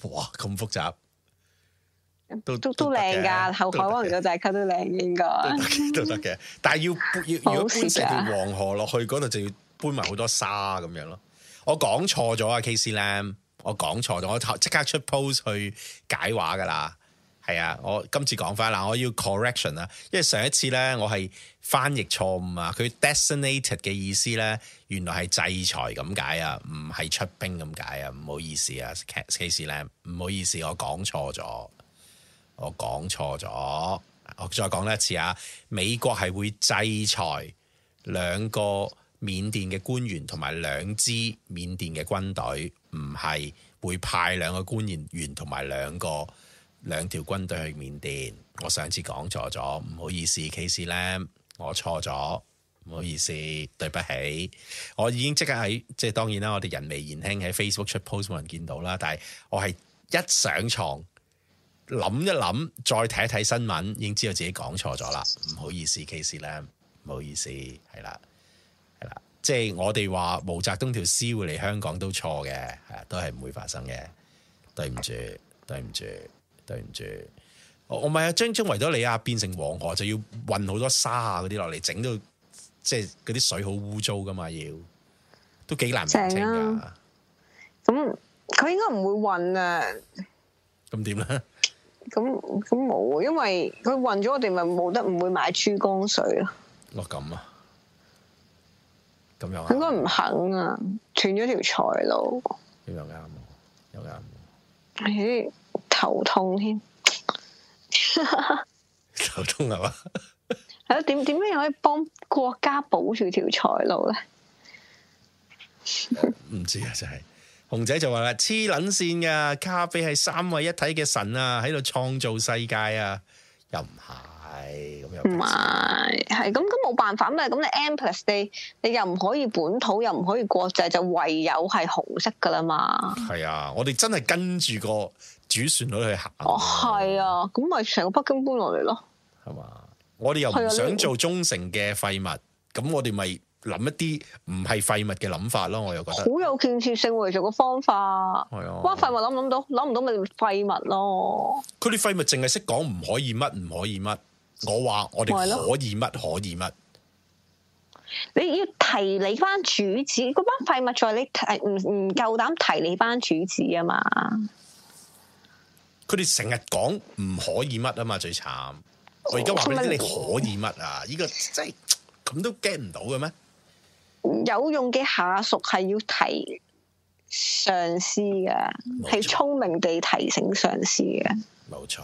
哇，咁複雜，都都㗎。靚噶，都后海灣、九寨溝都靚，應該都得嘅。 但係要要，如果搬成條黃河落去嗰度，就要搬埋好多沙咁樣咯。我講錯咗啊，Casey 咧。我講錯咗，我即刻出 post 去解話噶啦，係啊，我今次講翻啦，我要 correction 啦，因為上一次咧我係翻譯錯誤啊，佢 designated 嘅意思咧原來係制裁咁解啊，唔係出兵咁解啊，唔好意思啊，其其實咧唔好意思，我講錯咗，我講錯咗，我再講一次啊，美國係會制裁兩個緬甸嘅官員同埋兩支緬甸嘅軍隊。唔係會派兩個官員員同埋兩個兩條軍隊去緬甸。我上次講錯咗，唔好意思。K C 咧，我錯咗，唔好意思，對不起。我已經刻在即刻喺即係當然啦，我哋人微言輕喺 Facebook 出 post 冇人見到啦。但係我係一上床，諗一諗，再睇一睇新聞，已經知道自己講錯咗啦。唔好意思，K C 咧，唔好意思，係啦。即係我哋話毛澤東條屍會嚟香港都錯嘅，係都係唔會發生嘅。對唔住，對唔住，對唔住。我我咪啊，將將維多利亞變成黃河就要運好多沙啊嗰啲落嚟，整到即係嗰啲水好污糟噶嘛，要都幾難澄清噶。咁佢應該唔會運啊？咁點咧？咁咁冇，因為佢運咗我哋咪冇得，唔會買珠江水咯。哦咁啊。這樣應該唔肯啊！斷咗條財路，咁樣啱，又啱、欸。頭痛添， 頭痛係嘛？係 咯？點點樣又可以幫國家保住條財路咧？唔 知啊，真、就、係、是。紅仔就話啦：黐捻線噶，卡比係三位一體嘅神啊，喺度創造世界啊，又唔行。咁唔係，係咁咁冇辦法，咩？咁你 M+，你又唔可以本土，又唔可以國際，就唯有係紅色噶啦嘛。係啊，我哋真係跟住個主旋律去行，啊。哦，係啊，咁咪成個北京搬落嚟咯。係嘛，我哋又唔想做忠誠嘅廢物，咁，啊，我哋咪諗一啲唔係廢物嘅諗法咯。我又覺得好有建設性嚟做個方法。係啊，哎呀，哇廢物諗諗到，諗唔到咪廢物咯。佢啲廢物淨係識講唔可以乜，唔可以乜。我話我哋可以乜可以乜，你要提你班主子嗰班廢物，在你提唔，唔夠膽提你班主子啊嘛。佢哋成日講唔可以乜啊嘛，最慘，我而家話俾你你可以乜啊。呢個即係咁都驚唔到嘅咩。有用嘅下屬係要提上司嘅，係聰明地提醒上司嘅。冇錯。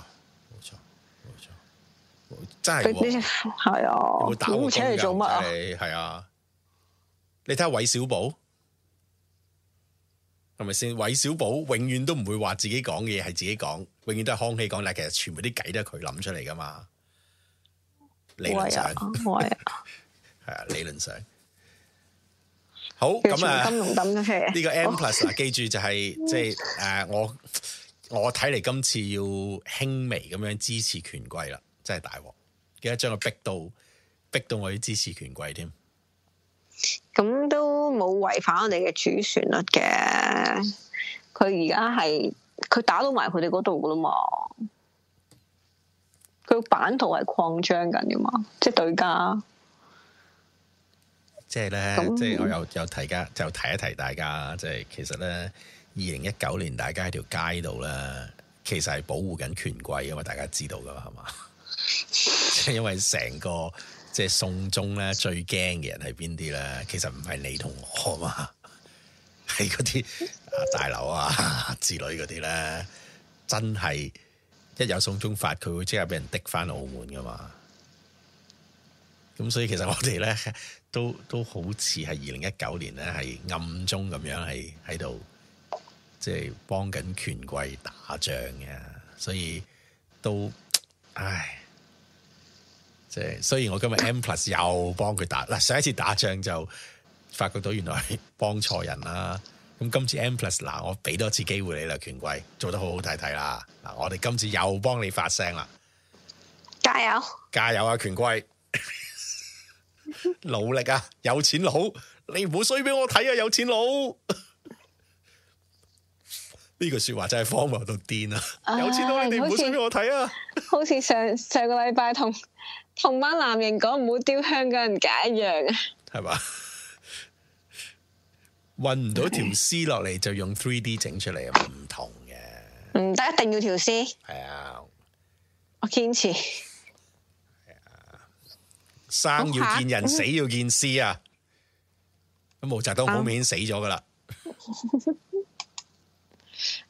真係喎、哦，係啊，你請佢做乜啊？係啊，你睇下韋小寶，係咪先？韋小寶永遠都唔會話自己講嘅嘢係自己講，永遠都係康熙講，但其實全部啲計都係佢諗出嚟噶嘛。理論上係啊，我係啊，啊， 理論上好咁啊，金融等啊。呢個 M Plus，好記住就係即係誒，我我睇嚟今次要輕微咁樣支持權貴啦，真係大鑊。而家將佢逼到逼到我啲支持權貴添，咁都冇違反我哋嘅主旋律嘅。佢而家係佢打到埋佢哋嗰度噶啦嘛，佢版圖係擴張緊噶嘛，即係對家。即係咧，那即係我有有提家，就提一提大家，即係其實咧，二零一九年大家喺條街度咧，其實係保護緊權貴因為，大家知道噶嘛，係嘛。因為成個即係送中咧，最驚嘅人係邊啲咧？其實唔係你同我嘛，係嗰啲啊大佬啊子女嗰啲咧，真係一有送中法，佢會即刻俾人滴翻澳門噶嘛。咁所以其實我哋咧都都好似係二零一九年咧，係暗中咁樣係喺度即係幫緊權貴打仗嘅，所以都唉。即係，雖然我今日 M Plus 又幫佢打嗱，上一次打仗就發覺到原來幫錯人啦。咁今次 M Plus 嗱，我俾多次機會你啦，權貴做得好好睇睇啦。嗱，我哋今次又幫你發聲啦，加油！加油啊，權貴！ 努力啊，有錢佬，你唔好衰俾我睇啊，有錢佬！呢 句說話真係荒謬到癲 啊！有錢佬，你唔好衰俾我睇啊！好似上上個禮拜同。同班男人講，唔好丟香港人假一樣啊，係嘛？運唔到條屍落嚟就用 three D 整出嚟，唔同嘅。唔得，一定要條屍。係啊，我堅持。係啊，生要見人，嚇死要見屍啊！咁、嗯、毛澤東好明顯死咗噶啦。嗯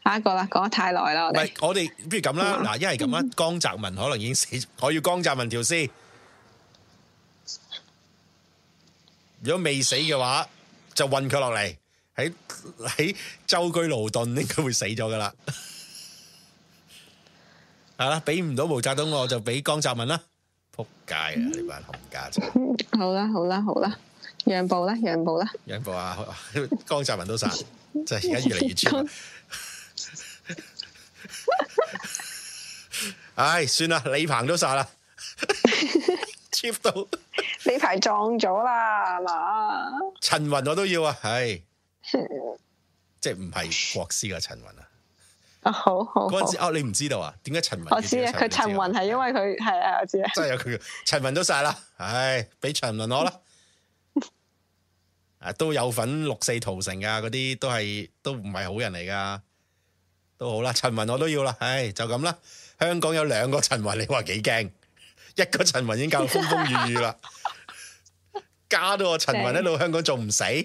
下一個啦，講得太耐啦。唔係，我哋不，不如咁啦。嗱哇，一係咁啦，嗯、江澤民可能已經死，我要江澤民條屍。如果未死嘅話，就困佢落嚟喺喺舟車勞頓，應該會死咗噶啦。係啦，俾唔到毛澤東，我就俾江澤民啦。撲街啊！呢班紅家仔、嗯。好啦，好啦，好啦，讓步啦，讓步啦，讓步啊！江澤民都散，真係而家越嚟越絕。 唉、 哎，算啦，李鵬都晒啦，cheap 到呢排撞咗啦嗱，陳雲 我都要啊，係 即係唔係國師嘅陳雲啊？啊、哦，好好，嗰陣時啊，你唔知道啊？點解陳雲？我知啊，佢陳雲係因為佢係啊，對是我知啊，真係有佢，陳雲都晒啦，唉，俾陳雲我啦，啊， 都有份六四屠城啊。嗰啲都係都唔係好人嚟噶。都好啦，陳雲我都要啦，唉，就咁啦。香港有兩個陳雲，你話幾驚？一個陳雲已經夠風風雨雨啦， 加到個陳雲喺度，香港仲唔死？諗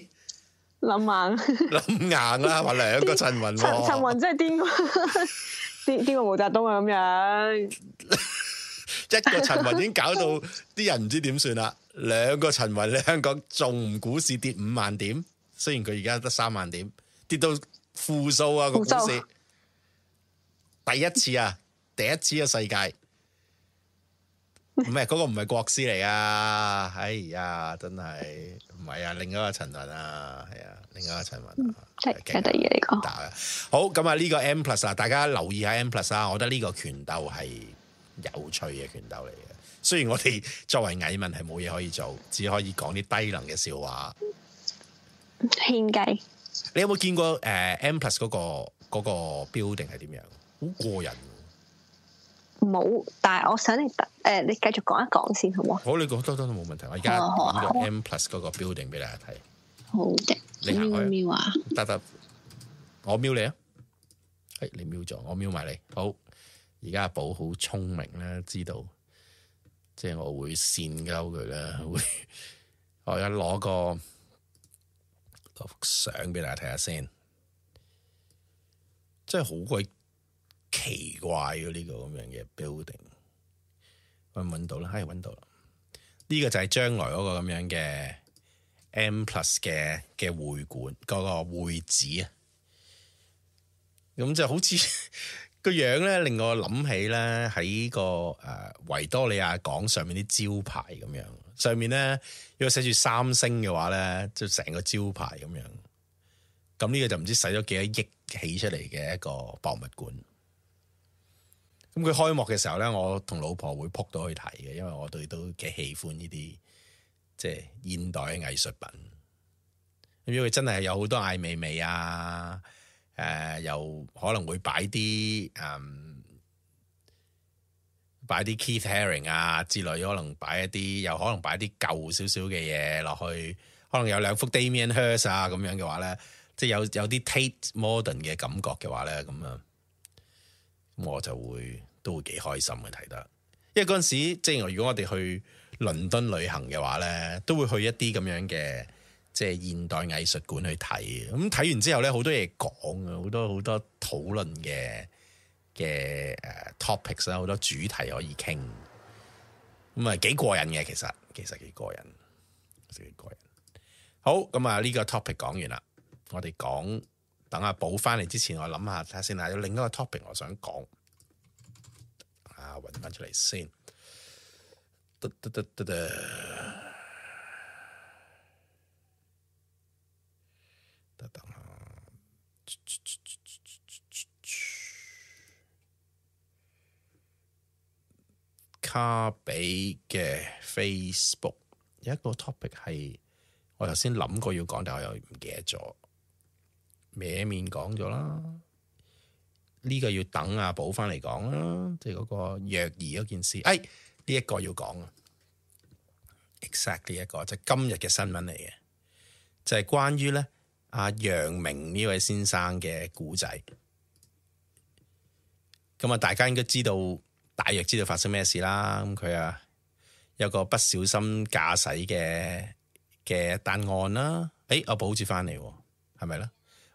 想硬，諗 硬啦，話兩個陳雲，陳陳雲真係癲，癲癲個毛澤東啊咁樣。 一個陳雲已經搞到啲人唔知點算啦，兩 個陳雲，你香港仲唔股市跌五萬點？雖然佢而家得三萬點，跌到負數啊個股市。第一次啊，第一次嘅、啊、世界，唔係嗰個唔係國師嚟啊！ 哎呀，真係唔係啊，另一個陳文啊，係啊，另一個陳雲係、啊嗯啊、第二嚟講。好，咁啊呢個 M Plus 啊，大家留意一下 M Plus 啊，我覺得呢個拳鬥係有趣嘅拳鬥嚟嘅。雖然我哋作為蟻民係冇嘢可以做，只可以講啲低能嘅笑話，獻計階。你有冇見過誒、呃、M Plus 嗰、那個嗰、那個 building 係點樣？好過癮、啊，冇。但係我想你，誒、呃，你繼續講一講先，好唔好？好，你講得得冇問題。我而家換 m plus 嗰個 building 俾大家睇。好的，你行開要瞄啊！得得，我瞄你啊！係、哎、你瞄咗，我瞄埋你。好，而家阿寶好聰明啦，知道即係我會善交佢啦。嗯、會我而家攞個攞幅相俾大家睇下先，真係好鬼。奇怪嘅、啊這個、呢個咁樣嘅 building，搵唔搵到啦？哎，搵到啦！呢個就係將來嗰個咁樣嘅 M Plus 嘅嘅會館嗰、那個會址啊。咁就好似 個樣咧，令我諗起咧喺個誒、呃、維多利亞港上面啲招牌咁樣，上面咧如果寫住三星嘅話咧，就成個招牌咁樣。咁呢個就唔知使咗幾多億起出嚟嘅一個博物館。咁佢開幕嘅時候咧，我同老婆會撲到去睇嘅，因為我哋都幾喜歡呢啲即係現代嘅藝術品。因為佢真係有好多艾未未啊，誒、呃、又可能會擺啲嗯，擺啲 Keith Haring 啊之類，可能擺一啲又可能擺啲舊少少嘅嘢落去，可能有兩幅 Damien Hirst 啊咁樣嘅話咧，即係有有啲 Tate Modern 嘅感覺嘅話咧，咁啊，咁我就會。都會幾開心嘅睇得，因為嗰陣時即係如果我哋去倫敦旅行嘅話呢，都會去一啲咁樣嘅即係現代藝術館去睇，咁睇完之後呢，好多嘢講，好多好多討論嘅嘅誒 topics，好多主題可以傾，咁啊幾過癮嘅其實，其實幾過癮，幾過癮。好，咁啊呢個 topic 講完啦，我哋講等阿寶翻嚟之前，我諗下睇下先啦，看看有另一個 topic 我想講。我搵返出嚟先。卡比嘅 Facebook 有一個 topic 係我頭先諗過要講，但我又唔記得咗，歪面講咗啦。呢個要等阿寶翻嚟講啦，即係嗰個若爾嗰件事。哎，呢、這、一個要講啊，Exactly 一個，即、就、係、是、今日嘅新聞嚟嘅，就係、是、關於咧阿楊明呢位先生嘅古仔。咁啊，大家應該知道，大約知道發生咩事啦。咁佢啊有個不小心駕駛嘅嘅單案啦、啊。哎，阿寶好似翻嚟，係咪咧？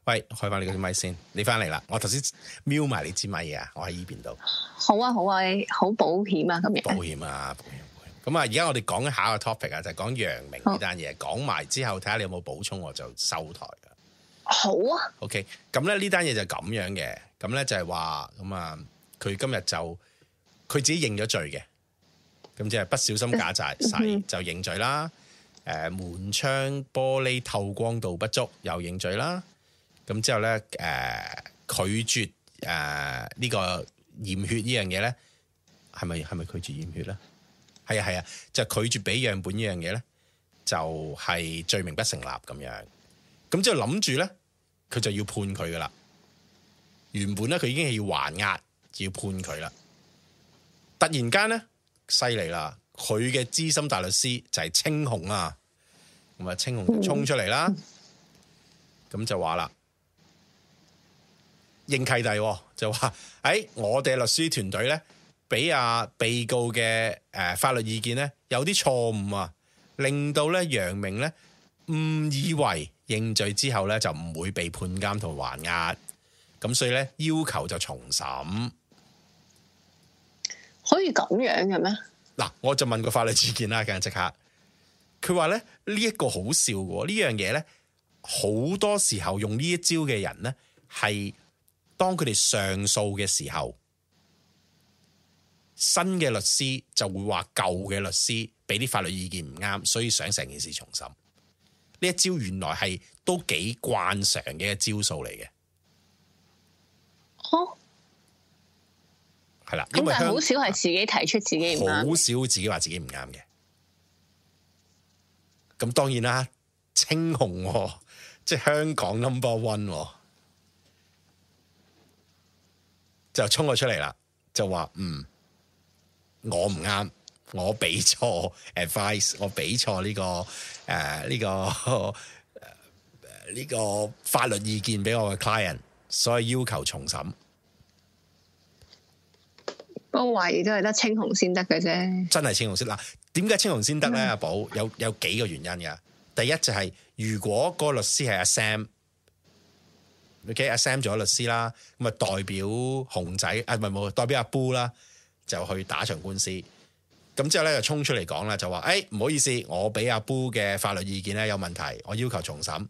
喂，先開翻你嗰支咪先，你翻嚟啦！我頭先瞄埋你支咪啊，我喺依邊度。好啊，好啊，好保險啊，今日。保險啊，保險！咁啊，而家、啊啊、我哋講下一個 topic 啊，就係講楊明呢單嘢。講埋之後，睇下你有冇補充，我就收台噶。好啊。OK，咁咧呢單嘢就咁樣嘅，咁咧就係話咁啊，佢今日就佢自己認咗罪嘅，咁即係不小心駕駛、嗯、哼就認罪啦。誒、呃，門窗玻璃透光度不足又認罪啦。咁之後咧，誒、呃，拒絕誒、呃這個、呢個驗血呢樣嘢咧，係咪係咪拒絕驗血咧？係啊係啊，就是、拒絕俾樣本呢樣嘢咧，就係、是、罪名不成立咁樣。咁之後諗住咧，佢就要判佢噶啦。原本咧，佢已經係要還押，就要判佢啦。突然間咧，犀利啦！佢嘅資深大律師就係清洪啊，咁啊，清洪衝就衝出嚟啦，咁就話啦。應契弟，弟就話：，誒、哎，我哋律師團隊咧，俾阿、啊、被告嘅誒、呃、法律意見咧，有啲錯誤啊，令到咧楊明咧誤以為認罪之後咧就唔會被判監同還押，咁所以咧要求就重審，可以咁樣嘅咩？嗱，我就問個法律意見啦，梗係即刻，佢話咧呢一、這個好笑嘅、這個、呢樣嘢咧，好多時候用呢一招嘅人咧係。當佢哋上訴嘅時候，新嘅律師就會話舊嘅律師俾啲法律意見唔啱，所以想成件事重審。呢一招原來係都幾慣常嘅招數嚟嘅。哦，係啦，咁但係好少係自己提出自己唔啱，好少自己話自己唔啱嘅。咁當然啦，清洪、哦、即係香港 number one。就衝咗出嚟啦，就話：嗯，我唔啱，我俾錯 advice，我俾錯呢個誒呢個誒呢個法律意見俾我嘅 client，所以要求重審。不過懷疑都係得青紅先得嘅啫，真係青紅先得啦。點解青紅先得咧？嗯，阿寶有有幾個原因嘅。第一就係，如果個律師係阿 Sam。ok，阿 Sam 做咗律師啦，咁啊代表熊仔，啊唔係冇代表阿 Bo 啦，就去打場官司。咁之後咧就衝出嚟講啦，就話誒唔好意思，我俾阿 Bo 嘅法律意見咧有問題，我要求重審。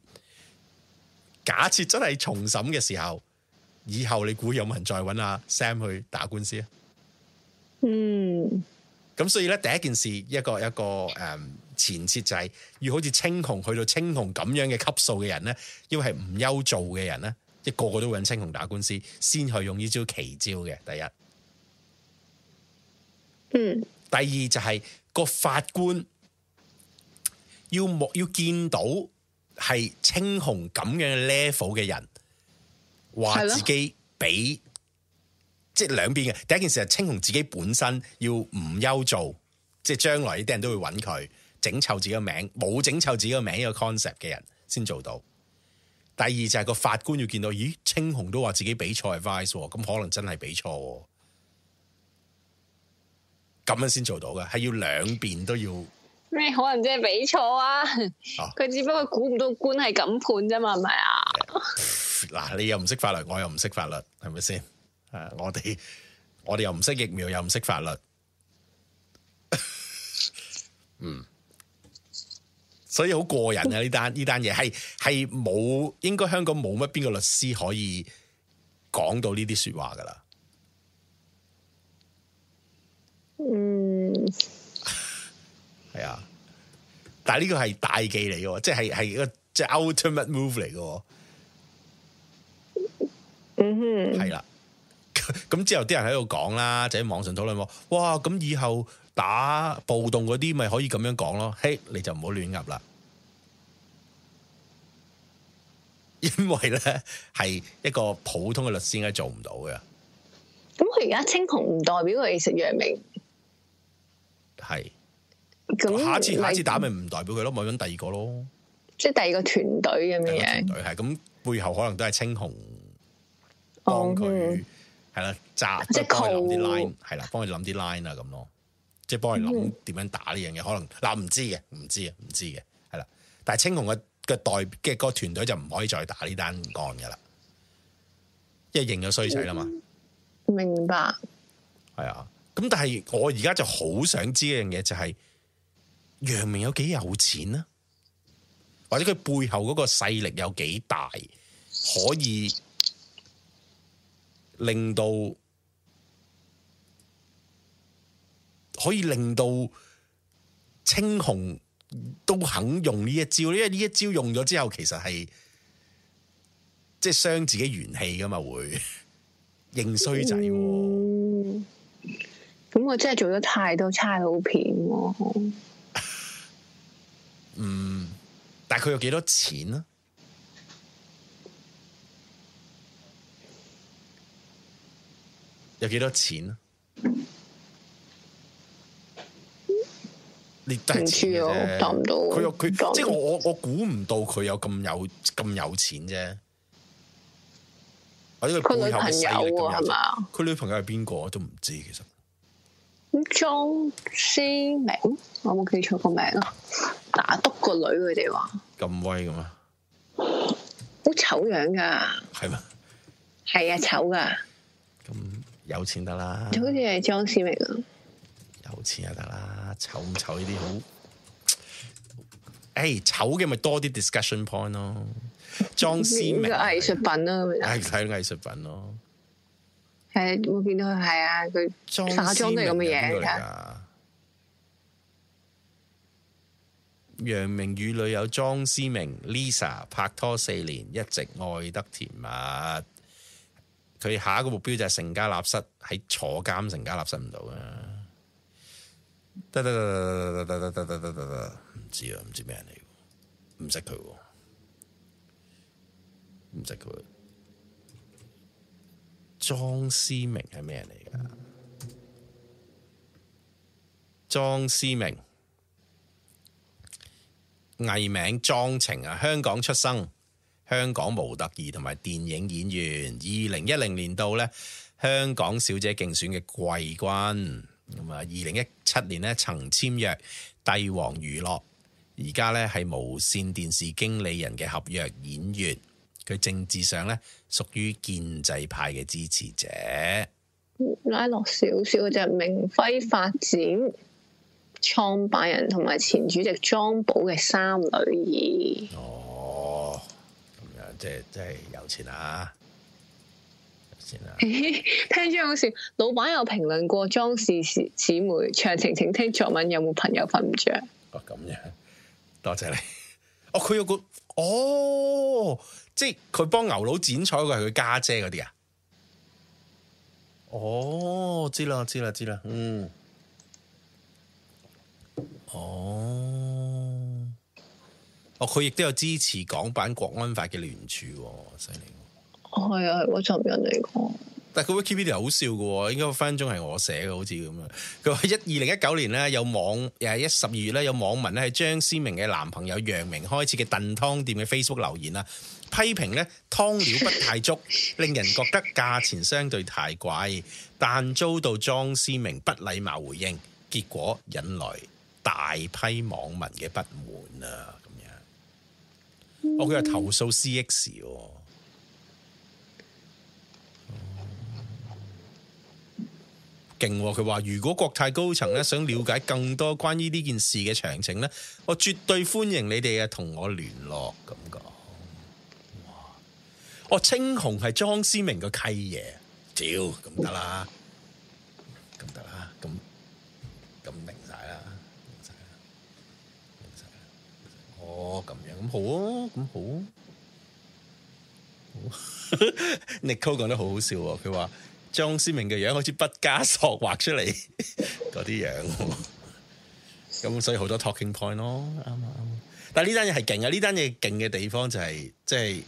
假設真係重審嘅時候，以後你估有冇人再搵阿 Sam 去打官司啊？嗯。咁所以咧，第一件事一個一個誒、呃、前設就係、是、要好似清洪去到清洪咁樣嘅級數嘅人咧，要係唔憂做嘅人咧。即個個都會揾清洪打官司，先去用呢招奇招嘅。第一，嗯，第二就係、是、個法官要目要見到係清洪咁樣嘅 level 嘅人，話自己俾的即兩邊嘅第一件事係清洪自己本身要唔優做，即將來呢啲人都會揾佢整臭自己個名，冇整臭自己嘅名個名呢個 concept 嘅人先做到。第二就係個法官要見到，咦？清洪都話自己比錯 advice，咁可能真係比錯，咁樣先做到嘅，係要兩邊都要咩可能真係比錯啊？佢、哦、只不過估唔到官係咁判啫嘛，係咪啊？嗱， 你又唔識法律，我又唔識法律，係咪先？我哋我哋又唔識疫苗，又唔識法律， 嗯。所以好過癮啊！呢單呢單嘢係係冇，應該香港冇乜邊個律師可以講到呢啲說話噶啦。嗯，係 啊，但係呢個係大忌嚟嘅，即係係一個即係 ultimate move 嚟嘅。係、嗯、哼，係啦、啊，咁之後啲人喺度講啦，即、就、喺、是、網上討論話，哇，咁以後。打暴動嗰啲咪可以咁樣講咯，嘿，你就唔好亂噏啦，因為咧係一個普通嘅律師應該做唔到嘅。咁佢而家清洪唔代表佢食楊明，係咁是下次那下次打咪唔代表佢咯，咪搵那第二個咯，即係第二個團隊咁樣，團隊係咁背後可能都係清洪幫佢係啦，扎即係幫佢諗啲 line，係啦、嗯，幫佢諗啲 line 啊咁咯。即係幫佢諗點樣打呢樣嘢，mm hmm。可能嗱唔知嘅，唔知嘅，唔知嘅，係啦。但係清洪嘅嘅代嘅個團隊就唔可以再打呢單杆㗎啦，因為認咗衰仔啦嘛。Mm hmm。明白。係啊，咁但係我而家就好想知一樣嘢，就係楊明有幾有錢啊？或者佢背後嗰個勢力有幾大，可以令到？可以令到清洪都肯用呢一招，因為呢一招用咗之後，其實係即係傷自己元氣噶嘛，會認衰仔，啊。咁，嗯、我真係做咗太多差佬片咯， 嗯，大概有幾多錢呢？有幾多錢呢？你都係錢嘅啫，佢又佢，讀即係我我估唔到佢有咁有咁有錢啫。我呢個佢女朋友係嘛？佢女朋友係邊個都唔知，其實。咁張思明，我冇記錯個名啊！打督個女，佢哋話咁威噶嘛？好醜樣噶。係嘛？係啊，醜噶。咁有錢得啦。好似係張思明啊。有錢就得啦。醜唔醜呢啲好？誒、欸，醜嘅咪多啲 discussion point 咯、啊。莊思明嘅藝術品咯，係睇藝術品咯。係，我見到佢係啊，佢化妝都係咁嘅嘢。楊明與女友莊思明 Lisa 拍拖四年，一直愛得甜蜜。佢下一個目標就係成家立室，喺坐監成家立室唔到啊！得得得得得得得，唔知啊，唔知咩人嚟，唔識佢喎，唔識佢。莊思明係咩人嚟噶？莊思明藝名莊晴啊，香港出生，香港模特兒同埋電影演員。二零一零年度呢，香港小姐競選嘅季軍。咁啊，二零一七年呢，曾簽約帝王娛樂，而家呢，係無線電視經理人嘅合約演員。佢政治上呢，屬於建制派嘅支持者。拉落少少就明輝發展創辦人同埋前主席莊寶嘅三女兒。哦，咁樣即係即係有錢啊！啊、 聽張好笑，老闆有評論過莊氏姊妹。詳情，情，請聽作文，有冇朋友瞓唔着？哦咁樣，多謝你。哦，佢有個哦，即係佢幫牛佬剪彩，佢係佢家姐嗰啲啊？哦，知啦，知啦，知啦。嗯。哦。哦，佢亦都有支持港版國安法嘅聯署，犀利。係啊，係我尋日嚟講。但佢 y o u 好笑嘅，應該分分鐘係我寫嘅，好似咁樣。佢話一二零一九年咧，有網誒一十二月咧，有網民咧係張思明嘅男朋友楊明開始嘅燉湯店嘅 Facebook 留言啊，批評咧湯料不太足， 令人覺得價錢相對太貴，但遭到張思明不禮貌回應，結果引來大批網民嘅不滿啊，咁樣。嗯、哦，佢又投訴 CX、哦。佢話如果國泰高層咧想了解更多關於呢件事嘅詳情咧，我絕對歡迎你哋啊同我聯絡咁講。哇！哦、清洪係莊思明個契爺，屌，咁得啦，咁得啦，咁咁明晒啦，明晒啦，明晒啦。哦，咁樣咁好啊，咁好、啊、好。Nicole 講得好好笑啊，佢話。張思明嘅樣好似畢加索畫出嚟嗰啲樣，咁 所以好多 talking point 咯。啱啱，但係呢單嘢係勁啊！呢單嘢勁嘅地方就係、是，即係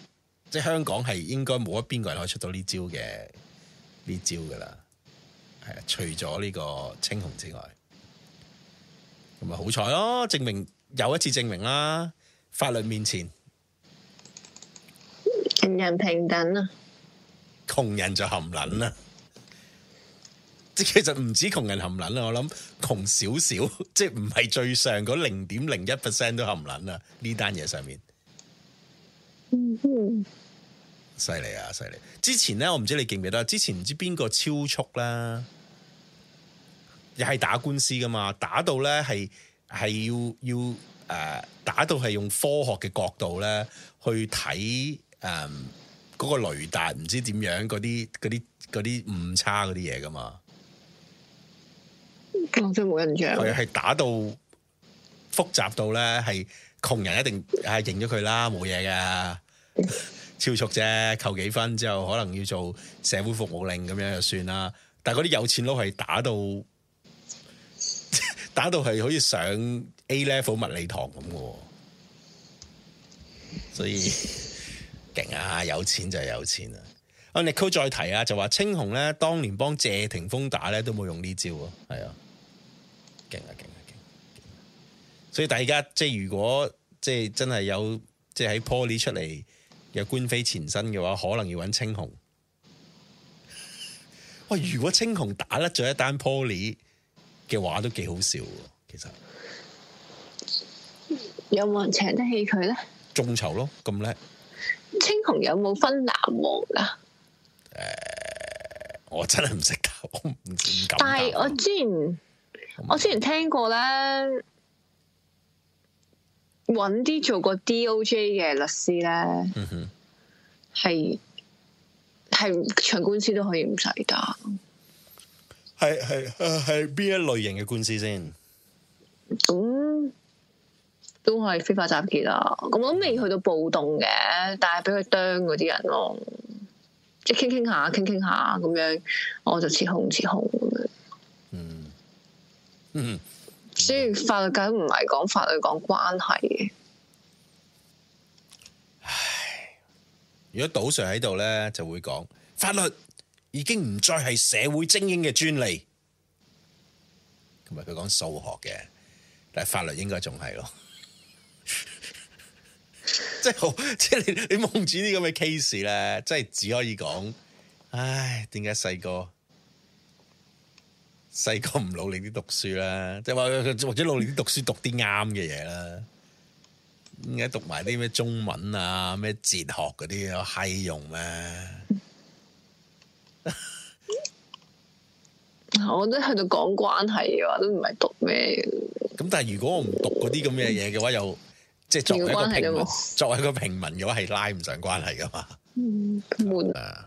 即係香港係應該冇一邊個人可以出到呢招嘅呢招㗎喇。係啊，除咗呢個清洪之外，咁咪好彩咯！證明，又一次證明啦，法律面前人人平等啊，窮人就含撚啦。即係其實唔止窮人含撚啦，我諗窮少少，即係唔係最上嗰零點零一 percent 都含撚啦。呢單嘢，上面，嗯，犀利啊，犀利！之前咧，我唔知你記唔記得，之前唔知邊個超速啦，又係打官司噶嘛，打到咧係係要要誒、呃，打到係用科學嘅角度咧去睇誒嗰個雷達，唔知點樣嗰啲嗰啲嗰啲誤差嗰啲嘢噶嘛。講真冇印象。佢係打到複雜到咧，係窮人一定係認咗佢啦，冇嘢噶，超速啫，扣幾分之後可能要做社會服務令咁樣就算啦。但係嗰啲有錢佬係打到打到係好似上 A level 物理堂咁嘅，所以勁啊！有錢就係有錢啊！阿 Nico 再提說啊，就話清洪咧當年幫謝霆鋒打咧都冇用呢招啊，係啊。所以大家即係如果即係真係有即係喺 Poly 出嚟有官非前身嘅話，可能要揾清洪。喂、哦，如果清洪打甩咗一單 Poly 嘅話，都幾好笑嘅。其實，其實有冇人請得起佢咧？眾籌咯，咁叻。清洪有冇分藍黃噶、啊？誒、欸，我真係唔識搞，我唔唔敢。但係我之前我，我之前聽過咧。揾啲做過 DOJ 嘅律師咧，係係、嗯、哼長官司都可以唔使打。係係係邊一類型嘅官司先？咁、嗯、都係非法集結啊！咁我都未去到暴動嘅，但係俾佢啄嗰啲人咯，即係傾傾下，傾傾下咁樣，我就切控切控。嗯，嗯。所以、嗯、法律梗唔係講法律，講關係嘅。唉，如果島 Sir 喺度咧，就會講法律已經唔再係社會精英嘅專利。同埋佢講數學嘅，但係法律應該仲係咯。即係好，即係你你望住啲咁嘅 case 咧，即係只可以講，唉，點解細個？細個唔努力啲讀書啦，即係話或者努力啲讀書讀啲啱嘅嘢啦。點解讀埋啲咩中文啊、咩哲學嗰啲有閪用咩？我都喺度講關係嘅話，都唔係讀咩。咁但係如果我唔讀嗰啲咁嘅嘢嘅話，又即係、就是、作為一個平民，作為一個平民嘅話，係拉唔上關係噶嘛？嗯換，冇